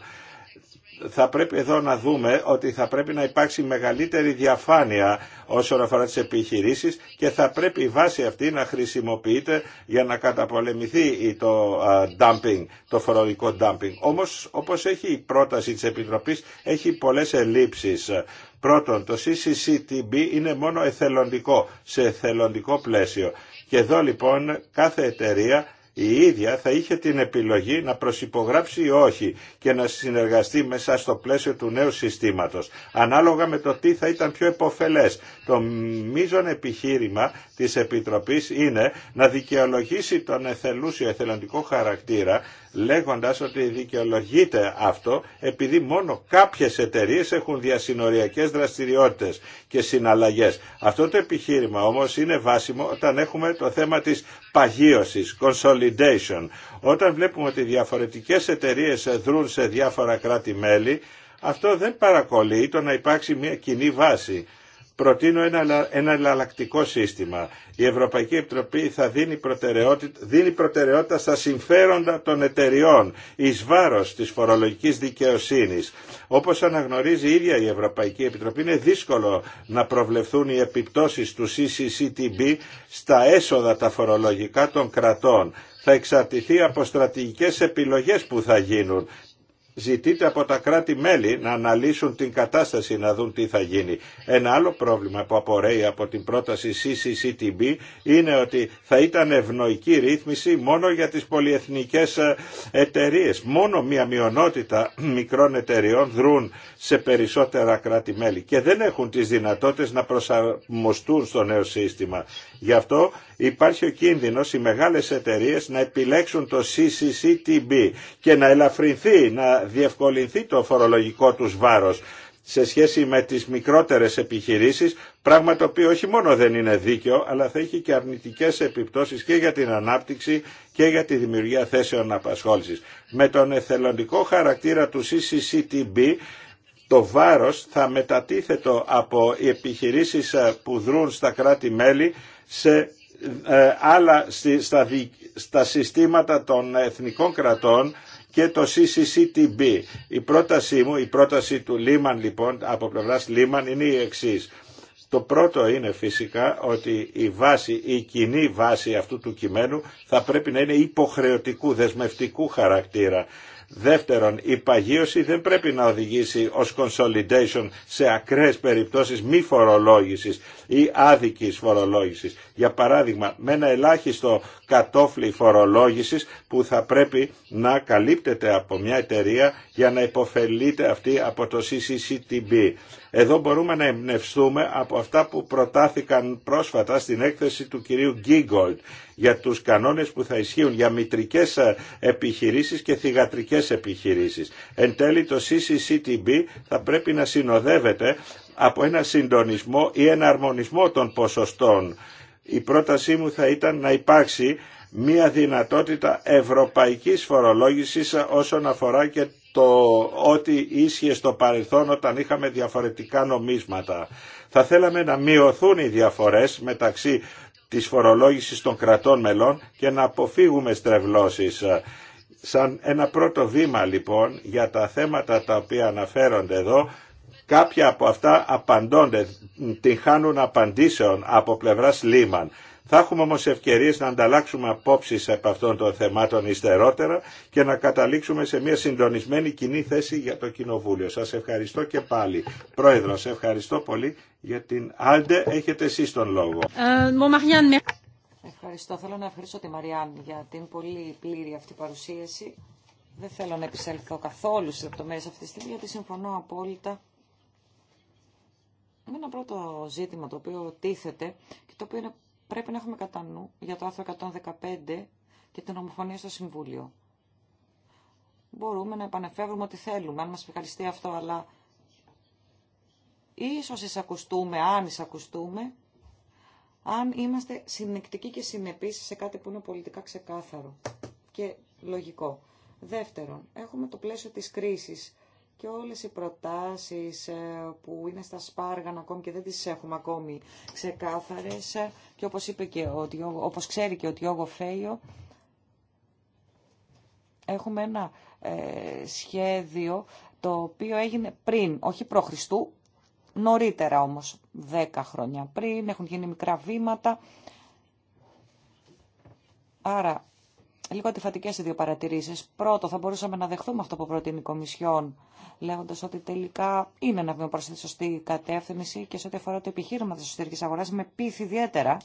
θα πρέπει εδώ να δούμε ότι θα πρέπει να υπάρξει μεγαλύτερη διαφάνεια όσον αφορά τις επιχειρήσεις και θα πρέπει η βάση αυτή να χρησιμοποιείται για να καταπολεμηθεί το dumping, το φορολογικό dumping. Όμως όπως έχει η πρόταση της Επιτροπής έχει πολλές ελλείψεις. Πρώτον, το CCCTB είναι μόνο εθελοντικό, σε εθελοντικό πλαίσιο. Και εδώ λοιπόν κάθε εταιρεία η ίδια θα είχε την επιλογή να προσυπογράψει ή όχι και να συνεργαστεί μέσα στο πλαίσιο του νέου συστήματος, ανάλογα με το τι θα ήταν πιο επωφελές. Το μείζον επιχείρημα της Επιτροπής είναι να δικαιολογήσει τον εθελούσιο εθελοντικό χαρακτήρα λέγοντας ότι δικαιολογείται αυτό επειδή μόνο κάποιες εταιρείες έχουν διασυνοριακές δραστηριότητες και συναλλαγές. Αυτό το επιχείρημα όμως είναι βάσιμο όταν έχουμε το θέμα της παγίωσης, consolidation. Όταν βλέπουμε ότι διαφορετικές εταιρείες δρούν σε διάφορα κράτη-μέλη, αυτό δεν παρακολεί το να υπάρξει μια κοινή βάση προτείνω ένα, ένα εναλλακτικό σύστημα. Η Ευρωπαϊκή Επιτροπή θα δίνει προτεραιότητα, δίνει στα συμφέροντα των εταιριών εις βάρος της φορολογικής δικαιοσύνης. Όπως αναγνωρίζει η ίδια η Ευρωπαϊκή Επιτροπή είναι δύσκολο να προβλεφθούν οι επιπτώσεις του CCCTB στα έσοδα τα φορολογικά των κρατών θα εξαρτηθεί από στρατηγικές επιλογές που θα γίνουν ζητείται από τα κράτη-μέλη να αναλύσουν την κατάσταση, να δουν τι θα γίνει. Ένα άλλο πρόβλημα που απορρέει από την πρόταση CCCTB είναι ότι θα ήταν ευνοϊκή ρύθμιση μόνο για τις πολυεθνικές ε, εταιρείες. Μόνο μια μειονότητα μικρών εταιρεών δρούν σε περισσότερα κράτη-μέλη και δεν έχουν τις δυνατότητες να προσαρμοστούν στο νέο σύστημα. Γι' αυτό υπάρχει ο κίνδυνος οι μεγάλες εταιρείες να επιλέξουν το CCCTB και να ελαφρυνθεί, να διευκολυνθεί το φορολογικό τους βάρος σε σχέση με τις μικρότερες επιχειρήσεις, πράγμα το οποίο όχι μόνο δεν είναι δίκαιο, αλλά θα έχει και αρνητικές επιπτώσεις και για την ανάπτυξη και για τη δημιουργία θέσεων απασχόλησης. Με τον εθελοντικό χαρακτήρα του CCCTB, το βάρος θα μετατίθεται από οι επιχειρήσεις που δρούν στα κράτη-μέλη σε ε, άλλα στα συστήματα των εθνικών κρατών και το CCCTB. Η πρότασή μου, η πρόταση του Λίμαν λοιπόν, από πλευράς Λίμαν είναι η εξής. Το πρώτο είναι φυσικά ότι η βάση, η κοινή βάση αυτού του κειμένου θα πρέπει να είναι υποχρεωτικού, δεσμευτικού χαρακτήρα. Δεύτερον, η παγίωση δεν πρέπει να οδηγήσει ως consolidation σε ακραίες περιπτώσεις μη φορολόγησης ή άδικη φορολόγηση. Για παράδειγμα, με ένα ελάχιστο κατόφλι φορολόγηση που θα πρέπει να καλύπτεται από μια εταιρεία για να υποφελείται αυτή από το CCCTB. Εδώ μπορούμε να εμπνευστούμε από αυτά που προτάθηκαν πρόσφατα στην έκθεση του κυρίου Γκίγκολτ για τους κανόνες που θα ισχύουν για μητρικές επιχειρήσεις και θυγατρικές επιχειρήσεις. Εν τέλει το CCCTB θα πρέπει να συνοδεύεται από ένα συντονισμό ή ένα αρμονισμό των ποσοστών. Η πρότασή μου θα ήταν να υπάρξει μια δυνατότητα ευρωπαϊκής φορολόγησης όσον αφορά και το ότι ίσχυε στο παρελθόν όταν είχαμε διαφορετικά νομίσματα. Θα θέλαμε να μειωθούν οι διαφορές μεταξύ της φορολόγησης των κρατών μελών και να αποφύγουμε στρεβλώσεις. Σαν ένα πρώτο βήμα λοιπόν για τα θέματα τα οποία αναφέρονται εδώ Κάποια από αυτά απαντώνται, την χάνουν απαντήσεων από πλευράς Λίμαν. Θα έχουμε όμως ευκαιρίες να ανταλλάξουμε απόψεις από αυτών των θεμάτων υστερότερα και να καταλήξουμε σε μια συντονισμένη κοινή θέση για το Κοινοβούλιο. Σας ευχαριστώ και πάλι. Πρόεδρος, ευχαριστώ πολύ για την Άλντε. Έχετε εσείς τον λόγο.
Ε, ευχαριστώ. Θέλω να ευχαριστώ τη Μαριάν για την πολύ πλήρη αυτή παρουσίαση. Δεν θέλω να επισέλθω καθόλου σε λεπτομέρειε αυτή τη στιγμή, γιατί συμφωνώ απόλυτα ένα πρώτο ζήτημα το οποίο τίθεται και το οποίο πρέπει να έχουμε κατά νου για το άρθρο 115 και την ομοφωνία στο Συμβούλιο. Μπορούμε να επανεφεύρουμε ό,τι θέλουμε, αν μας ευχαριστεί αυτό, αλλά ίσως εισακουστούμε, αν εισακουστούμε, αν είμαστε συνεκτικοί και συνεπείς σε κάτι που είναι πολιτικά ξεκάθαρο και λογικό. Δεύτερον, έχουμε το πλαίσιο της κρίσης και όλες οι προτάσεις ε, που είναι στα σπάργανα ακόμη και δεν τις έχουμε ακόμη ξεκάθαρες ε, και όπως, είπε και ο, όπως ξέρει και ο Τιώγο Φέιο έχουμε ένα ε, σχέδιο το οποίο έγινε πριν, όχι προ Χριστού, νωρίτερα όμως, 10 χρόνια πριν, έχουν γίνει μικρά βήματα. Άρα Λίγο αντιφατικέ οι δύο παρατηρήσει. Πρώτο, θα μπορούσαμε να δεχθούμε αυτό που προτείνει η Κομισιόν, λέγοντα ότι τελικά είναι ένα βήμα προ τη σωστή κατεύθυνση και σε ό,τι αφορά το επιχείρημα τη εσωτερική αγορά, με πείθει ιδιαίτερα,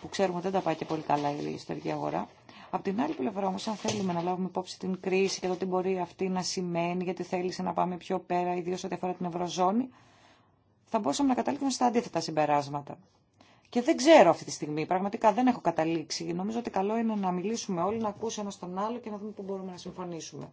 που ξέρουμε ότι δεν τα πάει και πολύ καλά η εσωτερική αγορά. Απ' την άλλη πλευρά όμω, αν θέλουμε να λάβουμε υπόψη την κρίση και το τι μπορεί αυτή να σημαίνει, γιατί θέλησε να πάμε πιο πέρα, ιδίω ό,τι αφορά την Ευρωζώνη, θα μπορούσαμε να καταλήξουμε στα αντίθετα συμπεράσματα. Και δεν ξέρω αυτή τη στιγμή, πραγματικά δεν έχω καταλήξει. Νομίζω ότι καλό είναι να μιλήσουμε όλοι, να ακούσουμε ένα τον άλλο και να δούμε πού μπορούμε να συμφωνήσουμε.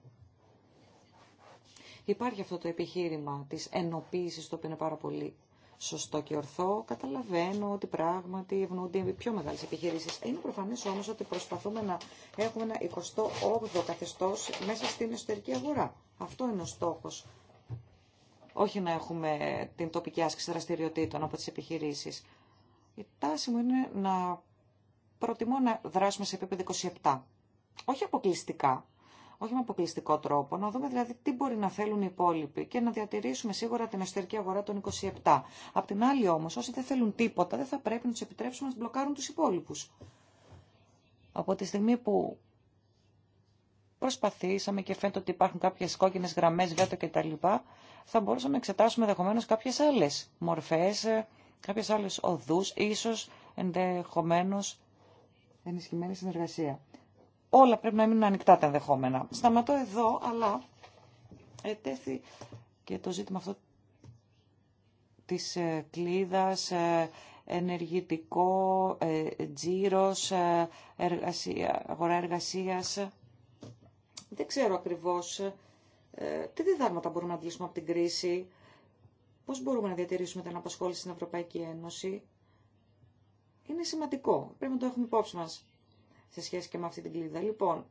Υπάρχει αυτό το επιχείρημα της ενοποίησης, το οποίο είναι πάρα πολύ σωστό και ορθό. Καταλαβαίνω ότι πράγματι ευνοούνται οι πιο μεγάλες επιχειρήσεις. Είναι προφανές όμως ότι προσπαθούμε να έχουμε ένα 28ο καθεστώς μέσα στην εσωτερική αγορά. Αυτό είναι ο στόχος. Όχι να έχουμε την τοπική άσκηση δραστηριοτήτων από τι επιχειρήσει. Η τάση μου είναι να προτιμώ να δράσουμε σε επίπεδο 27. Όχι αποκλειστικά, όχι με αποκλειστικό τρόπο, να δούμε δηλαδή τι μπορεί να θέλουν οι υπόλοιποι και να διατηρήσουμε σίγουρα την εσωτερική αγορά των 27. Απ' την άλλη όμως, όσοι δεν θέλουν τίποτα, δεν θα πρέπει να τους επιτρέψουμε να μπλοκάρουν τους υπόλοιπους. Από τη στιγμή που προσπαθήσαμε και φαίνεται ότι υπάρχουν κάποιες κόκκινες γραμμές, βέτο κτλ, θα μπορούσαμε να εξετάσουμε ενδεχομένω κάποιες άλλε μορφές ε, κάποιες άλλες οδούς, ίσως ενδεχομένως ενισχυμένη συνεργασία. Όλα πρέπει να μείνουν ανοιχτά τα ενδεχόμενα. Σταματώ εδώ, αλλά ετέθη και το ζήτημα αυτό της ε, κλίδας, ε, ενεργητικό, ε, τζίρος, εργασία, αγορά εργασίας. Δεν ξέρω ακριβώς τι διδάγματα μπορούμε να αντλήσουμε από την κρίση πώς μπορούμε να διατηρήσουμε την απασχόληση στην Ευρωπαϊκή Ένωση, είναι σημαντικό. Πρέπει να το έχουμε υπόψη μας σε σχέση και με αυτή την κλίδα. Λοιπόν,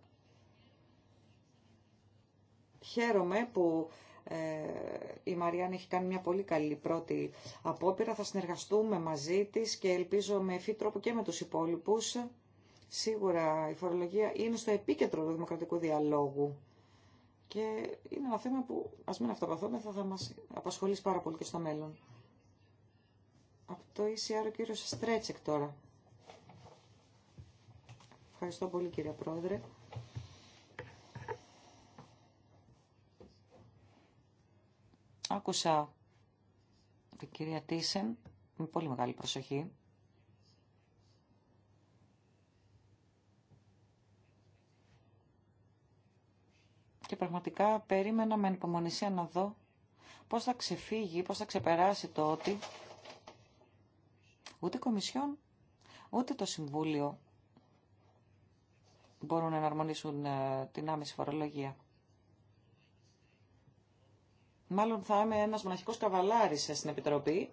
χαίρομαι που ε, η Μαριάννα έχει κάνει μια πολύ καλή πρώτη απόπειρα. Θα συνεργαστούμε μαζί της και ελπίζω με ευφύ τρόπο και με τους υπόλοιπους. Σίγουρα η φορολογία είναι στο επίκεντρο του δημοκρατικού διαλόγου. Και είναι ένα θέμα που, ας μην αυτοπαθούμε, θα μας απασχολήσει πάρα πολύ και στο μέλλον. Από το ECR ο κύριος Στρέτσεκ τώρα. Ευχαριστώ πολύ κύριε Πρόεδρε. Άκουσα την κυρία Τίσεν με πολύ μεγάλη προσοχή. πραγματικά περίμενα με ανυπομονησία να δω πώς θα ξεφύγει, πώς θα ξεπεράσει το ότι ούτε η Κομισιόν, ούτε το Συμβούλιο μπορούν να εναρμονίσουν ε, την άμεση φορολογία. Μάλλον θα είμαι ένας μοναχικός καβαλάρης στην Επιτροπή.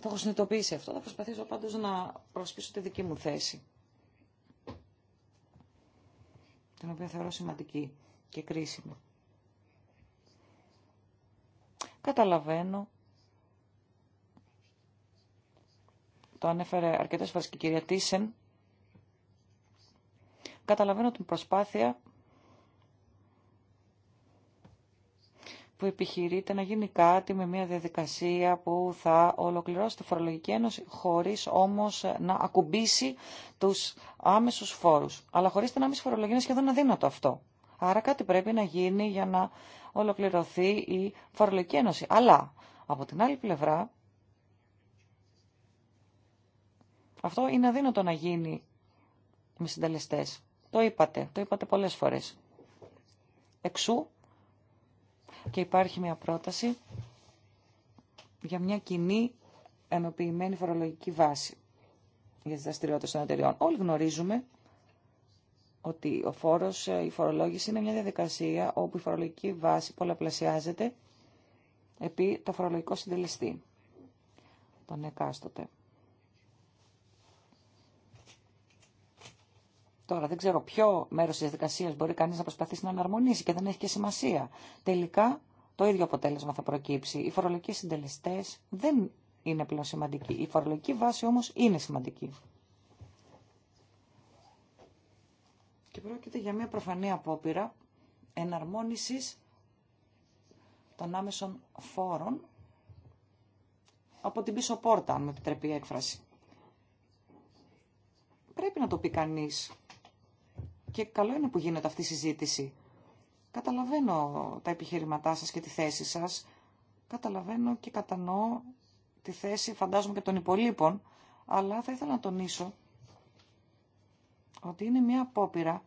Το έχω συνειδητοποιήσει αυτό. Θα προσπαθήσω πάντως να προσπίσω τη δική μου θέση. Την οποία θεωρώ σημαντική και κρίσιμο. Καταλαβαίνω. Το ανέφερε αρκετές φορές και η κυρία Τίσεν. Καταλαβαίνω την προσπάθεια που επιχειρείται να γίνει κάτι με μια διαδικασία που θα ολοκληρώσει τη φορολογική ένωση χωρίς όμως να ακουμπήσει τους άμεσους φόρους. Αλλά χωρίς την άμεση φορολογία είναι σχεδόν αδύνατο αυτό. Άρα κάτι πρέπει να γίνει για να ολοκληρωθεί η φορολογική ένωση. Αλλά από την άλλη πλευρά αυτό είναι αδύνατο να γίνει με συντελεστέ. Το είπατε, το είπατε πολλές φορές. Εξού και υπάρχει μια πρόταση για μια κοινή ενοποιημένη φορολογική βάση για τις δραστηριότητες των εταιριών. Όλοι γνωρίζουμε ότι ο φόρος, ε, η φορολόγηση είναι μια διαδικασία όπου η φορολογική βάση πολλαπλασιάζεται επί το φορολογικό συντελεστή, τον εκάστοτε. Τώρα δεν ξέρω ποιο μέρο τη διαδικασία μπορεί κανεί να προσπαθήσει να αναρμονίσει και δεν έχει και σημασία. Τελικά το ίδιο αποτέλεσμα θα προκύψει. Οι φορολογικοί συντελεστέ δεν είναι πλέον σημαντικοί. Η φορολογική βάση όμω είναι σημαντική. Και πρόκειται για μια προφανή απόπειρα εναρμόνισης των άμεσων φόρων από την πίσω πόρτα, αν με επιτρέπει η έκφραση. Πρέπει να το πει κανείς. Και καλό είναι που γίνεται αυτή η συζήτηση. Καταλαβαίνω τα επιχειρηματά σας και τη θέση σας. Καταλαβαίνω και κατανοώ τη θέση, φαντάζομαι, και των υπολείπων. Αλλά θα ήθελα να τονίσω ότι είναι μια απόπειρα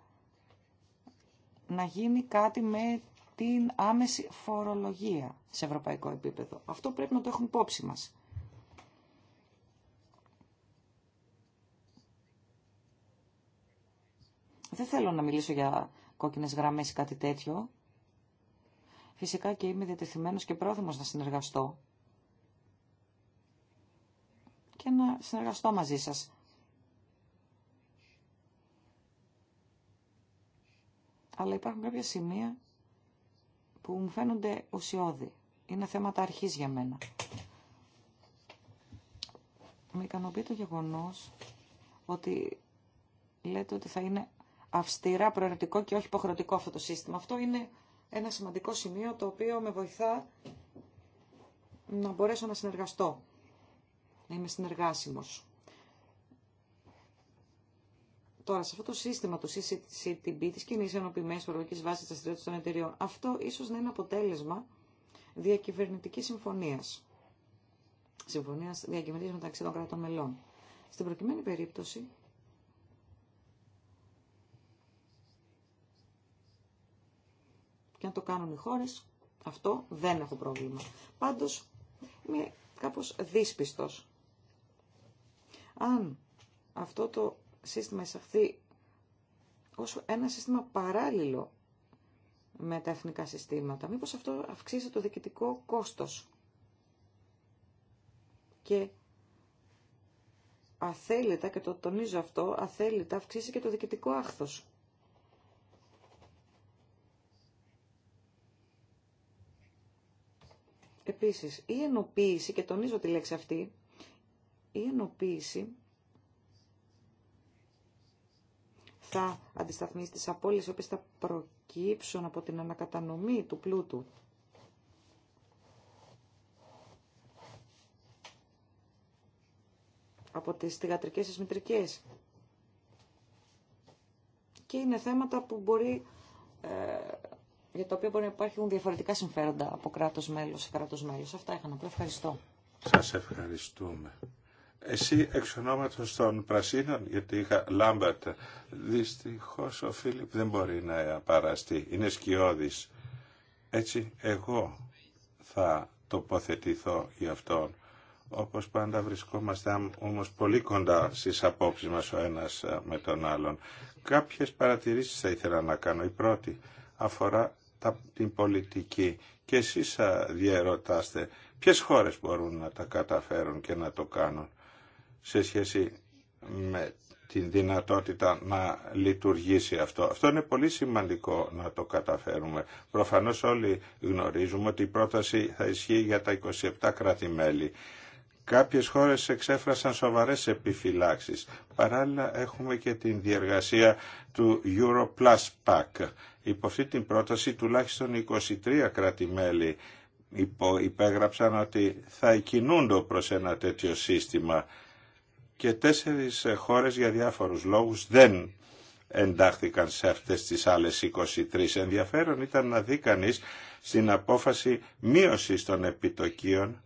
να γίνει κάτι με την άμεση φορολογία σε ευρωπαϊκό επίπεδο. Αυτό πρέπει να το έχουμε υπόψη μας. Δεν θέλω να μιλήσω για κόκκινες γραμμές ή κάτι τέτοιο. Φυσικά και είμαι διατεθειμένος και πρόθυμος να συνεργαστώ και να συνεργαστώ μαζί σας αλλά υπάρχουν κάποια σημεία που μου φαίνονται ουσιώδη. Είναι θέματα αρχής για μένα. Με ικανοποιεί το γεγονός ότι λέτε ότι θα είναι αυστηρά προαιρετικό και όχι υποχρεωτικό αυτό το σύστημα. Αυτό είναι ένα σημαντικό σημείο το οποίο με βοηθά να μπορέσω να συνεργαστώ, να είμαι συνεργάσιμος. Τώρα, σε αυτό το σύστημα του CCTB, τη κοινή ενωπημένη βάση δραστηριότητα των εταιριών, αυτό ίσω να είναι αποτέλεσμα διακυβερνητική συμφωνία. Συμφωνία διακυβερνητική μεταξύ των κρατών μελών. Στην προκειμένη περίπτωση, και αν το κάνουν οι χώρε, αυτό δεν έχω πρόβλημα. Πάντω, είμαι κάπω δύσπιστο. Αν αυτό το σύστημα εισαχθεί ως ένα σύστημα παράλληλο με τα εθνικά συστήματα. Μήπως αυτό αυξήσει το διοικητικό κόστος και αθέλητα, και το τονίζω αυτό, αθέλητα αυξήσει και το διοικητικό άχθος. Επίσης, η ενοποίηση, και τονίζω τη λέξη αυτή, η ενοποίηση θα αντισταθμίσει τις απώλειες οι οποίες θα προκύψουν από την ανακατανομή του πλούτου. Από τις θηγατρικές ή Και είναι θέματα που μπορεί, ε, για τα οποία μπορεί να υπάρχουν διαφορετικά συμφέροντα από κράτος μέλος σε κράτος μέλος. Αυτά είχα να πω. Ευχαριστώ.
Σας ευχαριστούμε. Εσύ εξ ονόματος των Πρασίνων, γιατί είχα Λάμπερτ, δυστυχώς ο Φίλιπ δεν μπορεί να παραστεί, είναι σκιώδης. Έτσι εγώ θα τοποθετηθώ γι' αυτόν. Όπως πάντα βρισκόμαστε όμως πολύ κοντά στις απόψεις μας ο ένας ε, με τον άλλον. Κάποιες παρατηρήσεις θα ήθελα να κάνω. Η πρώτη αφορά την πολιτική και εσείς ε, διαρωτάστε ποιες χώρες μπορούν να τα καταφέρουν και να το κάνουν σε σχέση με την δυνατότητα να λειτουργήσει αυτό. Αυτό είναι πολύ σημαντικό να το καταφέρουμε. Προφανώς όλοι γνωρίζουμε ότι η πρόταση θα ισχύει για τα 27 κράτη-μέλη. Κάποιες χώρες εξέφρασαν σοβαρές επιφυλάξεις. Παράλληλα έχουμε και την διεργασία του Europlus Pack. Υπό αυτή την πρόταση τουλάχιστον 23 κράτη-μέλη υπέγραψαν ότι θα κινούνται προς ένα τέτοιο σύστημα και τέσσερις ε, χώρες για διάφορους λόγους δεν εντάχθηκαν σε αυτές τις άλλες 23. Ενδιαφέρον ήταν να δει κανείς στην απόφαση μείωση των επιτοκίων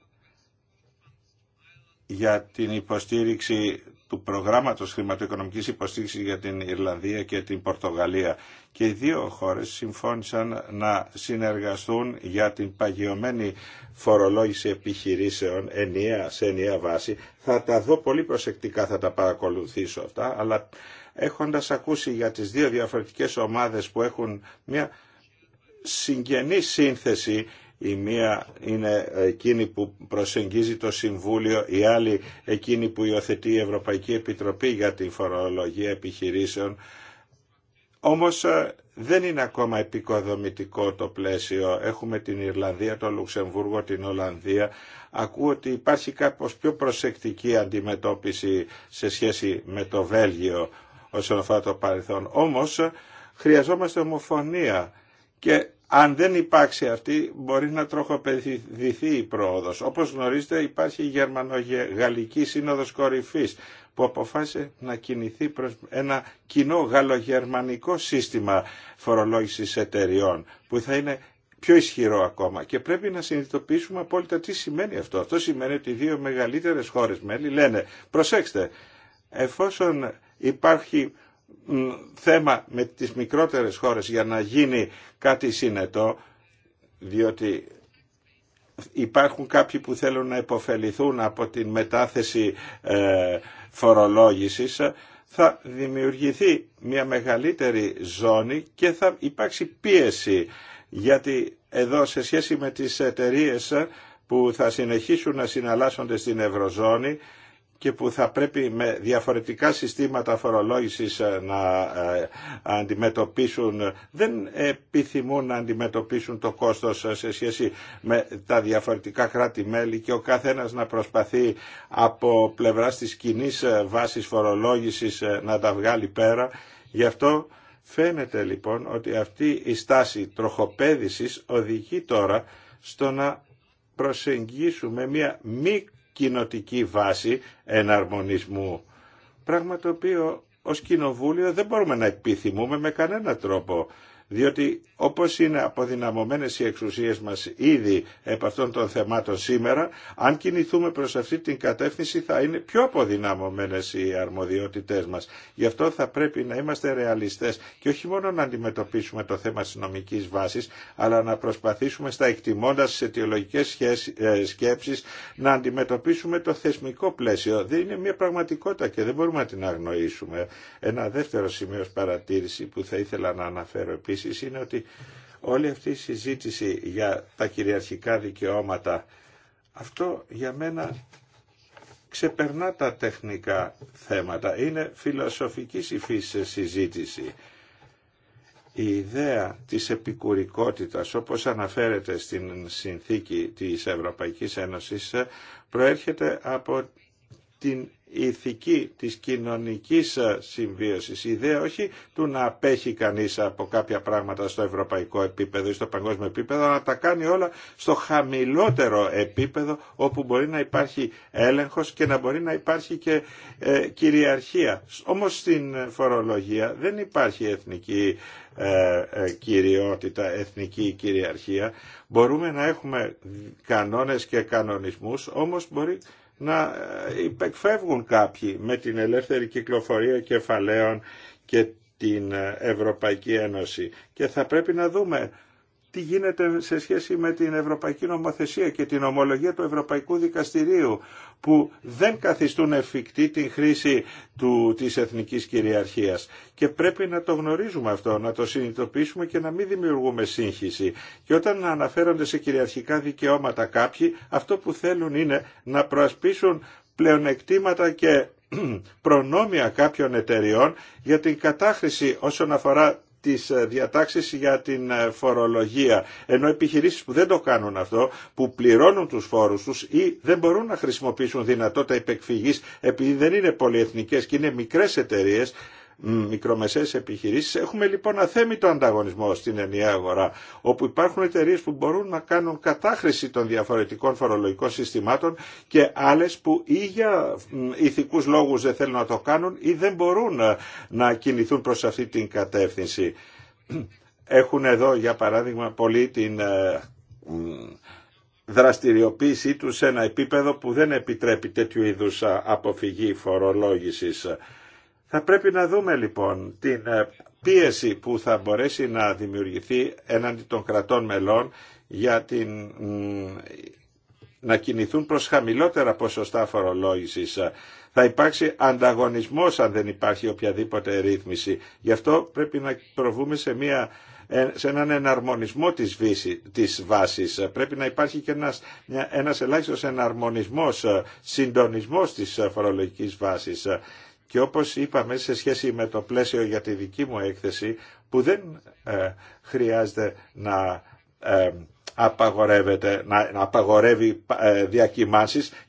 για την υποστήριξη του προγράμματος χρηματοοικονομικής υποστήριξης για την Ιρλανδία και την Πορτογαλία και οι δύο χώρες συμφώνησαν να συνεργαστούν για την παγιωμένη φορολόγηση επιχειρήσεων ενιαία, σε ενιαία βάση. Θα τα δω πολύ προσεκτικά, θα τα παρακολουθήσω αυτά, αλλά έχοντας ακούσει για τις δύο διαφορετικές ομάδες που έχουν μια συγγενή σύνθεση η μία είναι εκείνη που προσεγγίζει το Συμβούλιο, η άλλη εκείνη που υιοθετεί η Ευρωπαϊκή Επιτροπή για την Φορολογία Επιχειρήσεων. Όμως ε, δεν είναι ακόμα επικοδομητικό το πλαίσιο. Έχουμε την Ιρλανδία, το Λουξεμβούργο, την Ολλανδία. Ακούω ότι υπάρχει κάπως πιο προσεκτική αντιμετώπιση σε σχέση με το Βέλγιο όσον αφορά το παρελθόν. Όμως χρειαζόμαστε ομοφωνία και αν δεν υπάρξει αυτή μπορεί να τροχοπεδηθεί η πρόοδος. Όπως γνωρίζετε υπάρχει η Γερμανογαλλική Σύνοδος Κορυφής που αποφάσισε να κινηθεί προς ένα κοινό γαλλογερμανικό σύστημα φορολόγησης εταιριών που θα είναι πιο ισχυρό ακόμα. Και πρέπει να συνειδητοποιήσουμε απόλυτα τι σημαίνει αυτό. Αυτό σημαίνει ότι οι δύο μεγαλύτερες χώρες μέλη λένε «Προσέξτε, εφόσον υπάρχει θέμα με τις μικρότερες χώρες για να γίνει κάτι συνετό, διότι υπάρχουν κάποιοι που θέλουν να υποφεληθούν από την μετάθεση ε, φορολόγησης, θα δημιουργηθεί μια μεγαλύτερη ζώνη και θα υπάρξει πίεση. Γιατί εδώ σε σχέση με τις εταιρείε που θα συνεχίσουν να συναλλάσσονται στην Ευρωζώνη, και που θα πρέπει με διαφορετικά συστήματα φορολόγησης ε, να ε, αντιμετωπίσουν, δεν επιθυμούν να αντιμετωπίσουν το κόστος ε, σε σχέση με τα διαφορετικά κράτη-μέλη και ο καθένας να προσπαθεί από πλευράς της κοινή βάσης φορολόγησης να τα βγάλει πέρα. Γι' αυτό φαίνεται λοιπόν ότι αυτή η στάση τροχοπέδησης οδηγεί τώρα στο να προσεγγίσουμε μια μη κοινοτική βάση εναρμονισμού. Πράγμα το οποίο ως κοινοβούλιο δεν μπορούμε να επιθυμούμε με κανένα τρόπο, διότι όπως είναι αποδυναμωμένες οι εξουσίες μας ήδη επ' αυτών των θεμάτων σήμερα, αν κινηθούμε προς αυτή την κατεύθυνση θα είναι πιο αποδυναμωμένες οι αρμοδιότητές μας. Γι' αυτό θα πρέπει να είμαστε ρεαλιστές και όχι μόνο να αντιμετωπίσουμε το θέμα της νομικής βάσης, αλλά να προσπαθήσουμε στα εκτιμώντα τι αιτιολογικές ε, σκέψεις να αντιμετωπίσουμε το θεσμικό πλαίσιο. Δεν είναι μια πραγματικότητα και δεν μπορούμε να την αγνοήσουμε. Ένα δεύτερο σημείο παρατήρηση που θα ήθελα να αναφέρω επίσης είναι ότι Όλη αυτή η συζήτηση για τα κυριαρχικά δικαιώματα, αυτό για μένα ξεπερνά τα τεχνικά θέματα. Είναι φιλοσοφική υφής συζήτηση. Η ιδέα της επικουρικότητας, όπως αναφέρεται στην συνθήκη της Ευρωπαϊκής Ένωσης, προέρχεται από την ηθική της κοινωνικής ε, συμβίωσης, η ιδέα όχι του να απέχει κανείς από κάποια πράγματα στο ευρωπαϊκό επίπεδο ή στο παγκόσμιο επίπεδο, αλλά να τα κάνει όλα στο χαμηλότερο επίπεδο όπου μπορεί να υπάρχει έλεγχος και να μπορεί να υπάρχει και ε, κυριαρχία. Όμως στην φορολογία δεν υπάρχει εθνική ε, κυριότητα, εθνική κυριαρχία. Μπορούμε να έχουμε κανόνες και κανονισμούς, όμως μπορεί να ε, υπεκφεύγουν κάποιοι με την ελεύθερη κυκλοφορία κεφαλαίων και την ε, Ευρωπαϊκή Ένωση. Και θα πρέπει να δούμε τι γίνεται σε σχέση με την Ευρωπαϊκή Νομοθεσία και την ομολογία του Ευρωπαϊκού Δικαστηρίου που δεν καθιστούν εφικτή την χρήση του, της εθνικής κυριαρχίας. Και πρέπει να το γνωρίζουμε αυτό, να το συνειδητοποιήσουμε και να μην δημιουργούμε σύγχυση. Και όταν αναφέρονται σε κυριαρχικά δικαιώματα κάποιοι, αυτό που θέλουν είναι να προασπίσουν πλεονεκτήματα και προνόμια κάποιων εταιριών για την κατάχρηση όσον αφορά τις ε, διατάξεις για την ε, φορολογία. Ενώ επιχειρήσεις που δεν το κάνουν αυτό, που πληρώνουν τους φόρους τους ή δεν μπορούν να χρησιμοποιήσουν δυνατότητα υπεκφυγής επειδή δεν είναι πολυεθνικές και είναι μικρές εταιρείες, μικρομεσαίες επιχειρήσεις. Έχουμε λοιπόν αθέμητο ανταγωνισμό στην ενιαία αγορά, όπου υπάρχουν εταιρείες που μπορούν να κάνουν κατάχρηση των διαφορετικών φορολογικών συστημάτων και άλλες που ή για ηθικούς λόγους δεν θέλουν να το κάνουν ή δεν μπορούν ε, να κινηθούν προς αυτή την κατεύθυνση. Έχουν εδώ για παράδειγμα πολύ την ε, δραστηριοποίησή τους σε ένα επίπεδο που δεν επιτρέπει τέτοιου είδους ε, αποφυγή φορολόγησης. Θα πρέπει να δούμε λοιπόν την ε, πίεση που θα μπορέσει να δημιουργηθεί έναντι των κρατών μελών για την, να κινηθούν προς χαμηλότερα ποσοστά φορολόγησης. Θα υπάρξει ανταγωνισμός αν δεν υπάρχει οποιαδήποτε ρύθμιση. Γι' αυτό πρέπει να προβούμε σε μια ε, σε έναν εναρμονισμό της, βύση, της βάσης. Πρέπει να υπάρχει και ένας, ένας ελάχιστος εναρμονισμός, ε, συντονισμός της φορολογικής βάσης. Και όπως είπαμε σε σχέση με το πλαίσιο για τη δική μου έκθεση που δεν ε, χρειάζεται να ε, απαγορεύεται, να, να απαγορεύει ε,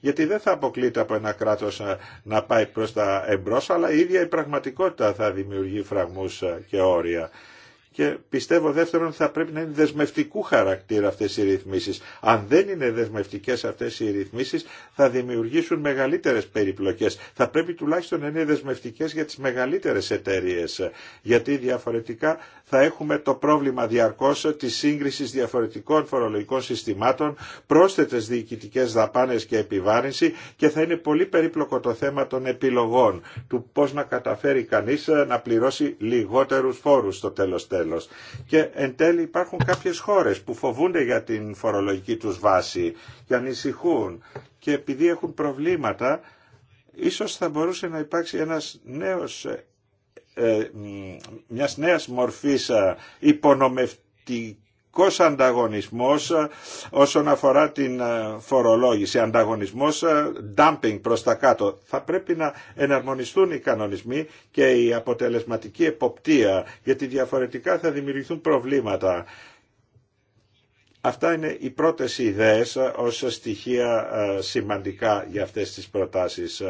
γιατί δεν θα αποκλείται από ένα κράτος να, ε, να πάει προς τα εμπρός αλλά η ίδια η πραγματικότητα θα δημιουργεί φραγμούς και όρια. Και πιστεύω δεύτερον θα πρέπει να είναι δεσμευτικού χαρακτήρα αυτές οι ρυθμίσεις. Αν δεν είναι δεσμευτικές αυτές οι ρυθμίσεις θα δημιουργήσουν μεγαλύτερες περιπλοκές. Θα πρέπει τουλάχιστον να είναι δεσμευτικές για τις μεγαλύτερες εταιρείε. Γιατί διαφορετικά θα έχουμε το πρόβλημα διαρκώς της σύγκρισης διαφορετικών φορολογικών συστημάτων, πρόσθετες διοικητικές δαπάνες και επιβάρυνση και θα είναι πολύ περίπλοκο το θέμα των επιλογών του πώς να καταφέρει κανείς να πληρώσει λιγότερους φόρους στο τέλος τέλος. Και εν τέλει υπάρχουν κάποιες χώρες που φοβούνται για την φορολογική τους βάση και ανησυχούν και επειδή έχουν προβλήματα ίσως θα μπορούσε να υπάρξει ένας νέος, ε, ε, μιας νέας μορφής ε, υπονομευτικής θετικός ανταγωνισμός ε, όσον αφορά την ε, φορολόγηση, ανταγωνισμός ε, dumping προς τα κάτω. Θα πρέπει να εναρμονιστούν οι κανονισμοί και η αποτελεσματική εποπτεία, γιατί διαφορετικά θα δημιουργηθούν προβλήματα. Αυτά είναι οι πρώτες ιδέες ως στοιχεία σημαντικά για αυτές τις προτάσεις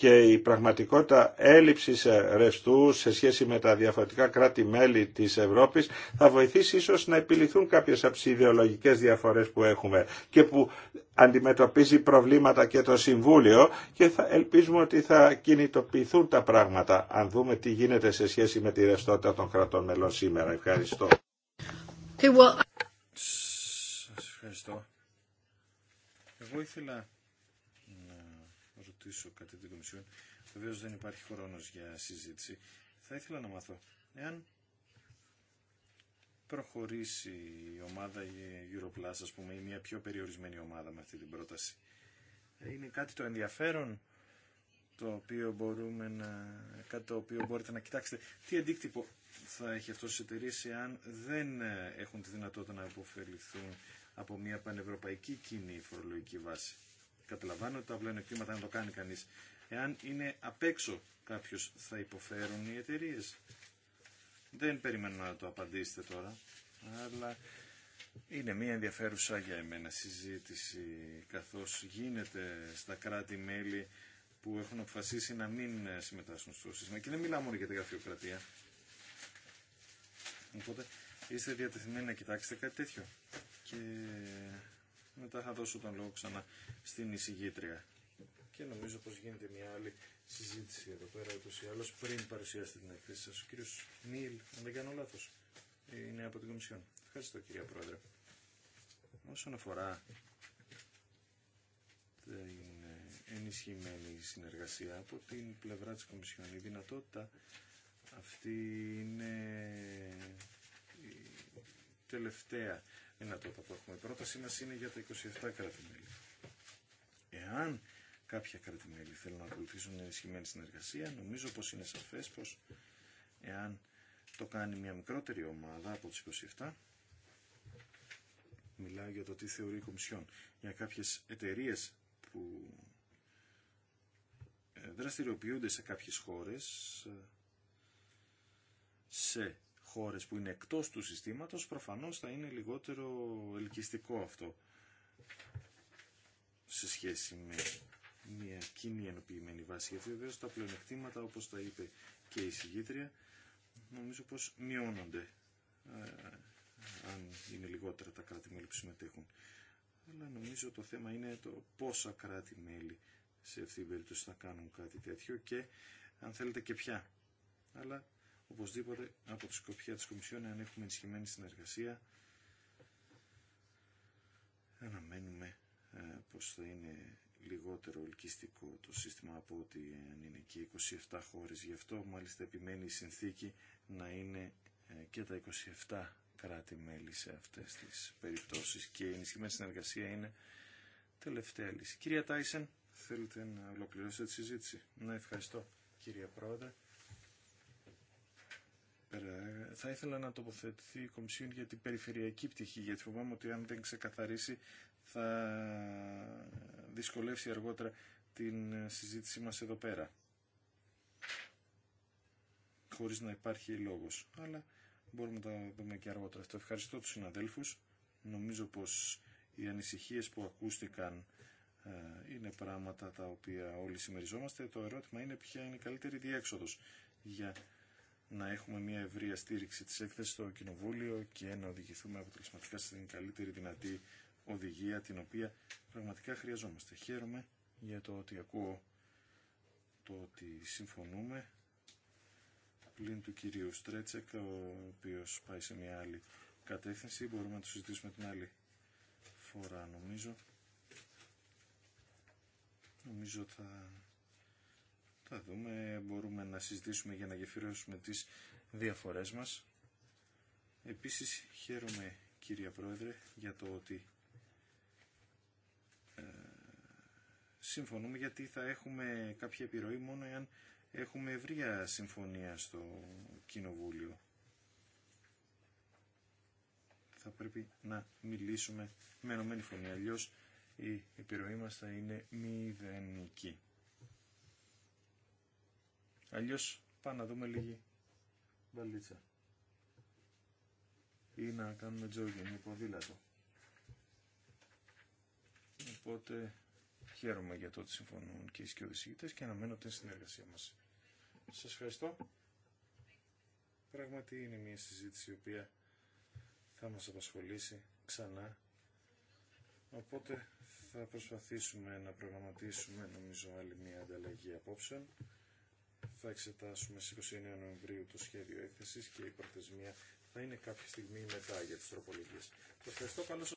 και η πραγματικότητα έλλειψης ρευστού σε σχέση με τα διαφορετικά κράτη-μέλη της Ευρώπης θα βοηθήσει ίσως να επιληθούν κάποιες από τι ιδεολογικέ διαφορές που έχουμε και που αντιμετωπίζει προβλήματα και το Συμβούλιο και θα ελπίζουμε ότι θα κινητοποιηθούν τα πράγματα αν δούμε τι γίνεται σε σχέση με τη ρευστότητα των κρατών μελών σήμερα. Ευχαριστώ.
ευχαριστώ. Εγώ ήθελα ρωτήσω κάτι την Κομισιόν. Βεβαίω δεν υπάρχει χρόνο για συζήτηση. Θα ήθελα να μάθω εάν προχωρήσει η ομάδα Europlus, ας πούμε, ή μια πιο περιορισμένη ομάδα με αυτή την πρόταση. Είναι κάτι το ενδιαφέρον το οποίο μπορούμε να, κάτι το οποίο μπορείτε να κοιτάξετε. Τι αντίκτυπο θα έχει αυτό στις εταιρείες εάν δεν έχουν τη δυνατότητα να αποφεληθούν από μια πανευρωπαϊκή κοινή φορολογική βάση. Καταλαβαίνω ότι τα πλεονεκτήματα να το κάνει κανείς. Εάν είναι απ' έξω κάποιο θα υποφέρουν οι εταιρείε. Δεν περιμένω να το απαντήσετε τώρα, αλλά είναι μια ενδιαφέρουσα για εμένα συζήτηση, καθώς γίνεται στα κράτη-μέλη που έχουν αποφασίσει να μην συμμετάσχουν στο σύστημα. Και δεν μιλάω μόνο για την γραφειοκρατία. Οπότε είστε διατεθειμένοι να κοιτάξετε κάτι τέτοιο. Και μετά θα δώσω τον λόγο ξανά στην εισηγήτρια. Και νομίζω πως γίνεται μια άλλη συζήτηση εδώ πέρα ούτως ή άλλως πριν παρουσιάσετε την εκθέση σας. Ο κύριος Νίλ, αν δεν κάνω λάθος, είναι από την Κομισιόν. Ευχαριστώ κυρία Πρόεδρε. Όσον αφορά την ενισχυμένη συνεργασία από την πλευρά της Κομισιόν, η δυνατότητα αυτή είναι η τελευταία τότε που έχουμε. Η πρότασή μα είναι για τα 27 κράτη-μέλη. Εάν κάποια κράτη-μέλη θέλουν να ακολουθήσουν ενισχυμένη συνεργασία, νομίζω πως είναι σαφέ πως εάν το κάνει μια μικρότερη ομάδα από τι 27, μιλάω για το τι θεωρεί η Κομισιόν, για κάποιες εταιρείε που ε, δραστηριοποιούνται σε κάποιες χώρες, ε, σε χώρες που είναι εκτός του συστήματος, προφανώς θα είναι λιγότερο ελκυστικό αυτό σε σχέση με μια κοινή ενοποιημένη βάση. Γιατί βεβαίως τα πλεονεκτήματα, όπως τα είπε και η συγγήτρια, νομίζω πως μειώνονται ε, αν είναι λιγότερα τα κράτη-μέλη που συμμετέχουν. Αλλά νομίζω το θέμα είναι το πόσα κράτη-μέλη σε αυτήν την περίπτωση θα κάνουν κάτι τέτοιο και αν θέλετε και ποια. Αλλά οπωσδήποτε από τη σκοπιά της Κομισιόν αν έχουμε ενισχυμένη συνεργασία αναμένουμε ε, πως θα είναι λιγότερο ελκυστικό το σύστημα από ότι αν είναι και 27 χώρες γι' αυτό μάλιστα επιμένει η συνθήκη να είναι ε, και τα 27 κράτη-μέλη σε αυτές τις περιπτώσεις και η ενισχυμένη συνεργασία είναι τελευταία λύση. Κυρία Τάισεν, θέλετε να ολοκληρώσετε τη συζήτηση. Ναι, ευχαριστώ κυρία Πρόεδρε. Ε, θα ήθελα να τοποθετηθεί η Κομισιόν για την περιφερειακή πτυχή, γιατί φοβάμαι ότι αν δεν ξεκαθαρίσει θα δυσκολεύσει αργότερα την ε, συζήτησή μας εδώ πέρα. Χωρίς να υπάρχει λόγος. Αλλά μπορούμε να τα δούμε και αργότερα. Αυτό ευχαριστώ τους συναδέλφους. Νομίζω πως οι ανησυχίες που ακούστηκαν ε, είναι πράγματα τα οποία όλοι συμμεριζόμαστε. Το ερώτημα είναι ποια είναι η καλύτερη διέξοδος για να έχουμε μια ευρεία στήριξη της έκθεσης στο Κοινοβούλιο και να οδηγηθούμε αποτελεσματικά στην καλύτερη δυνατή οδηγία την οποία πραγματικά χρειαζόμαστε. Χαίρομαι για το ότι ακούω το ότι συμφωνούμε πλην του κυρίου Στρέτσεκ ο οποίος πάει σε μια άλλη κατεύθυνση μπορούμε να το συζητήσουμε την άλλη φορά νομίζω νομίζω θα θα δούμε, μπορούμε να συζητήσουμε για να γεφυρώσουμε τις διαφορές μας. Επίσης χαίρομαι κύριε Πρόεδρε για το ότι ε, συμφωνούμε γιατί θα έχουμε κάποια επιρροή μόνο εάν έχουμε ευρία συμφωνία στο Κοινοβούλιο. Θα πρέπει να μιλήσουμε με ενωμένη φωνή, αλλιώς η επιρροή μας θα είναι μηδενική. Αλλιώς πάμε να δούμε λίγη μπαλίτσα. Ή να κάνουμε τζόγινγκ ή ποδήλατο. Οπότε χαίρομαι για το ότι συμφωνούν και οι σκιοδησίτες και αναμένω την συνεργασία μας. Σας ευχαριστώ. Πράγματι είναι μια συζήτηση η οποία θα μας απασχολήσει ξανά. Οπότε θα προσπαθήσουμε να προγραμματίσουμε νομίζω άλλη μια ανταλλαγή απόψεων θα εξετάσουμε στις 29 Νοεμβρίου το σχέδιο έκθεσης και η προθεσμία θα είναι κάποια στιγμή μετά για τις τροπολογίες.